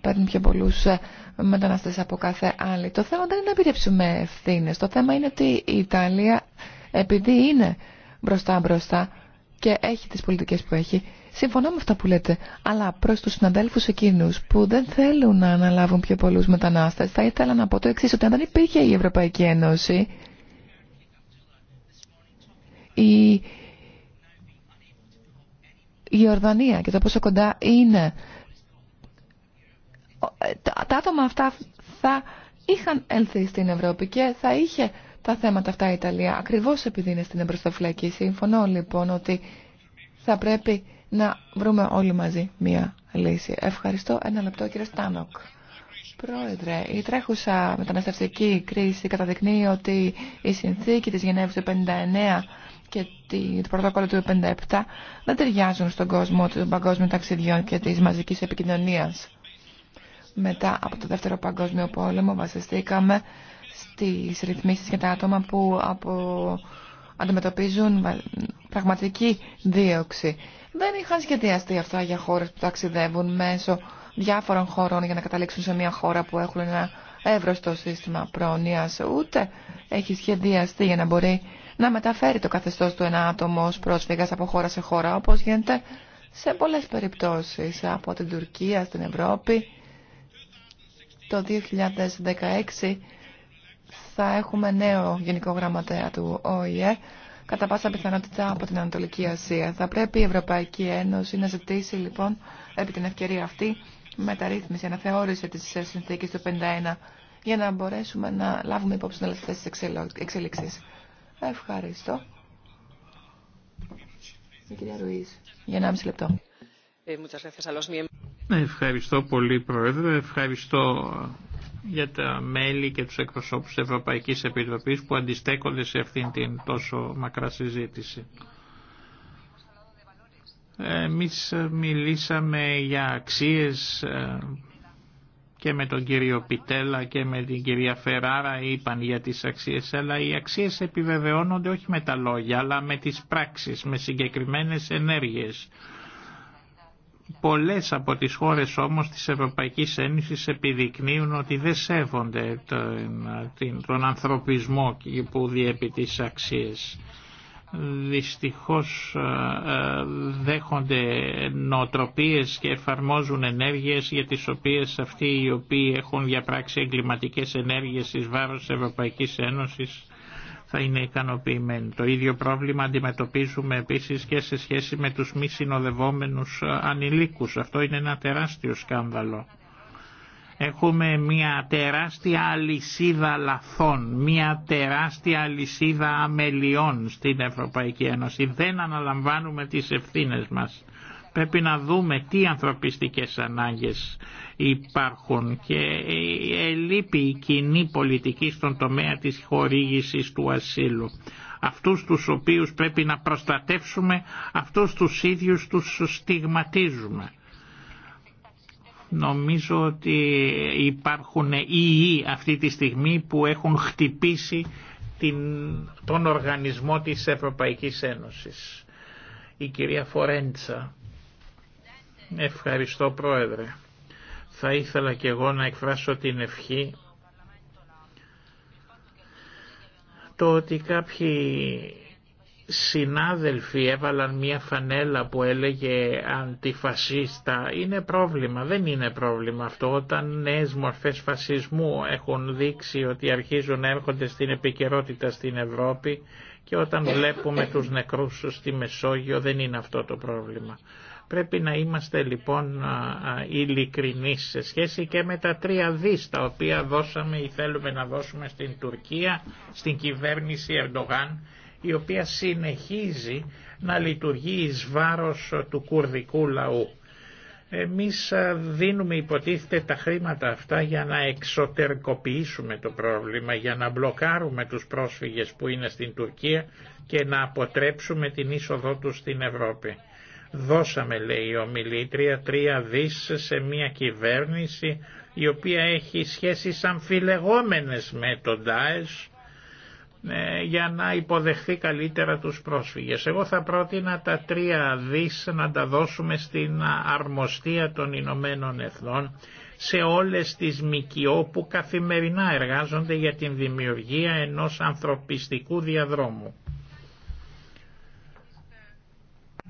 παίρνουν πιο πολλού ε, μεταναστέ από κάθε άλλη. Το θέμα δεν είναι να επιτρέψουμε ευθύνε. Το θέμα είναι ότι η Ιταλία, επειδή είναι μπροστά-μπροστά, και έχει τις πολιτικές που έχει. Συμφωνώ με αυτά που λέτε, αλλά προς τους συναδέλφους εκείνους που δεν θέλουν να αναλάβουν πιο πολλούς μετανάστες, θα ήθελα να πω το εξής, ότι αν δεν υπήρχε η Ευρωπαϊκή Ένωση, η, η Ορδανία και το πόσο κοντά είναι, ε, τα άτομα αυτά θα είχαν έλθει στην Ευρώπη και θα είχε τα θέματα αυτά η Ιταλία, ακριβώς επειδή είναι στην εμπροστοφυλακή. Συμφωνώ λοιπόν ότι θα πρέπει να βρούμε όλοι μαζί μία λύση. Ευχαριστώ. Ένα λεπτό κύριε Στάνοκ. Πρόεδρε, η τρέχουσα μεταναστευτική κρίση καταδεικνύει ότι η συνθήκη της Γενέβης του 59 και το πρωτόκολλο του 57 δεν ταιριάζουν στον κόσμο των παγκόσμιων ταξιδιών και της μαζικής επικοινωνίας. Μετά από το Δεύτερο Παγκόσμιο Πόλεμο βασιστήκαμε τις ρυθμίσεις για τα άτομα που από... αντιμετωπίζουν πραγματική δίωξη. Δεν είχαν σχεδιαστεί αυτά για χώρες που ταξιδεύουν μέσω διάφορων χωρών για να καταλήξουν σε μια χώρα που έχουν ένα εύρωστο σύστημα πρόνοιας. Ούτε έχει σχεδιαστεί για να μπορεί να μεταφέρει το καθεστώς του ένα άτομο ως πρόσφυγας από χώρα σε χώρα, όπως γίνεται σε πολλές περιπτώσεις από την Τουρκία στην Ευρώπη. Το 2016 θα έχουμε νέο Γενικό Γραμματέα του ΟΗΕ, κατά πάσα πιθανότητα από την Ανατολική Ασία. Θα πρέπει η Ευρωπαϊκή Ένωση να ζητήσει λοιπόν επί την ευκαιρία αυτή μεταρρύθμιση, αναθεώρηση τη συνθήκη του 51 για να μπορέσουμε να λάβουμε υπόψη όλες αυτέ τις εξελίξεις. Ευχαριστώ. Η κυρία Ρούις, για μισή λεπτό. Ε, ναι, ευχαριστώ πολύ Πρόεδρε, ευχαριστώ για τα μέλη και τους εκπροσώπους της Ευρωπαϊκής Επιτροπής που αντιστέκονται σε αυτήν την τόσο μακρά συζήτηση. Εμείς μιλήσαμε για αξίες ε, και με τον κύριο Πιτέλα και με την κυρία Φεράρα είπαν για τις αξίες, αλλά οι αξίες επιβεβαιώνονται όχι με τα λόγια, αλλά με τις πράξεις, με συγκεκριμένες ενέργειες. Πολλές από τις χώρες όμως της Ευρωπαϊκής Ένωσης επιδεικνύουν ότι δεν σέβονται τον, τον ανθρωπισμό που διέπει τις αξίες. Δυστυχώς ε, ε, δέχονται νοοτροπίες και εφαρμόζουν ενέργειες για τις οποίες αυτοί οι οποίοι έχουν διαπράξει εγκληματικές ενέργειες εις βάρος της Ευρωπαϊκής Ένωσης θα είναι ικανοποιημένοι. Το ίδιο πρόβλημα αντιμετωπίζουμε επίσης και σε σχέση με τους μη συνοδευόμενους ανηλίκους. Αυτό είναι ένα τεράστιο σκάνδαλο. Έχουμε μια τεράστια αλυσίδα λαθών, μια τεράστια αλυσίδα αμελιών στην Ευρωπαϊκή Ένωση. Δεν αναλαμβάνουμε τις ευθύνες μας. Πρέπει να δούμε τι ανθρωπιστικές ανάγκες υπάρχουν και ελείπει η κοινή πολιτική στον τομέα της χορήγησης του ασύλου. Αυτούς τους οποίους πρέπει να προστατεύσουμε, αυτούς τους ίδιους τους στιγματίζουμε. Νομίζω ότι υπάρχουν ΙΙ αυτή τη στιγμή που έχουν χτυπήσει τον οργανισμό της Ευρωπαϊκής Ένωσης. Η κυρία Φορέντσα. Ευχαριστώ Πρόεδρε. Θα ήθελα και εγώ να εκφράσω την ευχή το ότι κάποιοι συνάδελφοι έβαλαν μια φανέλα που έλεγε αντιφασίστα είναι πρόβλημα. Δεν είναι πρόβλημα αυτό όταν νέες μορφές φασισμού έχουν δείξει ότι αρχίζουν να έρχονται στην επικαιρότητα στην Ευρώπη και όταν βλέπουμε τους νεκρούς στη Μεσόγειο δεν είναι αυτό το πρόβλημα. Πρέπει να είμαστε λοιπόν ειλικρινεί σε σχέση και με τα τρία δις τα οποία δώσαμε ή θέλουμε να δώσουμε στην Τουρκία, στην κυβέρνηση Ερντογάν, η οποία συνεχίζει να λειτουργεί εις βάρος του κουρδικού λαού. Εμείς δίνουμε υποτίθεται τα χρήματα αυτά για να εξωτερικοποιήσουμε το πρόβλημα, για να μπλοκάρουμε τους πρόσφυγες που είναι στην Τουρκία και να αποτρέψουμε την είσοδό τους στην Ευρώπη. Δώσαμε, λέει η ομιλήτρια, τρία δις σε μια κυβέρνηση η οποία έχει σχέσεις αμφιλεγόμενες με τον ΤΑΕΣ ε, για να υποδεχθεί καλύτερα τους πρόσφυγες. Εγώ θα πρότεινα τα τρία δις να τα δώσουμε στην αρμοστία των Ηνωμένων Εθνών σε όλες τις ΜΚΟ που καθημερινά εργάζονται για την δημιουργία ενός ανθρωπιστικού διαδρόμου.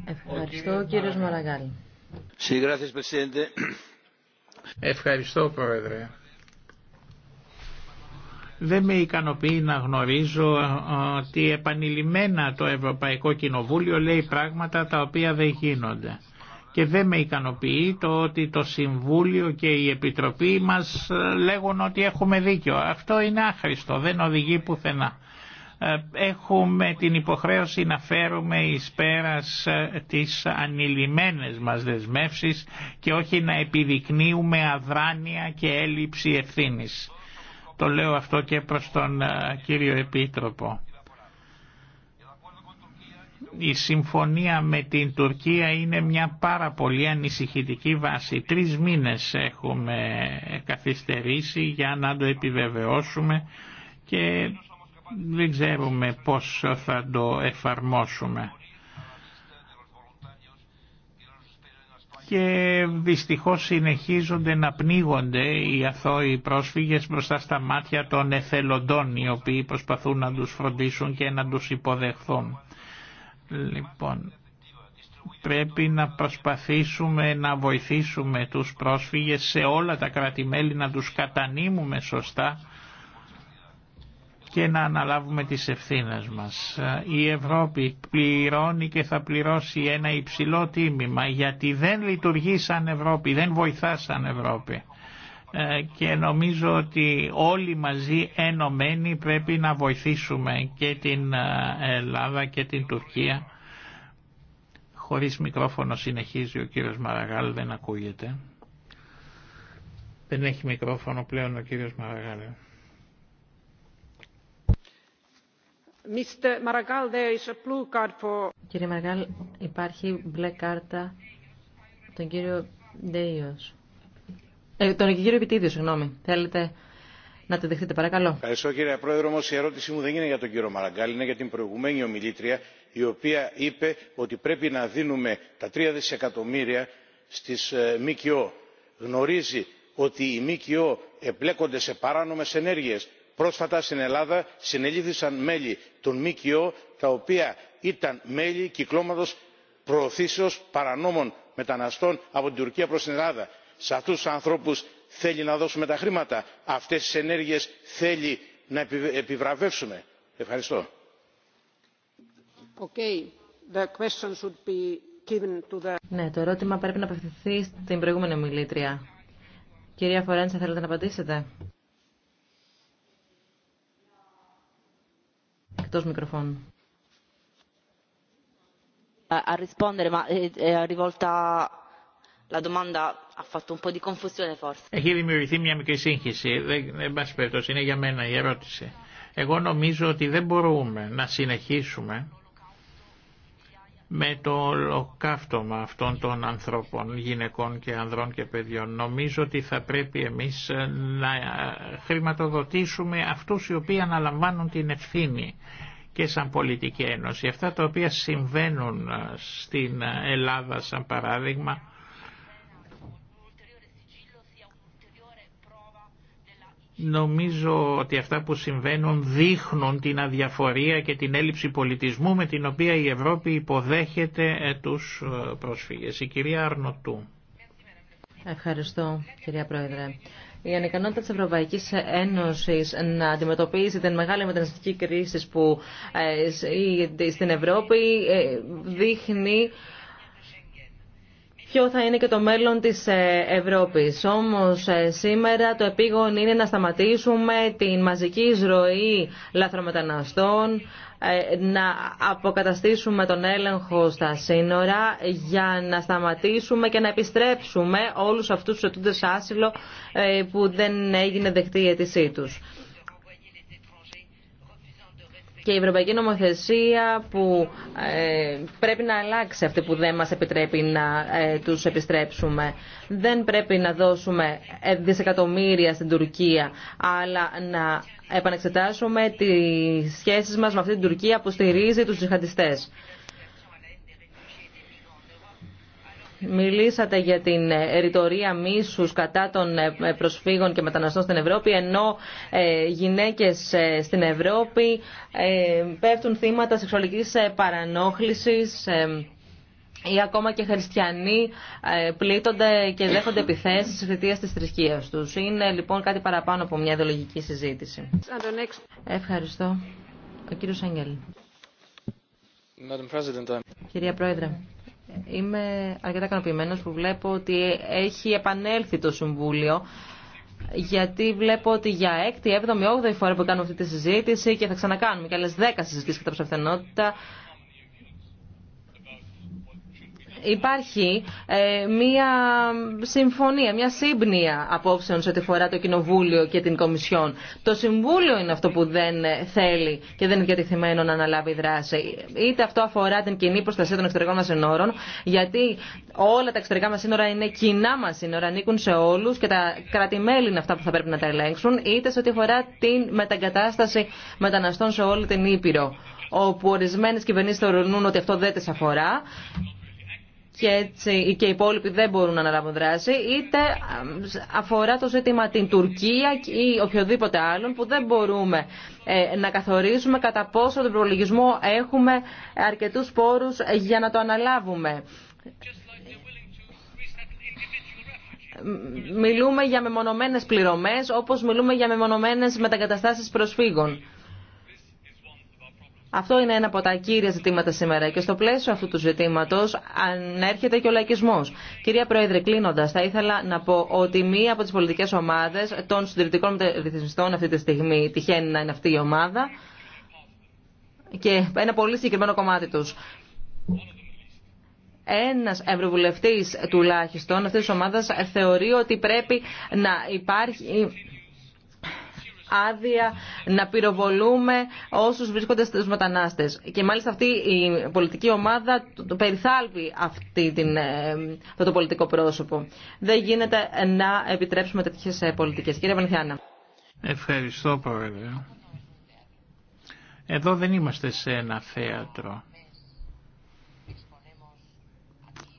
Ευχαριστώ κύριος Μαραγκάλ. Ευχαριστώ πρόεδρε. Δεν με ικανοποιεί να γνωρίζω ε, ότι επανειλημμένα το Ευρωπαϊκό Κοινοβούλιο λέει πράγματα τα οποία δεν γίνονται. Και δεν με ικανοποιεί το ότι το Συμβούλιο και η Επιτροπή μας ε, λέγουν ότι έχουμε δίκιο. Αυτό είναι άχρηστο, δεν οδηγεί πουθενά. Ε, έχουμε την υποχρέωση να φέρουμε εις πέρας ε, τις ανηλυμένες μας δεσμεύσεις και όχι να επιδεικνύουμε αδράνεια και έλλειψη ευθύνης. Το λέω αυτό και προς τον ε, κύριο Επίτροπο. Η συμφωνία με την Τουρκία είναι μια πάρα πολύ ανησυχητική βάση. Τρεις μήνες έχουμε καθυστερήσει για να το επιβεβαιώσουμε και δεν ξέρουμε πώς θα το εφαρμόσουμε. και δυστυχώς συνεχίζονται να πνίγονται οι αθώοι πρόσφυγες μπροστά στα μάτια των εθελοντών οι οποίοι προσπαθούν να τους φροντίσουν και να τους υποδεχθούν. Λοιπόν, πρέπει να προσπαθήσουμε να βοηθήσουμε τους πρόσφυγες σε όλα τα κράτη-μέλη να τους κατανείμουμε σωστά και να αναλάβουμε τις ευθύνες μας. Η Ευρώπη πληρώνει και θα πληρώσει ένα υψηλό τίμημα γιατί δεν λειτουργεί σαν Ευρώπη, δεν βοηθά σαν Ευρώπη. Ε, και νομίζω ότι όλοι μαζί ενωμένοι πρέπει να βοηθήσουμε και την ε, Ελλάδα και την Τουρκία. Χωρίς μικρόφωνο συνεχίζει ο κύριος Μαραγάλ, δεν ακούγεται. Δεν έχει μικρόφωνο πλέον ο κύριος Μαραγάλ. Κύριε Μαργάλ, υπάρχει μπλε κάρτα τον κύριο Ντέιος. Ε, τον κύριο Επιτίδιο, συγγνώμη. Θέλετε να το δεχτείτε, παρακαλώ. Ευχαριστώ κύριε Πρόεδρο. Όμω η ερώτησή μου δεν είναι για τον κύριο Μαραγκάλ, είναι για την προηγουμένη ομιλήτρια, η οποία είπε ότι πρέπει να δίνουμε τα τρία δισεκατομμύρια στι ε, ΜΚΟ. Γνωρίζει ότι οι ΜΚΟ εμπλέκονται σε παράνομε ενέργειε πρόσφατα στην ελλάδα συνελήφθησαν μέλη των ΜΚΟ, τα οποία ήταν μέλη κυκλώματος προωθήσεως παρανόμων μεταναστών από την τουρκία προς την ελλάδα. σε αυτούς τους ανθρώπους θέλει να δώσουμε τα χρήματα; αυτές τις ενέργειες θέλει να επιβραβεύσουμε; ευχαριστώ. Ναι, το ερώτημα πρέπει να απευθυνθεί στην προηγούμενη μιλήτρια. Κυρία Φορέντσα, θέλετε να απαντήσετε. εκτός μικροφώνου. Ε, a rispondere, ma è ε, ε, rivolta la domanda ha fatto un po' di confusione forse. Έχει δημιουργηθεί μια μικρή σύγχυση. Δεν, εν πάση περιπτώσει, είναι για μένα η ερώτηση. Εγώ νομίζω ότι δεν μπορούμε να συνεχίσουμε με το ολοκαύτωμα αυτών των ανθρώπων, γυναικών και ανδρών και παιδιών. Νομίζω ότι θα πρέπει εμείς να χρηματοδοτήσουμε αυτούς οι οποίοι αναλαμβάνουν την ευθύνη και σαν πολιτική ένωση. Αυτά τα οποία συμβαίνουν στην Ελλάδα σαν παράδειγμα Νομίζω ότι αυτά που συμβαίνουν δείχνουν την αδιαφορία και την έλλειψη πολιτισμού με την οποία η Ευρώπη υποδέχεται ε, τους ε, πρόσφυγες. Η κυρία Αρνοτού. Ευχαριστώ κυρία Πρόεδρε. Η ανεκανότητα της Ευρωπαϊκής Ένωσης να αντιμετωπίσει την μεγάλη μεταναστευτική κρίση που ε, στην Ευρώπη δείχνει ποιο θα είναι και το μέλλον της ε, Ευρώπης. Όμως ε, σήμερα το επίγον είναι να σταματήσουμε την μαζική εισρωή λαθρομεταναστών, ε, να αποκαταστήσουμε τον έλεγχο στα σύνορα για να σταματήσουμε και να επιστρέψουμε όλους αυτούς τους ετούντες άσυλο που δεν έγινε δεκτή η αίτησή τους και η ευρωπαϊκή νομοθεσία που ε, πρέπει να αλλάξει αυτή που δεν μας επιτρέπει να ε, τους επιστρέψουμε. Δεν πρέπει να δώσουμε ε, δισεκατομμύρια στην Τουρκία, αλλά να επανεξετάσουμε τις σχέσεις μας με αυτή την Τουρκία που στηρίζει τους τζιχαντιστές. Μιλήσατε για την ε, ρητορία μίσους κατά των ε, ε, προσφύγων και μεταναστών στην Ευρώπη, ενώ γυναίκες στην Ευρώπη πέφτουν θύματα σεξουαλικής παρανόχλησης ή ακόμα και χριστιανοί πλήττονται και δέχονται επιθέσεις εξαιτία της θρησκείας τους. Είναι λοιπόν κάτι παραπάνω από μια ιδεολογική συζήτηση. Ευχαριστώ. Ο κύριος Αγγέλη. Κυρία Πρόεδρε. Είμαι αρκετά ικανοποιημένος που βλέπω ότι έχει επανέλθει το Συμβούλιο γιατί βλέπω ότι για έκτη, 8 8η φορά που κάνουμε αυτή τη συζήτηση και θα ξανακάνουμε και άλλε 10 συζητήσεις κατά ψευθενότητα υπάρχει ε, μία συμφωνία, μία σύμπνοια απόψεων σε ό,τι φορά το Κοινοβούλιο και την Κομισιόν. Το Συμβούλιο είναι αυτό που δεν θέλει και δεν είναι διατεθειμένο να αναλάβει δράση. Είτε αυτό αφορά την κοινή προστασία των εξωτερικών μα συνόρων, γιατί όλα τα εξωτερικά μα σύνορα είναι κοινά μα σύνορα, ανήκουν σε όλου και τα κρατημέλη είναι αυτά που θα πρέπει να τα ελέγξουν, είτε σε ό,τι αφορά την μεταγκατάσταση μεταναστών σε όλη την Ήπειρο όπου ορισμένε κυβερνήσει θεωρούν ότι αυτό δεν τι αφορά και έτσι και οι υπόλοιποι δεν μπορούν να αναλάβουν δράση, είτε αφορά το ζήτημα την Τουρκία ή οποιοδήποτε άλλον που δεν μπορούμε ε, να καθορίσουμε κατά πόσο τον προλογισμό έχουμε αρκετούς πόρους για να το αναλάβουμε. Μιλούμε για μεμονωμένες πληρωμές όπως μιλούμε για μεμονωμένες μεταγκαταστάσεις προσφύγων. Αυτό είναι ένα από τα κύρια ζητήματα σήμερα και στο πλαίσιο αυτού του ζητήματο ανέρχεται και ο λαϊκισμό. Κυρία Πρόεδρε, κλείνοντα, θα ήθελα να πω ότι μία από τι πολιτικέ ομάδε των συντηρητικών μεταρρυθμιστών αυτή τη στιγμή τυχαίνει να είναι αυτή η ομάδα και ένα πολύ συγκεκριμένο κομμάτι του. Ένα ευρωβουλευτή τουλάχιστον αυτή τη ομάδα θεωρεί ότι πρέπει να υπάρχει άδεια να πυροβολούμε όσους βρίσκονται στους μετανάστες. Και μάλιστα αυτή η πολιτική ομάδα το περιθάλπει αυτή την, ε, αυτό το πολιτικό πρόσωπο. Δεν γίνεται να επιτρέψουμε τέτοιες ε, πολιτικές. Κύριε Βανιθιάνα. Ευχαριστώ Πρόεδρε. Εδώ δεν είμαστε σε ένα θέατρο.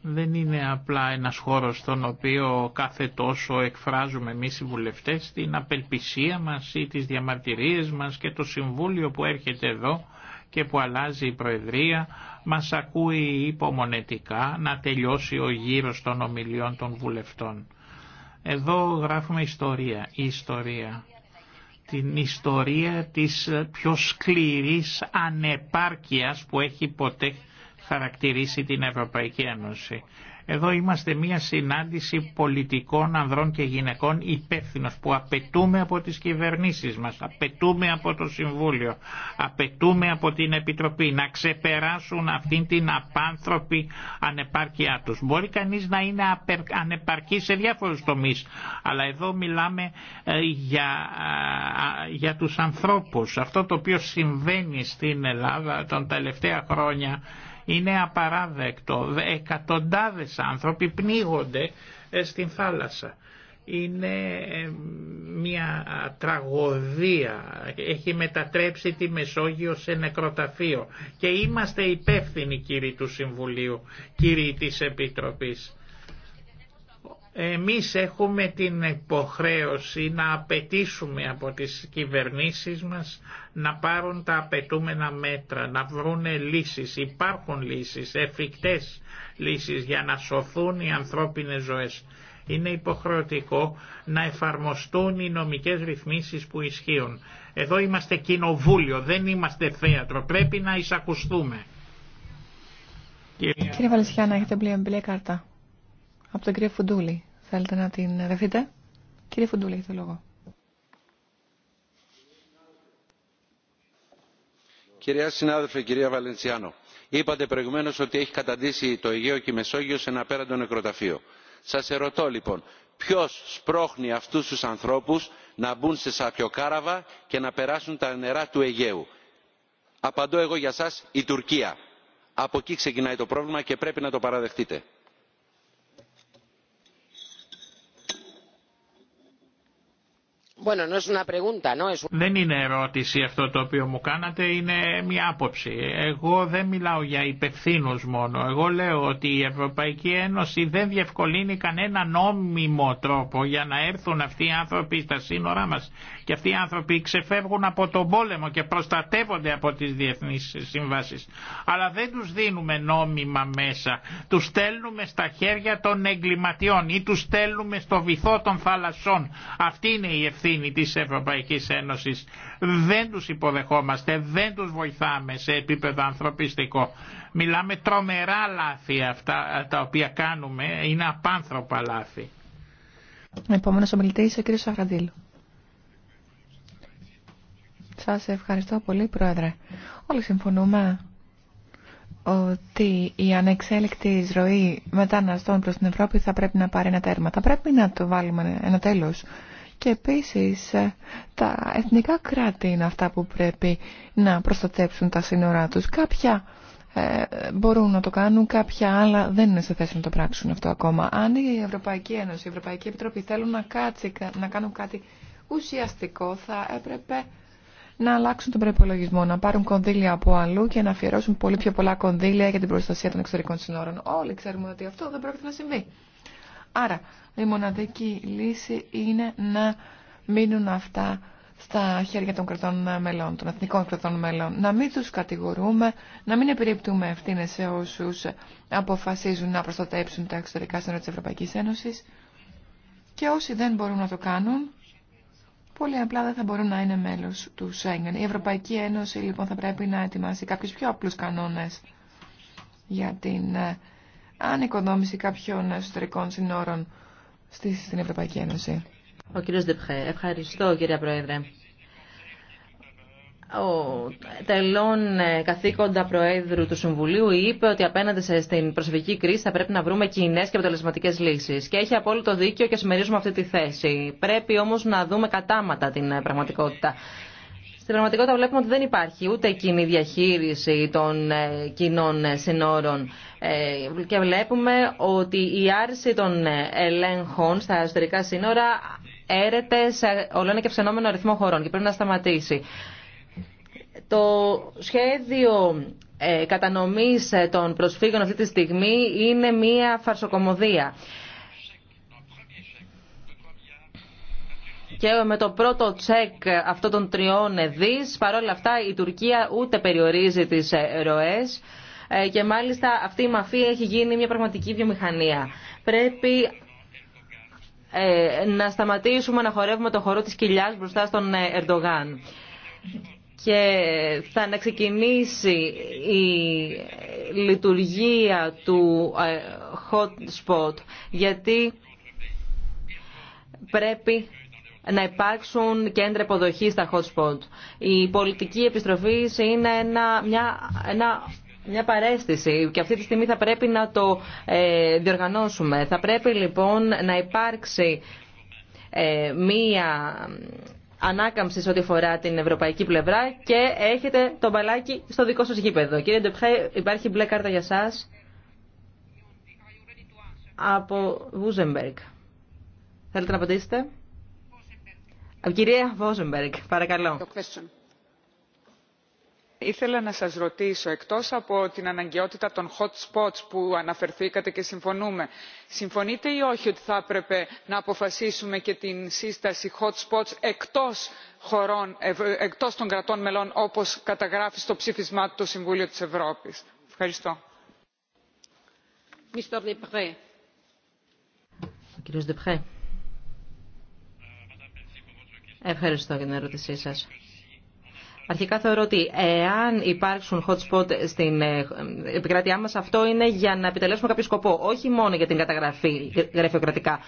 δεν είναι απλά ένας χώρος στον οποίο κάθε τόσο εκφράζουμε εμεί οι βουλευτές την απελπισία μας ή τις διαμαρτυρίες μας και το Συμβούλιο που έρχεται εδώ και που αλλάζει η Προεδρία μας ακούει υπομονετικά να τελειώσει ο γύρος των ομιλιών των βουλευτών. Εδώ γράφουμε ιστορία, η ιστορία την ιστορία της πιο σκληρής ανεπάρκειας που έχει ποτέ χαρακτηρίσει την Ευρωπαϊκή Ένωση. Εδώ είμαστε μια συνάντηση πολιτικών ανδρών και γυναικών υπεύθυνο που απαιτούμε από τις κυβερνήσεις μας, απαιτούμε από το Συμβούλιο, απαιτούμε από την Επιτροπή να ξεπεράσουν αυτήν την απάνθρωπη ανεπάρκειά τους. Μπορεί κανείς να είναι ανεπαρκή σε διάφορους τομείς, αλλά εδώ μιλάμε ε, για, ε, για τους ανθρώπους. Αυτό το οποίο συμβαίνει στην Ελλάδα τον τελευταία χρόνια είναι απαράδεκτο. Εκατοντάδες άνθρωποι πνίγονται ε, στην θάλασσα. Είναι ε, μια τραγωδία. Έχει μετατρέψει τη Μεσόγειο σε νεκροταφείο. Και είμαστε υπεύθυνοι κύριοι του Συμβουλίου, κύριοι της Επιτροπής. Εμείς έχουμε την υποχρέωση να απαιτήσουμε από τις κυβερνήσεις μας να πάρουν τα απαιτούμενα μέτρα, να βρουνε λύσεις. Υπάρχουν λύσεις, εφικτές λύσεις για να σωθούν οι ανθρώπινες ζωές. Είναι υποχρεωτικό να εφαρμοστούν οι νομικές ρυθμίσεις που ισχύουν. Εδώ είμαστε κοινοβούλιο, δεν είμαστε θέατρο. Πρέπει να εισακουστούμε. Κύριε Βαλισιάνα, έχετε μπλε κάρτα από τον κύριο Φουντούλη. Θέλετε να την δεχτείτε. Κύριε Φουντούλη, έχετε λόγο. Κυρία συνάδελφε, κυρία Βαλεντσιάνο. είπατε προηγουμένω ότι έχει καταντήσει το Αιγαίο και η Μεσόγειο σε ένα απέραντο νεκροταφείο. Σα ερωτώ λοιπόν, ποιο σπρώχνει αυτού του ανθρώπου να μπουν σε κάραβα και να περάσουν τα νερά του Αιγαίου. Απαντώ εγώ για σας, η Τουρκία. Από εκεί ξεκινάει το πρόβλημα και πρέπει να το παραδεχτείτε. Δεν είναι ερώτηση αυτό το οποίο μου κάνατε, είναι μια άποψη. Εγώ δεν μιλάω για υπευθύνου μόνο. Εγώ λέω ότι η Ευρωπαϊκή Ένωση δεν διευκολύνει κανένα νόμιμο τρόπο για να έρθουν αυτοί οι άνθρωποι στα σύνορά μας. Και αυτοί οι άνθρωποι ξεφεύγουν από τον πόλεμο και προστατεύονται από τις διεθνείς συμβάσεις. Αλλά δεν τους δίνουμε νόμιμα μέσα. Τους στέλνουμε στα χέρια των εγκληματιών ή τους στέλνουμε στο βυθό των θαλασσών. Αυτή είναι η ευθύνη της Ευρωπαϊκής Ένωσης. Δεν τους υποδεχόμαστε, δεν τους βοηθάμε σε επίπεδο ανθρωπιστικό. Μιλάμε τρομερά λάθη αυτά τα οποία κάνουμε, είναι απάνθρωπα λάθη. Επόμενος ομιλητής, ο κύριος σας ευχαριστώ πολύ, Πρόεδρε. Όλοι συμφωνούμε ότι η ανεξέλεκτη εισρωή μεταναστών προς την Ευρώπη θα πρέπει να πάρει ένα τέρμα. Θα πρέπει να το βάλουμε ένα τέλος. Και επίσης τα εθνικά κράτη είναι αυτά που πρέπει να προστατέψουν τα σύνορά τους. Κάποια ε, μπορούν να το κάνουν, κάποια άλλα δεν είναι σε θέση να το πράξουν αυτό ακόμα. Αν η Ευρωπαϊκή Ένωση, η Ευρωπαϊκή Επιτροπή θέλουν να, κάτσει, να κάνουν κάτι ουσιαστικό θα έπρεπε να αλλάξουν τον προπολογισμό, να πάρουν κονδύλια από αλλού και να αφιερώσουν πολύ πιο πολλά κονδύλια για την προστασία των εξωτερικών συνόρων. Όλοι ξέρουμε ότι αυτό δεν πρόκειται να συμβεί. Άρα, η μοναδική λύση είναι να μείνουν αυτά στα χέρια των κρατών μελών, των εθνικών κρατών μελών. Να μην τους κατηγορούμε, να μην επιρρύπτουμε ευθύνες σε όσους αποφασίζουν να προστατέψουν τα εξωτερικά σύνορα της Ευρωπαϊκής Ένωσης και όσοι δεν μπορούν να το κάνουν, πολύ απλά δεν θα μπορούν να είναι μέλος του Σέγγεν. Η Ευρωπαϊκή Ένωση λοιπόν θα πρέπει να ετοιμάσει κάποιους πιο απλούς κανόνες για την ε, ανοικοδόμηση κάποιων εσωτερικών συνόρων στην Ευρωπαϊκή Ένωση. Ο κύριος Δεπχέ. Ευχαριστώ κύριε Πρόεδρε. Ο τελών ε, καθήκοντα Προέδρου του Συμβουλίου είπε ότι απέναντι στην προσωπική κρίση θα πρέπει να βρούμε κοινέ και αποτελεσματικέ λύσει. Και έχει απόλυτο δίκιο και συμμερίζουμε αυτή τη θέση. Πρέπει όμω να δούμε κατάματα την ε, πραγματικότητα. Στην πραγματικότητα βλέπουμε ότι δεν υπάρχει ούτε κοινή διαχείριση των ε, κοινών συνόρων και βλέπουμε ότι η άρση των ελέγχων στα εσωτερικά σύνορα έρεται σε ολόνα και φαινόμενο αριθμό χωρών και πρέπει να σταματήσει. Το σχέδιο ε, κατανομής ε, των προσφύγων αυτή τη στιγμή είναι μία φαρσοκομωδία. Και με το πρώτο τσεκ αυτών των τριών δις, παρόλα αυτά η Τουρκία ούτε περιορίζει τις ε, ροές και μάλιστα αυτή η μαφία έχει γίνει μια πραγματική βιομηχανία. Πρέπει να σταματήσουμε να χορεύουμε το χορό της κοιλιάς μπροστά στον Ερντογάν και θα να η λειτουργία του ε, hot γιατί πρέπει να υπάρξουν κέντρα υποδοχή στα hot Η πολιτική επιστροφή είναι μια, μια παρέστηση και αυτή τη στιγμή θα πρέπει να το ε, διοργανώσουμε. Θα πρέπει λοιπόν να υπάρξει ε, μια ανάκαμψη ό,τι αφορά την ευρωπαϊκή πλευρά και έχετε το μπαλάκι στο δικό σα γήπεδο. Κύριε Ντεπχέ, υπάρχει μπλε κάρτα για εσά από Βούζεμπεργκ. Θέλετε να απαντήσετε. Κυρία Βόζεμπεργκ, παρακαλώ ήθελα να σας ρωτήσω εκτός από την αναγκαιότητα των hot spots που αναφερθήκατε και συμφωνούμε συμφωνείτε ή όχι ότι θα έπρεπε να αποφασίσουμε και την σύσταση hot spots εκτός, χωρών, των κρατών μελών όπως καταγράφει στο ψήφισμά του το συμβούλιο της ευρώπης. ευχαριστώ. Ευχαριστώ για την ερώτησή σας. Αρχικά θεωρώ ότι εάν υπάρξουν hot spot στην ε, επικράτειά μας, αυτό είναι για να επιτελέσουμε κάποιο σκοπό, όχι μόνο για την καταγραφή γραφειοκρατικά.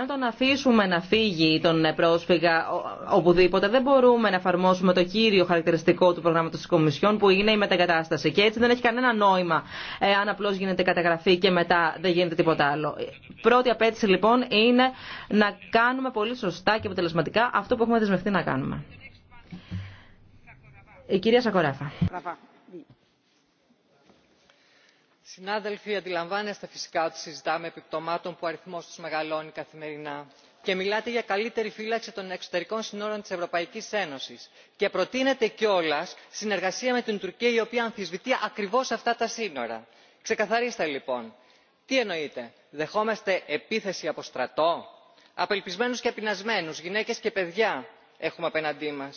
Αν τον αφήσουμε να φύγει τον πρόσφυγα οπουδήποτε, δεν μπορούμε να εφαρμόσουμε το κύριο χαρακτηριστικό του προγράμματος της Κομισιόν, που είναι η μετακατάσταση. Και έτσι δεν έχει κανένα νόημα ε, αν απλώς γίνεται καταγραφή και μετά δεν γίνεται τίποτα άλλο. Πρώτη απέτηση λοιπόν είναι να κάνουμε πολύ σωστά και αποτελεσματικά αυτό που έχουμε δεσμευτεί να κάνουμε. Η κυρία Σακοράφα. Συνάδελφοι, αντιλαμβάνεστε φυσικά ότι συζητάμε επιπτωμάτων που ο αριθμό του μεγαλώνει καθημερινά και μιλάτε για καλύτερη φύλαξη των εξωτερικών συνόρων τη Ευρωπαϊκή Ένωση. Και προτείνετε κιόλα συνεργασία με την Τουρκία, η οποία αμφισβητεί ακριβώ αυτά τα σύνορα. Ξεκαθαρίστε λοιπόν, τι εννοείτε, δεχόμαστε επίθεση από στρατό, απελπισμένου και πεινασμένου, γυναίκε και παιδιά έχουμε απέναντί μα.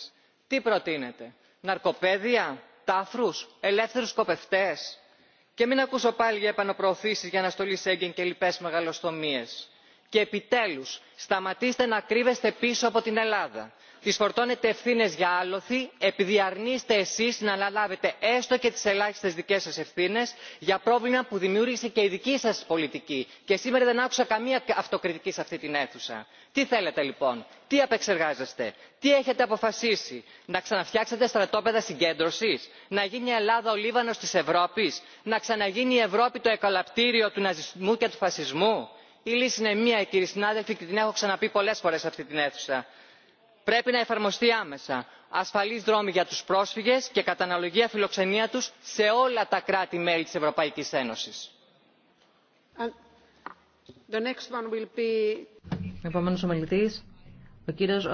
Τι προτείνετε, ναρκοπαίδια τάφρους ελεύθερους σκοπευτές. και μην ακούσω πάλι για επαναπροωθήσεις για αναστολή σέγγεν και λοιπές μεγαλοστομίες. και επιτέλους σταματήστε να κρύβεστε πίσω από την ελλάδα τις φορτώνετε ευθύνες για άλοθη επειδή αρνείστε εσείς να αναλάβετε έστω και τις ελάχιστες δικές σας ευθύνες για πρόβλημα που δημιούργησε και η δική σας πολιτική και σήμερα δεν άκουσα καμία αυτοκριτική σε αυτή την αίθουσα. τι θέλετε λοιπόν τι απεξεργάζεστε, τι έχετε αποφασίσει να ξαναφτιάξετε στρατόπεδα συγκέντρωσης να γίνει η ελλάδα ο λίβανος της ευρώπης να ξαναγίνει η ευρώπη το εκολαπτήριο του ναζισμού και του φασισμού. η λύση είναι μία κύριοι συνάδελφοι και την έχω ξαναπεί πολλές φορές σε αυτή την αίθουσα πρέπει να εφαρμοστεί άμεσα ασφαλείς δρόμοι για τους πρόσφυγες και κατά αναλογία φιλοξενία τους σε όλα τα κράτη μέλη της ευρωπαϊκής ένωσης. Επόμενος ομιλητής, ο κύριος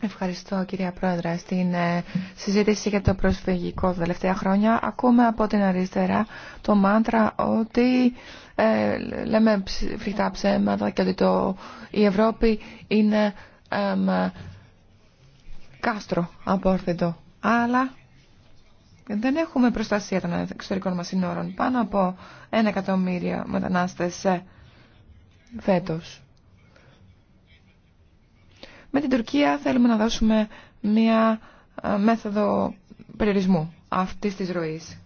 Ευχαριστώ κυρία Πρόεδρε. Στην ε, συζήτηση για το προσφυγικό τα τελευταία χρόνια ακούμε από την αριστερά το μάντρα ότι ε, λέμε φρικτά ψέματα και ότι η Ευρώπη είναι κάστρο απόρθεντο. Αλλά δεν έχουμε προστασία των εξωτερικών μας σύνορων. Πάνω από ένα εκατομμύριο μετανάστες ε, φέτος. Με την Τουρκία θέλουμε να δώσουμε μία ε, μέθοδο περιορισμού αυτής της ροής.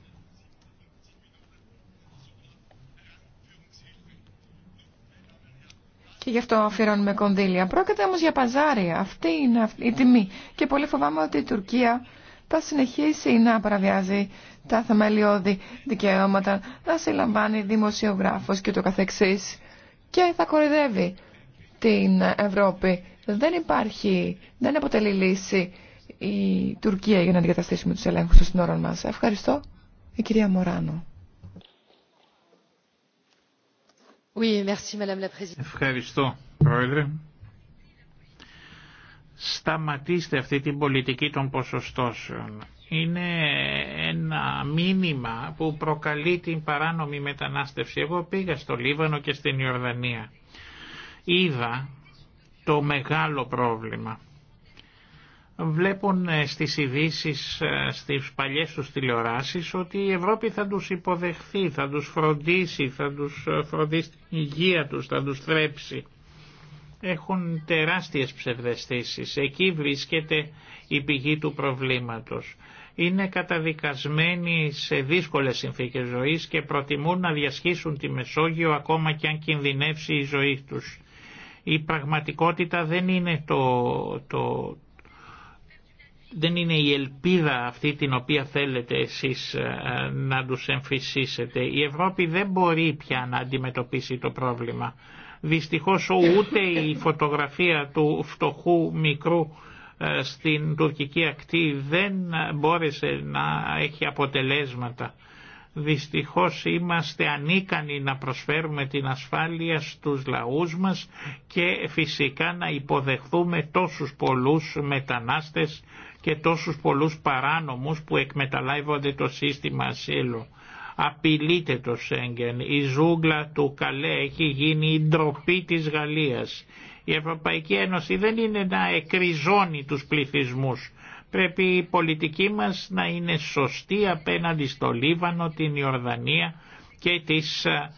και γι' αυτό αφιερώνουμε κονδύλια. Πρόκειται όμω για παζάρια. Αυτή είναι η τιμή. Και πολύ φοβάμαι ότι η Τουρκία θα συνεχίσει να παραβιάζει τα θεμελιώδη δικαιώματα, να συλλαμβάνει δημοσιογράφος και το καθεξή. και θα κορυδεύει την Ευρώπη. Δεν υπάρχει, δεν αποτελεί λύση η Τουρκία για να αντικαταστήσουμε τους ελέγχους των συνόρων μας. Ευχαριστώ. Η κυρία Μωράνο. Ευχαριστώ, Πρόεδρε. Σταματήστε αυτή την πολιτική των ποσοστώσεων. Είναι ένα μήνυμα που προκαλεί την παράνομη μετανάστευση. Εγώ πήγα στο Λίβανο και στην Ιορδανία. Είδα το μεγάλο πρόβλημα βλέπουν ε, στις ειδήσει ε, στις παλιές τους τηλεοράσεις ότι η Ευρώπη θα τους υποδεχθεί, θα τους φροντίσει, θα τους ε, φροντίσει την υγεία τους, θα τους θρέψει. Έχουν τεράστιες ψευδεστήσεις. Εκεί βρίσκεται η πηγή του προβλήματος. Είναι καταδικασμένοι σε δύσκολες συνθήκες ζωής και προτιμούν να διασχίσουν τη Μεσόγειο ακόμα και αν κινδυνεύσει η ζωή τους. Η πραγματικότητα δεν είναι το, το, δεν είναι η ελπίδα αυτή την οποία θέλετε εσείς ε, ε, να τους εμφυσίσετε. Η Ευρώπη δεν μπορεί πια να αντιμετωπίσει το πρόβλημα. Δυστυχώς ούτε η φωτογραφία του φτωχού μικρού ε, στην τουρκική ακτή δεν μπόρεσε να έχει αποτελέσματα. Δυστυχώς είμαστε ανίκανοι να προσφέρουμε την ασφάλεια στους λαούς μας και φυσικά να υποδεχθούμε τόσους πολλούς μετανάστες και τόσους πολλούς παράνομους που εκμεταλλεύονται το σύστημα ασύλου. Απειλείται το Σέγγεν, η ζούγκλα του Καλέ έχει γίνει η ντροπή της Γαλλίας. Η Ευρωπαϊκή Ένωση δεν είναι να εκριζώνει τους πληθυσμούς. Πρέπει η πολιτική μας να είναι σωστή απέναντι στο Λίβανο, την Ιορδανία και τις ε,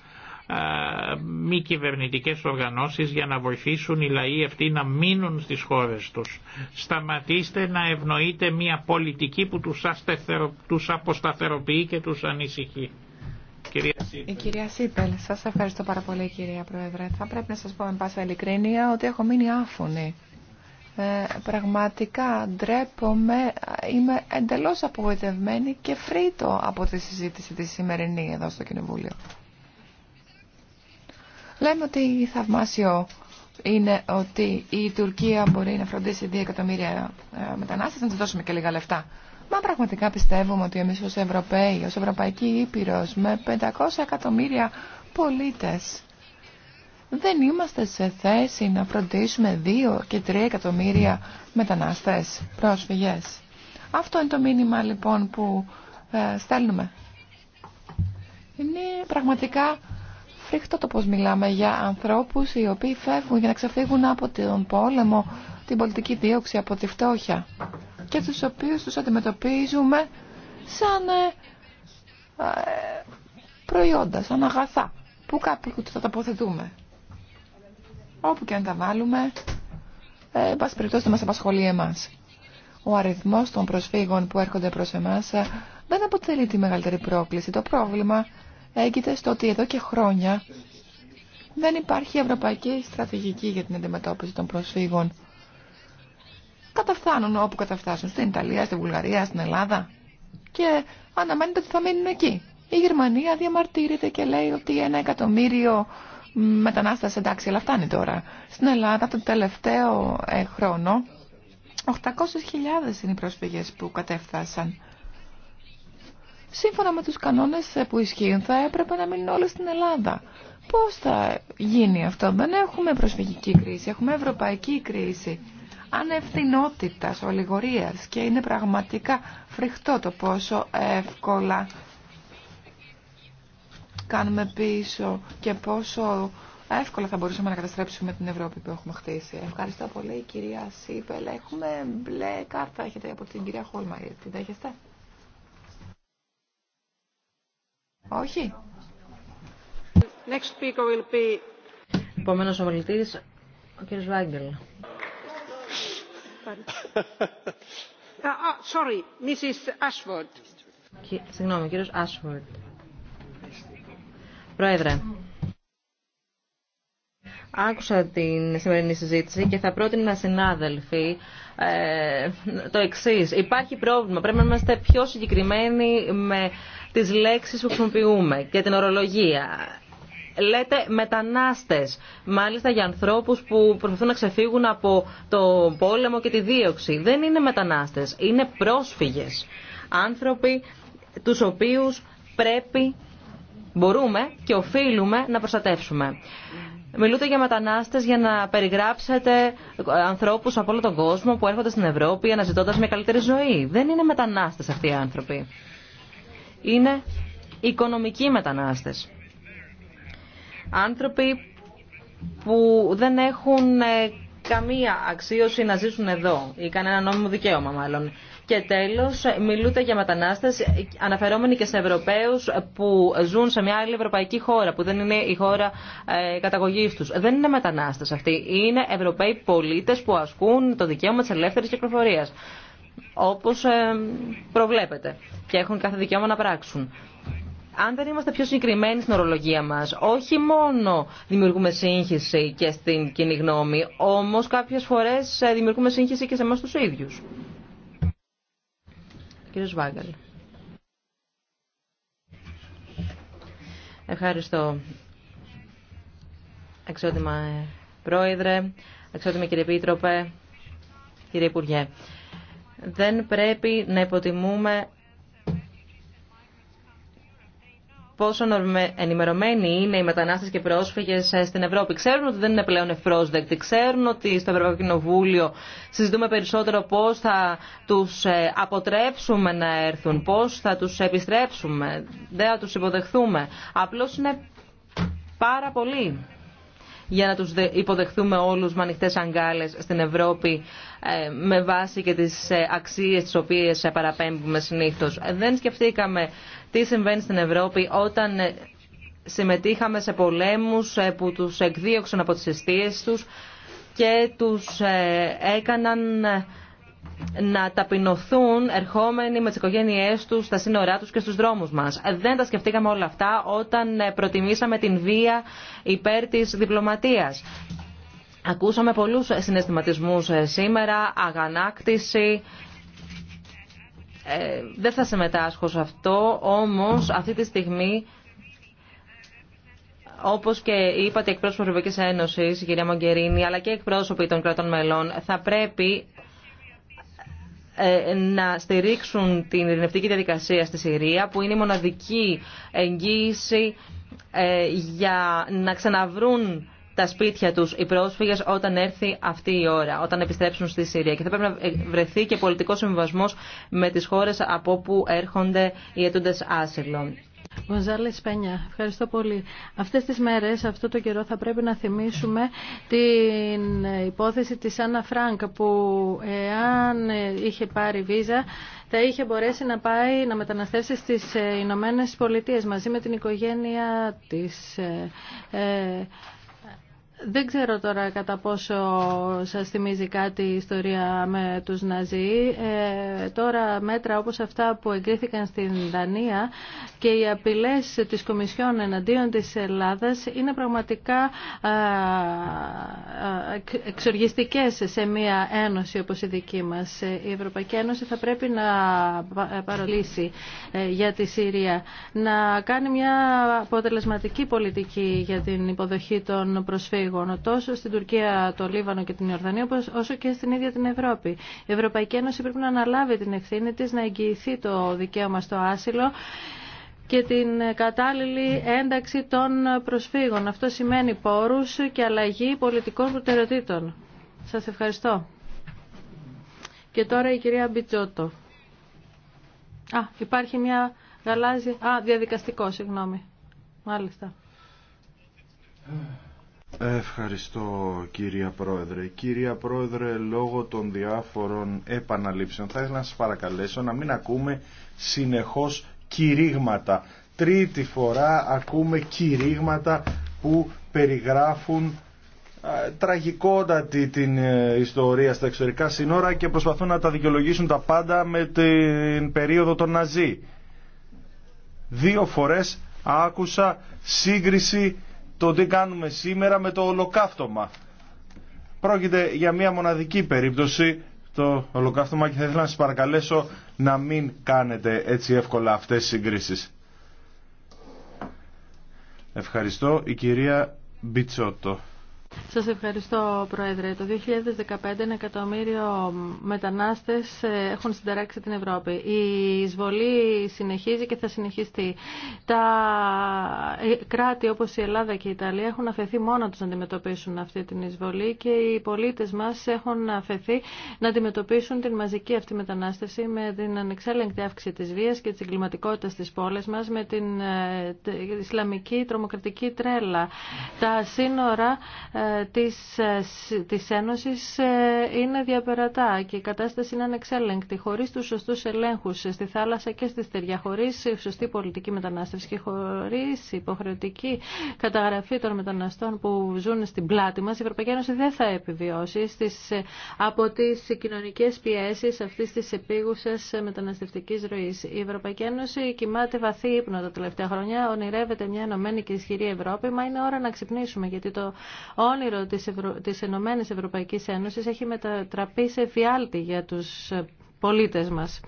μη κυβερνητικέ οργανώσεις για να βοηθήσουν οι λαοί αυτοί να μείνουν στις χώρες τους. Σταματήστε να ευνοείτε μια πολιτική που τους, αστεθερο... τους αποσταθεροποιεί και τους ανησυχεί. Η κυρία Σίπελ, σας ευχαριστώ πάρα πολύ κυρία Πρόεδρε. Θα πρέπει να σας πω με πάσα ειλικρίνεια ότι έχω μείνει άφωνη. Ε, πραγματικά ντρέπομαι, είμαι εντελώς απογοητευμένη και φρύτω από τη συζήτηση τη σημερινή εδώ στο Κοινοβούλιο. Λέμε ότι θαυμάσιο είναι ότι η Τουρκία μπορεί να φροντίσει 2 εκατομμύρια ε, μετανάστες, να τους δώσουμε και λίγα λεφτά. Μα πραγματικά πιστεύουμε ότι εμείς ως Ευρωπαίοι, ως Ευρωπαϊκή Ήπειρος, με 500 εκατομμύρια πολίτες, δεν είμαστε σε θέση να φροντίσουμε 2 και 3 εκατομμύρια μετανάστες, πρόσφυγες. Αυτό είναι το μήνυμα λοιπόν που ε, στέλνουμε. Είναι πραγματικά φρικτό το πώς μιλάμε για ανθρώπους οι οποίοι φεύγουν για να ξεφύγουν από τον πόλεμο, την πολιτική δίωξη, από τη φτώχεια και τους οποίους τους αντιμετωπίζουμε σαν ε, ε προϊόντα, σαν αγαθά που κάπου θα τοποθετούμε. Όπου και αν τα βάλουμε, ε, εν πάση περιπτώσει μας απασχολεί εμάς. Ο αριθμός των προσφύγων που έρχονται προς εμάς ε, δεν αποτελεί τη μεγαλύτερη πρόκληση. Το πρόβλημα έγκυται στο ότι εδώ και χρόνια δεν υπάρχει ευρωπαϊκή στρατηγική για την αντιμετώπιση των προσφύγων. Καταφθάνουν όπου καταφθάσουν, στην Ιταλία, στην Βουλγαρία, στην Ελλάδα και αναμένεται ότι θα μείνουν εκεί. Η Γερμανία διαμαρτύρεται και λέει ότι ένα εκατομμύριο μετανάστες εντάξει, αλλά φτάνει τώρα. Στην Ελλάδα τον τελευταίο ε, χρόνο 800.000 είναι οι πρόσφυγες που κατέφθασαν σύμφωνα με τους κανόνες που ισχύουν θα έπρεπε να μείνουν όλοι στην Ελλάδα. Πώς θα γίνει αυτό. Δεν έχουμε προσφυγική κρίση, έχουμε ευρωπαϊκή κρίση ανευθυνότητας, ολιγορίας και είναι πραγματικά φρικτό το πόσο εύκολα κάνουμε πίσω και πόσο εύκολα θα μπορούσαμε να καταστρέψουμε την Ευρώπη που έχουμε χτίσει. Ευχαριστώ πολύ κυρία Σίπελ. Έχουμε μπλε κάρτα, έχετε από την κυρία Χόλμα, την δέχεστε. Όχι. Next speaker ο ο κύριος Βάγγελ. sorry, uh, uh, Mrs. Ashford. Συγγνώμη, ο κύριος Ashford. Πρόεδρε, άκουσα την σημερινή συζήτηση και θα πρότεινα συνάδελφοι ε, το εξής. Υπάρχει πρόβλημα. Πρέπει να είμαστε πιο συγκεκριμένοι με τις λέξεις που χρησιμοποιούμε και την ορολογία. Λέτε μετανάστες, μάλιστα για ανθρώπους που προσπαθούν να ξεφύγουν από το πόλεμο και τη δίωξη. Δεν είναι μετανάστες, είναι πρόσφυγες. Άνθρωποι τους οποίους πρέπει, μπορούμε και οφείλουμε να προστατεύσουμε. Μιλούτε για μετανάστες για να περιγράψετε ανθρώπου από όλο τον κόσμο που έρχονται στην Ευρώπη αναζητώντα μια καλύτερη ζωή. Δεν είναι μετανάστε αυτοί οι άνθρωποι είναι οικονομικοί μετανάστες. Άνθρωποι που δεν έχουν ε, καμία αξίωση να ζήσουν εδώ ή κανένα νόμιμο δικαίωμα μάλλον. Και τέλος, ε, μιλούνται για μετανάστες ε, αναφερόμενοι και σε Ευρωπαίους που ζουν σε μια άλλη ευρωπαϊκή χώρα, που δεν είναι η χώρα ε, καταγωγής τους. Δεν είναι μετανάστες αυτοί, είναι Ευρωπαίοι πολίτες που ασκούν το δικαίωμα της ελεύθερης κυκλοφορίας όπως ε, προβλέπεται και έχουν κάθε δικαίωμα να πράξουν. Αν δεν είμαστε πιο συγκεκριμένοι στην ορολογία μας, όχι μόνο δημιουργούμε σύγχυση και στην κοινή γνώμη, όμως κάποιες φορές ε, δημιουργούμε σύγχυση και σε εμάς τους ίδιους. Κύριος Βάγκαλ. Ευχαριστώ. Αξιότιμα ε, Πρόεδρε, αξιότιμα κύριε Πίτροπε, κύριε Υπουργέ δεν πρέπει να υποτιμούμε πόσο ενημερωμένοι είναι οι μετανάστες και πρόσφυγες ε, στην Ευρώπη. Ξέρουν ότι δεν είναι πλέον ευπρόσδεκτοι. Ξέρουν ότι στο Ευρωπαϊκό Κοινοβούλιο συζητούμε περισσότερο πώς θα τους ε, αποτρέψουμε να έρθουν, πώς θα τους επιστρέψουμε, δεν θα τους υποδεχθούμε. Απλώς είναι πάρα πολύ για να τους υποδεχθούμε όλους με ανοιχτέ αγκάλες στην Ευρώπη ε, με βάση και τις ε, αξίες τις οποίες ε, παραπέμπουμε συνήθως. Δεν σκεφτήκαμε τι συμβαίνει στην Ευρώπη όταν συμμετείχαμε σε πολέμους που τους εκδίωξαν από τις αιστείες τους και τους έκαναν να ταπεινωθούν ερχόμενοι με τι οικογένειέ του στα σύνορά του και στου δρόμου μα. Δεν τα σκεφτήκαμε όλα αυτά όταν ε, προτιμήσαμε την βία υπέρ τη διπλωματία. Ακούσαμε πολλούς συναισθηματισμούς ε, σήμερα, αγανάκτηση. Ε, δεν θα συμμετάσχω σε αυτό, όμως αυτή τη στιγμή, όπως και είπατε εκπρόσωπος Ευρωπαϊκής Ένωσης, η κυρία Μογκερίνη, αλλά και εκπρόσωποι των κρατών μελών, θα πρέπει ε, να στηρίξουν την ειρηνευτική διαδικασία στη Συρία που είναι η μοναδική εγγύηση ε, για να ξαναβρούν τα σπίτια τους οι πρόσφυγες όταν έρθει αυτή η ώρα, όταν επιστρέψουν στη Συρία. Και θα πρέπει να βρεθεί και πολιτικός συμβασμός με τις χώρες από όπου έρχονται οι αιτούντες άσυλων. Γονζάλη Σπένια, ευχαριστώ πολύ. Αυτές τις μέρες, αυτό το καιρό θα πρέπει να θυμίσουμε την υπόθεση της Άννα Φράνκ που εάν είχε πάρει βίζα θα είχε μπορέσει να πάει να μεταναστεύσει στις Ηνωμένε Πολιτείες μαζί με την οικογένειά της. Ε, ε, δεν ξέρω τώρα κατά πόσο σας θυμίζει κάτι η ιστορία με τους Ναζί. Ε, τώρα μέτρα όπως αυτά που εγκρίθηκαν στην Δανία και οι απειλές της Κομισιόν εναντίον της Ελλάδας είναι πραγματικά εξοργιστικές σε μια ένωση όπως η δική μας. Η Ευρωπαϊκή Ένωση θα πρέπει να ε, παρολύσει ε, για τη Συρία, να κάνει μια αποτελεσματική πολιτική για την υποδοχή των προσφύγων τρίγωνο τόσο στην Τουρκία, το Λίβανο και την Ιορδανία, όσο και στην ίδια την Ευρώπη. Η Ευρωπαϊκή Ένωση πρέπει να αναλάβει την ευθύνη της να εγγυηθεί το δικαίωμα στο άσυλο και την κατάλληλη ένταξη των προσφύγων. Αυτό σημαίνει πόρους και αλλαγή πολιτικών προτεραιοτήτων. Σας ευχαριστώ. Και τώρα η κυρία Μπιτζότο. Α, υπάρχει μια γαλάζια... Α, διαδικαστικό, συγγνώμη. Μάλιστα. Ευχαριστώ κυρία Πρόεδρε. Κυρία Πρόεδρε, λόγω των διάφορων επαναλήψεων θα ήθελα να σας παρακαλέσω να μην ακούμε συνεχώς κηρύγματα. Τρίτη φορά ακούμε κηρύγματα που περιγράφουν τραγικότατη την ε, ιστορία στα εξωτερικά σύνορα και προσπαθούν να τα δικαιολογήσουν τα πάντα με την περίοδο των Ναζί. Δύο φορές άκουσα σύγκριση το τι κάνουμε σήμερα με το ολοκαύτωμα. Πρόκειται για μια μοναδική περίπτωση το ολοκαύτωμα και θα ήθελα να σας παρακαλέσω να μην κάνετε έτσι εύκολα αυτές τις συγκρίσεις. Ευχαριστώ. Η κυρία Μπιτσότο. Σας ευχαριστώ, Πρόεδρε. Το 2015 ένα εκατομμύριο μετανάστες ε, έχουν συνταράξει την Ευρώπη. Η εισβολή συνεχίζει και θα συνεχιστεί. Τα ε, κράτη όπως η Ελλάδα και η Ιταλία έχουν αφαιθεί μόνο τους να αντιμετωπίσουν αυτή την εισβολή και οι πολίτες μας έχουν αφαιθεί να αντιμετωπίσουν την μαζική αυτή μετανάστευση με την ανεξέλεγκτη αύξηση της βίας και της εγκληματικότητας της πόλης μας, με την ε, Ισλαμική τρομοκρατική τρέλα. Τα σύνορα της, της Ένωσης ε, είναι διαπερατά και η κατάσταση είναι ανεξέλεγκτη χωρίς τους σωστούς ελέγχους στη θάλασσα και στη στεριά, χωρίς σωστή πολιτική μετανάστευση και χωρίς υποχρεωτική καταγραφή των μεταναστών που ζουν στην πλάτη μας η Ευρωπαϊκή Ένωση δεν θα επιβιώσει στις, ε, από τις κοινωνικές πιέσεις αυτής της επίγουσας μεταναστευτικής ροής. Η Ευρωπαϊκή Ένωση κοιμάται βαθύ ύπνο τα τελευταία χρόνια, ονειρεύεται μια ενωμένη και ισχυρή Ευρώπη, μα είναι ώρα να ξυπνήσουμε γιατί το όνειρο της, Ευρω... της Ενωμένης Ευρωπαϊκής Ένωσης έχει μετατραπεί σε φιάλτη για τους πολίτες μας.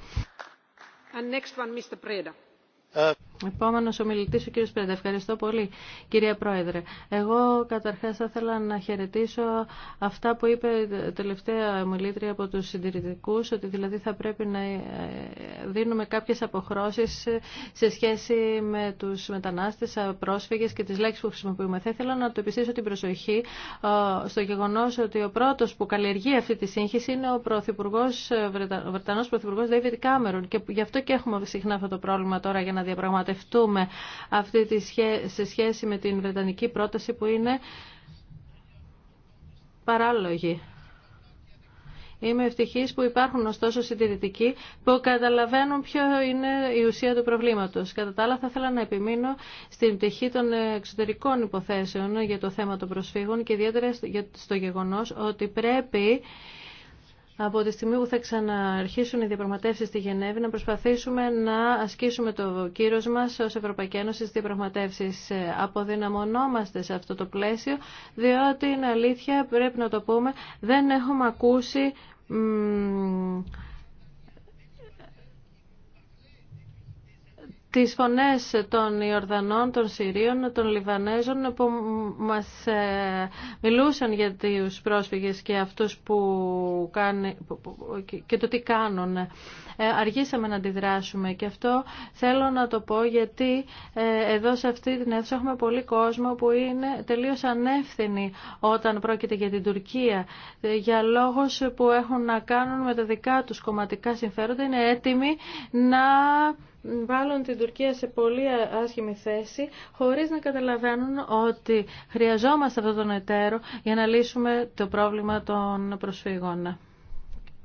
Ε, Επόμενο ο ο κύριο Πέντε. Ευχαριστώ πολύ, κυρία Πρόεδρε. Εγώ καταρχά θα ήθελα να χαιρετήσω αυτά που είπε τελευταία ομιλήτρια από του συντηρητικού, ότι δηλαδή θα πρέπει να ε, δίνουμε κάποιε αποχρώσει σε σχέση με του μετανάστε, πρόσφυγε και τι λέξει που χρησιμοποιούμε. Θα ήθελα να το επιστήσω την προσοχή στο γεγονό ότι ο πρώτο που καλλιεργεί αυτή τη σύγχυση είναι ο ε, Βρετανό Πρωθυπουργό David Cameron. Και γι' αυτό και έχουμε συχνά αυτό το πρόβλημα τώρα για να διαπραγματεύουμε πραγματευτούμε αυτή τη σχέση, σε σχέση με την Βρετανική πρόταση που είναι παράλογη. Είμαι ευτυχής που υπάρχουν ωστόσο συντηρητικοί που καταλαβαίνουν ποιο είναι η ουσία του προβλήματος. Κατά τα άλλα θα ήθελα να επιμείνω στην πτυχή των εξωτερικών υποθέσεων για το θέμα των προσφύγων και ιδιαίτερα στο γεγονός ότι πρέπει από τη στιγμή που θα ξαναρχίσουν οι διαπραγματεύσεις στη Γενέβη να προσπαθήσουμε να ασκήσουμε το κύρος μας ως Ευρωπαϊκή Ένωση στις διαπραγματεύσεις. Ε, αποδυναμωνόμαστε σε αυτό το πλαίσιο, διότι είναι αλήθεια, πρέπει να το πούμε, δεν έχουμε ακούσει τις φωνές των Ιορδανών, των Συρίων, των Λιβανέζων που μας ε, μιλούσαν για τους πρόσφυγες και αυτούς που κάνει, και το τι κάνουν. Ε, αργήσαμε να αντιδράσουμε και αυτό θέλω να το πω γιατί ε, εδώ σε αυτή την αίθουσα έχουμε πολύ κόσμο που είναι τελείως ανεύθυνοι όταν πρόκειται για την Τουρκία για λόγους που έχουν να κάνουν με τα δικά τους κομματικά συμφέροντα είναι έτοιμοι να βάλουν την Τουρκία σε πολύ άσχημη θέση χωρίς να καταλαβαίνουν ότι χρειαζόμαστε αυτόν τον εταίρο για να λύσουμε το πρόβλημα των προσφύγων.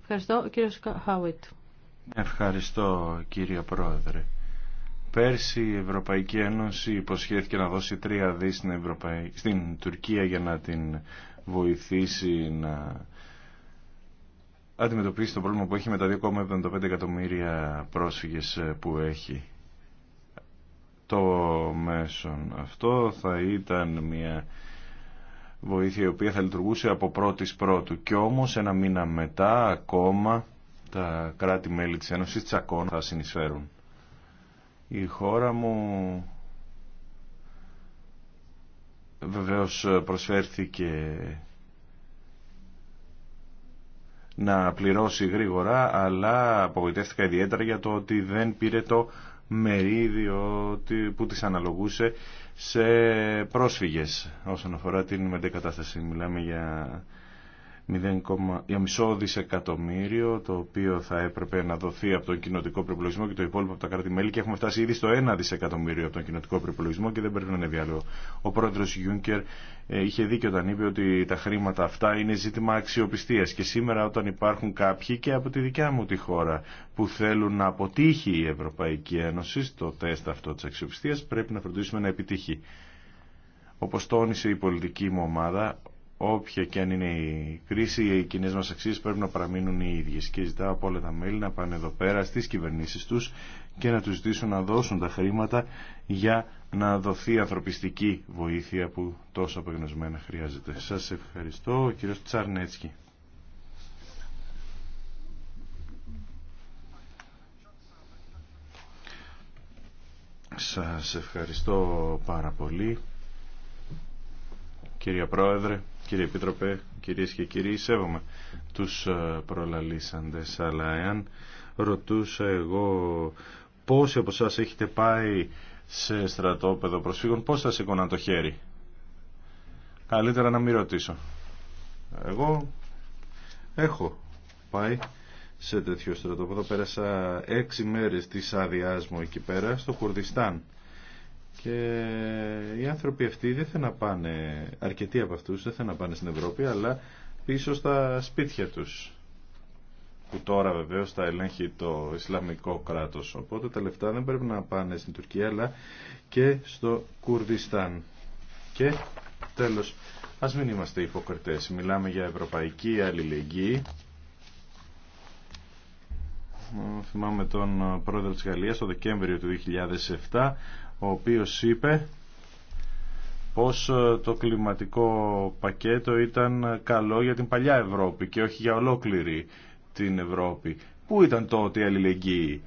Ευχαριστώ, κύριος Χάουιτ. Ευχαριστώ, κύριε Πρόεδρε. Πέρσι η Ευρωπαϊκή Ένωση υποσχέθηκε να δώσει τρία δις στην, στην Τουρκία για να την βοηθήσει να αντιμετωπίσει το πρόβλημα που έχει με τα 2,75 εκατομμύρια πρόσφυγες ε, που έχει. Το μέσον αυτό θα ήταν μια βοήθεια η οποία θα λειτουργούσε από πρώτης πρώτου και όμως ένα μήνα μετά ακόμα τα κράτη-μέλη της Ένωσης τσακών θα συνεισφέρουν. Η χώρα μου βεβαίως προσφέρθηκε να πληρώσει γρήγορα, αλλά απογοητεύτηκα ιδιαίτερα για το ότι δεν πήρε το μερίδιο που της αναλογούσε σε πρόσφυγες όσον αφορά την μετεκατάσταση. Μιλάμε για 0,5 δισεκατομμύριο το οποίο θα έπρεπε να δοθεί από τον κοινοτικό προπολογισμό και το υπόλοιπο από τα κράτη-μέλη και έχουμε φτάσει ήδη στο 1 δισεκατομμύριο από τον κοινοτικό προπολογισμό και δεν πρέπει να είναι άλλο. Ο πρόεδρος Γιούνκερ ε, είχε δίκιο όταν είπε ότι τα χρήματα αυτά είναι ζήτημα αξιοπιστίας και σήμερα όταν υπάρχουν κάποιοι και από τη δικιά μου τη χώρα που θέλουν να αποτύχει η Ευρωπαϊκή Ένωση στο τεστ αυτό της αξιοπιστίας πρέπει να φροντίσουμε να επιτύχει. Όπω τόνισε η πολιτική μου ομάδα, Όποια και αν είναι η κρίση, οι κοινέ μα αξίε πρέπει να παραμείνουν οι ίδιε. Και ζητάω από όλα τα μέλη να πάνε εδώ πέρα στι κυβερνήσει του και να του ζητήσουν να δώσουν τα χρήματα για να δοθεί ανθρωπιστική βοήθεια που τόσο απεγνωσμένα χρειάζεται. Σα ευχαριστώ, ο κύριο Τσαρνέτσκι. Σας ευχαριστώ πάρα πολύ, κύριε Πρόεδρε Κύριε Επίτροπε, κυρίες και κύριοι, σέβομαι τους ε, προλαλήσαντες, αλλά εάν ρωτούσα εγώ πόσοι από εσά έχετε πάει σε στρατόπεδο προσφύγων, πώς θα σηκώναν το χέρι. Καλύτερα να μην ρωτήσω. Εγώ έχω πάει σε τέτοιο στρατόπεδο. Πέρασα έξι μέρες της άδειά μου εκεί πέρα, στο Κουρδιστάν. Και οι άνθρωποι αυτοί δεν θέλουν να πάνε, αρκετοί από αυτούς δεν θέλουν να πάνε στην Ευρώπη, αλλά πίσω στα σπίτια τους που τώρα βεβαίως τα ελέγχει το Ισλαμικό κράτος. Οπότε τα λεφτά δεν πρέπει να πάνε στην Τουρκία αλλά και στο Κουρδιστάν. Και τέλος, ας μην είμαστε υποκριτές. Μιλάμε για ευρωπαϊκή αλληλεγγύη. Θυμάμαι τον πρόεδρο της Γαλλίας το Δεκέμβριο του 2007 ο οποίος είπε πως ε, το κλιματικό πακέτο ήταν ε, καλό για την παλιά Ευρώπη και όχι για ολόκληρη την Ευρώπη. Πού ήταν τότε η αλληλεγγύη.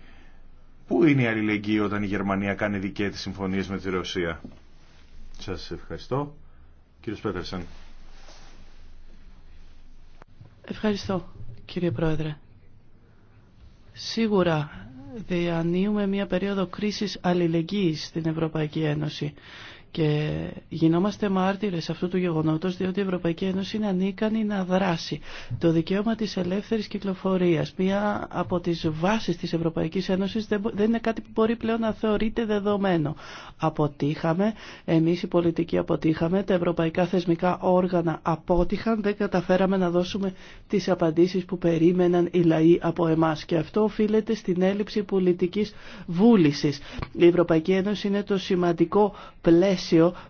Πού είναι η αλληλεγγύη όταν η Γερμανία κάνει δικές συμφωνίες με τη Ρωσία. Σας ευχαριστώ. Κύριος Πέτερσεν. Ευχαριστώ κύριε Πρόεδρε. Σίγουρα διανύουμε μια περίοδο κρίσης αλληλεγγύης στην Ευρωπαϊκή Ένωση. Και γινόμαστε μάρτυρες αυτού του γεγονότος διότι η Ευρωπαϊκή Ένωση είναι ανίκανη να δράσει. Το δικαίωμα της ελεύθερης κυκλοφορίας, μία από τις βάσεις της Ευρωπαϊκής Ένωσης δεν είναι κάτι που μπορεί πλέον να θεωρείται δεδομένο. Αποτύχαμε, εμείς οι πολιτικοί αποτύχαμε, τα ευρωπαϊκά θεσμικά όργανα απότυχαν, δεν καταφέραμε να δώσουμε τις απαντήσεις που περίμεναν οι λαοί από εμάς. Και αυτό οφείλεται στην έλλειψη πολιτικής βούλησης. Η Ευρωπαϊκή Ένωση είναι το σημαντικό πλαίσιο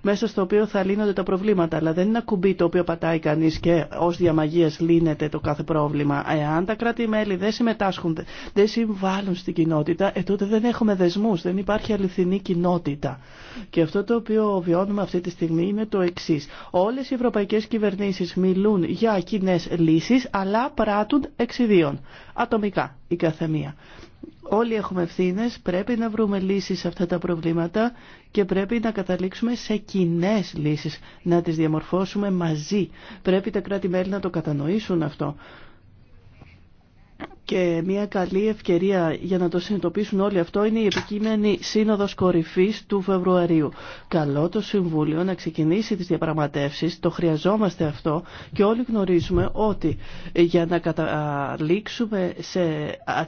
μέσα στο οποίο θα λύνονται τα προβλήματα. Αλλά δεν είναι ένα κουμπί το οποίο πατάει κανεί και ω διαμαγεία λύνεται το κάθε πρόβλημα. Εάν τα κράτη-μέλη δεν συμμετάσχουν, δεν συμβάλλουν στην κοινότητα, ε, τότε δεν έχουμε δεσμού, δεν υπάρχει αληθινή κοινότητα. Και αυτό το οποίο βιώνουμε αυτή τη στιγμή είναι το εξή. Όλε οι ευρωπαϊκέ κυβερνήσει μιλούν για κοινέ λύσει, αλλά πράττουν εξιδίων, ατομικά η καθεμία. Όλοι έχουμε ευθύνε, πρέπει να βρούμε λύσεις σε αυτά τα προβλήματα και πρέπει να καταλήξουμε σε κοινέ λύσεις, να τις διαμορφώσουμε μαζί. Πρέπει τα κράτη-μέλη να το κατανοήσουν αυτό και μια καλή ευκαιρία για να το συνειδητοποιήσουν όλοι αυτό είναι η επικείμενη σύνοδος κορυφής του Φεβρουαρίου. Καλό το Συμβούλιο να ξεκινήσει τις διαπραγματεύσεις, το χρειαζόμαστε αυτό και όλοι γνωρίζουμε ότι για να καταλήξουμε σε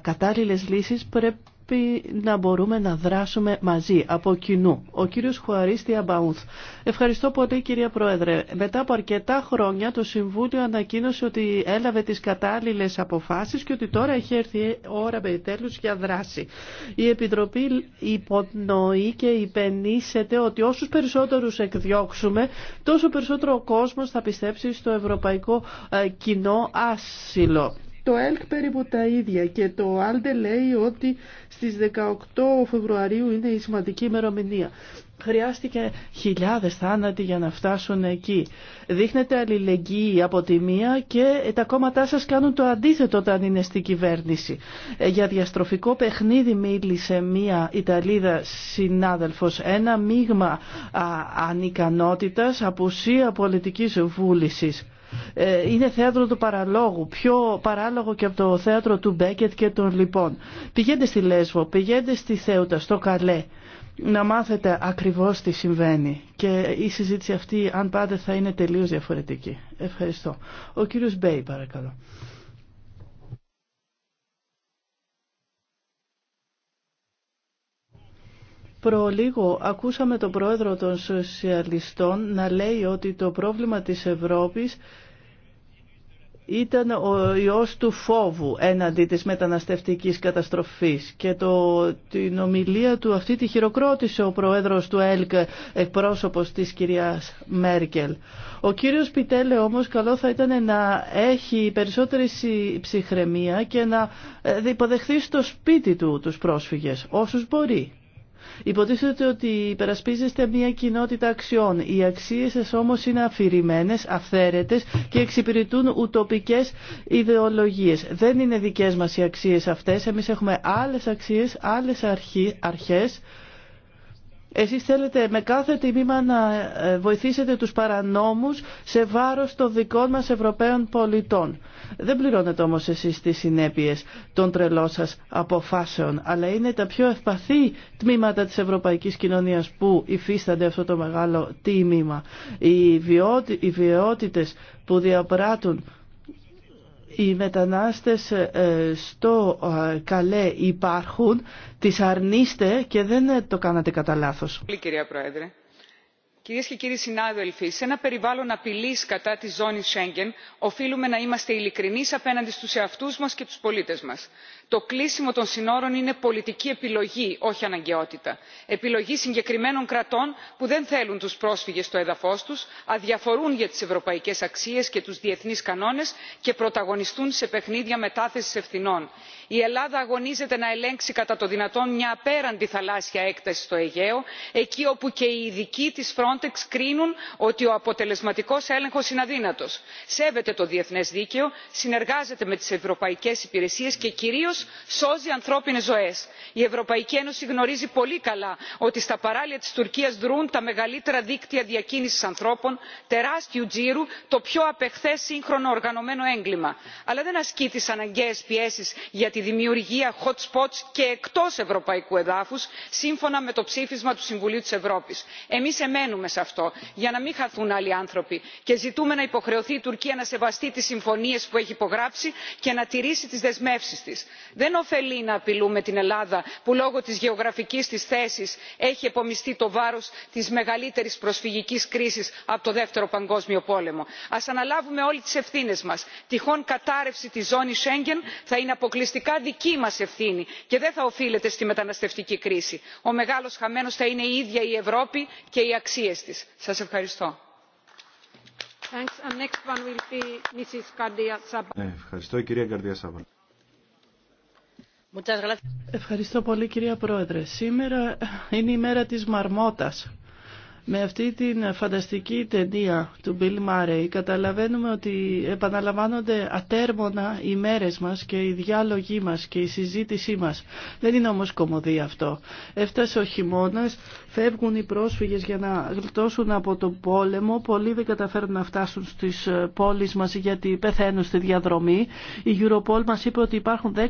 κατάλληλες λύσεις πρέπει να μπορούμε να δράσουμε μαζί, από κοινού. Ο κύριος Χουαρίστια Ευχαριστώ πολύ κυρία Πρόεδρε. Μετά από αρκετά χρόνια το Συμβούλιο ανακοίνωσε ότι έλαβε τις κατάλληλες αποφάσεις και ότι τώρα έχει έρθει η ώρα τέλους για δράση. Η Επιτροπή υπονοεί και υπενήσεται ότι όσους περισσότερους εκδιώξουμε, τόσο περισσότερο ο κόσμος θα πιστέψει στο ευρωπαϊκό ε, κοινό άσυλο. Το ΕΛΚ περίπου τα ίδια και το Άλτε λέει ότι στις 18 Φεβρουαρίου είναι η σημαντική ημερομηνία. Χρειάστηκε χιλιάδες θάνατοι για να φτάσουν εκεί. Δείχνετε αλληλεγγύη από τη μία και τα κόμματά σας κάνουν το αντίθετο όταν είναι στην κυβέρνηση. Ε, για διαστροφικό παιχνίδι μίλησε μία Ιταλίδα συνάδελφος. Ένα μείγμα ανικανότητας, απουσία πολιτικής βούλησης. Ε, είναι θέατρο του παραλόγου, πιο παράλογο και από το θέατρο του Μπέκετ και των λοιπών. Πηγαίνετε στη Λέσβο, πηγαίνετε στη Θέουτα, στο Καλέ, να μάθετε ακριβώς τι συμβαίνει. Και η συζήτηση αυτή, αν πάτε, θα είναι τελείως διαφορετική. Ευχαριστώ. Ο κύριος Μπέι, παρακαλώ. Προλίγο ακούσαμε τον πρόεδρο των σοσιαλιστών να λέει ότι το πρόβλημα της Ευρώπης ήταν ο ιός του φόβου έναντι της μεταναστευτικής καταστροφής και το, την ομιλία του αυτή τη χειροκρότησε ο πρόεδρος του ΕΛΚ εκπρόσωπος της κυρίας Μέρκελ. Ο κύριος Πιτέλε όμως καλό θα ήταν να έχει περισσότερη ψυχραιμία και να ε, υποδεχθεί στο σπίτι του τους πρόσφυγες όσους μπορεί. Υποτίθεται ότι υπερασπίζεστε μια κοινότητα αξιών. Οι αξίες σας όμως είναι αφηρημένες, αυθαίρετες και εξυπηρετούν ουτοπικές ιδεολογίες. Δεν είναι δικές μας οι αξίες αυτές. Εμείς έχουμε άλλες αξίες, άλλες αρχές. Εσείς θέλετε με κάθε τιμήμα να ε, βοηθήσετε τους παρανόμους σε βάρος των δικών μας Ευρωπαίων πολιτών. Δεν πληρώνετε όμως εσείς τις συνέπειες των τρελών σα αποφάσεων, αλλά είναι τα πιο ευπαθή τμήματα της ευρωπαϊκής κοινωνίας που υφίστανται αυτό το μεγάλο τίμημα. Οι, βιότι, οι βιαιότητες που διαπράττουν οι μετανάστες ε, στο ε, καλέ υπάρχουν, τις αρνείστε και δεν το κάνατε κατά λάθος. Πρόεδρε κυρίε και κύριοι συνάδελφοι σε ένα περιβάλλον απειλή κατά τη ζώνη σέγγεν οφείλουμε να είμαστε ειλικρινεί απέναντι στου εαυτού μα και τους πολίτε μα το κλείσιμο των συνόρων είναι πολιτική επιλογή όχι αναγκαιότητα επιλογή συγκεκριμένων κρατών που δεν θέλουν τους πρόσφυγες στο έδαφος τους αδιαφορούν για τις ευρωπαϊκές αξίες και τους διεθνείς κανόνες και πρωταγωνιστούν σε παιχνίδια μετάθεσης ευθυνών. η ελλάδα αγωνίζεται να ελέγξει κατά το δυνατόν μια απέραντη θαλάσσια έκταση στο αιγαίο εκεί όπου και οι ειδικοί της frontex κρίνουν ότι ο αποτελεσματικός έλεγχος είναι αδύνατος. σέβεται το διεθνές δίκαιο συνεργάζεται με τις ευρωπαϊκές υπηρεσίες και σώζει ανθρώπινες ζωές. η ευρωπαϊκή ένωση γνωρίζει πολύ καλά ότι στα παράλια της τουρκίας δρούν τα μεγαλύτερα δίκτυα διακίνησης ανθρώπων τεράστιου τζίρου το πιο απεχθές σύγχρονο οργανωμένο έγκλημα αλλά δεν ασκεί τις αναγκαίες πιέσεις για τη δημιουργία hot spots και εκτός ευρωπαϊκού εδάφους σύμφωνα με το ψήφισμα του συμβουλίου της ευρώπης. εμείς εμένουμε σε αυτό για να μην χαθούν άλλοι άνθρωποι και ζητούμε να υποχρεωθεί η τουρκία να σεβαστεί τις συμφωνίες που έχει υπογράψει και να τηρήσει τις δεσμεύσεις της δεν ωφελεί να απειλούμε την ελλάδα που λόγω της γεωγραφικής της θέσης έχει επομιστεί το βάρος της μεγαλύτερης προσφυγικής κρίσης από το δεύτερο παγκόσμιο πόλεμο. ας αναλάβουμε όλοι τις ευθύνες μας. τυχόν κατάρρευση της ζώνης σέγγεν θα είναι αποκλειστικά δική μας ευθύνη και δεν θα οφείλεται στη μεταναστευτική κρίση. ο μεγάλος χαμένος θα είναι η ίδια η ευρώπη και οι αξίες της. σας ευχαριστώ. Ευχαριστώ πολύ κυρία Πρόεδρε. Σήμερα είναι η μέρα της μαρμότας. Με αυτή την φανταστική ταινία του Bill Murray καταλαβαίνουμε ότι επαναλαμβάνονται ατέρμονα οι μέρες μας και οι διάλογοι μας και η συζήτησή μας. Δεν είναι όμως κομμωδία αυτό. Έφτασε ο χειμώνα, φεύγουν οι πρόσφυγες για να γλιτώσουν από τον πόλεμο. Πολλοί δεν καταφέρουν να φτάσουν στις ε, πόλεις μας γιατί πεθαίνουν στη διαδρομή. Η Europol μας είπε ότι υπάρχουν 10.000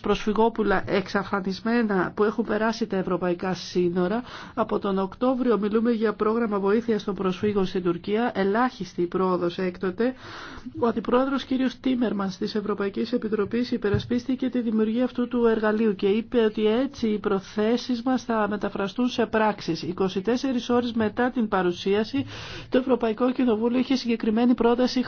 προσφυγόπουλα εξαφανισμένα που έχουν περάσει τα ευρωπαϊκά σύνορα. Από τον Οκτώβριο μιλούμε για πρόγραμμα βοήθεια των προσφύγων στην Τουρκία, ελάχιστη πρόοδο έκτοτε. Ο αντιπρόεδρο κ. Τίμερμαν τη Ευρωπαϊκή Επιτροπή υπερασπίστηκε τη δημιουργία αυτού του εργαλείου και είπε ότι έτσι οι προθέσει μα θα μεταφραστούν σε πράξει. 24 ώρε μετά την παρουσίαση, το Ευρωπαϊκό Κοινοβούλιο είχε συγκεκριμένη πρόταση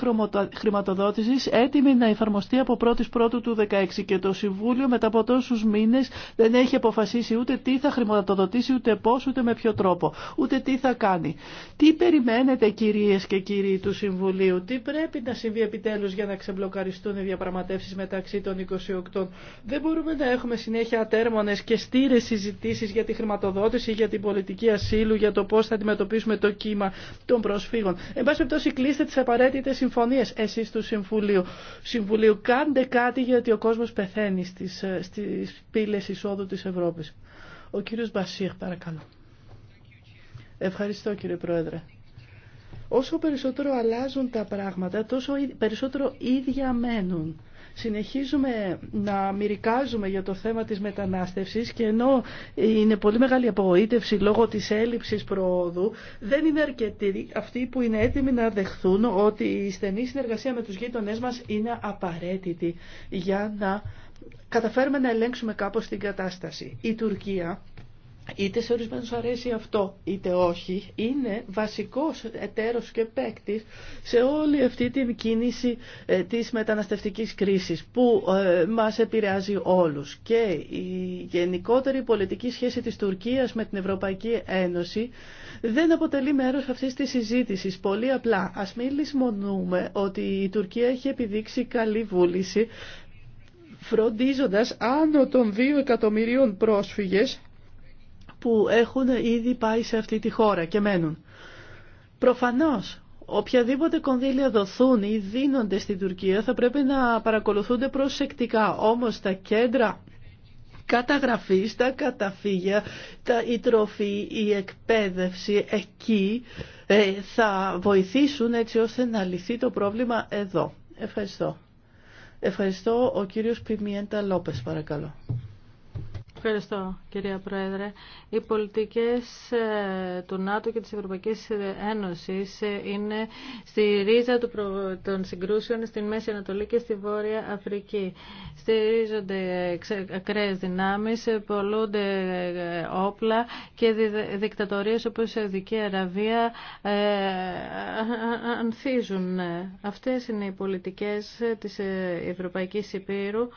χρηματοδότηση έτοιμη να εφαρμοστεί από 1η Πρώτου του 2016 και το Συμβούλιο μετά από τόσου μήνε δεν έχει αποφασίσει ούτε τι θα χρηματοδοτήσει, ούτε πώ ούτε με ποιο τρόπο, ούτε τι θα κάνει. Τι περιμένετε κυρίες και κύριοι του Συμβουλίου, τι πρέπει να συμβεί επιτέλους για να ξεμπλοκαριστούν οι διαπραγματεύσεις μεταξύ των 28. Δεν μπορούμε να έχουμε συνέχεια ατέρμονες και στήρες συζητήσεις για τη χρηματοδότηση, για την πολιτική ασύλου, για το πώς θα αντιμετωπίσουμε το κύμα των προσφύγων. Εν πάση περιπτώσει κλείστε τις απαραίτητες συμφωνίες εσείς του Συμβουλίου. Συμβουλίου κάντε κάτι γιατί ο κόσμος πεθαίνει στις, ε, στις πύλες εισόδου της Ευρώπης. Ο κύριος Μπασίρ παρακαλώ. Ευχαριστώ κύριε Πρόεδρε. Όσο περισσότερο αλλάζουν τα πράγματα, τόσο περισσότερο ίδια μένουν. Συνεχίζουμε να μυρικάζουμε για το θέμα της μετανάστευσης και ενώ είναι πολύ μεγάλη απογοήτευση λόγω της έλλειψης προόδου, δεν είναι αρκετοί αυτοί που είναι έτοιμοι να δεχθούν ότι η στενή συνεργασία με τους γείτονές μας είναι απαραίτητη για να καταφέρουμε να ελέγξουμε κάπως την κατάσταση. Η Τουρκία είτε σε ορισμένους αρέσει αυτό είτε όχι, είναι βασικός εταίρος και παίκτη σε όλη αυτή την κίνηση ε, της μεταναστευτικής κρίσης που ε, μας επηρεάζει όλους. Και η γενικότερη πολιτική σχέση της Τουρκίας με την Ευρωπαϊκή Ένωση δεν αποτελεί μέρος αυτής της συζήτησης. Πολύ απλά, ας μην λησμονούμε ότι η Τουρκία έχει επιδείξει καλή βούληση φροντίζοντας άνω των 2 εκατομμυρίων πρόσφυγες που έχουν ήδη πάει σε αυτή τη χώρα και μένουν. Προφανώς, οποιαδήποτε κονδύλια δοθούν ή δίνονται στην Τουρκία θα πρέπει να παρακολουθούνται προσεκτικά. Όμως τα κέντρα καταγραφής, τα καταφύγια, τα, η τροφή, η εκπαίδευση εκεί ε, θα βοηθήσουν έτσι ώστε να λυθεί το πρόβλημα εδώ. Ευχαριστώ. Ευχαριστώ ο κύριος Πιμιέντα Λόπες παρακαλώ. Ευχαριστώ, κυρία Πρόεδρε. Οι πολιτικές ε, του ΝΑΤΟ και της Ευρωπαϊκής Ένωσης ε, είναι στη ρίζα των συγκρούσεων στην Μέση Ανατολή και στη Βόρεια Αφρική. Στηρίζονται ε, ακραίες δυνάμεις, πολλούνται όπλα και δικτατορίες όπως η Σαουδική Αραβία ανθίζουν. Αυτές είναι οι πολιτικές της Ευρωπαϊκής Υπήρου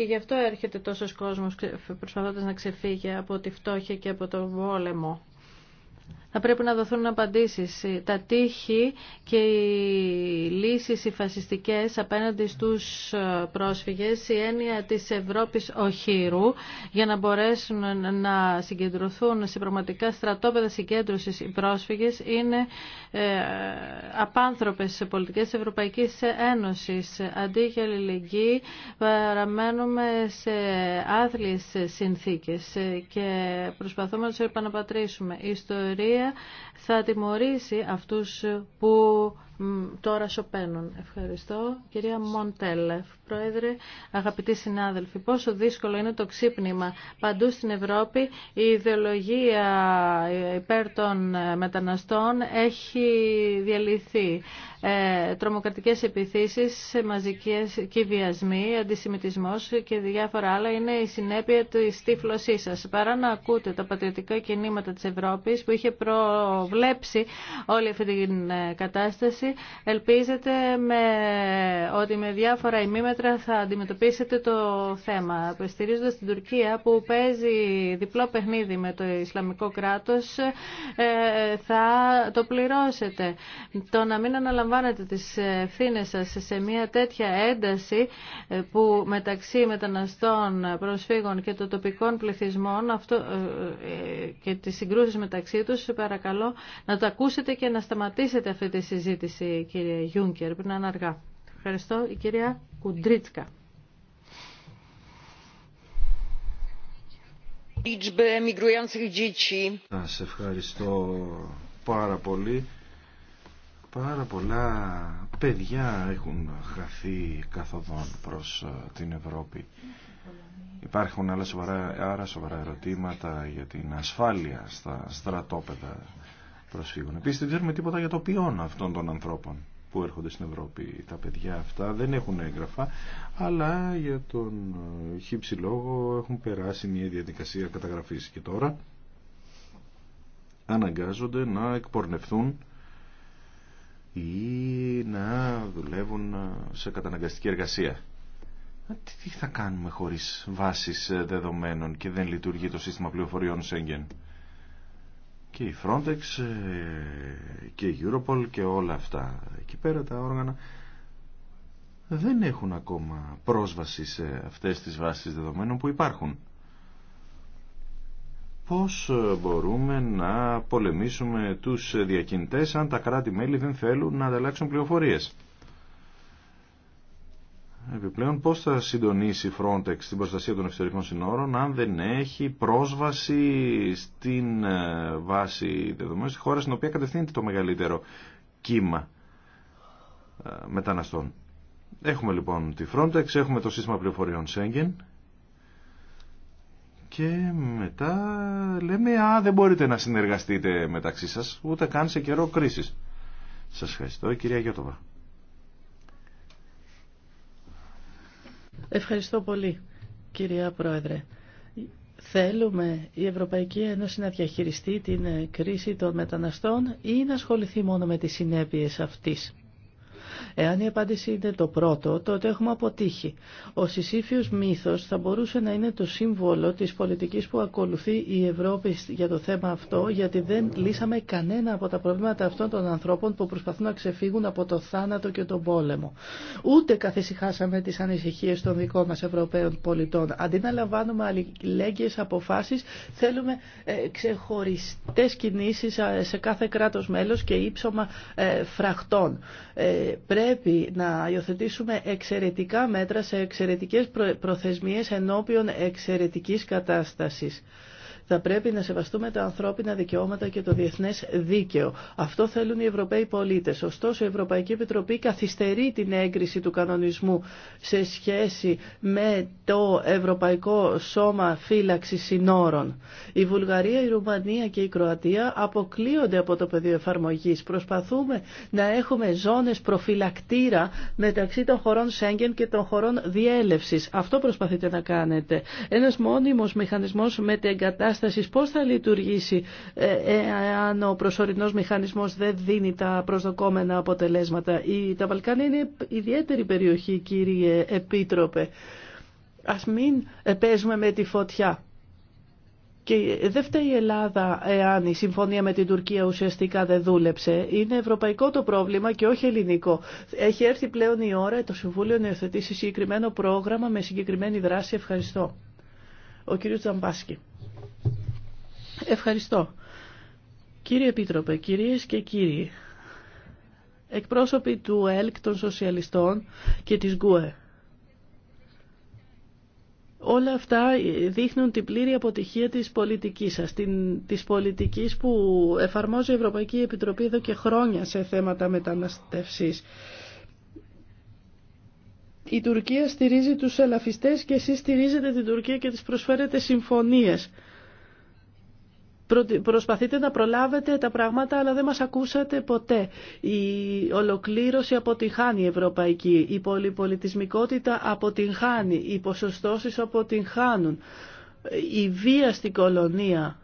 και γι' αυτό έρχεται τόσος κόσμος προσπαθώντας να ξεφύγει από τη φτώχεια και από τον πόλεμο θα πρέπει να δοθούν απαντήσεις. Τα τείχη και οι λύσεις οι φασιστικές απέναντι στους πρόσφυγες, η έννοια της Ευρώπης οχύρου για να μπορέσουν να συγκεντρωθούν σε πραγματικά στρατόπεδα συγκέντρωσης οι πρόσφυγες είναι ε, απάνθρωπες σε πολιτικές Ευρωπαϊκής Ένωσης. Αντί για αλληλεγγύη παραμένουμε σε άθλιες συνθήκες και προσπαθούμε να τους επαναπατρίσουμε. Η ιστορία οποία θα τιμωρήσει αυτούς που τώρα Σοπένων. Ευχαριστώ. Κυρία Μοντέλεφ, Πρόεδρε, αγαπητοί συνάδελφοι, πόσο δύσκολο είναι το ξύπνημα. Παντού στην Ευρώπη η ιδεολογία υπέρ των ε, μεταναστών έχει διαλυθεί. Ε, τρομοκρατικές επιθέσεις, μαζικές κυβιασμοί, αντισημιτισμός και διάφορα άλλα είναι η συνέπεια της τύφλωσής σας. Παρά να ακούτε τα πατριωτικά κινήματα της Ευρώπης που είχε προβλέψει όλη αυτή την ε, κατάσταση, Ελπίζετε με, ότι με διάφορα ημίμετρα θα αντιμετωπίσετε το θέμα. Στηρίζοντας την Τουρκία που παίζει διπλό παιχνίδι με το Ισλαμικό κράτος, ε, θα το πληρώσετε. Το να μην αναλαμβάνετε τις ευθύνε σας σε μια τέτοια ένταση ε, που μεταξύ μεταναστών, προσφύγων και των τοπικών πληθυσμών αυτό, ε, και τις συγκρούσεις μεταξύ τους, παρακαλώ να το ακούσετε και να σταματήσετε αυτή τη συζήτηση κύριε Γιούνκερ, πριν είναι αργά. Ευχαριστώ. Η κυρία Κουντρίτσκα. Σας ευχαριστώ πάρα πολύ. Πάρα πολλά παιδιά έχουν χαθεί καθοδόν προς ε, την Ευρώπη. Υπάρχουν άλλα σοβαρά, άρα σοβαρά ερωτήματα για την ασφάλεια στα στρατόπεδα προσφύγων. Επίσης δεν ξέρουμε τίποτα για το ποιόν αυτών των ανθρώπων που έρχονται στην Ευρώπη. Τα παιδιά αυτά δεν έχουν έγγραφα, αλλά για τον ε, χύψη λόγο έχουν περάσει μια διαδικασία καταγραφής και τώρα αναγκάζονται να εκπορνευθούν ή να δουλεύουν ε, σε καταναγκαστική εργασία. Τι θα κάνουμε χωρίς βάσεις ε, δεδομένων και δεν λειτουργεί το σύστημα πληροφοριών Σέγγεν και η Frontex ε, και η Europol και όλα αυτά εκεί πέρα τα όργανα δεν έχουν ακόμα πρόσβαση σε αυτές τις βάσεις δεδομένων που υπάρχουν. Πώς ε, μπορούμε να πολεμήσουμε τους ε, διακινητές αν τα κράτη-μέλη δεν θέλουν να ανταλλάξουν πληροφορίες. Επιπλέον, πώς θα συντονίσει η Frontex την προστασία των εξωτερικών συνόρων αν δεν έχει πρόσβαση στην ε, βάση δεδομένων στη χώρα στην οποία κατευθύνεται το μεγαλύτερο κύμα ε, μεταναστών. Έχουμε λοιπόν τη Frontex, έχουμε το σύστημα πληροφοριών Schengen και μετά λέμε «Α, δεν μπορείτε να συνεργαστείτε μεταξύ σας, ούτε καν σε καιρό κρίσης». Σας ευχαριστώ, κυρία Γιώτοβα. Ευχαριστώ πολύ, κυρία Πρόεδρε. Θέλουμε η Ευρωπαϊκή Ένωση να διαχειριστεί την κρίση των μεταναστών ή να ασχοληθεί μόνο με τις συνέπειες αυτής. Εάν η απάντηση είναι το πρώτο, τότε έχουμε αποτύχει. Ο συσήφιος μύθος θα μπορούσε να είναι το σύμβολο της πολιτικής που ακολουθεί η Ευρώπη για το θέμα αυτό, γιατί δεν λύσαμε κανένα από τα προβλήματα αυτών των ανθρώπων που προσπαθούν να ξεφύγουν από το θάνατο και τον πόλεμο. Ούτε καθησυχάσαμε τις ανησυχίες των δικών μας Ευρωπαίων πολιτών. Αντί να λαμβάνουμε αλληλέγγυες αποφάσεις, θέλουμε ε, ξεχωριστές κινήσεις ε, σε κάθε κράτος μέλος και ύψωμα ε, φραχτών πρέπει να υιοθετήσουμε εξαιρετικά μέτρα σε εξαιρετικές προθεσμίες ενώπιον εξαιρετικής κατάστασης. Θα πρέπει να σεβαστούμε τα ανθρώπινα δικαιώματα και το διεθνές δίκαιο. Αυτό θέλουν οι Ευρωπαίοι πολίτες. Ωστόσο, η Ευρωπαϊκή Επιτροπή καθυστερεί την έγκριση του κανονισμού σε σχέση με το Ευρωπαϊκό Σώμα Φύλαξη Συνόρων. Η Βουλγαρία, η Ρουμανία και η Κροατία αποκλείονται από το πεδίο εφαρμογής. Προσπαθούμε να έχουμε ζώνες προφυλακτήρα μεταξύ των χωρών Σέγγεν και των χωρών διέλευσης. Αυτό προσπαθείτε να κάνετε. Ένας μόνιμος μηχανισμός με την εγκατάσταση κατάστασης πώς θα λειτουργήσει ε, ε, εάν ο προσωρινός μηχανισμός δεν δίνει τα προσδοκόμενα αποτελέσματα. η Τα Βαλκάνια είναι ιδιαίτερη περιοχή κύριε Επίτροπε. Ας μην ε, παίζουμε με τη φωτιά. Και δεν φταίει η Ελλάδα εάν η συμφωνία με την Τουρκία ουσιαστικά δεν δούλεψε. Είναι ευρωπαϊκό το πρόβλημα και όχι ελληνικό. Έχει έρθει πλέον η ώρα το Συμβούλιο να υιοθετήσει συγκεκριμένο πρόγραμμα με συγκεκριμένη δράση. Ευχαριστώ. Ο κύριος Τζαμπάσκι. Ευχαριστώ. Κύριε Επίτροπε, κυρίες και κύριοι, εκπρόσωποι του ΕΛΚ των Σοσιαλιστών και της ΓΚΟΕ, Όλα αυτά δείχνουν την πλήρη αποτυχία της πολιτικής σας, την, της πολιτικής που εφαρμόζει η Ευρωπαϊκή Επιτροπή εδώ και χρόνια σε θέματα μεταναστευσής. Η Τουρκία στηρίζει τους ελαφιστές και εσείς στηρίζετε την Τουρκία και τις προσφέρετε συμφωνίες. Προσπαθείτε να προλάβετε τα πράγματα, αλλά δεν μας ακούσατε ποτέ. Η ολοκλήρωση αποτυγχάνει η ευρωπαϊκή, η πολυπολιτισμικότητα αποτυγχάνει, οι ποσοστώσεις αποτυγχάνουν, η βία στην κολονία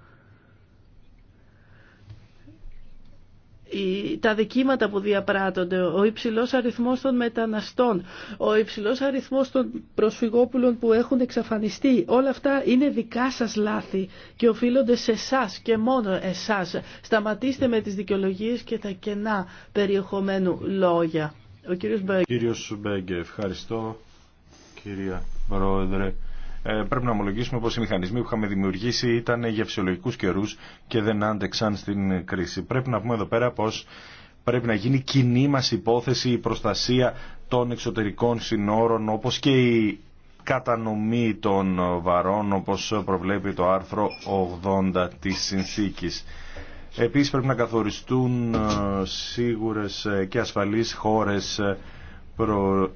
τα δικήματα που διαπράττονται, ο υψηλός αριθμός των μεταναστών, ο υψηλός αριθμός των προσφυγόπουλων που έχουν εξαφανιστεί, όλα αυτά είναι δικά σας λάθη και οφείλονται σε εσά και μόνο εσάς. Σταματήστε με τις δικαιολογίες και τα κενά περιεχομένου λόγια. Ο κύριος Μπέγκε. ευχαριστώ. Κυρία Πρόεδρε, ε, πρέπει να ομολογήσουμε πως οι μηχανισμοί που είχαμε δημιουργήσει ήταν για φυσιολογικούς καιρούς και δεν άντεξαν στην κρίση. Πρέπει να πούμε εδώ πέρα πως πρέπει να γίνει κοινή μας υπόθεση η προστασία των εξωτερικών συνόρων όπως και η κατανομή των βαρών όπως προβλέπει το άρθρο 80 της συνθήκης. Επίσης πρέπει να καθοριστούν ε, σίγουρες και ασφαλείς χώρες ε, προ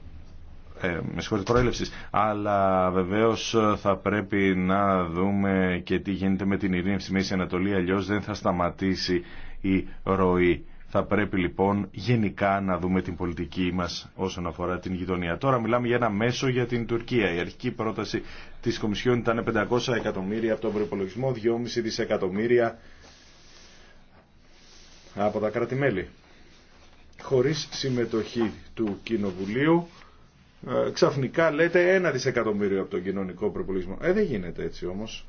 ε, με συγχωρείτε, προέλευση Αλλά βεβαίω ε, θα πρέπει να δούμε και τι γίνεται με την ειρήνη στη Μέση Ανατολή, αλλιώ δεν θα σταματήσει η ροή. Θα πρέπει λοιπόν γενικά να δούμε την πολιτική μας όσον αφορά την γειτονία. Τώρα μιλάμε για ένα μέσο για την Τουρκία. Η αρχική πρόταση της Κομισιόν ήταν 500 εκατομμύρια από τον προπολογισμό, 2,5 δισεκατομμύρια από τα κράτη-μέλη. Χωρίς συμμετοχή του Κοινοβουλίου ε, ξαφνικά λέτε ένα δισεκατομμύριο από τον κοινωνικό προπολογισμό. Ε, δεν γίνεται έτσι όμως.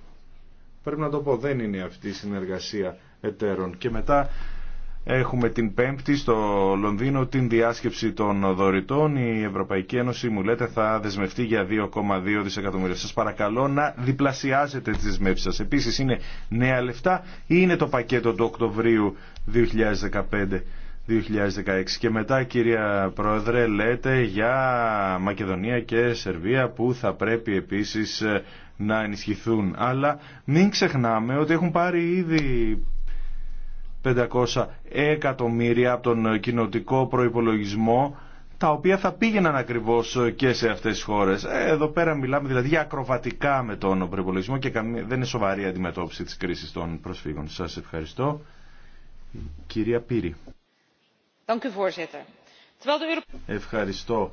Πρέπει να το πω, δεν είναι αυτή η συνεργασία εταίρων. Και μετά έχουμε την Πέμπτη στο Λονδίνο την διάσκεψη των δωρητών. Η Ευρωπαϊκή Ένωση μου λέτε θα δεσμευτεί για 2,2 δισεκατομμύρια. Σας παρακαλώ να διπλασιάζετε τις δεσμεύσεις σας. Επίσης είναι νέα λεφτά ή είναι το πακέτο του Οκτωβρίου 2015 2016 και μετά κυρία Πρόεδρε λέτε για Μακεδονία και Σερβία που θα πρέπει επίσης ε, να ενισχυθούν αλλά μην ξεχνάμε ότι έχουν πάρει ήδη 500 εκατομμύρια από τον κοινοτικό προϋπολογισμό τα οποία θα πήγαιναν ακριβώς ε, και σε αυτές τις χώρες. Ε, εδώ πέρα μιλάμε δηλαδή για ακροβατικά με τον προϋπολογισμό και δεν είναι σοβαρή αντιμετώπιση της κρίσης των προσφύγων. Σας ευχαριστώ. Κυρία Πύρη. Ευχαριστώ.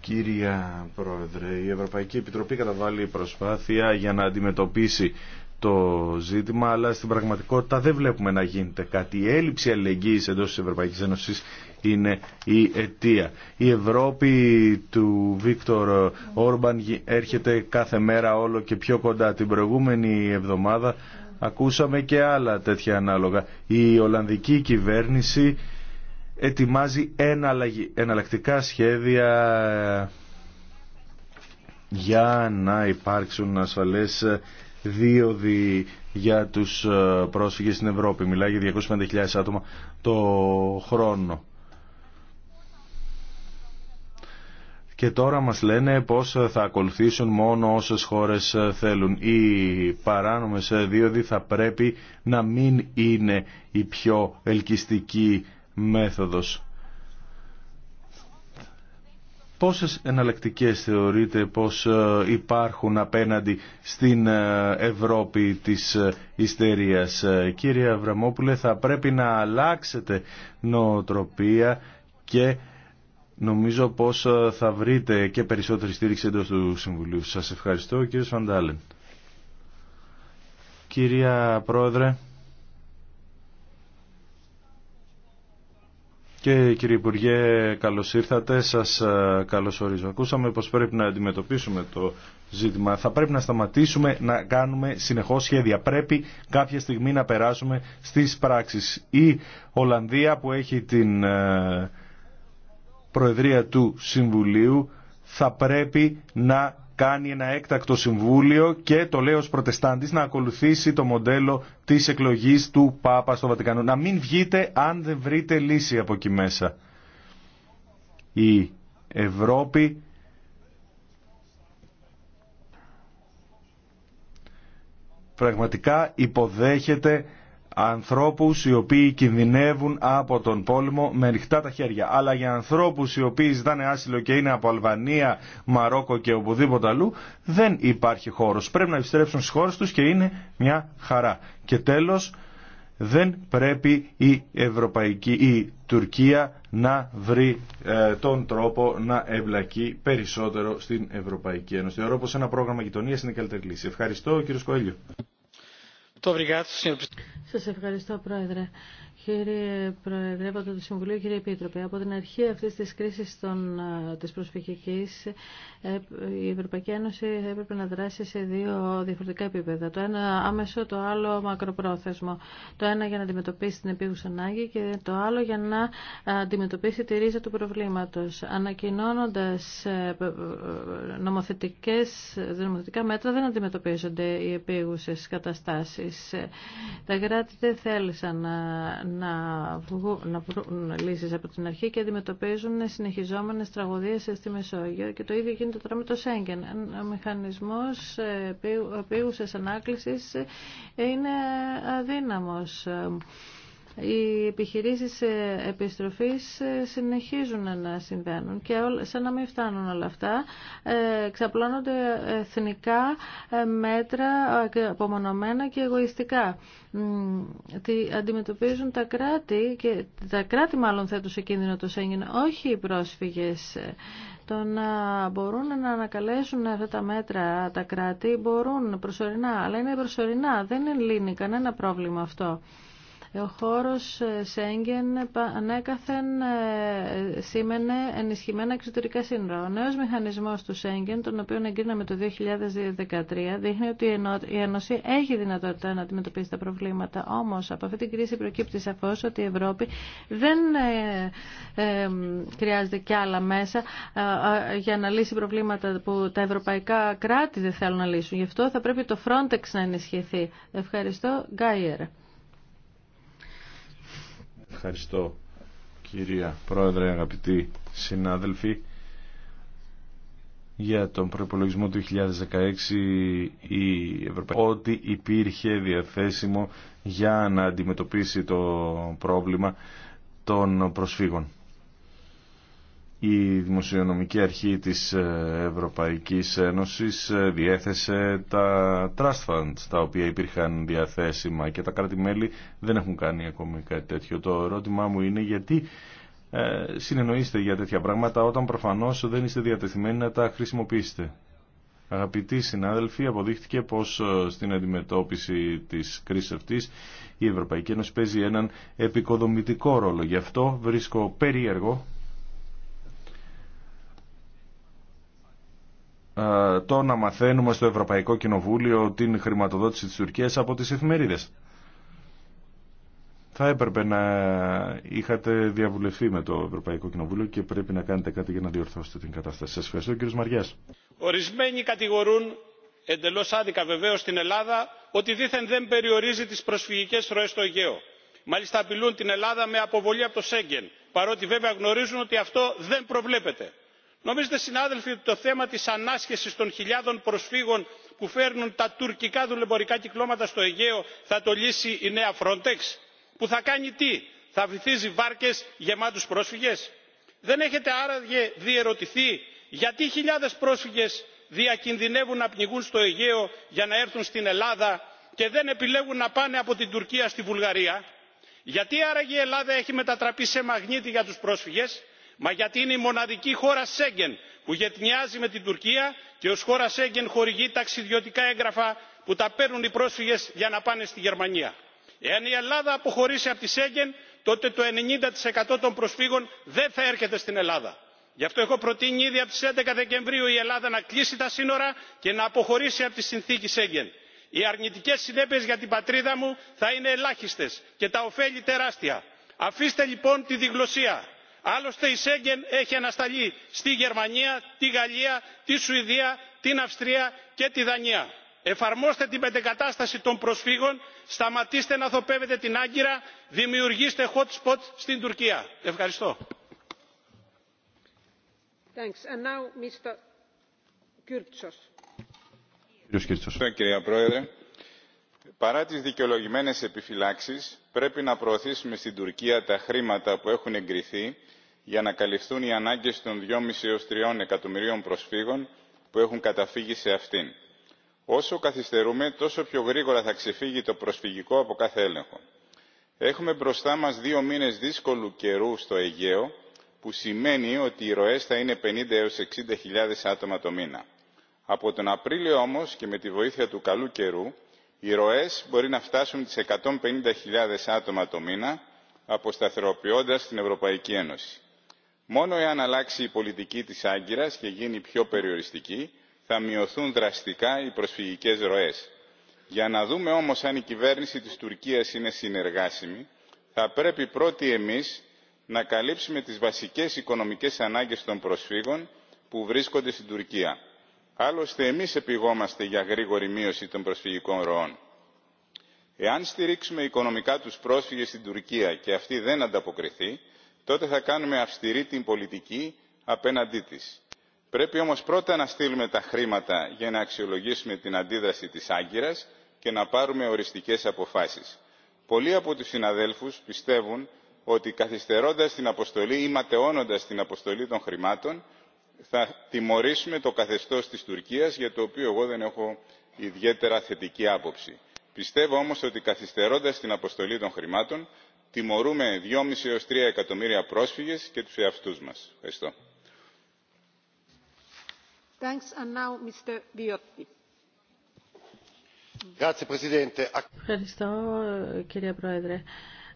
Κύρια Πρόεδρε, η Ευρωπαϊκή Επιτροπή καταβάλει προσπάθεια για να αντιμετωπίσει το ζήτημα, αλλά στην πραγματικότητα δεν βλέπουμε να γίνεται κάτι. Η έλλειψη αλληλεγγύης εντός της Ευρωπαϊκής Ένωσης είναι η αιτία. Η Ευρώπη του Βίκτορ Όρμπαν έρχεται κάθε μέρα όλο και πιο κοντά. Την προηγούμενη εβδομάδα ακούσαμε και άλλα τέτοια ανάλογα. Η Ολλανδική κυβέρνηση ετοιμάζει εναλλακτικά σχέδια ε, για να υπάρξουν ασφαλές ε, δίωδοι για τους ε, πρόσφυγες στην Ευρώπη. Μιλάει για 250.000 άτομα το χρόνο. Και τώρα μας λένε πως θα ακολουθήσουν μόνο όσες χώρες θέλουν. Οι παράνομες δίωδοι θα πρέπει να μην είναι η πιο ελκυστική μέθοδος. Πόσες εναλλακτικές θεωρείτε πως ε, υπάρχουν απέναντι στην ε, Ευρώπη της ε, ιστερίας. Κύριε Αβραμόπουλε, θα πρέπει να αλλάξετε νοοτροπία και νομίζω πως θα βρείτε και περισσότερη στήριξη εντός του Συμβουλίου. Σας ευχαριστώ κύριε Σφαντάλεν. Κυρία Πρόεδρε, Και κύριε Υπουργέ, καλώς ήρθατε, σας ε, καλωσορίζω. Ακούσαμε πως πρέπει να αντιμετωπίσουμε το ζήτημα. Θα πρέπει να σταματήσουμε να κάνουμε συνεχώς σχέδια. Πρέπει κάποια στιγμή να περάσουμε στις πράξεις. Η Ολλανδία που έχει την ε, Προεδρία του Συμβουλίου θα πρέπει να κάνει ένα έκτακτο συμβούλιο και το λέει ως προτεστάντης να ακολουθήσει το μοντέλο της εκλογής του Πάπα στο Βατικανό. Να μην βγείτε αν δεν βρείτε λύση από εκεί μέσα. Η Ευρώπη πραγματικά υποδέχεται ανθρώπους οι οποίοι κινδυνεύουν από τον πόλεμο με ανοιχτά τα χέρια. Αλλά για ανθρώπους οι οποίοι ζητάνε άσυλο και είναι από Αλβανία, Μαρόκο και οπουδήποτε αλλού δεν υπάρχει χώρος. Πρέπει να επιστρέψουν στις χώρες τους και είναι μια χαρά. Και τέλος δεν πρέπει η, Ευρωπαϊκή, η Τουρκία να βρει ε, τον τρόπο να εμπλακεί περισσότερο στην Ευρωπαϊκή Ένωση. Θεωρώ πως ένα πρόγραμμα γειτονίας είναι η καλύτερη λύση. Ευχαριστώ κύριο Σκοέλιο. Σας ευχαριστώ, Πρόεδρε. Κύριε Προεδρεύοντα του Συμβουλίου, κύριε Επίτροπε, από την αρχή αυτής της κρίσης των, της προσφυγικής ε, η Ευρωπαϊκή Ένωση έπρεπε να δράσει σε δύο διαφορετικά επίπεδα. Το ένα άμεσο, το άλλο μακροπρόθεσμο. Το ένα για να αντιμετωπίσει την επίγουσα ανάγκη και το άλλο για να αντιμετωπίσει τη ρίζα του προβλήματος. Ανακοινώνοντας ε, ε, νομοθετικές, νομοθετικά μέτρα δεν αντιμετωπίζονται οι επίγουσες καταστάσεις. Τα κράτη δεν θέλησαν να να βρουν λύσεις από την αρχή και αντιμετωπίζουν συνεχιζόμενες τραγωδίες στη Μεσόγειο και το ίδιο γίνεται τώρα με το Σέγγεν. Ο μηχανισμός ε, σα ανάκλησης ε, είναι αδύναμος οι επιχειρήσεις επιστροφής ε, συνεχίζουν να συμβαίνουν και σαν να μην φτάνουν όλα αυτά ε, ξαπλώνονται εθνικά ε, μέτρα απομονωμένα και εγωιστικά τι αντιμετωπίζουν τα κράτη και τα κράτη μάλλον θέτουν σε κίνδυνο το Σέγγιν όχι οι πρόσφυγες το να μπορούν να ανακαλέσουν αυτά τα μέτρα τα κράτη μπορούν προσωρινά αλλά είναι προσωρινά δεν λύνει κανένα πρόβλημα αυτό ο χώρος ε, Σέγγεν ανέκαθεν ε, σήμαινε ενισχυμένα εξωτερικά σύνορα. Ο νέος μηχανισμός του Σέγγεν, τον οποίο εγκρίναμε το 2013, δείχνει ότι η Ένωση έχει δυνατότητα να αντιμετωπίσει τα προβλήματα. Όμως, από αυτή την κρίση προκύπτει σαφώς ότι η Ευρώπη δεν ε, χρειάζεται κι άλλα μέσα για να λύσει προβλήματα που τα ευρωπαϊκά κράτη δεν θέλουν να λύσουν. Γι' αυτό θα πρέπει το Frontex να ενισχυθεί. Ευχαριστώ. Γκάιερ. Ευχαριστώ κυρία Πρόεδρε, αγαπητοί συνάδελφοι. Για τον προπολογισμό του 2016 η Ευρωπαϊκή ότι υπήρχε διαθέσιμο για να αντιμετωπίσει το πρόβλημα των προσφύγων η Δημοσιονομική Αρχή της ε, Ευρωπαϊκής Ένωσης ε, διέθεσε τα trust funds τα οποία υπήρχαν διαθέσιμα και τα κράτη-μέλη δεν έχουν κάνει ακόμη κάτι τέτοιο. Το ερώτημά μου είναι γιατί ε, συνεννοείστε για τέτοια πράγματα όταν προφανώς δεν είστε διατεθειμένοι να τα χρησιμοποιήσετε. Αγαπητοί συνάδελφοι, αποδείχτηκε πως ε, στην αντιμετώπιση της κρίσης αυτής η Ευρωπαϊκή Ένωση παίζει έναν επικοδομητικό ρόλο. Γι' αυτό βρίσκω περίεργο Ε, το να μαθαίνουμε στο Ευρωπαϊκό Κοινοβούλιο την χρηματοδότηση της Τουρκίας από τις εφημερίδες. Θα έπρεπε να είχατε διαβουλευτεί με το Ευρωπαϊκό Κοινοβούλιο και πρέπει να κάνετε κάτι για να διορθώσετε την κατάσταση. Σας ευχαριστώ κύριος Μαριάς. Ορισμένοι κατηγορούν εντελώς άδικα βεβαίως στην Ελλάδα ότι δήθεν δεν περιορίζει τις προσφυγικές ροές στο Αιγαίο. Μάλιστα απειλούν την Ελλάδα με αποβολή από το Σέγγεν, παρότι βέβαια γνωρίζουν ότι αυτό δεν προβλέπεται νομίζετε συνάδελφοι ότι το θέμα της ανάσχεσης των χιλιάδων προσφύγων που φέρνουν τα τουρκικά δουλεμπορικά κυκλώματα στο αιγαίο θα το λύσει η νέα frontex που θα κάνει τι θα βυθίζει βάρκες γεμάτους πρόσφυγες. δεν έχετε άραγε διερωτηθεί γιατί χιλιάδες πρόσφυγες διακινδυνεύουν να πνιγούν στο αιγαίο για να έρθουν στην ελλάδα και δεν επιλέγουν να πάνε από την τουρκία στη βουλγαρία. γιατί άραγε η ελλάδα έχει μετατραπεί σε μαγνήτη για τους πρόσφυγες; μα γιατί είναι η μοναδική χώρα σέγγεν που γετνιάζει με την τουρκία και ως χώρα σέγγεν χορηγεί ταξιδιωτικά έγγραφα που τα παίρνουν οι πρόσφυγες για να πάνε στη γερμανία. εάν η ελλάδα αποχωρήσει από τη σέγγεν τότε το 90% των προσφύγων δεν θα έρχεται στην ελλάδα. Γι' αυτό έχω προτείνει ήδη από τις 11 Δεκεμβρίου η Ελλάδα να κλείσει τα σύνορα και να αποχωρήσει από τη συνθήκη Σέγγεν. Οι αρνητικές συνέπειες για την πατρίδα μου θα είναι ελάχιστες και τα ωφέλη τεράστια. Αφήστε λοιπόν τη διγλωσία άλλωστε η σέγγεν έχει ανασταλεί στη γερμανία τη γαλλία τη σουηδία την αυστρία και τη δανία. εφαρμόστε την πεντεκατάσταση των προσφύγων σταματήστε να θοπεύετε την άγκυρα δημιουργήστε hot spots στην τουρκία. ευχαριστώ. Now, Πρόεδρε, παρά τις δικαιολογημένες επιφυλάξεις πρέπει να προωθήσουμε στην τουρκία τα χρήματα που έχουν εγκριθεί για να καλυφθούν οι ανάγκες των 2,5 έως τριών εκατομμυρίων προσφύγων που έχουν καταφύγει σε αυτήν. Όσο καθυστερούμε, τόσο πιο γρήγορα θα ξεφύγει το προσφυγικό από κάθε έλεγχο. Έχουμε μπροστά μας δύο μήνες δύσκολου καιρού στο Αιγαίο, που σημαίνει ότι οι ροές θα είναι 50 έως 60 χιλιάδες άτομα το μήνα. Από τον Απρίλιο όμως και με τη βοήθεια του καλού καιρού, οι ροές μπορεί να φτάσουν τις 150.000 άτομα το μήνα, αποσταθεροποιώντας την Ευρωπαϊκή Ένωση μόνο εάν αλλάξει η πολιτική της άγκυρας και γίνει πιο περιοριστική θα μειωθούν δραστικά οι προσφυγικές ροές. για να δούμε όμως αν η κυβέρνηση της τουρκίας είναι συνεργάσιμη θα πρέπει πρώτοι εμείς να καλύψουμε τις βασικές οικονομικές ανάγκες των προσφύγων που βρίσκονται στην τουρκία. άλλωστε εμείς επιγόμαστε για γρήγορη μείωση των προσφυγικών ροών. εάν στηρίξουμε οικονομικά τους πρόσφυγες στην τουρκία και αυτή δεν ανταποκριθεί τότε θα κάνουμε αυστηρή την πολιτική απέναντί της. Πρέπει όμως πρώτα να στείλουμε τα χρήματα για να αξιολογήσουμε την αντίδραση της Άγκυρας και να πάρουμε οριστικές αποφάσεις. Πολλοί από τους συναδέλφους πιστεύουν ότι καθυστερώντας την αποστολή ή ματαιώνοντας την αποστολή των χρημάτων θα τιμωρήσουμε το καθεστώς της Τουρκίας για το οποίο εγώ δεν έχω ιδιαίτερα θετική άποψη. Πιστεύω όμως ότι καθυστερώντας την αποστολή των χρημάτων Τιμωρούμε 2,5 έω 3 εκατομμύρια πρόσφυγε και του εαυτού μα. Ευχαριστώ.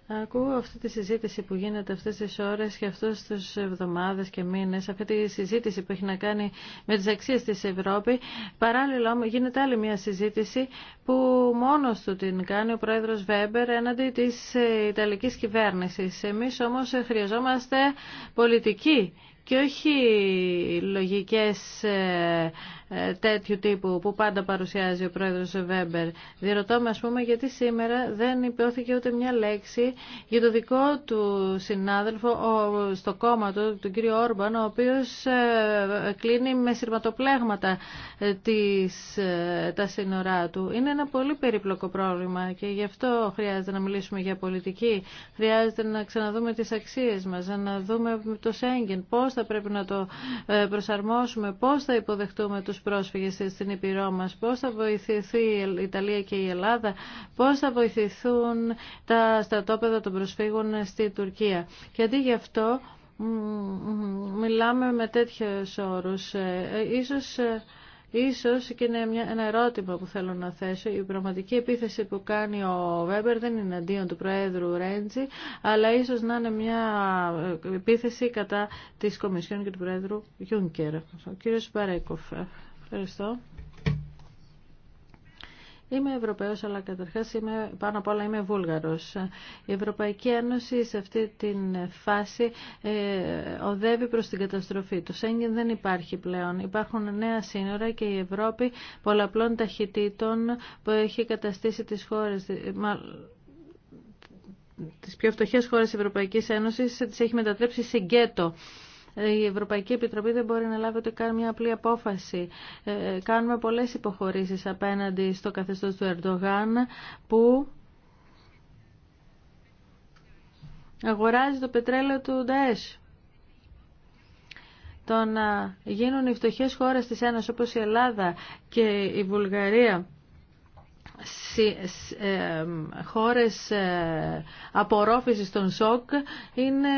Ακούω αυτή τη συζήτηση που γίνεται αυτές τις ώρες και αυτές τις εβδομάδες και μήνες, αυτή τη συζήτηση που έχει να κάνει με τις αξίες της Ευρώπη. Παράλληλα όμως γίνεται άλλη μια συζήτηση που μόνος του την κάνει ο πρόεδρος Βέμπερ έναντι της ε, Ιταλικής κυβέρνησης. Εμείς όμως χρειαζόμαστε πολιτική και όχι λογικές ε, ε, τέτοιου τύπου που πάντα παρουσιάζει ο πρόεδρος Βέμπερ. Διερωτώ με, ας πούμε, γιατί σήμερα δεν υπόθηκε ούτε μια λέξη για το δικό του συνάδελφο στο κόμμα του, τον κύριο Όρμπαν, ο οποίος ε, κλείνει με σειρματοπλέγματα τις, τα σύνορά του. Είναι ένα πολύ περίπλοκο πρόβλημα και γι' αυτό χρειάζεται να μιλήσουμε για πολιτική. Χρειάζεται να ξαναδούμε τις αξίες μας, να δούμε το Σέγγεν, πώς θα πρέπει να το ε, προσαρμόσουμε, πώς θα υποδεχτούμε τους πρόσφυγες στην Ήπειρό μας, πώς θα βοηθηθεί η Ιταλία και η Ελλάδα, πώς θα βοηθηθούν τα στρατόπεδα των προσφύγων στη Τουρκία. Και αντί γι' αυτό μιλάμε με τέτοιους όρους. Ε, ε, ίσως Ίσως και είναι μια, ένα ερώτημα που θέλω να θέσω. Η πραγματική επίθεση που κάνει ο Βέμπερ δεν είναι αντίον του Προέδρου Ρέντζη, αλλά ίσως να είναι μια ε, επίθεση κατά της Κομισιόν και του Προέδρου Γιούνκερ. Ο κύριος Μπαρέκοφ. Ε, ευχαριστώ. Είμαι Ευρωπαίος, αλλά καταρχάς είμαι, πάνω απ' όλα είμαι Βούλγαρος. Η Ευρωπαϊκή Ένωση σε αυτή τη φάση ε, οδεύει προς την καταστροφή. Το Σέγγεν δεν υπάρχει πλέον. Υπάρχουν νέα σύνορα και η Ευρώπη πολλαπλών ταχυτήτων που έχει καταστήσει τις χώρες τις πιο φτωχές χώρες της Ευρωπαϊκής Ένωσης τις έχει μετατρέψει σε γκέτο η Ευρωπαϊκή Επιτροπή δεν μπορεί να λάβει ούτε καν μια απλή απόφαση. Ε, κάνουμε πολλές υποχωρήσεις απέναντι στο καθεστώς του Ερντογάν που αγοράζει το πετρέλαιο του Νταέσου το να γίνουν οι φτωχές χώρες της Ένωσης όπως η Ελλάδα και η Βουλγαρία χώρες ε, απορρόφησης των σοκ είναι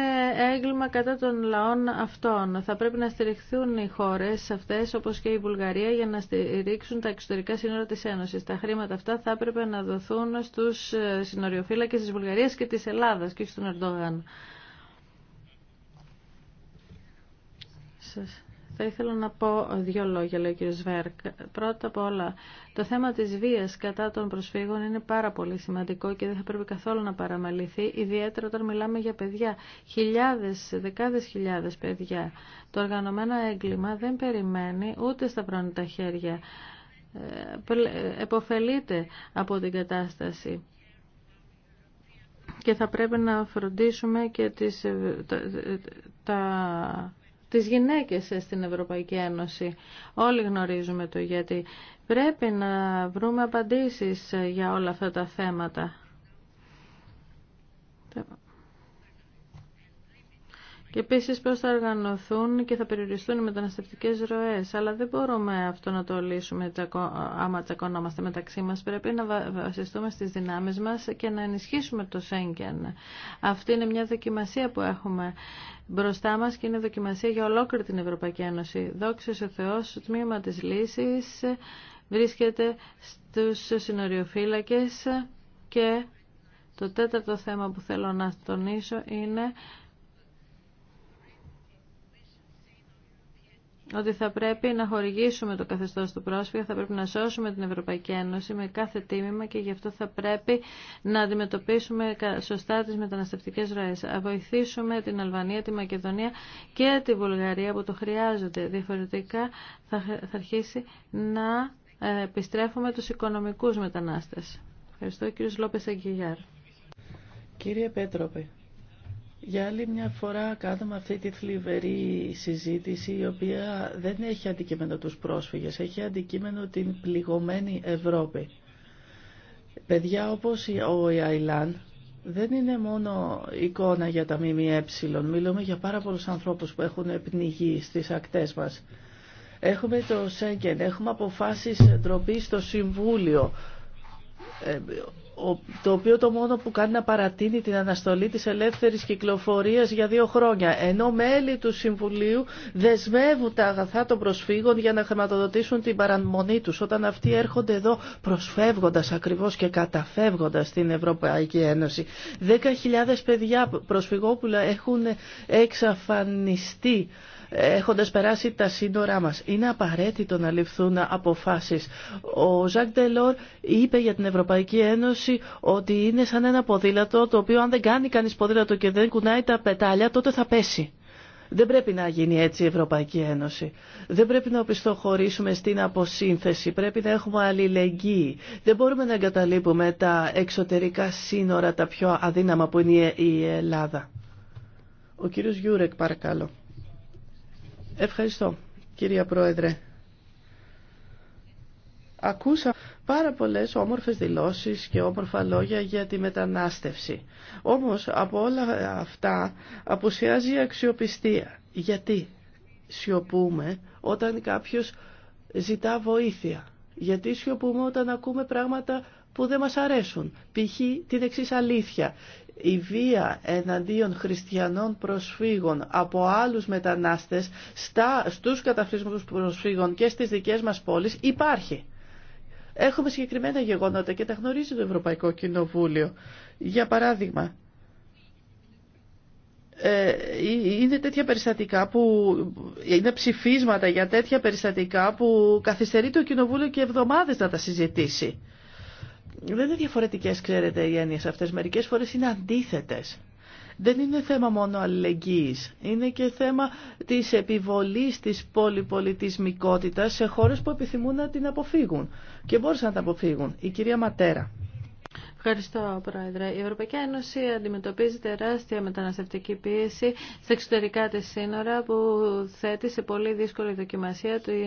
έγκλημα κατά των λαών αυτών. Θα πρέπει να στηριχθούν οι χώρες αυτές όπως και η Βουλγαρία για να στηρίξουν τα εξωτερικά σύνορα της Ένωσης. Τα χρήματα αυτά θα έπρεπε να δοθούν στους ε, συνοριοφύλακες της Βουλγαρίας και της Ελλάδας και στον Ερντογάν. Θα ήθελα να πω δύο λόγια, λέει ο κ. Βέρκ. Πρώτα απ' όλα, το θέμα της βίας κατά των προσφύγων είναι πάρα πολύ σημαντικό και δεν θα πρέπει καθόλου να παραμεληθεί, ιδιαίτερα όταν μιλάμε για παιδιά. Χιλιάδες, δεκάδες χιλιάδες παιδιά. Το οργανωμένο έγκλημα δεν περιμένει ούτε σταυρώνει τα χέρια. Ε, Εποφελείται από την κατάσταση και θα πρέπει να φροντίσουμε και τις, ε, τα τις γυναίκες στην Ευρωπαϊκή Ένωση. Όλοι γνωρίζουμε το γιατί. Πρέπει να βρούμε απαντήσεις για όλα αυτά τα θέματα. Και επίση πώ θα οργανωθούν και θα περιοριστούν οι μεταναστευτικέ ροέ. Αλλά δεν μπορούμε αυτό να το λύσουμε άμα τσακωνόμαστε μεταξύ μα. Πρέπει να βασιστούμε στι δυνάμει μα και να ενισχύσουμε το Σέγγεν. Αυτή είναι μια δοκιμασία που έχουμε μπροστά μα και είναι δοκιμασία για ολόκληρη την Ευρωπαϊκή Ένωση. Δόξα ο Θεό, το τμήμα τη λύση βρίσκεται στου συνοριοφύλακε και το τέταρτο θέμα που θέλω να τονίσω είναι ότι θα πρέπει να χορηγήσουμε το καθεστώς του πρόσφυγα, θα πρέπει να σώσουμε την Ευρωπαϊκή Ένωση με κάθε τίμημα και γι' αυτό θα πρέπει να αντιμετωπίσουμε σωστά τις μεταναστευτικές ροές. Να βοηθήσουμε την Αλβανία, τη Μακεδονία και τη Βουλγαρία που το χρειάζονται. Διαφορετικά θα, θα αρχίσει να ε, επιστρέφουμε τους οικονομικούς μετανάστες. Ευχαριστώ κύριος Λόπες Αγγιγιάρ. Κύριε Πέτροπε, για άλλη μια φορά κάνουμε αυτή τη θλιβερή συζήτηση η οποία δεν έχει αντικείμενο τους πρόσφυγες, έχει αντικείμενο την πληγωμένη Ευρώπη. Παιδιά όπως ο Ιαϊλάν δεν είναι μόνο εικόνα για τα ΜΜΕ, μιλούμε για πάρα πολλούς ανθρώπους που έχουν πνιγεί στις ακτές μας. Έχουμε το ΣΕΚΕΝ, έχουμε αποφάσεις ντροπή στο Συμβούλιο το οποίο το μόνο που κάνει να παρατείνει την αναστολή της ελεύθερης κυκλοφορίας για δύο χρόνια, ενώ μέλη του Συμβουλίου δεσμεύουν τα αγαθά των προσφύγων για να χρηματοδοτήσουν την παραμονή τους, όταν αυτοί έρχονται εδώ προσφεύγοντας ακριβώς και καταφεύγοντας την Ευρωπαϊκή Ένωση. 10.000 παιδιά προσφυγόπουλα έχουν εξαφανιστεί έχοντας περάσει τα σύνορά μας. Είναι απαραίτητο να ληφθούν αποφάσεις. Ο Ζακ Ντελόρ είπε για την Ευρωπαϊκή Ένωση ότι είναι σαν ένα ποδήλατο το οποίο αν δεν κάνει κανείς ποδήλατο και δεν κουνάει τα πετάλια τότε θα πέσει. Δεν πρέπει να γίνει έτσι η Ευρωπαϊκή Ένωση. Δεν πρέπει να οπισθοχωρήσουμε στην αποσύνθεση. Πρέπει να έχουμε αλληλεγγύη. Δεν μπορούμε να εγκαταλείπουμε τα εξωτερικά σύνορα, τα πιο αδύναμα που είναι η Ελλάδα. Ο κύριος Γιούρεκ, παρακαλώ. Ευχαριστώ, κυρία Πρόεδρε. Ακούσα πάρα πολλές όμορφες δηλώσεις και όμορφα λόγια για τη μετανάστευση. Όμως από όλα αυτά απουσιάζει η αξιοπιστία. Γιατί σιωπούμε όταν κάποιος ζητά βοήθεια. Γιατί σιωπούμε όταν ακούμε πράγματα που δεν μας αρέσουν. Π.χ. την εξής αλήθεια η βία εναντίον χριστιανών προσφύγων από άλλους μετανάστες στα, στους του προσφύγων και στις δικές μας πόλεις υπάρχει. Έχουμε συγκεκριμένα γεγονότα και τα γνωρίζει το Ευρωπαϊκό Κοινοβούλιο. Για παράδειγμα, ε, είναι τέτοια περιστατικά που είναι ψηφίσματα για τέτοια περιστατικά που καθυστερεί το Κοινοβούλιο και εβδομάδες να τα συζητήσει δεν είναι διαφορετικές, ξέρετε, οι έννοιες αυτές. Μερικές φορές είναι αντίθετες. Δεν είναι θέμα μόνο αλληλεγγύης, είναι και θέμα της επιβολής της πολυπολιτισμικότητας σε χώρες που επιθυμούν να την αποφύγουν και μπόρεσαν να την αποφύγουν. Η κυρία Ματέρα. Ευχαριστώ, Πρόεδρε. Η Ευρωπαϊκή Ένωση αντιμετωπίζει τεράστια μεταναστευτική πίεση στα εξωτερικά τη σύνορα που θέτει σε πολύ δύσκολη δοκιμασία του ε,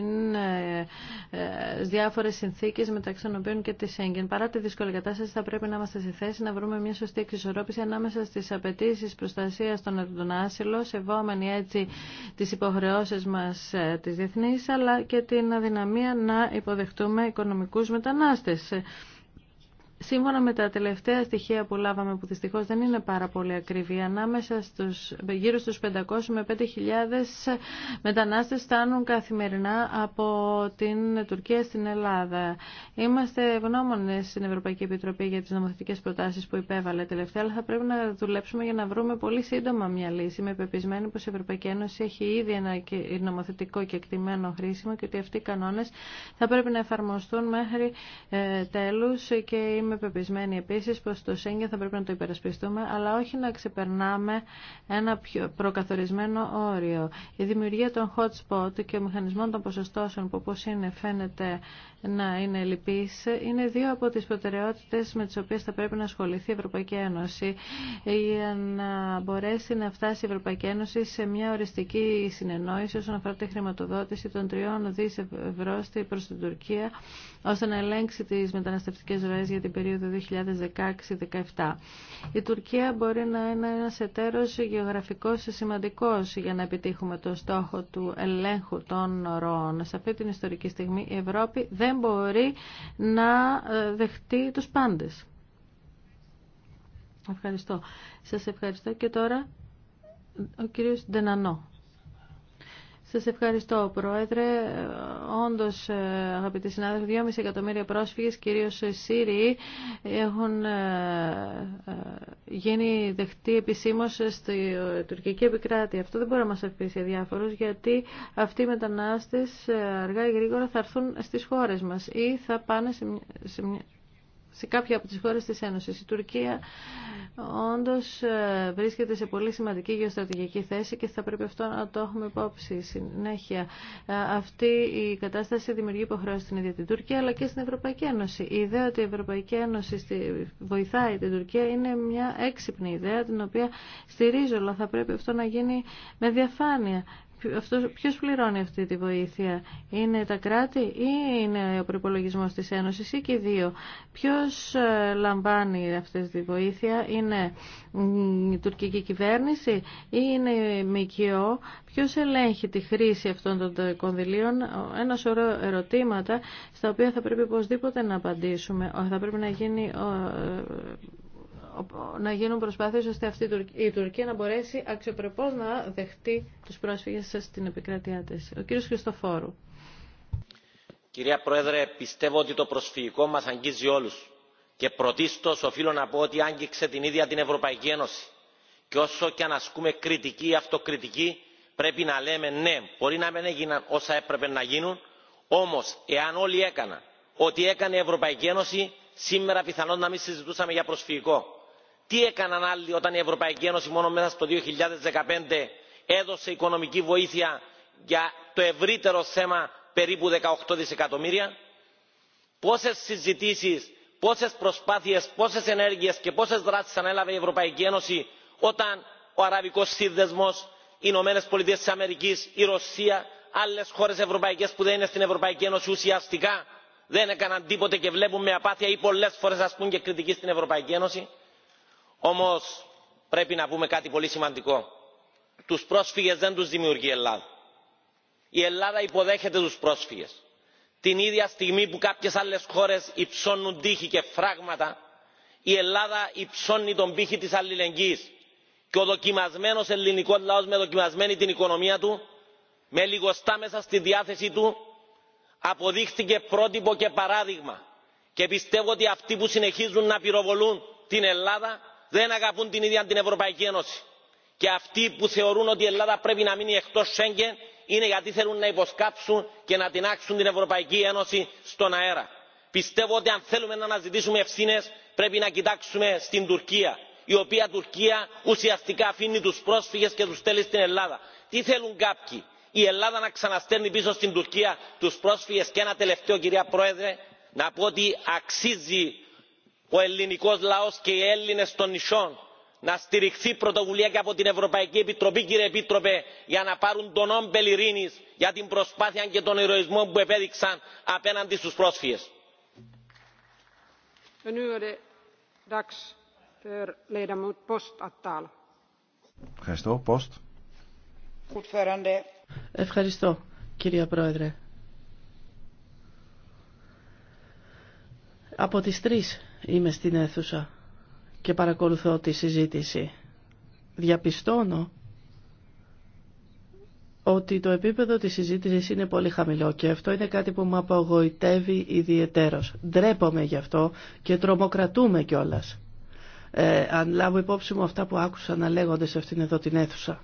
ε διάφορες συνθήκες μεταξύ των οποίων και τη Σέγγεν. Παρά τη δύσκολη κατάσταση θα πρέπει να είμαστε σε θέση να βρούμε μια σωστή εξισορρόπηση ανάμεσα στις απαιτήσει προστασία των ερωτών ΕΕ, άσυλων, σεβόμενοι έτσι τις υποχρεώσεις μας ε, τη διεθνή, αλλά και την αδυναμία να υποδεχτούμε οικονομικού μετανάστε. Σύμφωνα με τα τελευταία στοιχεία που λάβαμε, που δυστυχώς δεν είναι πάρα πολύ ακριβή, ανάμεσα γύρω στους 500 με 5.000 μετανάστες φτάνουν καθημερινά από την Τουρκία στην Ελλάδα. Είμαστε ευγνώμονες στην Ευρωπαϊκή Επιτροπή για τις νομοθετικές προτάσεις που υπέβαλε τελευταία, αλλά θα πρέπει να δουλέψουμε για να βρούμε πολύ σύντομα μια λύση. Είμαι πεπισμένη πως η Ευρωπαϊκή Ένωση έχει ήδη ένα νομοθετικό και εκτιμένο χρήσιμο και ότι αυτοί οι κανόνες θα πρέπει να εφαρμοστούν μέχρι ε, τέλους και Είμαι πεπισμένη επίσης πως το Σέγγεν θα πρέπει να το υπερασπιστούμε, αλλά όχι να ξεπερνάμε ένα πιο προκαθορισμένο όριο. Η δημιουργία των hot spot και ο μηχανισμών των ποσοστώσεων που όπως είναι φαίνεται να είναι λυπής είναι δύο από τις προτεραιότητες με τις οποίες θα πρέπει να ασχοληθεί η Ευρωπαϊκή Ένωση για να μπορέσει να φτάσει η Ευρωπαϊκή Ένωση σε μια οριστική συνεννόηση όσον αφορά τη χρηματοδότηση των τριών δις ευρώ προς την Τουρκία ώστε να ελέγξει τις μεταναστευτικές ροές για την περίοδο 2016-2017. Η Τουρκία μπορεί να είναι ένας εταίρος γεωγραφικός σημαντικός για να επιτύχουμε το στόχο του ελέγχου των ροών. Σε αυτή την ιστορική στιγμή η Ευρώπη δεν δεν μπορεί να ε, δεχτεί τους πάντες. Ευχαριστώ. Σας ευχαριστώ και τώρα ο κύριος Ντενανό. Σας ευχαριστώ, Πρόεδρε. Όντως, ε, αγαπητοί συνάδελφοι, 2,5 εκατομμύρια πρόσφυγες, κυρίως ε, Σύριοι, έχουν ε, γίνει δεχτεί επισήμως στη τουρκική επικράτεια. Αυτό δεν μπορεί να μας αφήσει αδιάφορους, γιατί αυτοί οι μετανάστες αργά ή γρήγορα θα έρθουν στις χώρες μας ή θα πάνε σε μια σε κάποια από τις χώρες της Ένωσης. Η Τουρκία όντως ε, βρίσκεται σε πολύ σημαντική γεωστρατηγική θέση και θα πρέπει αυτό να το έχουμε υπόψη συνέχεια. Ε, αυτή η κατάσταση δημιουργεί υποχρεώσει στην ίδια την Τουρκία αλλά και στην Ευρωπαϊκή Ένωση. Η ιδέα ότι η Ευρωπαϊκή Ένωση βοηθάει την Τουρκία είναι μια έξυπνη ιδέα την οποία στηρίζω αλλά θα πρέπει αυτό να γίνει με διαφάνεια Ποιο πληρώνει αυτή τη βοήθεια, είναι τα κράτη ή είναι ο προπολογισμό της ενωση ή και οι δύο. ποιο ε, λαμβάνει αυτή τη βοήθεια, είναι η τουρκική κυβέρνηση ή είναι η ΜΚΟ, ποιος ελέγχει τη χρήση αυτών των κονδυλίων, ένα σωρό ερωτήματα στα οποία θα πρέπει οπωσδήποτε να απαντήσουμε, θα πρέπει να γίνει να γίνουν προσπάθειες ώστε αυτή η Τουρκία να μπορέσει αξιοπρεπώς να δεχτεί τους πρόσφυγες στην επικράτειά της. Ο κύριος Χριστοφόρου. Κυρία Πρόεδρε, πιστεύω ότι το προσφυγικό μας αγγίζει όλους. Και πρωτίστως οφείλω να πω ότι άγγιξε την ίδια την Ευρωπαϊκή Ένωση. Και όσο και αν ασκούμε κριτική ή αυτοκριτική, πρέπει να λέμε ναι, μπορεί να μην έγιναν όσα έπρεπε να γίνουν, όμως εάν όλοι έκαναν ό,τι έκανε η Ευρωπαϊκή Ένωση, σήμερα πιθανόν να μην συζητούσαμε για προσφυγικό τι έκαναν άλλοι όταν η ευρωπαϊκή ένωση μόνο μέσα στο 2015 έδωσε οικονομική βοήθεια για το ευρύτερο θέμα περίπου 18 δισεκατομμύρια. Πόσες συζητήσεις, πόσες προσπάθειες, πόσες ενέργειες και πόσες δράσεις ανέλαβε η Ευρωπαϊκή Ένωση όταν ο Αραβικός Σύνδεσμος, οι Ηνωμένε Πολιτείες της Αμερικής, η Ρωσία, άλλες χώρες ευρωπαϊκές που δεν είναι στην Ευρωπαϊκή Ένωση ουσιαστικά δεν έκαναν τίποτε και βλέπουν με απάθεια ή πολλές φορές ασκούν και κριτική στην Ευρωπαϊκή Ένωση όμως πρέπει να πούμε κάτι πολύ σημαντικό τους πρόσφυγες δεν τους δημιουργεί η ελλάδα. η ελλάδα υποδέχεται τους πρόσφυγες. την ίδια στιγμή που κάποιες άλλες χώρες υψώνουν τείχη και φράγματα η ελλάδα υψώνει τον πύχη της αλληλεγγύης και ο δοκιμασμένος ελληνικός λαός με δοκιμασμένη την οικονομία του με λιγοστά μέσα στη διάθεσή του αποδείχθηκε πρότυπο και παράδειγμα και πιστεύω ότι αυτοί που συνεχίζουν να πυροβολούν την ελλάδα δεν αγαπούν την ίδια την Ευρωπαϊκή Ένωση. Και αυτοί που θεωρούν ότι η Ελλάδα πρέπει να μείνει εκτό Σέγγεν είναι γιατί θέλουν να υποσκάψουν και να τεινάξουν την Ευρωπαϊκή Ένωση στον αέρα. Πιστεύω ότι αν θέλουμε να αναζητήσουμε ευθύνε πρέπει να κοιτάξουμε στην Τουρκία, η οποία Τουρκία ουσιαστικά αφήνει του πρόσφυγε και του στέλνει στην Ελλάδα. Τι θέλουν κάποιοι, η Ελλάδα να ξαναστέλνει πίσω στην Τουρκία του πρόσφυγε και ένα τελευταίο, κυρία Πρόεδρε, να πω ότι αξίζει ο ελληνικός λαός και οι έλληνες των νησιών να στηριχθεί πρωτοβουλία και από την Ευρωπαϊκή Επιτροπή, κύριε Επίτροπε, για να πάρουν τον όμπελ ειρήνη για την προσπάθεια και τον ηρωισμό που επέδειξαν απέναντι στους πρόσφυγες. Er Ευχαριστώ. Post. Ευχαριστώ, κύριε Πρόεδρε. Από τις τρεις είμαι στην αίθουσα και παρακολουθώ τη συζήτηση. Διαπιστώνω ότι το επίπεδο της συζήτησης είναι πολύ χαμηλό και αυτό είναι κάτι που με απογοητεύει ιδιαιτέρως. Ντρέπομαι γι' αυτό και τρομοκρατούμε κιόλα. Ε, αν λάβω υπόψη μου αυτά που άκουσα να λέγονται σε αυτήν εδώ την αίθουσα.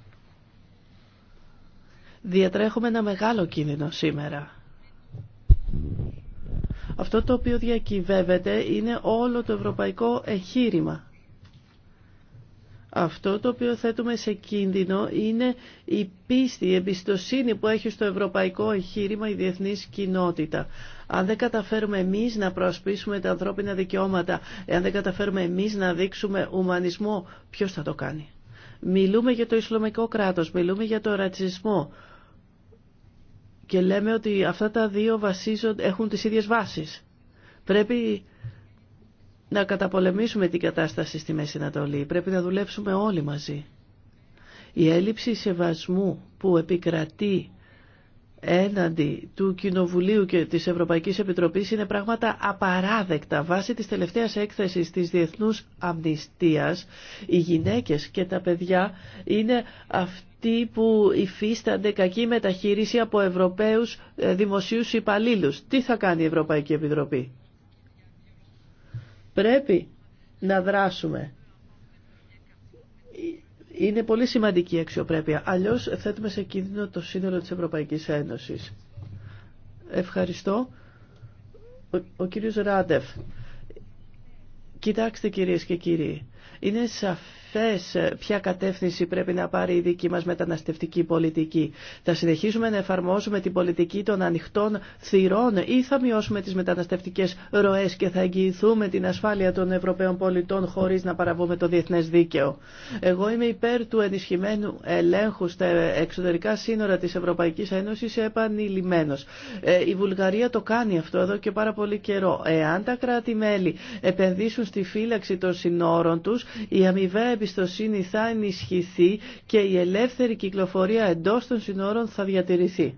Διατρέχουμε ένα μεγάλο κίνδυνο σήμερα αυτό το οποίο διακυβεύεται είναι όλο το ευρωπαϊκό εχείρημα. Αυτό το οποίο θέτουμε σε κίνδυνο είναι η πίστη, η εμπιστοσύνη που έχει στο ευρωπαϊκό εγχείρημα η διεθνής κοινότητα. Αν δεν καταφέρουμε εμείς να προασπίσουμε τα ανθρώπινα δικαιώματα, αν δεν καταφέρουμε εμείς να δείξουμε ουμανισμό, ποιος θα το κάνει. Μιλούμε για το Ισλαμικό κράτος, μιλούμε για το ρατσισμό και λέμε ότι αυτά τα δύο βασίζονται, έχουν τις ίδιες βάσεις. Πρέπει να καταπολεμήσουμε την κατάσταση στη Μέση Ανατολή. Πρέπει να δουλέψουμε όλοι μαζί. Η έλλειψη σεβασμού που επικρατεί έναντι του Κοινοβουλίου και της Ευρωπαϊκής Επιτροπής είναι πράγματα απαράδεκτα. Βάσει της τελευταίας έκθεσης της Διεθνούς Αμνηστίας, οι γυναίκες και τα παιδιά είναι αυτοί που υφίστανται κακή μεταχείριση από Ευρωπαίους ε, δημοσίους υπαλλήλους. Τι θα κάνει η Ευρωπαϊκή Επιτροπή. Πρέπει να δράσουμε είναι πολύ σημαντική η αξιοπρέπεια. Αλλιώς θέτουμε σε κίνδυνο το σύνολο της Ευρωπαϊκής Ένωσης. Ευχαριστώ. Ο, ο κύριος Ράντεφ. Κοιτάξτε κυρίες και κύριοι. Είναι σαφή θες ποια κατεύθυνση πρέπει να πάρει η δική μας μεταναστευτική πολιτική. Θα συνεχίσουμε να εφαρμόσουμε την πολιτική των ανοιχτών θυρών ή θα μειώσουμε τις μεταναστευτικές ροές και θα εγγυηθούμε την ασφάλεια των Ευρωπαίων πολιτών χωρίς να παραβούμε το διεθνές δίκαιο. Εγώ είμαι υπέρ του ενισχυμένου ελέγχου στα εξωτερικά σύνορα της Ευρωπαϊκής Ένωσης επανειλημμένος. Ε, η Βουλγαρία το κάνει αυτό εδώ και πάρα πολύ καιρό. Εάν τα κράτη-μέλη επενδύσουν στη φύλαξη των συνόρων τους, η αμοιβαία εμπιστοσύνη θα ενισχυθεί και η ελεύθερη κυκλοφορία εντός των συνόρων θα διατηρηθεί.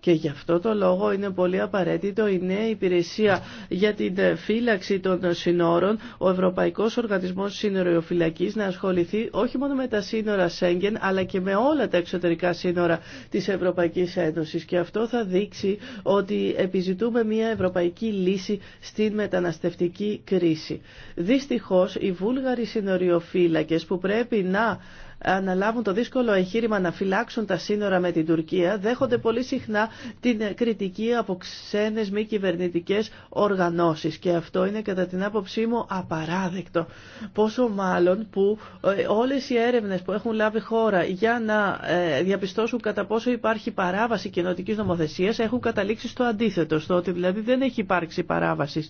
Και γι' αυτό το λόγο είναι πολύ απαραίτητο η νέα υπηρεσία για την ε, φύλαξη των συνόρων, ο Ευρωπαϊκός Οργανισμός Συνοριοφυλακής, να ασχοληθεί όχι μόνο με τα σύνορα Σέγγεν, αλλά και με όλα τα εξωτερικά σύνορα της Ευρωπαϊκής Ένωσης. Και αυτό θα δείξει ότι επιζητούμε μια ευρωπαϊκή λύση στην μεταναστευτική κρίση. Δυστυχώς, οι βούλγαροι συνοριοφύλακες που πρέπει να αναλάβουν το δύσκολο εγχείρημα να φυλάξουν τα σύνορα με την Τουρκία δέχονται πολύ συχνά την κριτική από ξένες μη κυβερνητικέ οργανώσεις και αυτό είναι κατά την άποψή μου απαράδεκτο. Πόσο μάλλον που ε, όλες οι έρευνες που έχουν λάβει χώρα για να ε, διαπιστώσουν κατά πόσο υπάρχει παράβαση κοινοτική νομοθεσία έχουν καταλήξει στο αντίθετο, στο ότι δηλαδή δεν έχει υπάρξει παράβαση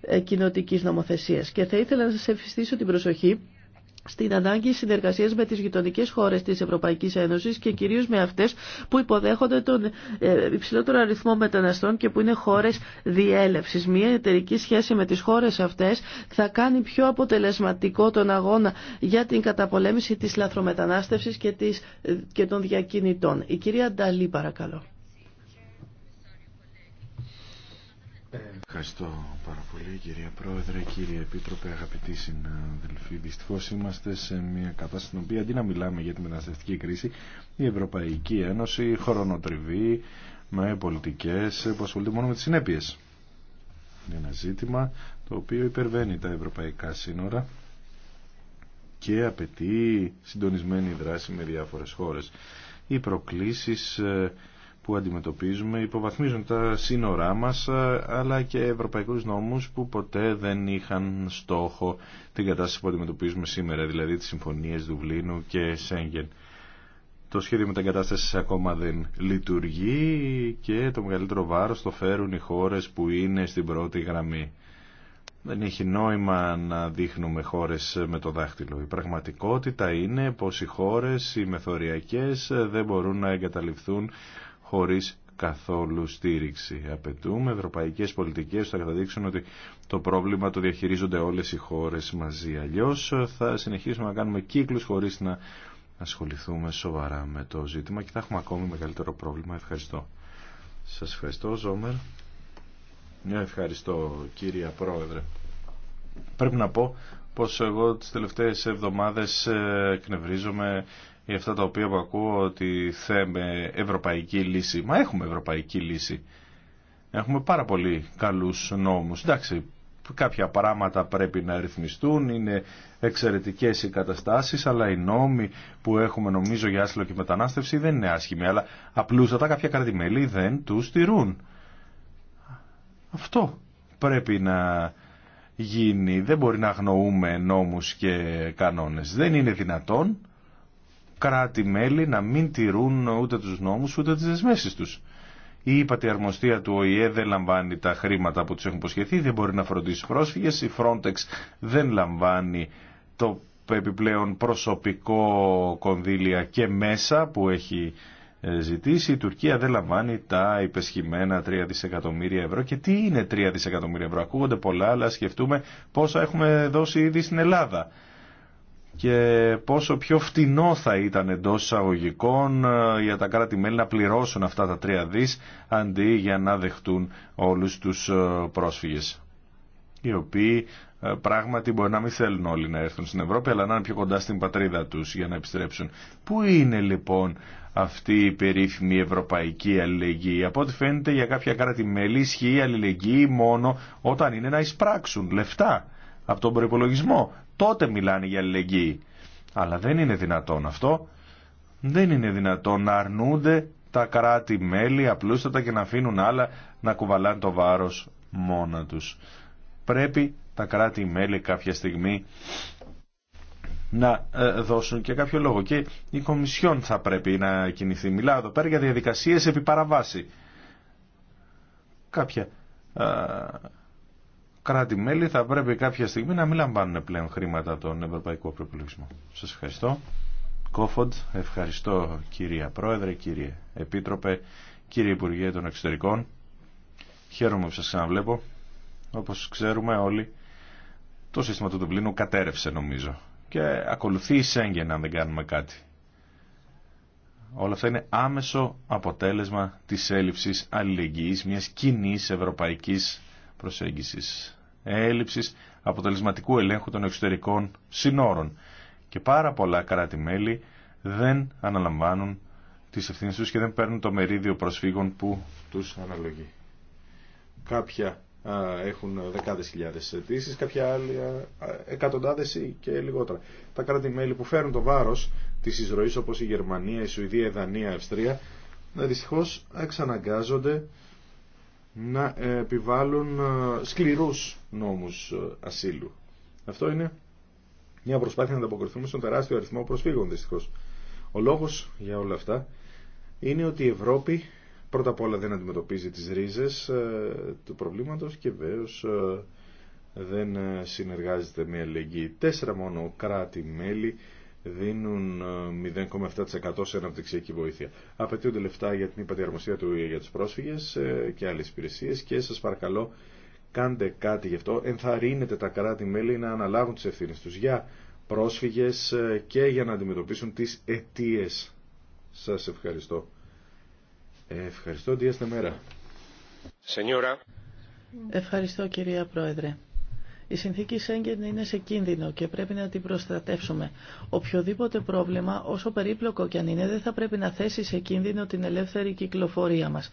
ε, κοινοτική νομοθεσία. Και θα ήθελα να σα ευχηστήσω την προσοχή στην ανάγκη συνεργασία με τις γειτονικέ χώρες της Ευρωπαϊκής Ένωση και κυρίως με αυτές που υποδέχονται τον ε, υψηλότερο αριθμό μεταναστών και που είναι χώρες διέλευση. Μία εταιρική σχέση με τις χώρες αυτές θα κάνει πιο αποτελεσματικό τον αγώνα για την καταπολέμηση της λαθρομετανάστευσης και, ε, και των διακινητών. Η κυρία Νταλή παρακαλώ. Ευχαριστώ πάρα πολύ κυρία Πρόεδρε, κύριε Επίτροπε, αγαπητοί συναδελφοί. Δυστυχώ είμαστε σε μια κατάσταση στην οποία αντί να μιλάμε για τη μεταναστευτική κρίση, η Ευρωπαϊκή Ένωση χρονοτριβεί με πολιτικέ που ασχολούνται μόνο με τι συνέπειε. Είναι ένα ζήτημα το οποίο υπερβαίνει τα ευρωπαϊκά σύνορα και απαιτεί συντονισμένη δράση με διάφορε χώρε Οι προκλήσεις ε, που αντιμετωπίζουμε υποβαθμίζουν τα σύνορά μας ε, αλλά και ευρωπαϊκούς νόμους που ποτέ δεν είχαν στόχο την κατάσταση που αντιμετωπίζουμε σήμερα, δηλαδή τις συμφωνίες Δουβλίνου και Σέγγεν. Το σχέδιο μεταγκατάστασης ακόμα δεν λειτουργεί και το μεγαλύτερο βάρος το φέρουν οι χώρες που είναι στην πρώτη γραμμή. Δεν έχει νόημα να δείχνουμε χώρες με το δάχτυλο. Η πραγματικότητα είναι πως οι χώρες, οι μεθοριακές, ε, δεν μπορούν να εγκαταληφθούν χωρίς καθόλου στήριξη. Απαιτούμε ευρωπαϊκές πολιτικές που θα καταδείξουν ότι το πρόβλημα το διαχειρίζονται όλες οι χώρες μαζί. Αλλιώς θα συνεχίσουμε να κάνουμε κύκλους χωρίς να ασχοληθούμε σοβαρά με το ζήτημα και θα έχουμε ακόμη μεγαλύτερο πρόβλημα. Ευχαριστώ. Σας ευχαριστώ Ζόμερ. Ναι, ευχαριστώ κύριε Πρόεδρε. Πρέπει να πω πως εγώ τις τελευταίες εβδομάδες ε, εκνευρίζομαι για αυτά τα οποία που ακούω ότι θέμε ευρωπαϊκή λύση. Μα έχουμε ευρωπαϊκή λύση. Έχουμε πάρα πολύ καλούς νόμους. Εντάξει, κάποια πράγματα πρέπει να ρυθμιστούν, είναι εξαιρετικές οι καταστάσεις, αλλά οι νόμοι που έχουμε νομίζω για άσυλο και μετανάστευση δεν είναι άσχημοι, αλλά απλούστατα κάποια καρδιμέλη δεν τους στηρούν. Αυτό πρέπει να γίνει. Δεν μπορεί να αγνοούμε νόμους και κανόνες. Δεν είναι δυνατόν κράτη-μέλη να μην τηρούν ούτε τους νόμους ούτε τις δεσμεύσεις τους. Η αρμοστία του ΟΗΕ δεν λαμβάνει τα χρήματα που τους έχουν προσχεθεί, δεν μπορεί να φροντίσει πρόσφυγες, η Frontex δεν λαμβάνει το επιπλέον προσωπικό κονδύλια και μέσα που έχει ε, ζητήσει. Η Τουρκία δεν λαμβάνει τα υπεσχημένα 3 δισεκατομμύρια ευρώ. Και τι είναι 3 δισεκατομμύρια ευρώ. Ακούγονται πολλά, αλλά σκεφτούμε πόσα έχουμε δώσει ήδη στην Ελλάδα και πόσο πιο φτηνό θα ήταν εντό εισαγωγικών ε, για τα κράτη-μέλη να πληρώσουν αυτά τα τρία δις αντί για να δεχτούν όλους τους ε, πρόσφυγες οι οποίοι ε, πράγματι μπορεί να μην θέλουν όλοι να έρθουν στην Ευρώπη αλλά να είναι πιο κοντά στην πατρίδα τους για να επιστρέψουν. Πού είναι λοιπόν αυτή η περίφημη ευρωπαϊκή αλληλεγγύη. Από ό,τι φαίνεται για κάποια κράτη-μέλη ισχύει η αλληλεγγύη μόνο όταν είναι να εισπράξουν λεφτά από τον προπολογισμό. Τότε μιλάνε για αλληλεγγύη. Αλλά δεν είναι δυνατόν αυτό. Δεν είναι δυνατόν να αρνούνται τα κράτη-μέλη απλούστατα και να αφήνουν άλλα να κουβαλάνε το βάρος μόνα τους. Πρέπει τα κράτη-μέλη κάποια στιγμή να ε, δώσουν και κάποιο λόγο. Και η Κομισιόν θα πρέπει να κινηθεί. Μιλάω εδώ πέρα για διαδικασίες επί παραβάση. Ε, κράτη-μέλη θα πρέπει κάποια στιγμή να μην λαμβάνουν πλέον χρήματα τον ευρωπαϊκό προπολογισμό. Σα ευχαριστώ. Κόφοντ, ευχαριστώ κυρία Πρόεδρε, κύριε Επίτροπε, κύριε Υπουργέ των Εξωτερικών. Χαίρομαι που σα ξαναβλέπω. όπω ξέρουμε όλοι, το σύστημα του Δουβλίνου κατέρευσε νομίζω. Και ακολουθεί η Σέγγεν αν δεν κάνουμε κάτι. Όλα αυτά είναι άμεσο αποτέλεσμα της έλλειψης αλληλεγγύης μιας κοινή ευρωπαϊκής προσέγγισης έλλειψης αποτελεσματικού ελέγχου των εξωτερικών συνόρων. Και πάρα πολλά κράτη-μέλη δεν αναλαμβάνουν τις ευθύνες τους και δεν παίρνουν το μερίδιο προσφύγων που τους αναλογεί. Κάποια έχουν δεκάδες χιλιάδες αιτήσει, κάποια άλλα εκατοντάδες ή και λιγότερα. Τα κράτη-μέλη που φέρουν το βάρος της εισρωής όπως η Γερμανία, η Σουηδία, η Δανία, η Αυστρία ε, δυστυχώς εξαναγκάζονται να επιβάλλουν σκληρούς νόμους ε, ασύλου. Αυτό είναι μια προσπάθεια να ανταποκριθούμε στον τεράστιο αριθμό προσφύγων δυστυχώ. Ο λόγος για όλα αυτά είναι ότι η Ευρώπη πρώτα απ' όλα δεν αντιμετωπίζει τις ρίζες ε, του προβλήματος και βέβαιω ε, δεν συνεργάζεται με αλληλεγγύη. Τέσσερα μόνο κράτη-μέλη δίνουν 0,7% σε αναπτυξιακή βοήθεια. Απαιτούνται λεφτά για την υπατιαρμοσία του για τους πρόσφυγες και άλλες υπηρεσίες και σας παρακαλώ Κάντε κάτι γι' αυτό. Ενθαρρύνετε τα κράτη-μέλη να αναλάβουν τις ευθύνε τους για πρόσφυγες ε, και για να αντιμετωπίσουν τις αιτίες. Σας ευχαριστώ. Ε, ευχαριστώ, μέρα. Σενιόρα. Ευχαριστώ, κυρία Πρόεδρε. Η συνθήκη Σέγγεν είναι σε κίνδυνο και πρέπει να την προστατεύσουμε. Οποιοδήποτε πρόβλημα, όσο περίπλοκο και αν είναι, δεν θα πρέπει να θέσει σε κίνδυνο την ελεύθερη κυκλοφορία μας.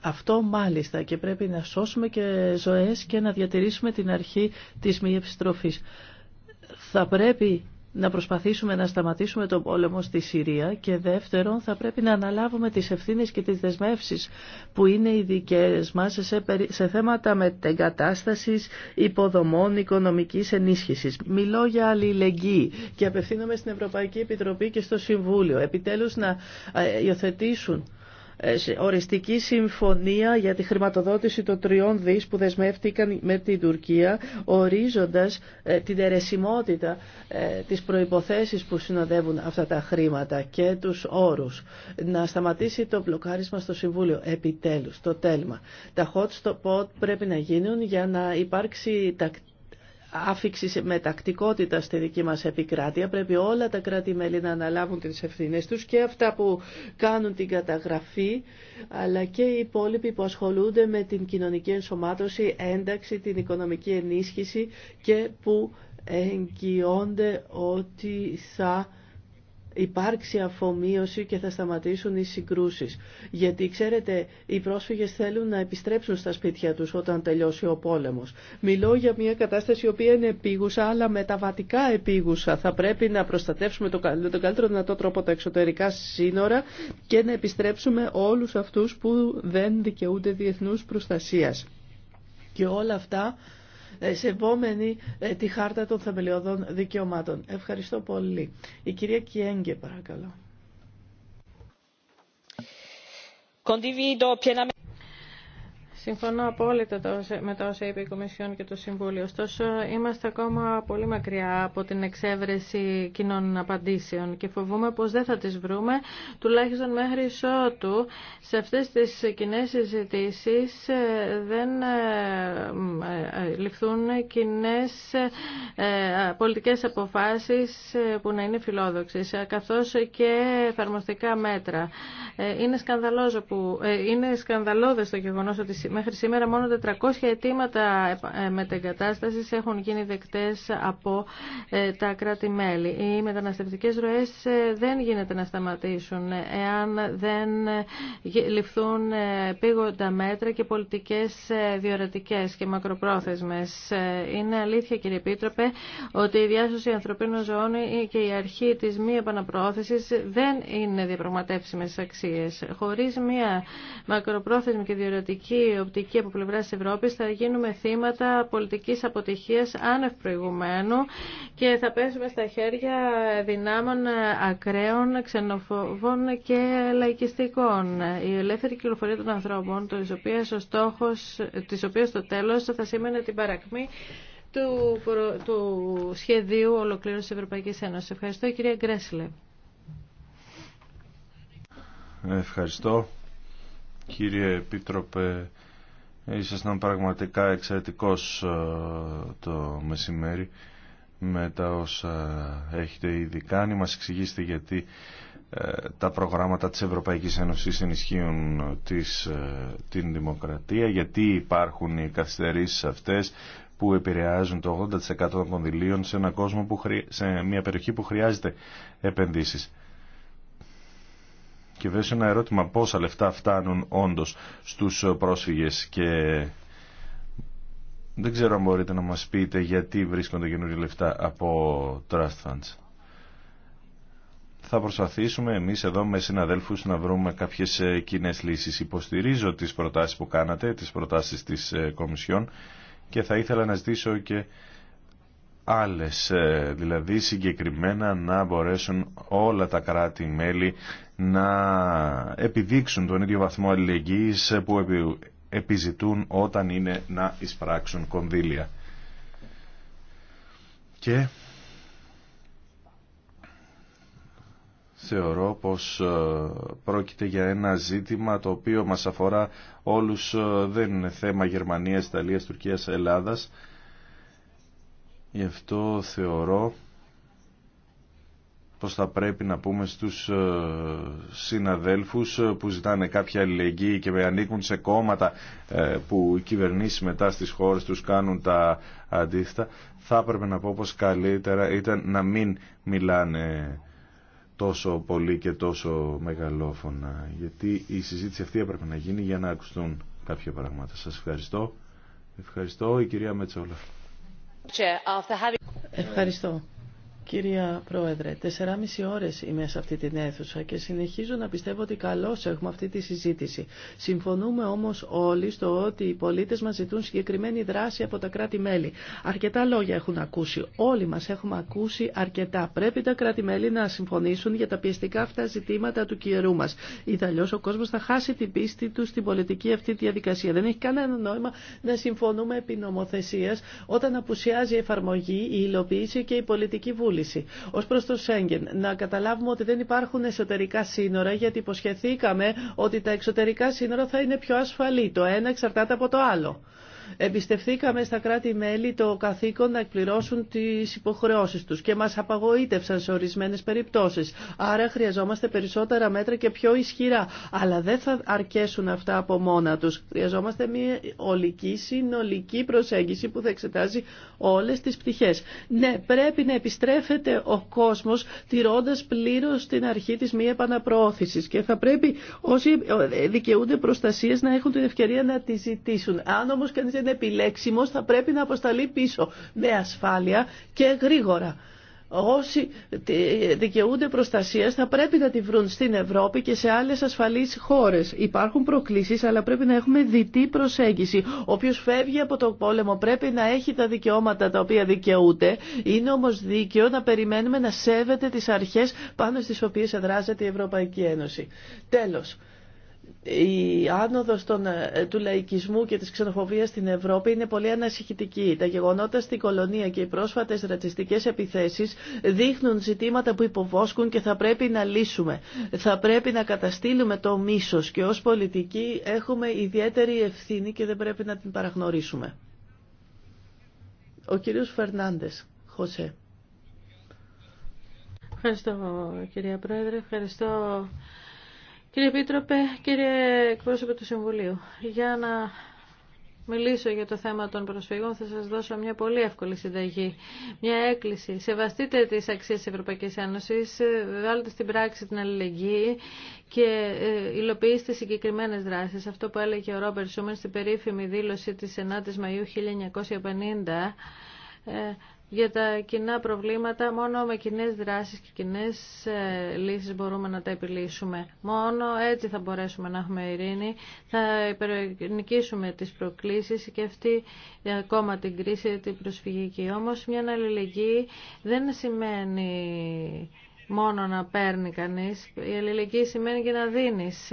Αυτό μάλιστα και πρέπει να σώσουμε και ζωές και να διατηρήσουμε την αρχή της μη επιστροφής. Θα πρέπει να προσπαθήσουμε να σταματήσουμε τον πόλεμο στη Συρία και δεύτερον θα πρέπει να αναλάβουμε τις ευθύνες και τις δεσμεύσεις που είναι οι δικές μας σε θέματα μετεγκατάστασης υποδομών οικονομικής ενίσχυσης. Μιλώ για αλληλεγγύη και απευθύνομαι στην Ευρωπαϊκή Επιτροπή και στο Συμβούλιο επιτέλους να ε, υιοθετήσουν ε, οριστική συμφωνία για τη χρηματοδότηση των τριών δις που δεσμεύτηκαν με την Τουρκία ορίζοντας ε, την ερεσιμότητα ε, της προϋποθέσεις που συνοδεύουν αυτά τα χρήματα και τους όρους. Να σταματήσει το μπλοκάρισμα στο Συμβούλιο επιτέλους, το τέλμα. Τα hot spot πρέπει να γίνουν για να υπάρξει τακτική άφηξη μετακτικότητα στη δική μας επικράτεια. Πρέπει όλα τα κράτη-μέλη να αναλάβουν τις ευθύνες τους και αυτά που κάνουν την καταγραφή, αλλά και οι υπόλοιποι που ασχολούνται με την κοινωνική ενσωμάτωση, ένταξη, την οικονομική ενίσχυση και που εγγυώνται ότι θα υπάρξει αφομοίωση και θα σταματήσουν οι συγκρούσεις. Γιατί ξέρετε, οι πρόσφυγες θέλουν να επιστρέψουν στα σπίτια τους όταν τελειώσει ο πόλεμος. Μιλώ για μια κατάσταση η οποία είναι επίγουσα, αλλά μεταβατικά επίγουσα. Θα πρέπει να προστατεύσουμε με τον καλύτερο δυνατό τρόπο τα εξωτερικά σύνορα και να επιστρέψουμε όλους αυτούς που δεν δικαιούνται διεθνούς προστασίας. Και όλα αυτά ε, σεβόμενη ε, τη χάρτα των θεμελιωδών δικαιωμάτων. Ευχαριστώ πολύ. Η κυρία Κιέγκε παρακαλώ. Συμφωνώ απόλυτα με τα όσα είπε η Κομισιόν και το Συμβούλιο. Ωστόσο, είμαστε ακόμα πολύ μακριά από την εξέβρεση κοινών απαντήσεων και φοβούμε πως δεν θα τις βρούμε, τουλάχιστον μέχρι ισότου. Σε αυτές τις κοινέ συζητήσει ε, δεν ε, ε, ληφθούν κοινέ πολιτικές αποφάσεις που να είναι φιλόδοξες, καθώς και εφαρμοστικά μέτρα. Είναι, σκανδαλώδες το γεγονός ότι Μέχρι σήμερα μόνο 400 αιτήματα ε, μετεγκατάσταση έχουν γίνει δεκτές από ε, τα κράτη-μέλη. Οι μεταναστευτικέ ροέ ε, δεν γίνεται να σταματήσουν εάν δεν ληφθούν πήγοντα μέτρα και πολιτικές διορατικές και μακροπρόθεσμες. Είναι αλήθεια κύριε Επίτροπε ότι η διάσωση ανθρωπίνων ζωών και η αρχή της μη επαναπρόθεση δεν είναι διαπραγματεύσιμες αξίε. Χωρί μια μακροπρόθεσμη και διορατική οπτική από πλευρά της Ευρώπης θα γίνουμε θύματα πολιτικής αποτυχίας άνευ προηγουμένου και θα πέσουμε στα χέρια δυνάμων ακραίων, ξενοφοβών και λαϊκιστικών. Η ελεύθερη κυκλοφορία των ανθρώπων, της οποίας, στο στόχος, το τέλος θα σήμαινε την παρακμή του, του σχεδίου ολοκλήρωσης της Ευρωπαϊκής Ένωσης. Ευχαριστώ κυρία Γκρέσλε. Ευχαριστώ κύριε Επίτροπε Ήσασταν πραγματικά εξαιρετικός ε, το μεσημέρι με τα όσα έχετε ήδη κάνει. Μας εξηγήσετε γιατί ε, τα προγράμματα της Ευρωπαϊκής Ένωσης ενισχύουν ε, της, την δημοκρατία, γιατί υπάρχουν οι καθυστερήσεις αυτές που επηρεάζουν το 80% των κονδυλίων σε, ένα κόσμο σε μια περιοχή που χρειάζεται επενδύσεις. Και βέβαια ένα ερώτημα πόσα λεφτά φτάνουν όντως στους πρόσφυγες και δεν ξέρω αν μπορείτε να μας πείτε γιατί βρίσκονται καινούργια λεφτά από Trust Funds. Θα προσπαθήσουμε εμείς εδώ με συναδέλφους να βρούμε κάποιες ε, κοινέ λύσεις. Υποστηρίζω τις προτάσεις που κάνατε, τις προτάσεις της ε, Κομισιόν και θα ήθελα να ζητήσω και άλλες, ε, δηλαδή συγκεκριμένα να μπορέσουν όλα τα κράτη-μέλη να επιδείξουν τον ίδιο βαθμό αλληλεγγύης που επιζητούν όταν είναι να εισπράξουν κονδύλια. Και θεωρώ πως ε, πρόκειται για ένα ζήτημα το οποίο μας αφορά όλους, ε, δεν είναι θέμα Γερμανίας, Ιταλίας, Τουρκίας, Ελλάδας, Γι' αυτό θεωρώ πως θα πρέπει να πούμε στους ε, συναδέλφους ε, που ζητάνε κάποια αλληλεγγύη και ανήκουν σε κόμματα ε, που οι κυβερνήσεις μετά στις χώρες τους κάνουν τα αντίθετα, θα έπρεπε να πω πως καλύτερα ήταν να μην μιλάνε τόσο πολύ και τόσο μεγαλόφωνα, γιατί η συζήτηση αυτή έπρεπε να γίνει για να ακουστούν κάποια πράγματα. Σας ευχαριστώ. Ευχαριστώ η κυρία Μετσόλα. Ευχαριστώ. Κυρία Πρόεδρε, 4,5 ώρες είμαι σε αυτή την αίθουσα και συνεχίζω να πιστεύω ότι καλώς έχουμε αυτή τη συζήτηση. Συμφωνούμε όμως όλοι στο ότι οι πολίτες μας ζητούν συγκεκριμένη δράση από τα κράτη-μέλη. Αρκετά λόγια έχουν ακούσει. Όλοι μας έχουμε ακούσει αρκετά. Πρέπει τα κράτη-μέλη να συμφωνήσουν για τα πιεστικά αυτά ζητήματα του καιρού μας. Ήδη ο κόσμος θα χάσει την πίστη του στην πολιτική αυτή τη διαδικασία. Δεν έχει κανένα νόημα να συμφωνούμε επί όταν απουσιάζει η εφαρμογή, η υλοποίηση και η πολιτική βούληση. Ω προ το Σέγγεν, να καταλάβουμε ότι δεν υπάρχουν εσωτερικά σύνορα, γιατί υποσχεθήκαμε ότι τα εξωτερικά σύνορα θα είναι πιο ασφαλή. Το ένα εξαρτάται από το άλλο. Εμπιστευθήκαμε στα κράτη-μέλη το καθήκον να εκπληρώσουν τις υποχρεώσεις τους και μας απαγοήτευσαν σε ορισμένες περιπτώσεις. Άρα χρειαζόμαστε περισσότερα μέτρα και πιο ισχυρά. Αλλά δεν θα αρκέσουν αυτά από μόνα τους. Χρειαζόμαστε μια ολική, συνολική προσέγγιση που θα εξετάζει όλες τις πτυχές. Ναι, πρέπει να επιστρέφεται ο κόσμος τηρώντας πλήρως την αρχή της μη επαναπροώθησης και θα πρέπει όσοι ε, δικαιούνται προστασίες να έχουν την ευκαιρία να τη ζητήσουν. Αν όμως είναι επιλέξιμος θα πρέπει να αποσταλεί πίσω με ασφάλεια και γρήγορα. Όσοι δικαιούνται προστασία θα πρέπει να τη βρουν στην Ευρώπη και σε άλλε ασφαλεί χώρε. Υπάρχουν προκλήσει, αλλά πρέπει να έχουμε διτή προσέγγιση. Όποιο φεύγει από τον πόλεμο πρέπει να έχει τα δικαιώματα τα οποία δικαιούται. Είναι όμω δίκαιο να περιμένουμε να σέβεται τι αρχέ πάνω στι οποίε εδράζεται η Ευρωπαϊκή Ένωση. Τέλο η άνοδος ε, του λαϊκισμού και της ξενοφοβίας στην Ευρώπη είναι πολύ ανασυχητική. Τα γεγονότα στην κολονία και οι πρόσφατες ρατσιστικές επιθέσεις δείχνουν ζητήματα που υποβόσκουν και θα πρέπει να λύσουμε. Θα πρέπει να καταστήλουμε το μίσος και ως πολιτικοί έχουμε ιδιαίτερη ευθύνη και δεν πρέπει να την παραγνωρίσουμε. Ο κύριος Φερνάντες, Χωσέ. Ευχαριστώ κυρία Πρόεδρε, ευχαριστώ Κύριε Πίτροπε, κύριε εκπρόσωπε του Συμβουλίου, για να μιλήσω για το θέμα των προσφύγων θα σας δώσω μια πολύ εύκολη συνταγή, μια έκκληση. Σεβαστείτε τις αξίες της Ευρωπαϊκής Ένωσης, βάλτε στην πράξη την αλληλεγγύη και ε, υλοποιήστε συγκεκριμένες δράσεις. Αυτό που έλεγε ο Ρόμπερ Σούμεν στην περίφημη δήλωση της 9ης Μαΐου 1950, για τα κοινά προβλήματα μόνο με κοινέ δράσεις και κοινέ ε, λύσει μπορούμε να τα επιλύσουμε. Μόνο έτσι θα μπορέσουμε να έχουμε ειρήνη, θα υπερνικήσουμε τις προκλήσεις και αυτή ε, ακόμα την κρίση την προσφυγική. Όμως μια αλληλεγγύη δεν σημαίνει μόνο να παίρνει κανείς. Η αλληλεγγύη σημαίνει και να δίνεις.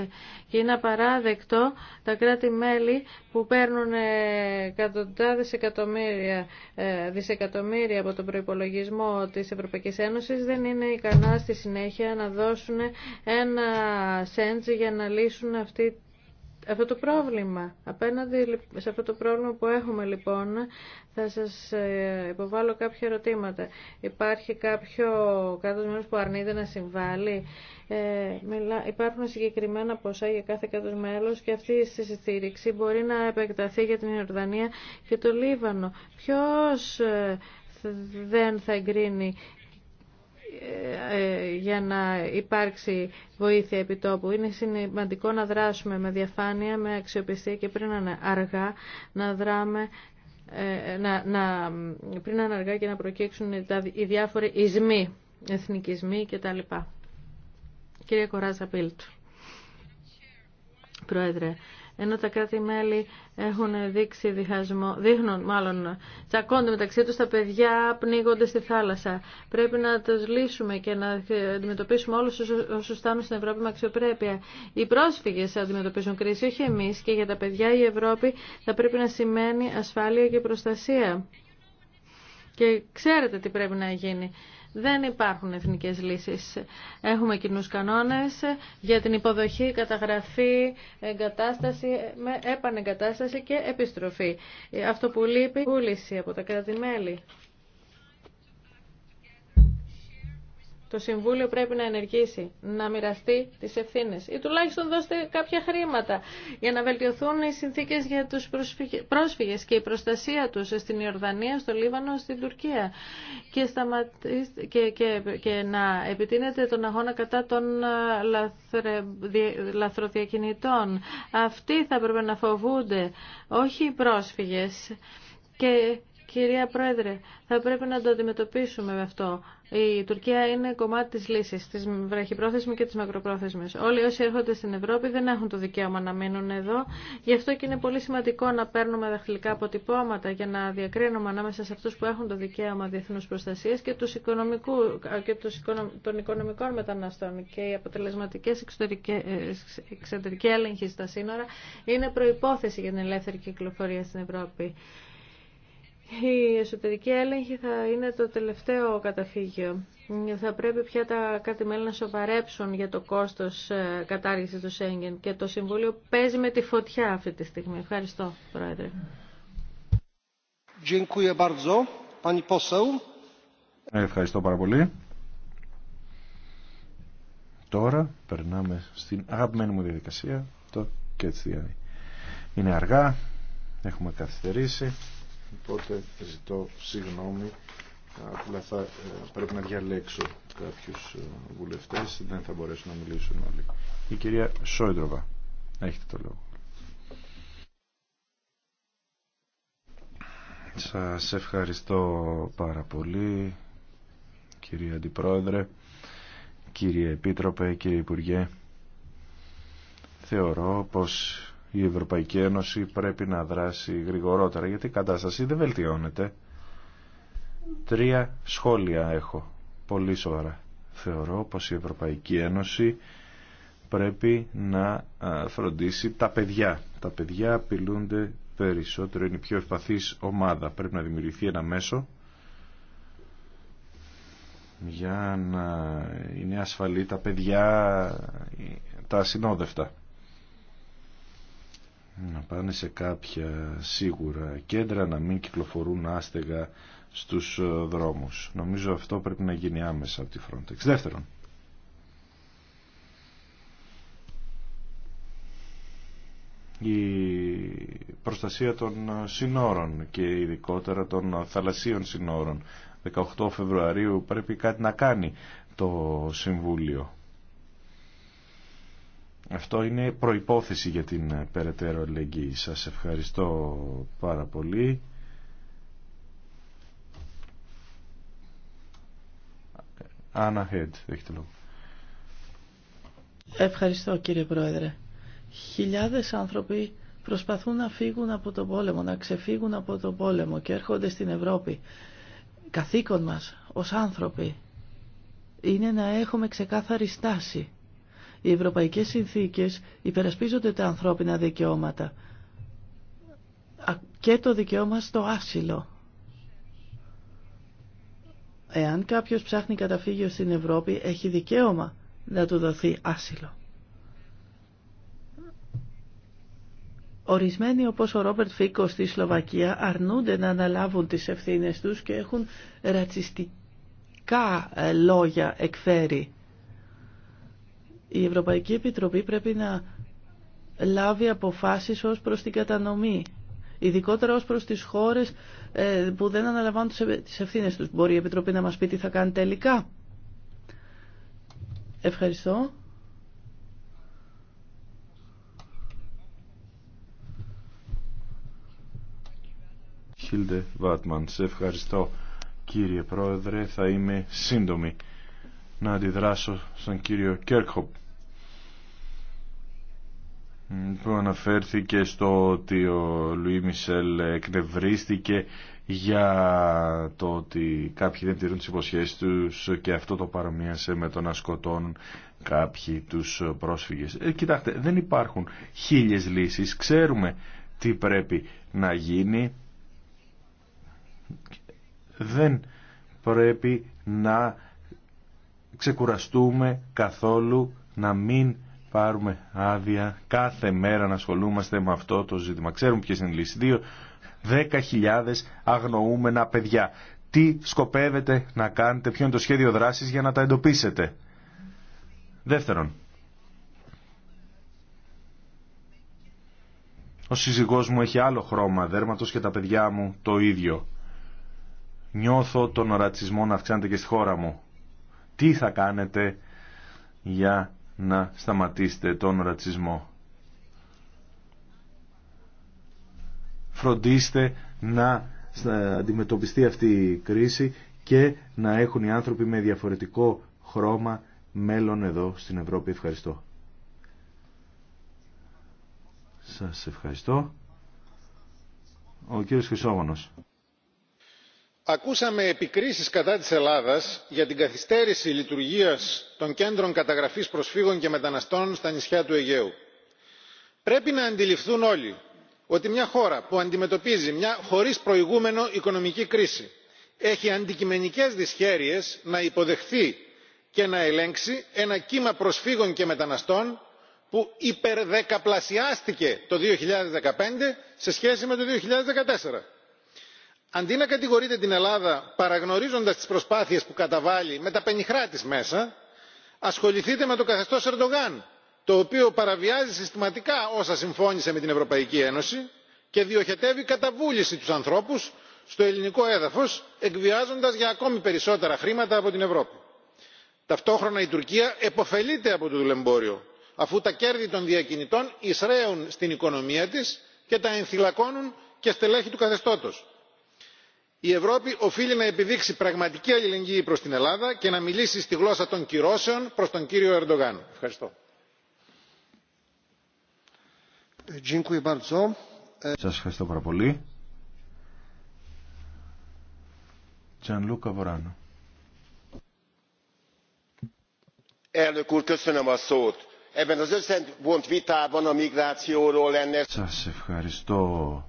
Και είναι απαράδεκτο τα κράτη-μέλη που παίρνουν ε, εκατοντάδες εκατομμύρια, ε, δισεκατομμύρια από τον προϋπολογισμό της Ευρωπαϊκής Ένωσης δεν είναι ικανά στη συνέχεια να δώσουν ένα σέντζι για να λύσουν αυτή αυτό το πρόβλημα. Απέναντι σε αυτό το πρόβλημα που έχουμε λοιπόν, θα σας ε, υποβάλω κάποια ερωτήματα. Υπάρχει κάποιο κάτω μέρος που αρνείται να συμβάλλει. Ε, υπάρχουν συγκεκριμένα ποσά για κάθε κάτω μέλος και αυτή η συστήριξη μπορεί να επεκταθεί για την Ιορδανία και το Λίβανο. Ποιος ε, δεν θα εγκρίνει ε, για να υπάρξει βοήθεια επιτόπου. Είναι σημαντικό να δράσουμε με διαφάνεια, με αξιοπιστία και πριν αργά να δράμε ε, να, να, πριν αναργά και να προκύξουν τα, οι διάφοροι ισμοί, εθνικισμοί κτλ. Κύριε Κοράζα Πίλτ, Πρόεδρε, ενώ τα κράτη-μέλη έχουν δείξει διχασμό, δείχνουν μάλλον τσακώνται μεταξύ τους, τα παιδιά πνίγονται στη θάλασσα. Πρέπει να τους λύσουμε και να αντιμετωπίσουμε όλους όσους φτάνουν στην Ευρώπη με αξιοπρέπεια. Οι πρόσφυγες αντιμετωπίζουν κρίση, όχι εμείς και για τα παιδιά η Ευρώπη θα πρέπει να σημαίνει ασφάλεια και προστασία. Και ξέρετε τι πρέπει να γίνει. Δεν υπάρχουν εθνικές λύσεις. Έχουμε κοινού κανόνες για την υποδοχή, καταγραφή, εγκατάσταση, επανεγκατάσταση και επιστροφή. Αυτό που λείπει, πούληση από τα κράτη-μέλη. Το Συμβούλιο πρέπει να ενεργήσει, να μοιραστεί τις ευθύνες ή τουλάχιστον δώστε κάποια χρήματα για να βελτιωθούν οι συνθήκες για τους πρόσφυγες και η προστασία τους στην Ιορδανία, στο Λίβανο, στην Τουρκία και, να επιτείνετε τον αγώνα κατά των λαθρε... λαθροδιακινητών. Αυτοί θα πρέπει να φοβούνται, όχι οι πρόσφυγες. Και Κυρία Πρόεδρε, θα πρέπει να το αντιμετωπίσουμε με αυτό. Η Τουρκία είναι κομμάτι της λύσης, της βραχυπρόθεσμης και της μακροπρόθεσμης. Όλοι όσοι έρχονται στην Ευρώπη δεν έχουν το δικαίωμα να μείνουν εδώ. Γι' αυτό και είναι πολύ σημαντικό να παίρνουμε δαχτυλικά αποτυπώματα για να διακρίνουμε ανάμεσα σε αυτούς που έχουν το δικαίωμα διεθνούς προστασίας και, τους και τους, των οικονομικών μεταναστών. Και οι αποτελεσματικέ εξωτερική έλεγχοι στα σύνορα είναι προϋπόθεση για την ελεύθερη κυκλοφορία στην Ευρώπη. Η εσωτερική έλεγχη θα είναι το τελευταίο καταφύγιο. Θα πρέπει πια τα κάτι μέλη να σοβαρέψουν για το κόστος ε, κατάργησης του Σέγγεν και το Συμβούλιο παίζει με τη φωτιά αυτή τη στιγμή. Ευχαριστώ, Πρόεδρε. Ευχαριστώ πάρα πολύ. Τώρα περνάμε στην αγαπημένη μου διαδικασία, το Κετσιάνι. Είναι αργά, έχουμε καθυστερήσει. Οπότε ζητώ συγγνώμη, απλά θα, ε, πρέπει να διαλέξω κάποιους ε, βουλευτές, δεν θα μπορέσουν να μιλήσουν όλοι. Η κυρία Σόιντροβα, έχετε το λόγο. Σας ευχαριστώ πάρα πολύ, κυρία Αντιπρόεδρε, κύριε Επίτροπε, κύριε Υπουργέ. Θεωρώ πως η Ευρωπαϊκή Ένωση πρέπει να δράσει γρηγορότερα γιατί η κατάσταση δεν βελτιώνεται. Τρία σχόλια έχω, πολύ σοβαρά. Θεωρώ πως η Ευρωπαϊκή Ένωση πρέπει να φροντίσει τα παιδιά. Τα παιδιά απειλούνται περισσότερο, είναι η πιο ευπαθής ομάδα. Πρέπει να δημιουργηθεί ένα μέσο για να είναι ασφαλή τα παιδιά, τα ασυνόδευτα να πάνε σε κάποια σίγουρα κέντρα να μην κυκλοφορούν άστεγα στους ε, δρόμους. Νομίζω αυτό πρέπει να γίνει άμεσα από τη Frontex. Δεύτερον, η προστασία των ε, συνόρων και ειδικότερα των ε, θαλασσίων συνόρων. 18 Φεβρουαρίου πρέπει κάτι να κάνει το Συμβούλιο αυτό είναι προϋπόθεση για την ε, περαιτέρω ελεγγύη. Σας ευχαριστώ πάρα πολύ. Άννα Χέντ, Ευχαριστώ κύριε Πρόεδρε. Χιλιάδες άνθρωποι προσπαθούν να φύγουν από τον πόλεμο, να ξεφύγουν από το πόλεμο και έρχονται στην Ευρώπη. Καθήκον μας ως άνθρωποι είναι να έχουμε ξεκάθαρη στάση οι ευρωπαϊκές συνθήκες υπερασπίζονται τα ανθρώπινα δικαιώματα και το δικαίωμα στο άσυλο. Εάν κάποιος ψάχνει καταφύγιο στην Ευρώπη, έχει δικαίωμα να του δοθεί άσυλο. Ορισμένοι όπως ο Ρόμπερτ Φίκο στη Σλοβακία αρνούνται να αναλάβουν τις ευθύνες τους και έχουν ρατσιστικά λόγια εκφέρει. Η Ευρωπαϊκή Επιτροπή πρέπει να λάβει αποφάσεις ως προς την κατανομή ειδικότερα ως προς τις χώρες ε, που δεν αναλαμβάνουν τις ευθύνες τους. Μπορεί η Επιτροπή να μας πει τι θα κάνει τελικά. Ευχαριστώ. Χίλτε Βάτμαν, ευχαριστώ κύριε Πρόεδρε, θα είμαι σύντομη να αντιδράσω στον κύριο Κέρκοπ που αναφέρθηκε στο ότι ο Λουί Μισελ εκνευρίστηκε για το ότι κάποιοι δεν τηρούν τις υποσχέσεις τους και αυτό το παρομοίασε με το να σκοτώνουν κάποιοι τους πρόσφυγες. Ε, κοιτάξτε, δεν υπάρχουν χίλιες λύσεις. Ξέρουμε τι πρέπει να γίνει. Δεν πρέπει να ξεκουραστούμε καθόλου να μην πάρουμε άδεια κάθε μέρα να ασχολούμαστε με αυτό το ζήτημα. Ξέρουμε ποιες είναι οι λύσεις. Δύο, 10.000 αγνοούμενα παιδιά. Τι σκοπεύετε να κάνετε, ποιο είναι το σχέδιο δράσης για να τα εντοπίσετε. Δεύτερον, ο σύζυγός μου έχει άλλο χρώμα δέρματος και τα παιδιά μου το ίδιο. Νιώθω τον ρατσισμό να αυξάνεται και στη χώρα μου. Τι θα κάνετε για να σταματήσετε τον ρατσισμό. Φροντίστε να αντιμετωπιστεί αυτή η κρίση και να έχουν οι άνθρωποι με διαφορετικό χρώμα μέλλον εδώ στην Ευρώπη. Ευχαριστώ. Σας ευχαριστώ. Ο κύριος Χρυσόγονος ακούσαμε επικρίσεις κατά της ελλάδας για την καθυστέρηση λειτουργίας των κέντρων καταγραφής προσφύγων και μεταναστών στα νησιά του αιγαίου. πρέπει να αντιληφθούν όλοι ότι μια χώρα που αντιμετωπίζει μια χωρίς προηγούμενο οικονομική κρίση έχει αντικειμενικές δυσχέρειες να υποδεχθεί και να ελέγξει ένα κύμα προσφύγων και μεταναστών που υπερδεκαπλασιάστηκε το 2015 σε σχέση με το 2014 αντί να κατηγορείτε την ελλάδα παραγνωρίζοντας τις προσπάθειες που καταβάλει με τα πενιχρά της μέσα ασχοληθείτε με το καθεστώς ερντογάν το οποίο παραβιάζει συστηματικά όσα συμφώνησε με την ευρωπαϊκή ένωση και διοχετεύει κατά βούληση τους ανθρώπους στο ελληνικό έδαφος εκβιάζοντας για ακόμη περισσότερα χρήματα από την ευρώπη. ταυτόχρονα η τουρκία επωφελείται από το δουλεμπόριο αφού τα κέρδη των διακινητών εισραίουν στην οικονομία της και τα ενθυλακώνουν και στελέχη του καθεστώτος η ευρώπη οφείλει να επιδείξει πραγματική αλληλεγγύη προς την ελλάδα και να μιλήσει στη γλώσσα των κυρώσεων προς τον κύριο ερντογάν. ευχαριστώ. Σας ευχαριστώ πάρα πολύ. Gianluca Vorano. Elnök Σας ευχαριστώ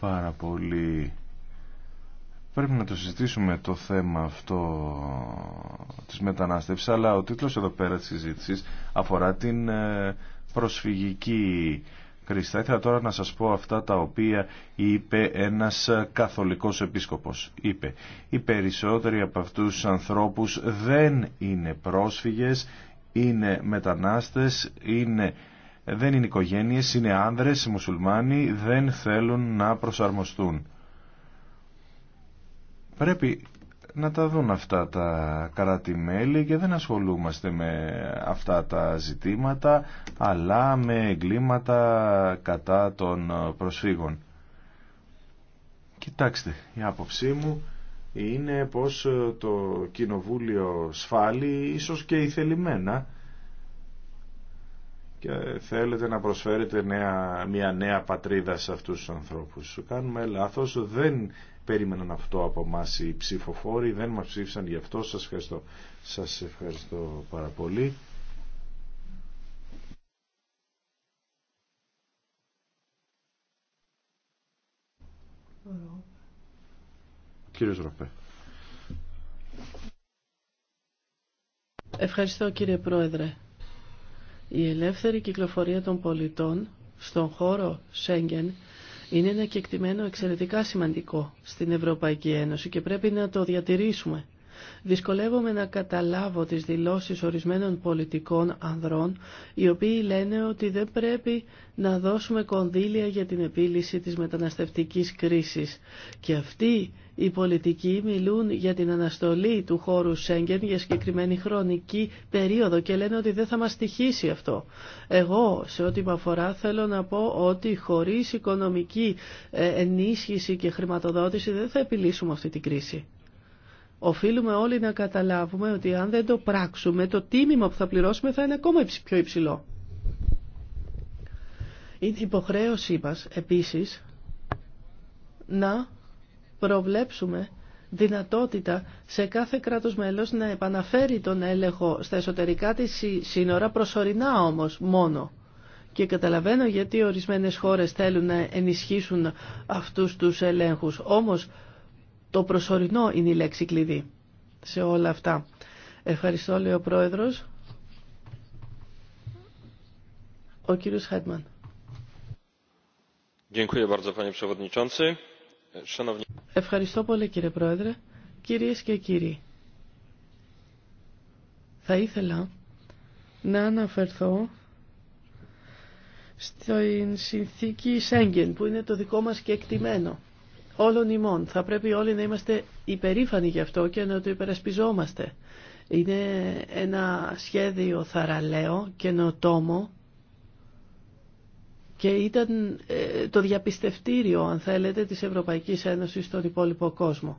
πάρα πολύ Πρέπει να το συζητήσουμε το θέμα αυτό της μετανάστευσης, αλλά ο τίτλος εδώ πέρα της συζήτησης αφορά την ε, προσφυγική κρίση. Θα ήθελα τώρα να σας πω αυτά τα οποία είπε ένας καθολικός επίσκοπος. Είπε, οι περισσότεροι από αυτούς τους ανθρώπους δεν είναι πρόσφυγες, είναι μετανάστες, είναι δεν είναι οικογένειες, είναι άνδρες, μουσουλμάνοι, δεν θέλουν να προσαρμοστούν. Πρέπει να τα δουν αυτά τα κράτη-μέλη και δεν ασχολούμαστε με αυτά τα ζητήματα αλλά με εγκλήματα κατά των προσφύγων. Κοιτάξτε, η άποψή μου είναι πως το κοινοβούλιο σφάλει ίσως και ηθελημένα και θέλετε να προσφέρετε μια νέα πατρίδα σε αυτούς τους ανθρώπους. Κάνουμε λάθος, δεν περίμεναν αυτό από εμά οι ψηφοφόροι, δεν μα ψήφισαν γι' αυτό. Σας ευχαριστώ. Σας ευχαριστώ πάρα πολύ. Κύριος Ροπέ. Ευχαριστώ κύριε Πρόεδρε. Η ελεύθερη κυκλοφορία των πολιτών στον χώρο Σέγγεν είναι ένα κεκτημένο εξαιρετικά σημαντικό στην Ευρωπαϊκή Ένωση και πρέπει να το διατηρήσουμε. Δυσκολεύομαι να καταλάβω τις δηλώσεις ορισμένων πολιτικών ανδρών, οι οποίοι λένε ότι δεν πρέπει να δώσουμε κονδύλια για την επίλυση της μεταναστευτικής κρίσης. Και αυτή οι πολιτικοί μιλούν για την αναστολή του χώρου Σέγγεν για συγκεκριμένη χρονική περίοδο και λένε ότι δεν θα μας αυτό. Εγώ σε ό,τι με αφορά θέλω να πω ότι χωρίς οικονομική ε, ενίσχυση και χρηματοδότηση δεν θα επιλύσουμε αυτή την κρίση. Οφείλουμε όλοι να καταλάβουμε ότι αν δεν το πράξουμε το τίμημα που θα πληρώσουμε θα είναι ακόμα πιο υψηλό. Είναι υποχρέωσή μας επίσης να προβλέψουμε δυνατότητα σε κάθε κράτος μέλος να επαναφέρει τον έλεγχο στα εσωτερικά της σύνορα προσωρινά όμως μόνο. Και καταλαβαίνω γιατί ορισμένες χώρες θέλουν να ενισχύσουν αυτούς τους ελέγχους. Όμως το προσωρινό είναι η λέξη κλειδί σε όλα αυτά. Ευχαριστώ, λέει ο Πρόεδρος. Ο κύριος Χέτμαν. Ευχαριστώ πολύ κύριε Πρόεδρε. Κυρίες και κύριοι, θα ήθελα να αναφερθώ στην συνθήκη Σέγγεν που είναι το δικό μας και εκτιμένο όλων ημών. Θα πρέπει όλοι να είμαστε υπερήφανοι γι' αυτό και να το υπερασπιζόμαστε. Είναι ένα σχέδιο θαραλέο, καινοτόμο, και ήταν ε, το διαπιστευτήριο, αν θέλετε, της Ευρωπαϊκής Ένωσης στον υπόλοιπο κόσμο.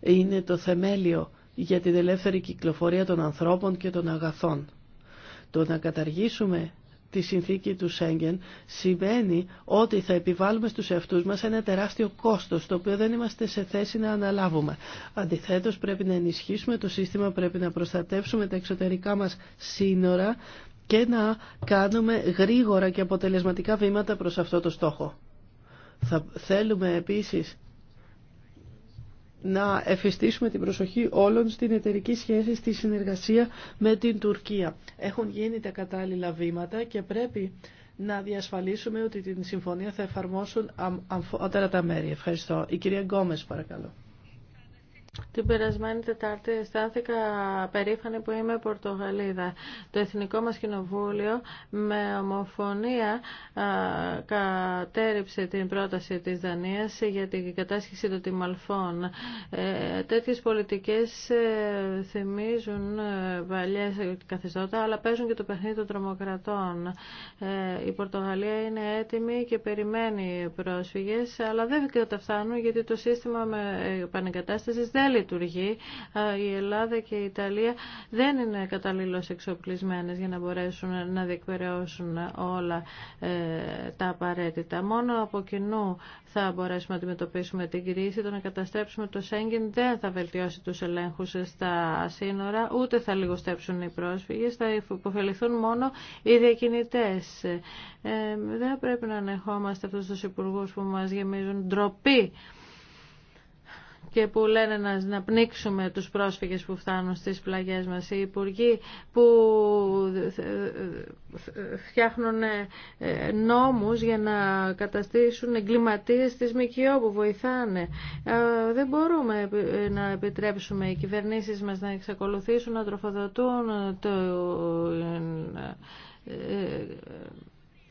Είναι το θεμέλιο για την ελεύθερη κυκλοφορία των ανθρώπων και των αγαθών. Το να καταργήσουμε τη συνθήκη του Σέγγεν σημαίνει ότι θα επιβάλλουμε στους εαυτούς μας ένα τεράστιο κόστος το οποίο δεν είμαστε σε θέση να αναλάβουμε. Αντιθέτως πρέπει να ενισχύσουμε το σύστημα, πρέπει να προστατεύσουμε τα εξωτερικά μας σύνορα και να κάνουμε γρήγορα και αποτελεσματικά βήματα προς αυτό το στόχο. Θα θέλουμε επίσης να εφιστήσουμε την προσοχή όλων στην εταιρική σχέση, στη συνεργασία με την Τουρκία. Έχουν γίνει τα κατάλληλα βήματα και πρέπει να διασφαλίσουμε ότι την συμφωνία θα εφαρμόσουν αμφότερα τα μέρη. Ευχαριστώ. Η κυρία Γκόμες παρακαλώ. Την περασμένη Τετάρτη αισθάνθηκα περήφανη που είμαι Πορτογαλίδα. Το Εθνικό μας Κοινοβούλιο με ομοφωνία κατέριψε την πρόταση της Δανίας για την κατάσχεση των τιμαλφών. Ε, τέτοιες πολιτικές ε, θυμίζουν ε, παλιές καθεστώτα αλλά παίζουν και το παιχνίδι των τρομοκρατών. Η Πορτογαλία είναι έτοιμη και περιμένει πρόσφυγες αλλά δεν καταφθάνουν γιατί το σύστημα με δεν δεν λειτουργεί. Ε, η Ελλάδα και η Ιταλία δεν είναι καταλληλώ εξοπλισμένε για να μπορέσουν να διεκπαιρεώσουν όλα ε, τα απαραίτητα. Μόνο από κοινού θα μπορέσουμε να αντιμετωπίσουμε την κρίση. Το να καταστρέψουμε το Σέγγεν δεν θα βελτιώσει του ελέγχου στα σύνορα, ούτε θα λιγοστέψουν οι πρόσφυγες, θα υποφεληθούν μόνο οι διακινητέ. Ε, δεν πρέπει να ανεχόμαστε αυτού του υπουργού που μας γεμίζουν ντροπή και που λένε να, πνίξουμε τους πρόσφυγες που φτάνουν στις πλαγιές μας. Οι υπουργοί που φτιάχνουν ε, νόμους για να καταστήσουν εγκληματίες της ΜΚΟ που βοηθάνε. Ε, δεν μπορούμε ε, να επιτρέψουμε οι κυβερνήσεις μας να εξακολουθήσουν να τροφοδοτούν το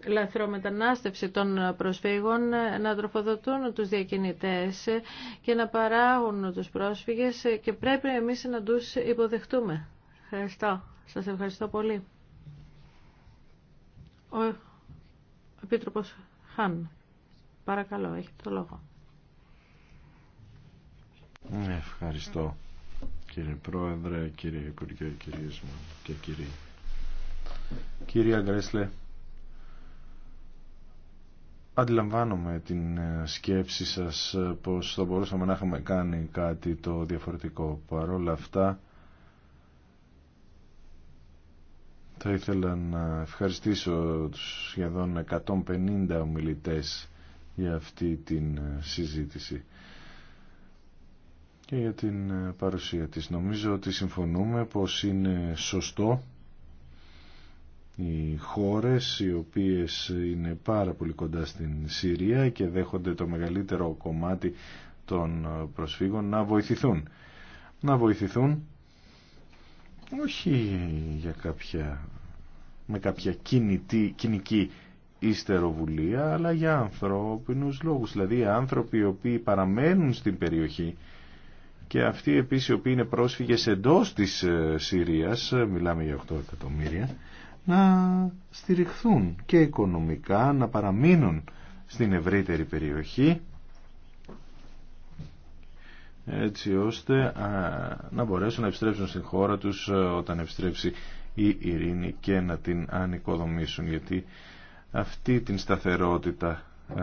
λαθρομετανάστευση των προσφύγων να τροφοδοτούν τους διακινητές και να παράγουν τους πρόσφυγες και πρέπει εμείς να τους υποδεχτούμε. Ευχαριστώ. Σας ευχαριστώ πολύ. Ο Επίτροπος Χάν, παρακαλώ, έχει το λόγο. Ευχαριστώ κύριε Πρόεδρε, κύριε Υπουργέ, κυρίες μου και κύριοι. Κύριε Γκρέσλε, Αντιλαμβάνομαι την ε, σκέψη σας ε, πως θα μπορούσαμε να έχουμε κάνει κάτι το διαφορετικό. Παρόλα αυτά θα ήθελα να ευχαριστήσω τους σχεδόν 150 ομιλητές για αυτή την ε, συζήτηση και για την παρουσία της. Νομίζω ότι συμφωνούμε πως είναι σωστό οι χώρες οι οποίες είναι πάρα πολύ κοντά στην Συρία και δέχονται το μεγαλύτερο κομμάτι των προσφύγων να βοηθηθούν. Να βοηθηθούν όχι για κάποια, με κάποια κοινική ιστεροβουλία αλλά για ανθρώπινους λόγους. Δηλαδή άνθρωποι οι οποίοι παραμένουν στην περιοχή και αυτοί επίσης οι οποίοι είναι πρόσφυγες εντός της ε, Συρίας, ε, μιλάμε για 8 εκατομμύρια, να στηριχθούν και οικονομικά, να παραμείνουν στην ευρύτερη περιοχή έτσι ώστε να μπορέσουν να επιστρέψουν στην χώρα τους ε, όταν επιστρέψει η ειρήνη και να την ανοικοδομήσουν γιατί αυτή την σταθερότητα ε,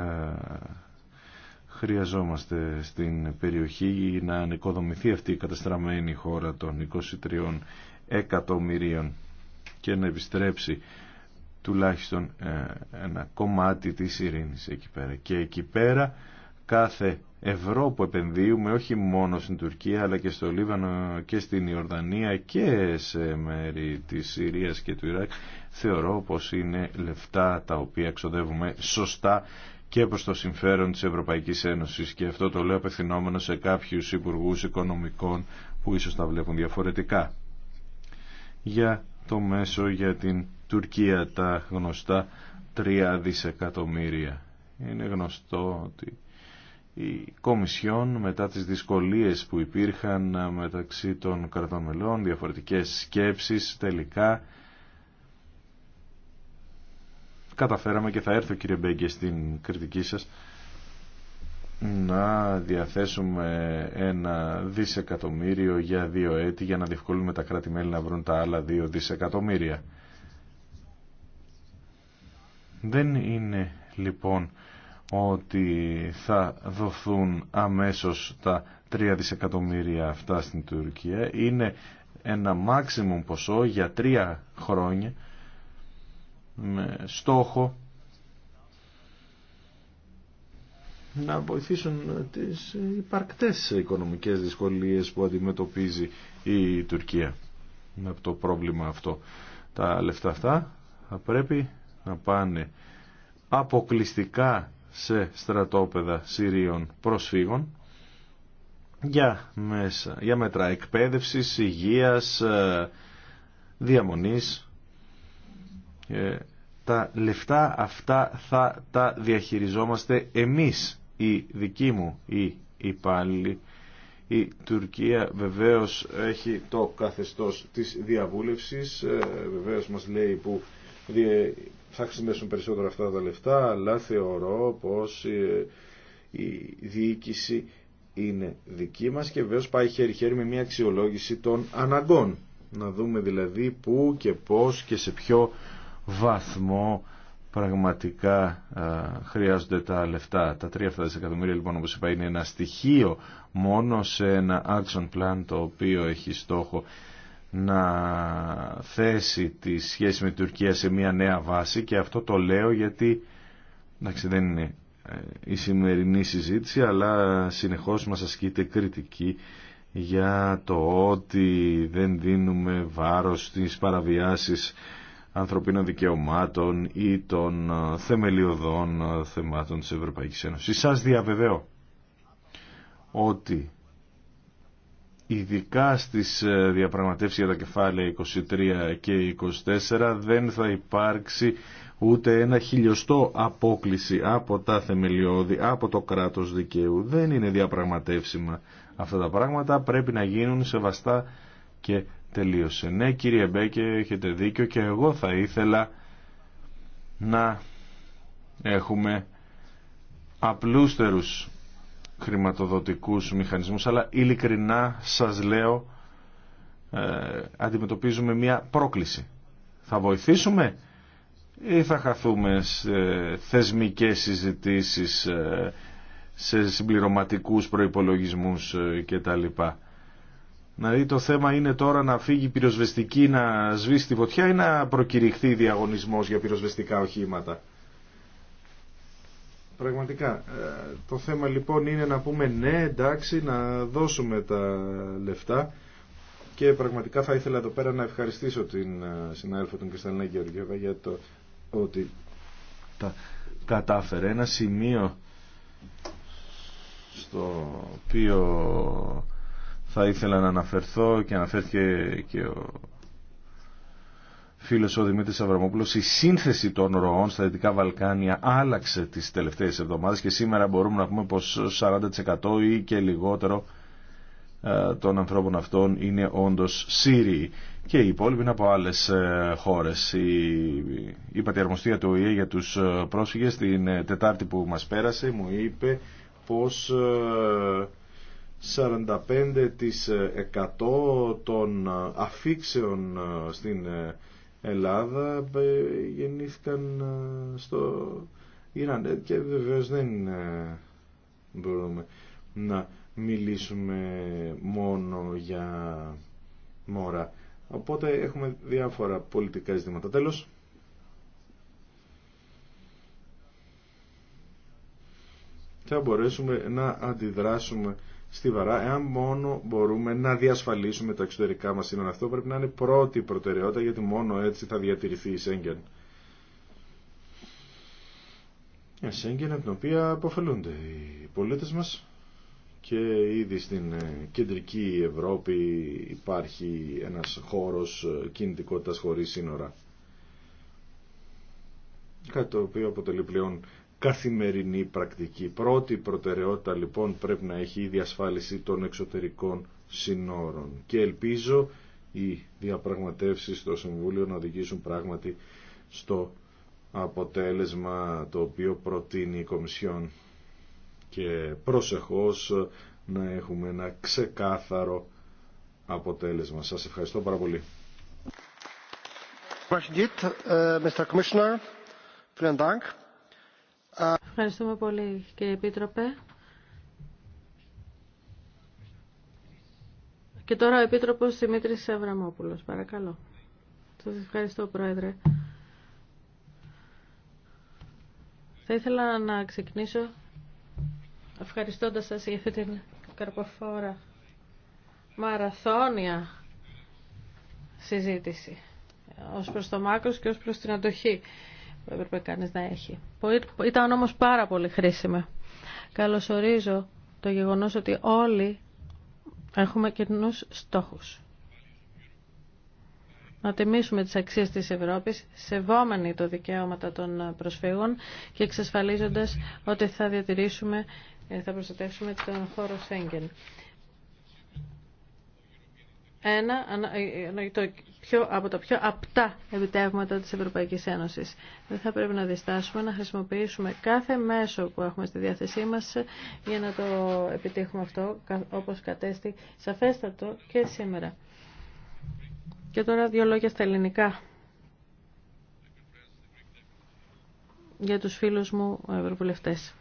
χρειαζόμαστε στην περιοχή να ανοικοδομηθεί αυτή η καταστραμμένη χώρα των 23 εκατομμυρίων και να επιστρέψει τουλάχιστον ε, ένα κομμάτι της ειρήνης εκεί πέρα. Και εκεί πέρα κάθε ευρώ που επενδύουμε όχι μόνο στην Τουρκία αλλά και στο Λίβανο και στην Ιορδανία και σε μέρη της Συρίας και του Ιράκ θεωρώ πως είναι λεφτά τα οποία εξοδεύουμε σωστά και προς το συμφέρον της Ευρωπαϊκής Ένωσης και αυτό το λέω απευθυνόμενο σε κάποιους υπουργούς οικονομικών που ίσως τα βλέπουν διαφορετικά. Για το μέσο για την Τουρκία τα γνωστά 3 δισεκατομμύρια. Είναι γνωστό ότι η Κομισιόν μετά τις δυσκολίες που υπήρχαν μεταξύ των κρατών διαφορετικές σκέψεις τελικά καταφέραμε και θα έρθω κύριε Μπέγκε στην κριτική σας να διαθέσουμε ένα δισεκατομμύριο για δύο έτη για να διευκολύνουμε τα κράτη-μέλη να βρουν τα άλλα δύο δισεκατομμύρια. Δεν είναι λοιπόν ότι θα δοθούν αμέσως τα τρία δισεκατομμύρια αυτά στην Τουρκία. Είναι ένα μάξιμουμ ποσό για τρία χρόνια με στόχο να βοηθήσουν τις υπαρκτές οικονομικές δυσκολίες που αντιμετωπίζει η Τουρκία με το πρόβλημα αυτό. Τα λεφτά αυτά θα πρέπει να πάνε αποκλειστικά σε στρατόπεδα Συρίων προσφύγων για, μέσα, για μέτρα εκπαίδευσης, υγείας, ε, διαμονής. Ε, τα λεφτά αυτά θα τα διαχειριζόμαστε εμείς η δική μου η υπάλληλη. Η Τουρκία βεβαίως έχει το καθεστώς της διαβούλευσης, ε, βεβαίως μας λέει που θα χρησιμεύσουν περισσότερο αυτά τα λεφτά, αλλά θεωρώ πως ε, η διοίκηση είναι δική μας και βεβαίως πάει χέρι-χέρι με μια αξιολόγηση των αναγκών. Να δούμε δηλαδή πού και πώς και σε ποιο βαθμό πραγματικά χρειάζονται τα λεφτά. Τα 3 δισεκατομμύρια λοιπόν όπως είπα είναι ένα στοιχείο μόνο σε ένα action plan το οποίο έχει στόχο να θέσει τη σχέση με την Τουρκία σε μια νέα βάση και αυτό το λέω γιατί εντάξει, δεν είναι ε, η σημερινή συζήτηση αλλά συνεχώς μας ασκείται κριτική για το ότι δεν δίνουμε βάρος στις παραβιάσεις ανθρωπίνων δικαιωμάτων ή των ε, θεμελιωδών ε, θεμάτων της Ευρωπαϊκής Ένωσης. Σας διαβεβαιώ ότι ειδικά στις ε, διαπραγματεύσεις για τα κεφάλαια 23 και 24 δεν θα υπάρξει ούτε ένα χιλιοστό απόκληση από τα θεμελιώδη, από το κράτος δικαίου. Δεν είναι διαπραγματεύσιμα αυτά τα πράγματα, πρέπει να γίνουν σεβαστά και τελείωσε. Ναι κύριε Μπέκε έχετε δίκιο και εγώ θα ήθελα να έχουμε απλούστερους χρηματοδοτικούς μηχανισμούς αλλά ειλικρινά σας λέω ε, αντιμετωπίζουμε μια πρόκληση. Θα βοηθήσουμε ή θα χαθούμε σε θεσμικές συζητήσεις, ε, σε συμπληρωματικούς προϋπολογισμούς ε, κτλ. Δηλαδή το θέμα είναι τώρα να φύγει πυροσβεστική να σβήσει τη φωτιά ή να προκηρυχθεί διαγωνισμός για πυροσβεστικά οχήματα. Πραγματικά. Ε, το θέμα λοιπόν είναι να πούμε ναι εντάξει να δώσουμε τα λεφτά και πραγματικά θα ήθελα εδώ πέρα να ευχαριστήσω την ε, συνάδελφο τον Κρυσταλίνα Γεωργιέβα για το ότι τα κατάφερε ένα σημείο στο οποίο θα ήθελα να αναφερθώ και αναφέρθηκε και ο φίλος ο Δημήτρης Αβραμόπουλος η σύνθεση των ροών στα Δυτικά Βαλκάνια άλλαξε τις τελευταίες εβδομάδες και σήμερα μπορούμε να πούμε πως 40% ή και λιγότερο ε, των ανθρώπων αυτών είναι όντως Σύριοι και οι υπόλοιποι είναι από άλλες ε, χώρες. Η, η πατιαρμοστία του ΟΗΕ για τους ε, πρόσφυγες την Τετάρτη που μας πέρασε μου είπε πως 45% ε, των ε, αφήξεων ε, στην Ελλάδα γεννήθηκαν στο Ιράν και βεβαίως δεν μπορούμε να μιλήσουμε μόνο για μόρα. Οπότε έχουμε διάφορα πολιτικά ζητήματα. Τέλος. Θα μπορέσουμε να αντιδράσουμε στιβαρά, εάν μόνο μπορούμε να διασφαλίσουμε τα εξωτερικά μας σύνορα. Αυτό πρέπει να είναι πρώτη προτεραιότητα, γιατί μόνο έτσι θα διατηρηθεί η Σέγγεν. Η Σέγγεν από την οποία αποφελούνται οι πολίτες μας και ήδη στην ε, κεντρική Ευρώπη υπάρχει ένας χώρος ε, κινητικότητας χωρίς σύνορα. Κάτι το οποίο αποτελεί πλέον καθημερινή πρακτική. Πρώτη προτεραιότητα λοιπόν πρέπει να έχει η διασφάλιση των εξωτερικών συνόρων και ελπίζω οι διαπραγματεύσεις στο Συμβούλιο να οδηγήσουν πράγματι στο αποτέλεσμα το οποίο προτείνει η Κομισιόν και προσεχώς να έχουμε ένα ξεκάθαρο αποτέλεσμα. Σας ευχαριστώ πάρα πολύ. Mr. Ευχαριστούμε πολύ κύριε Επίτροπε. Και τώρα ο Επίτροπος Δημήτρης Σεβραμόπουλος, παρακαλώ. Σας ευχαριστώ Πρόεδρε. Θα ήθελα να ξεκινήσω ευχαριστώντας σας για αυτή την καρποφόρα μαραθώνια συζήτηση ως προς το μάκρος και ως προς την αντοχή έπρεπε κανείς να έχει. Ήταν όμως πάρα πολύ χρήσιμα. Καλωσορίζω το γεγονός ότι όλοι έχουμε κοινούς στόχους. Να τιμήσουμε τις αξίες της Ευρώπης, σεβόμενοι το δικαίωμα των προσφύγων και εξασφαλίζοντας ότι θα διατηρήσουμε, ε, θα προστατεύσουμε τον χώρο Σέγγεν. Ένα, ε, ε, το πιο, από τα πιο απτά επιτεύγματα της Ευρωπαϊκής Ένωσης. Δεν θα πρέπει να διστάσουμε να χρησιμοποιήσουμε κάθε μέσο που έχουμε στη διάθεσή μας για να το επιτύχουμε αυτό, όπως κατέστη σαφέστατο και σήμερα. Και τώρα δύο λόγια στα ελληνικά. Για τους φίλους μου ευρωβουλευτές.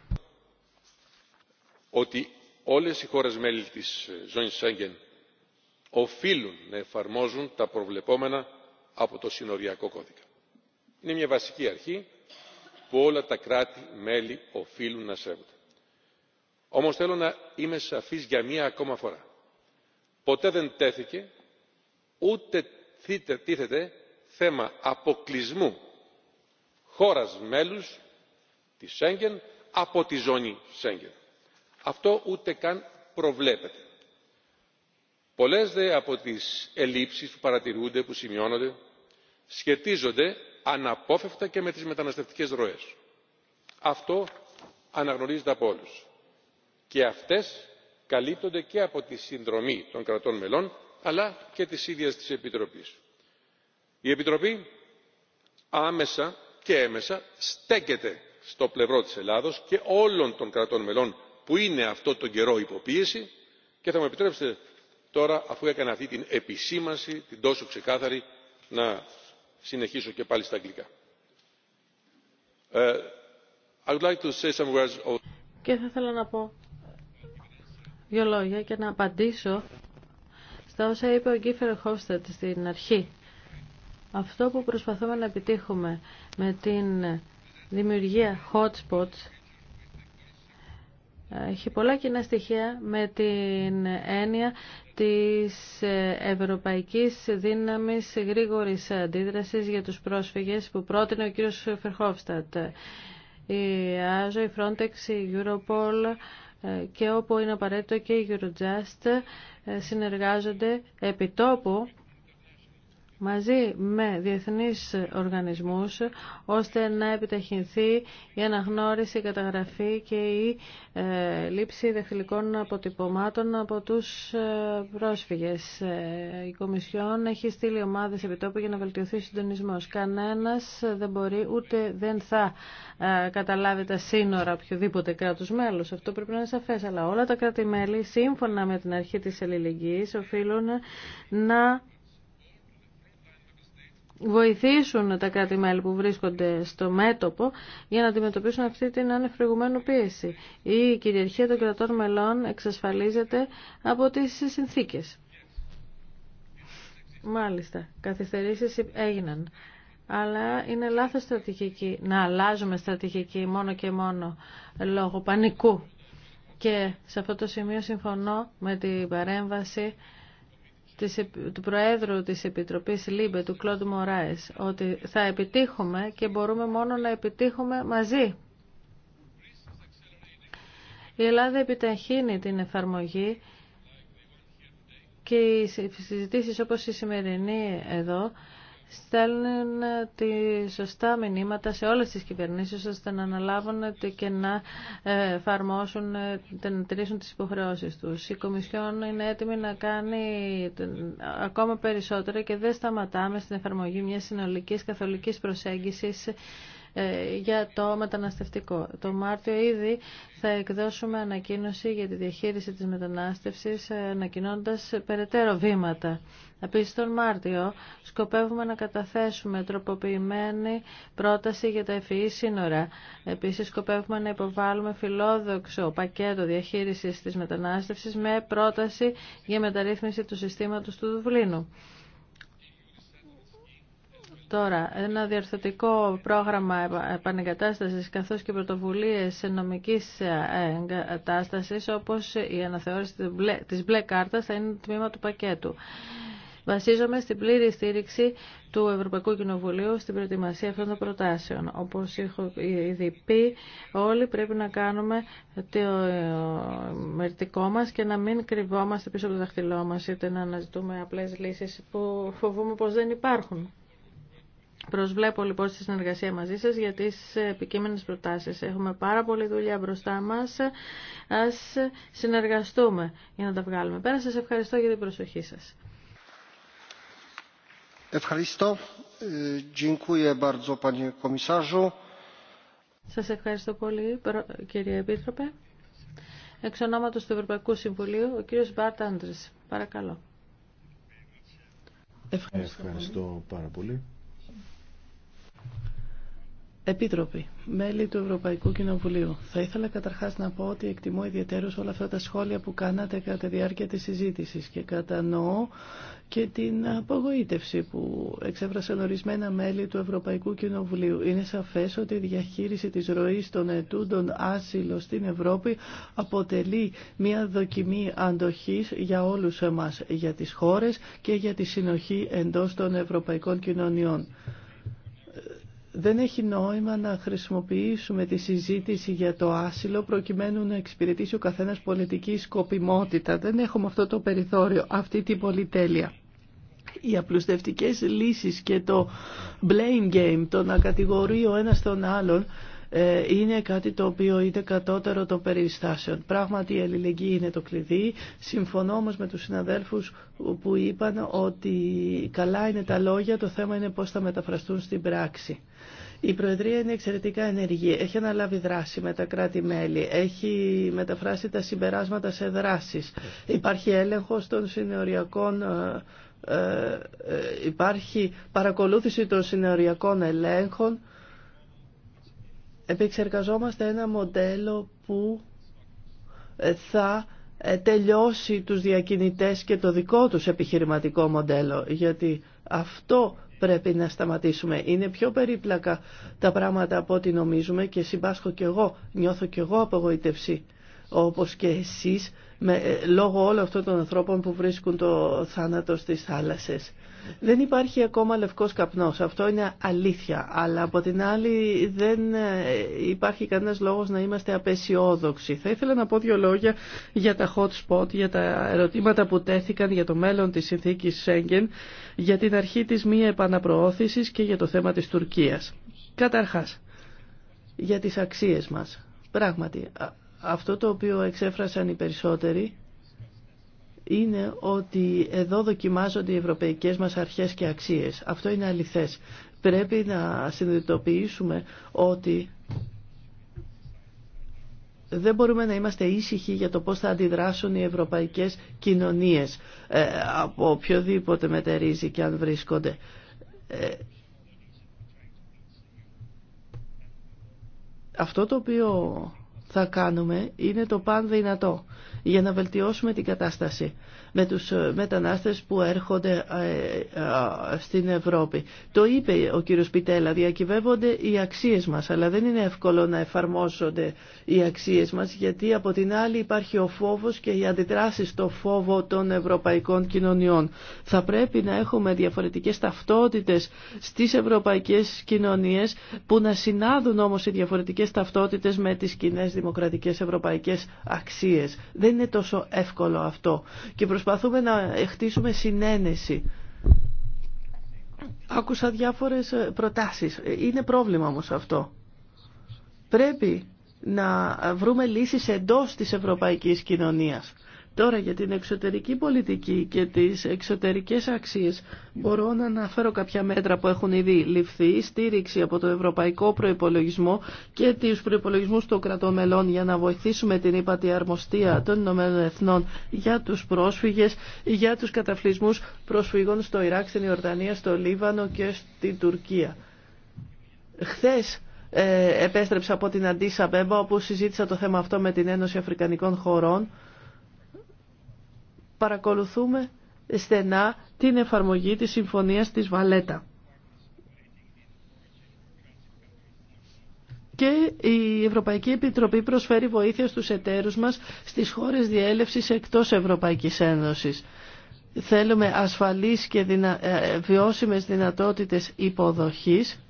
Ότι όλες οι χώρες μέλη της ε, ζώνης Σέγγεν οφείλουν να εφαρμόζουν τα προβλεπόμενα από το συνοριακό κώδικα. είναι μια βασική αρχή που όλα τα κράτη μέλη οφείλουν να σέβονται. όμως θέλω να είμαι σαφής για μια ακόμα φορά ποτέ δεν τέθηκε ούτε τίθεται θέμα αποκλεισμού χώρας μέλους της σέγγεν από τη ζώνη σέγγεν. αυτό ούτε καν προβλέπεται πολλές δε από τις ελλείψεις που παρατηρούνται που σημειώνονται σχετίζονται αναπόφευκτα και με τις μεταναστευτικές ροές. αυτό αναγνωρίζεται από όλους και αυτές καλύπτονται και από τη συνδρομή των κρατών μελών αλλά και της ίδιας της επιτροπής. η επιτροπή άμεσα και έμεσα στέκεται στο πλευρό της ελλάδος και όλων των κρατών μελών που είναι αυτόν τον καιρό υποποίηση και θα μου επιτρέψετε τώρα αφού έκανα αυτή την επισήμανση την τόσο ξεκάθαρη να συνεχίσω και πάλι στα αγγλικά. Ε, και θα ήθελα να πω δύο λόγια και να απαντήσω στα όσα είπε ο Γκίφερ Χόφστατ στην αρχή. Αυτό που προσπαθούμε να επιτύχουμε με την δημιουργία hotspots ε, έχει πολλά κοινά στοιχεία με την έννοια της Ευρωπαϊκής Δύναμης Γρήγορης Αντίδρασης για τους πρόσφυγες που πρότεινε ο κύριος Φερχόφστατ. Η ΑΖΟ, η Frontex, η Europol και όπου είναι απαραίτητο και η Eurojust συνεργάζονται επί τόπου μαζί με διεθνείς οργανισμούς ώστε να επιταχυνθεί η αναγνώριση, η καταγραφή και η ε, λήψη δεχτυλικών αποτυπωμάτων από τους ε, πρόσφυγες. Ε, η Κομισιόν έχει στείλει ομάδες επιτόπου για να βελτιωθεί ο συντονισμός. Κανένας δεν μπορεί ούτε δεν θα καταλάβει τα σύνορα οποιοδήποτε κράτους μέλους. Αυτό πρέπει να είναι σαφές. Αλλά όλα τα κράτη-μέλη σύμφωνα με την αρχή της ελληνικής οφείλουν να βοηθήσουν τα κράτη-μέλη που βρίσκονται στο μέτωπο για να αντιμετωπίσουν αυτή την ανεφρεγουμένου πίεση. Η κυριαρχία των κρατών μελών εξασφαλίζεται από τις συνθήκες. Μάλιστα, καθυστερήσεις έγιναν. Αλλά είναι λάθος στρατηγική να αλλάζουμε στρατηγική μόνο και μόνο λόγω πανικού. Και σε αυτό το σημείο συμφωνώ με την παρέμβαση του Προέδρου της Επιτροπής ΛΥΜΠΕ, του Κλόντ Μωράες, ότι θα επιτύχουμε και μπορούμε μόνο να επιτύχουμε μαζί. Η Ελλάδα επιταχύνει την εφαρμογή και οι συζητήσεις όπως η σημερινή εδώ στέλνουν τη σωστά μηνύματα σε όλες τις κυβερνήσεις ώστε να αναλάβουν και να εφαρμόσουν, να τηρήσουν τις υποχρεώσεις τους. Η Κομισιόν είναι έτοιμη να κάνει ακόμα περισσότερο και δεν σταματάμε στην εφαρμογή μιας συνολικής καθολικής προσέγγισης ε, για το μεταναστευτικό. Το Μάρτιο ήδη θα εκδώσουμε ανακοίνωση για τη διαχείριση της μετανάστευσης ε, ανακοινώντας περαιτέρω βήματα. Επίσης τον Μάρτιο σκοπεύουμε να καταθέσουμε τροποποιημένη πρόταση για τα ΕΦΗ e e σύνορα. Επίσης σκοπεύουμε να υποβάλουμε φιλόδοξο πακέτο διαχείρισης της μετανάστευσης με πρόταση για μεταρρύθμιση του συστήματος του Δουβλίνου. Τώρα, ένα διορθωτικό πρόγραμμα επανεγκατάστασης καθώς και πρωτοβουλίες νομικής ε, εγκατάστασης όπως η αναθεώρηση της μπλε κάρτας θα είναι το τμήμα του πακέτου. Βασίζομαι στην πλήρη στήριξη του Ευρωπαϊκού Κοινοβουλίου στην προετοιμασία αυτών των προτάσεων. Όπως έχω ήδη πει, όλοι πρέπει να κάνουμε το μερτικό μας και να μην κρυβόμαστε πίσω από το δαχτυλό μας, είτε να αναζητούμε απλές λύσεις που φοβούμε πως δεν υπάρχουν. Προσβλέπω λοιπόν στη συνεργασία μαζί σας για τις επικείμενες προτάσεις. Έχουμε πάρα πολλή δουλειά μπροστά μας. Ας συνεργαστούμε για να τα βγάλουμε πέρα. Σας ευχαριστώ για την προσοχή σας. Ευχαριστώ. Ε, Σας ευχαριστώ πολύ κύριε Επίτροπε. Εξ ονόματος του Ευρωπαϊκού Συμβουλίου, ο κύριος Μπάρτ Αντρες. Παρακαλώ. ευχαριστώ πάρα πολύ. Επίτροποι, μέλη του Ευρωπαϊκού Κοινοβουλίου, θα ήθελα καταρχάς να πω ότι εκτιμώ ιδιαίτερως όλα αυτά τα σχόλια που κάνατε κατά τη διάρκεια της συζήτησης και κατανοώ και την απογοήτευση που εξέφρασαν ορισμένα μέλη του Ευρωπαϊκού Κοινοβουλίου. Είναι σαφές ότι η διαχείριση της ροής των ετούντων άσυλο στην Ευρώπη αποτελεί μια δοκιμή αντοχής για όλους εμάς, για τις χώρες και για τη συνοχή εντός των ευρωπαϊκών κοινωνιών δεν έχει νόημα να χρησιμοποιήσουμε τη συζήτηση για το άσυλο προκειμένου να εξυπηρετήσει ο καθένας πολιτική σκοπιμότητα. Δεν έχουμε αυτό το περιθώριο, αυτή την πολυτέλεια. Οι απλουστευτικές λύσεις και το blame game, το να κατηγορεί ο ένας τον άλλον, ε, είναι κάτι το οποίο είναι κατώτερο των περιστάσεων. Πράγματι η αλληλεγγύη είναι το κλειδί. Συμφωνώ όμως με τους συναδέλφους που είπαν ότι καλά είναι τα λόγια, το θέμα είναι πώς θα μεταφραστούν στην πράξη. Η Προεδρία είναι εξαιρετικά ενεργή. Έχει αναλάβει δράση με τα κράτη-μέλη. Έχει μεταφράσει τα συμπεράσματα σε δράσεις. Υπάρχει έλεγχος των ε, ε, ε, υπάρχει παρακολούθηση των συνεωριακών ελέγχων. Επεξεργαζόμαστε ένα μοντέλο που θα τελειώσει τους διακινητές και το δικό τους επιχειρηματικό μοντέλο, γιατί αυτό πρέπει να σταματήσουμε. Είναι πιο περίπλακα τα πράγματα από ό,τι νομίζουμε και συμπάσχω κι εγώ, νιώθω κι εγώ απογοήτευση όπως και εσείς με, ε, λόγω όλων αυτών των ανθρώπων που βρίσκουν το θάνατο στις θάλασσες. Δεν υπάρχει ακόμα λευκός καπνός, αυτό είναι αλήθεια, αλλά από την άλλη δεν ε, υπάρχει κανένας λόγος να είμαστε απεσιόδοξοι. Θα ήθελα να πω δύο λόγια για τα hot spot, για τα ερωτήματα που τέθηκαν για το μέλλον της συνθήκης Σέγγεν, για την αρχή της μία επαναπροώθησης και για το θέμα της Τουρκίας. Καταρχάς, για τις αξίες μας. Πράγματι, αυτό το οποίο εξέφρασαν οι περισσότεροι είναι ότι εδώ δοκιμάζονται οι ευρωπαϊκές μας αρχές και αξίες. Αυτό είναι αληθές. Πρέπει να συνειδητοποιήσουμε ότι δεν μπορούμε να είμαστε ήσυχοι για το πώς θα αντιδράσουν οι ευρωπαϊκές κοινωνίες ε, από οποιοδήποτε μετερίζει και αν βρίσκονται. Ε, αυτό το οποίο θα κάνουμε είναι το παν δυνατό για να βελτιώσουμε την κατάσταση με τους ε, μετανάστες που έρχονται ε, ε, στην Ευρώπη. Το είπε ο κύριος Πιτέλα, διακυβεύονται οι αξίες μας, αλλά δεν είναι εύκολο να εφαρμόσονται οι αξίες μας, γιατί από την άλλη υπάρχει ο φόβος και η αντιδράση στο φόβο των ευρωπαϊκών κοινωνιών. Θα πρέπει να έχουμε διαφορετικές ταυτότητες στις ευρωπαϊκές κοινωνίες, που να συνάδουν όμως οι διαφορετικές ταυτότητες με τις κοινέ δημοκρατικές ευρωπαϊκές αξίες. Δεν είναι τόσο εύκολο αυτό. Προσπαθούμε να χτίσουμε συνένεση. Άκουσα διάφορες ε, προτάσεις. Ε, είναι πρόβλημα όμως αυτό. Πρέπει να βρούμε λύσεις εντός της ευρωπαϊκής κοινωνίας. Τώρα για την εξωτερική πολιτική και τις εξωτερικές αξίες μπορώ να αναφέρω κάποια μέτρα που έχουν ήδη ληφθεί, στήριξη από το ευρωπαϊκό προϋπολογισμό και τις προϋπολογισμούς των κρατών μελών για να βοηθήσουμε την ύπατη αρμοστία των Ηνωμένων Εθνών για τους πρόσφυγες, για τους καταφλισμούς προσφυγών στο Ιράκ, στην Ιορδανία, στο Λίβανο και στην Τουρκία. Χθες ε, επέστρεψα από την Αντίσα Μπέμπα όπου συζήτησα το θέμα αυτό με την Ένωση Αφρικανικών Χωρών παρακολουθούμε στενά την εφαρμογή της συμφωνίας της Βαλέτα. Και η Ευρωπαϊκή Επιτροπή προσφέρει βοήθεια στους εταίρους μας στις χώρες διέλευσης εκτός Ευρωπαϊκής Ένωσης. Θέλουμε ασφαλείς και δυνα... Ε, βιώσιμες δυνατότητες υποδοχής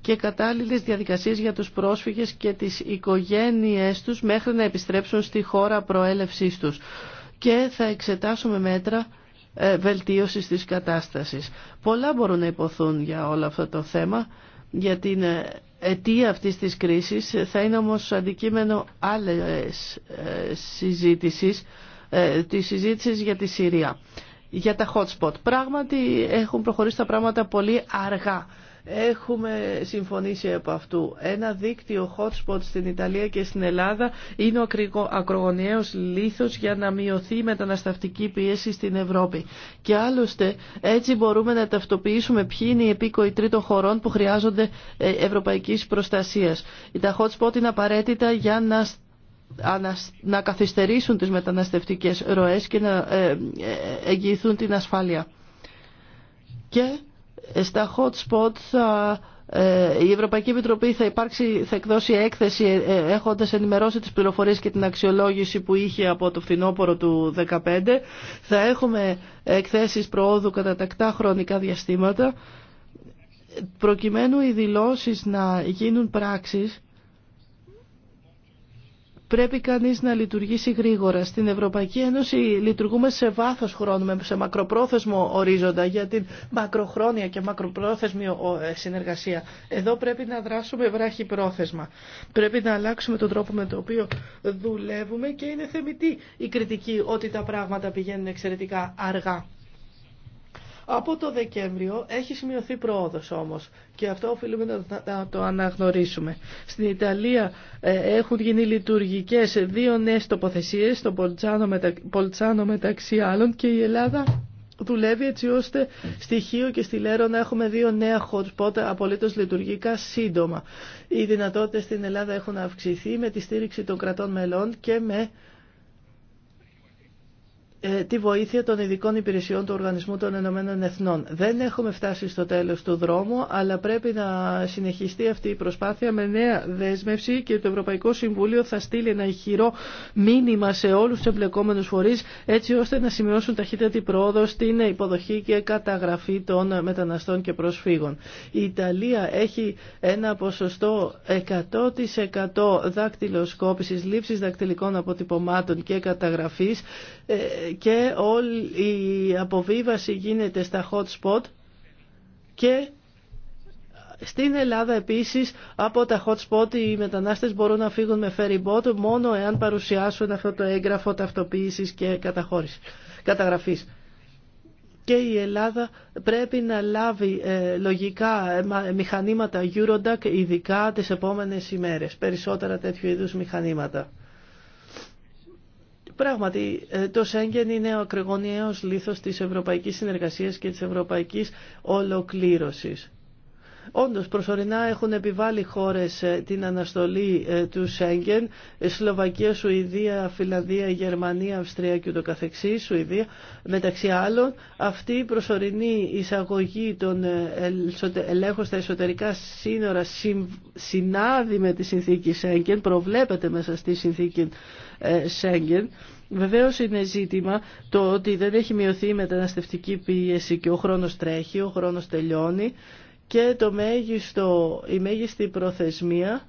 και κατάλληλες διαδικασίες για τους πρόσφυγες και τις οικογένειές τους μέχρι να επιστρέψουν στη χώρα προέλευσής τους και θα εξετάσουμε μέτρα ε, βελτίωσης της κατάστασης. Πολλά μπορούν να υποθούν για όλο αυτό το θέμα, για την ε, αιτία αυτής της κρίσης θα είναι όμως αντικείμενο άλλες ε, συζήτησης, της συζήτησης για τη Συρία. Για τα hot spot. Πράγματι έχουν προχωρήσει τα πράγματα πολύ αργά. Έχουμε συμφωνήσει από αυτού. Ένα δίκτυο hotspot στην Ιταλία και στην Ελλάδα είναι ο ακρογωνιαίος λίθος για να μειωθεί η μεταναστευτική πίεση στην Ευρώπη. Και άλλωστε έτσι μπορούμε να ταυτοποιήσουμε ποιοι είναι οι επίκοοι τρίτων χωρών που χρειάζονται ε, ευρωπαϊκής προστασίας. Τα hotspot είναι απαραίτητα για να να καθυστερήσουν τις μεταναστευτικές ροές και να ε, ε, εγγυηθούν την ασφάλεια. Και στα hot spot ε, η Ευρωπαϊκή Επιτροπή θα, θα εκδώσει έκθεση ε, ε, έχοντας ενημερώσει τις πληροφορίες και την αξιολόγηση που είχε από το φθινόπωρο του 2015. Θα έχουμε εκθέσεις προόδου κατά τακτά χρονικά διαστήματα προκειμένου οι δηλώσεις να γίνουν πράξεις πρέπει κανείς να λειτουργήσει γρήγορα. Στην Ευρωπαϊκή Ένωση λειτουργούμε σε βάθος χρόνου, σε μακροπρόθεσμο ορίζοντα για την μακροχρόνια και μακροπρόθεσμη ε, συνεργασία. Εδώ πρέπει να δράσουμε βράχη πρόθεσμα. Πρέπει να αλλάξουμε τον τρόπο με τον οποίο δουλεύουμε και είναι θεμητή η κριτική ότι τα πράγματα πηγαίνουν εξαιρετικά αργά. Από το Δεκέμβριο έχει σημειωθεί πρόοδος όμως και αυτό οφείλουμε να το αναγνωρίσουμε. Στην Ιταλία ε, έχουν γίνει λειτουργικές δύο νέες τοποθεσίες, το Πολτσάνο μεταξύ άλλων και η Ελλάδα δουλεύει έτσι ώστε στη Χίο και στη Λέρο να έχουμε δύο νέα hot spot απολύτως λειτουργικά σύντομα. Οι δυνατότητες στην Ελλάδα έχουν αυξηθεί με τη στήριξη των κρατών μελών και με ε, τη βοήθεια των ειδικών υπηρεσιών του Οργανισμού των Ενωμένων Εθνών. Δεν έχουμε φτάσει στο τέλος του δρόμου, αλλά πρέπει να συνεχιστεί αυτή η προσπάθεια με νέα δέσμευση και το Ευρωπαϊκό Συμβούλιο θα στείλει ένα ηχηρό μήνυμα σε όλους τους εμπλεκόμενους φορείς, έτσι ώστε να σημειώσουν ταχύτερη πρόοδο στην υποδοχή και καταγραφή των μεταναστών και προσφύγων. Η Ιταλία έχει ένα ποσοστό 100% δάκτυλοσκόπησης, λήψης δακτυλικών αποτυπωμάτων και καταγραφής ε, και όλη η αποβίβαση γίνεται στα hot spot και στην Ελλάδα επίσης από τα hot spot οι μετανάστες μπορούν να φύγουν με ferry boat μόνο εάν παρουσιάσουν αυτό το έγγραφο ταυτοποίησης και καταχώρησης, καταγραφής. Και η Ελλάδα πρέπει να λάβει ε, λογικά ε, μηχανήματα Eurodac ειδικά τις επόμενες ημέρες, περισσότερα τέτοιου είδους μηχανήματα. Πράγματι, ε, το Σέγγεν είναι ο ακρογωνιαίος λίθος της ευρωπαϊκής συνεργασίας και της ευρωπαϊκής ολοκλήρωσης. Όντως προσωρινά έχουν επιβάλει χώρες ε, την αναστολή ε, του Σέγγεν, ε, Σλοβακία, Σουηδία, Φιλανδία, Γερμανία, Αυστρία και ούτω καθεξής, Σουηδία. Μεταξύ άλλων, αυτή η προσωρινή εισαγωγή των ελέγχων στα εσωτερικά σύνορα συνάδει με τη συνθήκη Σέγγεν, προβλέπεται μέσα στη συνθήκη Σέγγεν. Βεβαίω είναι ζήτημα το ότι δεν έχει μειωθεί η μεταναστευτική πίεση και ο χρόνο τρέχει, ο χρόνο τελειώνει και το μέγιστο, η μέγιστη προθεσμία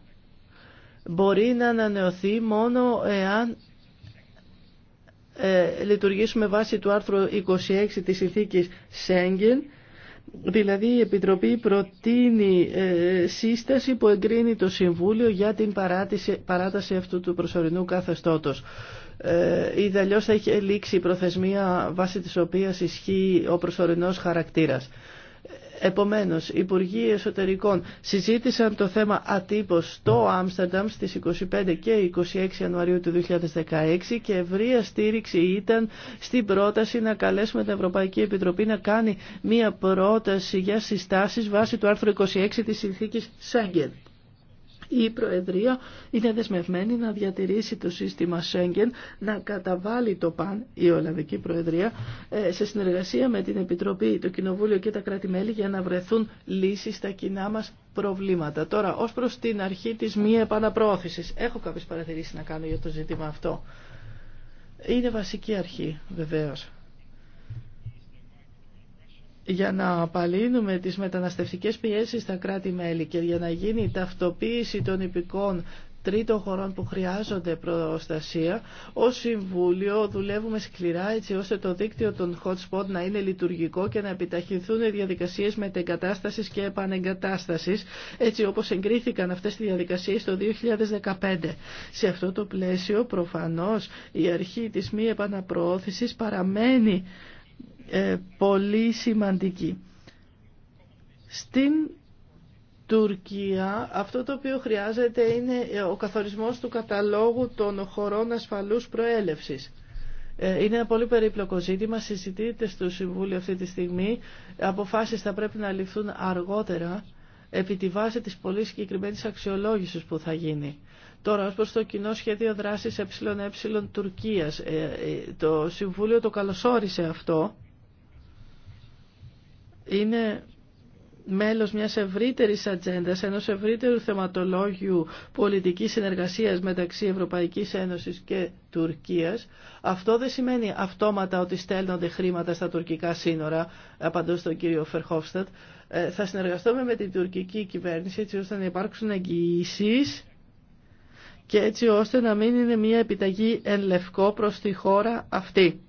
μπορεί να ανανεωθεί μόνο εάν ε, λειτουργήσουμε βάσει του άρθρου 26 της συνθήκης Σέγγεν Δηλαδή η Επιτροπή προτείνει ε, σύσταση που εγκρίνει το Συμβούλιο για την παράταση αυτού του προσωρινού καθεστώτος. Ε, αλλιως θα έχει λήξει η προθεσμία βάσει της οποίας ισχύει ο προσωρινός χαρακτήρας. Επομένως, οι Υπουργοί Εσωτερικών συζήτησαν το θέμα ατύπως στο Άμστερνταμ στις 25 και 26 Ιανουαρίου του 2016 και ευρεία στήριξη ήταν στην πρόταση να καλέσουμε την Ευρωπαϊκή Επιτροπή να κάνει μία πρόταση για συστάσεις βάσει του άρθρου 26 της Συνθήκης Σέγγεν η Προεδρία είναι δεσμευμένη να διατηρήσει το σύστημα Σέγγεν, να καταβάλει το ΠΑΝ, η Ολλανδική Προεδρία, ε, σε συνεργασία με την Επιτροπή, το Κοινοβούλιο και τα κρατη για να βρεθούν λύσεις στα κοινά μας προβλήματα. Τώρα, ως προς την αρχή της μη επαναπρόθεση, έχω κάποιε παρατηρήσει να κάνω για το ζήτημα αυτό. Είναι βασική αρχή, βεβαίω για να απαλύνουμε τις μεταναστευτικές πιέσεις στα κράτη-μέλη και για να γίνει η ταυτοποίηση των υπηκών τρίτων χωρών που χρειάζονται προστασία. Ως Συμβούλιο δουλεύουμε σκληρά έτσι ώστε το δίκτυο των hot spot να είναι λειτουργικό και να επιταχυνθούν οι διαδικασίες μετεγκατάστασης και επανεγκατάστασης έτσι όπως εγκρίθηκαν αυτές οι διαδικασίες το 2015. Σε αυτό το πλαίσιο προφανώς η αρχή της μη επαναπροώθησης παραμένει ε, πολύ σημαντική. Στην Τουρκία αυτό το οποίο χρειάζεται είναι ε, ο καθορισμός του καταλόγου των χωρών ασφαλούς προέλευσης. Ε, είναι ένα πολύ περίπλοκο ζήτημα, συζητείται στο Συμβούλιο αυτή τη στιγμή. Αποφάσεις θα πρέπει να ληφθούν αργότερα επί τη βάση της πολύ συγκεκριμένη αξιολόγησης που θα γίνει. Τώρα, ως προς το κοινό σχέδιο δράσης ΕΕ Τουρκίας, το Συμβούλιο το καλωσόρισε αυτό είναι μέλος μιας ευρύτερης ατζέντα, ενός ευρύτερου θεματολόγιου πολιτικής συνεργασίας μεταξύ Ευρωπαϊκής Ένωσης και Τουρκίας. Αυτό δεν σημαίνει αυτόματα ότι στέλνονται χρήματα στα τουρκικά σύνορα, απαντώ στον κύριο Φερχόφστατ. Ε, θα συνεργαστούμε με την τουρκική κυβέρνηση έτσι ώστε να υπάρξουν εγγυήσεις και έτσι ώστε να μην είναι μια επιταγή εν λευκό προς τη χώρα αυτή.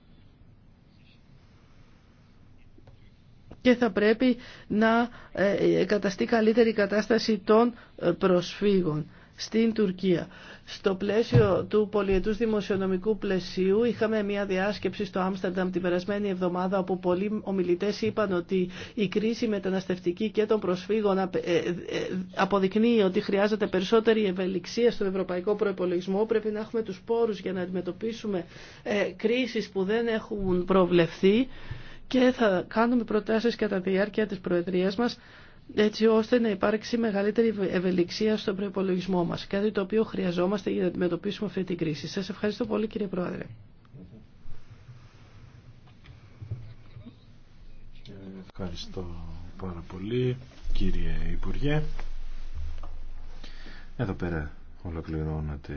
και θα πρέπει να ε, καταστεί καλύτερη κατάσταση των ε, προσφύγων στην Τουρκία. Στο πλαίσιο του πολιετούς δημοσιονομικού πλαισίου είχαμε μια διάσκεψη στο Άμστερνταμ την περασμένη εβδομάδα όπου πολλοί ομιλητές είπαν ότι η κρίση μεταναστευτική και των προσφύγων ε, αποδεικνύει ότι χρειάζεται περισσότερη ευελιξία στον ευρωπαϊκό προπολογισμό. Πρέπει να έχουμε τους πόρους για να αντιμετωπίσουμε κρίσεις που δεν έχουν προβλεφθεί και θα κάνουμε προτάσεις κατά τη διάρκεια της Προεδρίας μας έτσι ώστε να υπάρξει μεγαλύτερη ευελιξία στον προπολογισμό μας. Κάτι το οποίο χρειαζόμαστε για να αντιμετωπίσουμε αυτή την κρίση. Σας ευχαριστώ πολύ κύριε Πρόεδρε. Ευχαριστώ πάρα πολύ κύριε Υπουργέ. Εδώ πέρα ολοκληρώνατε.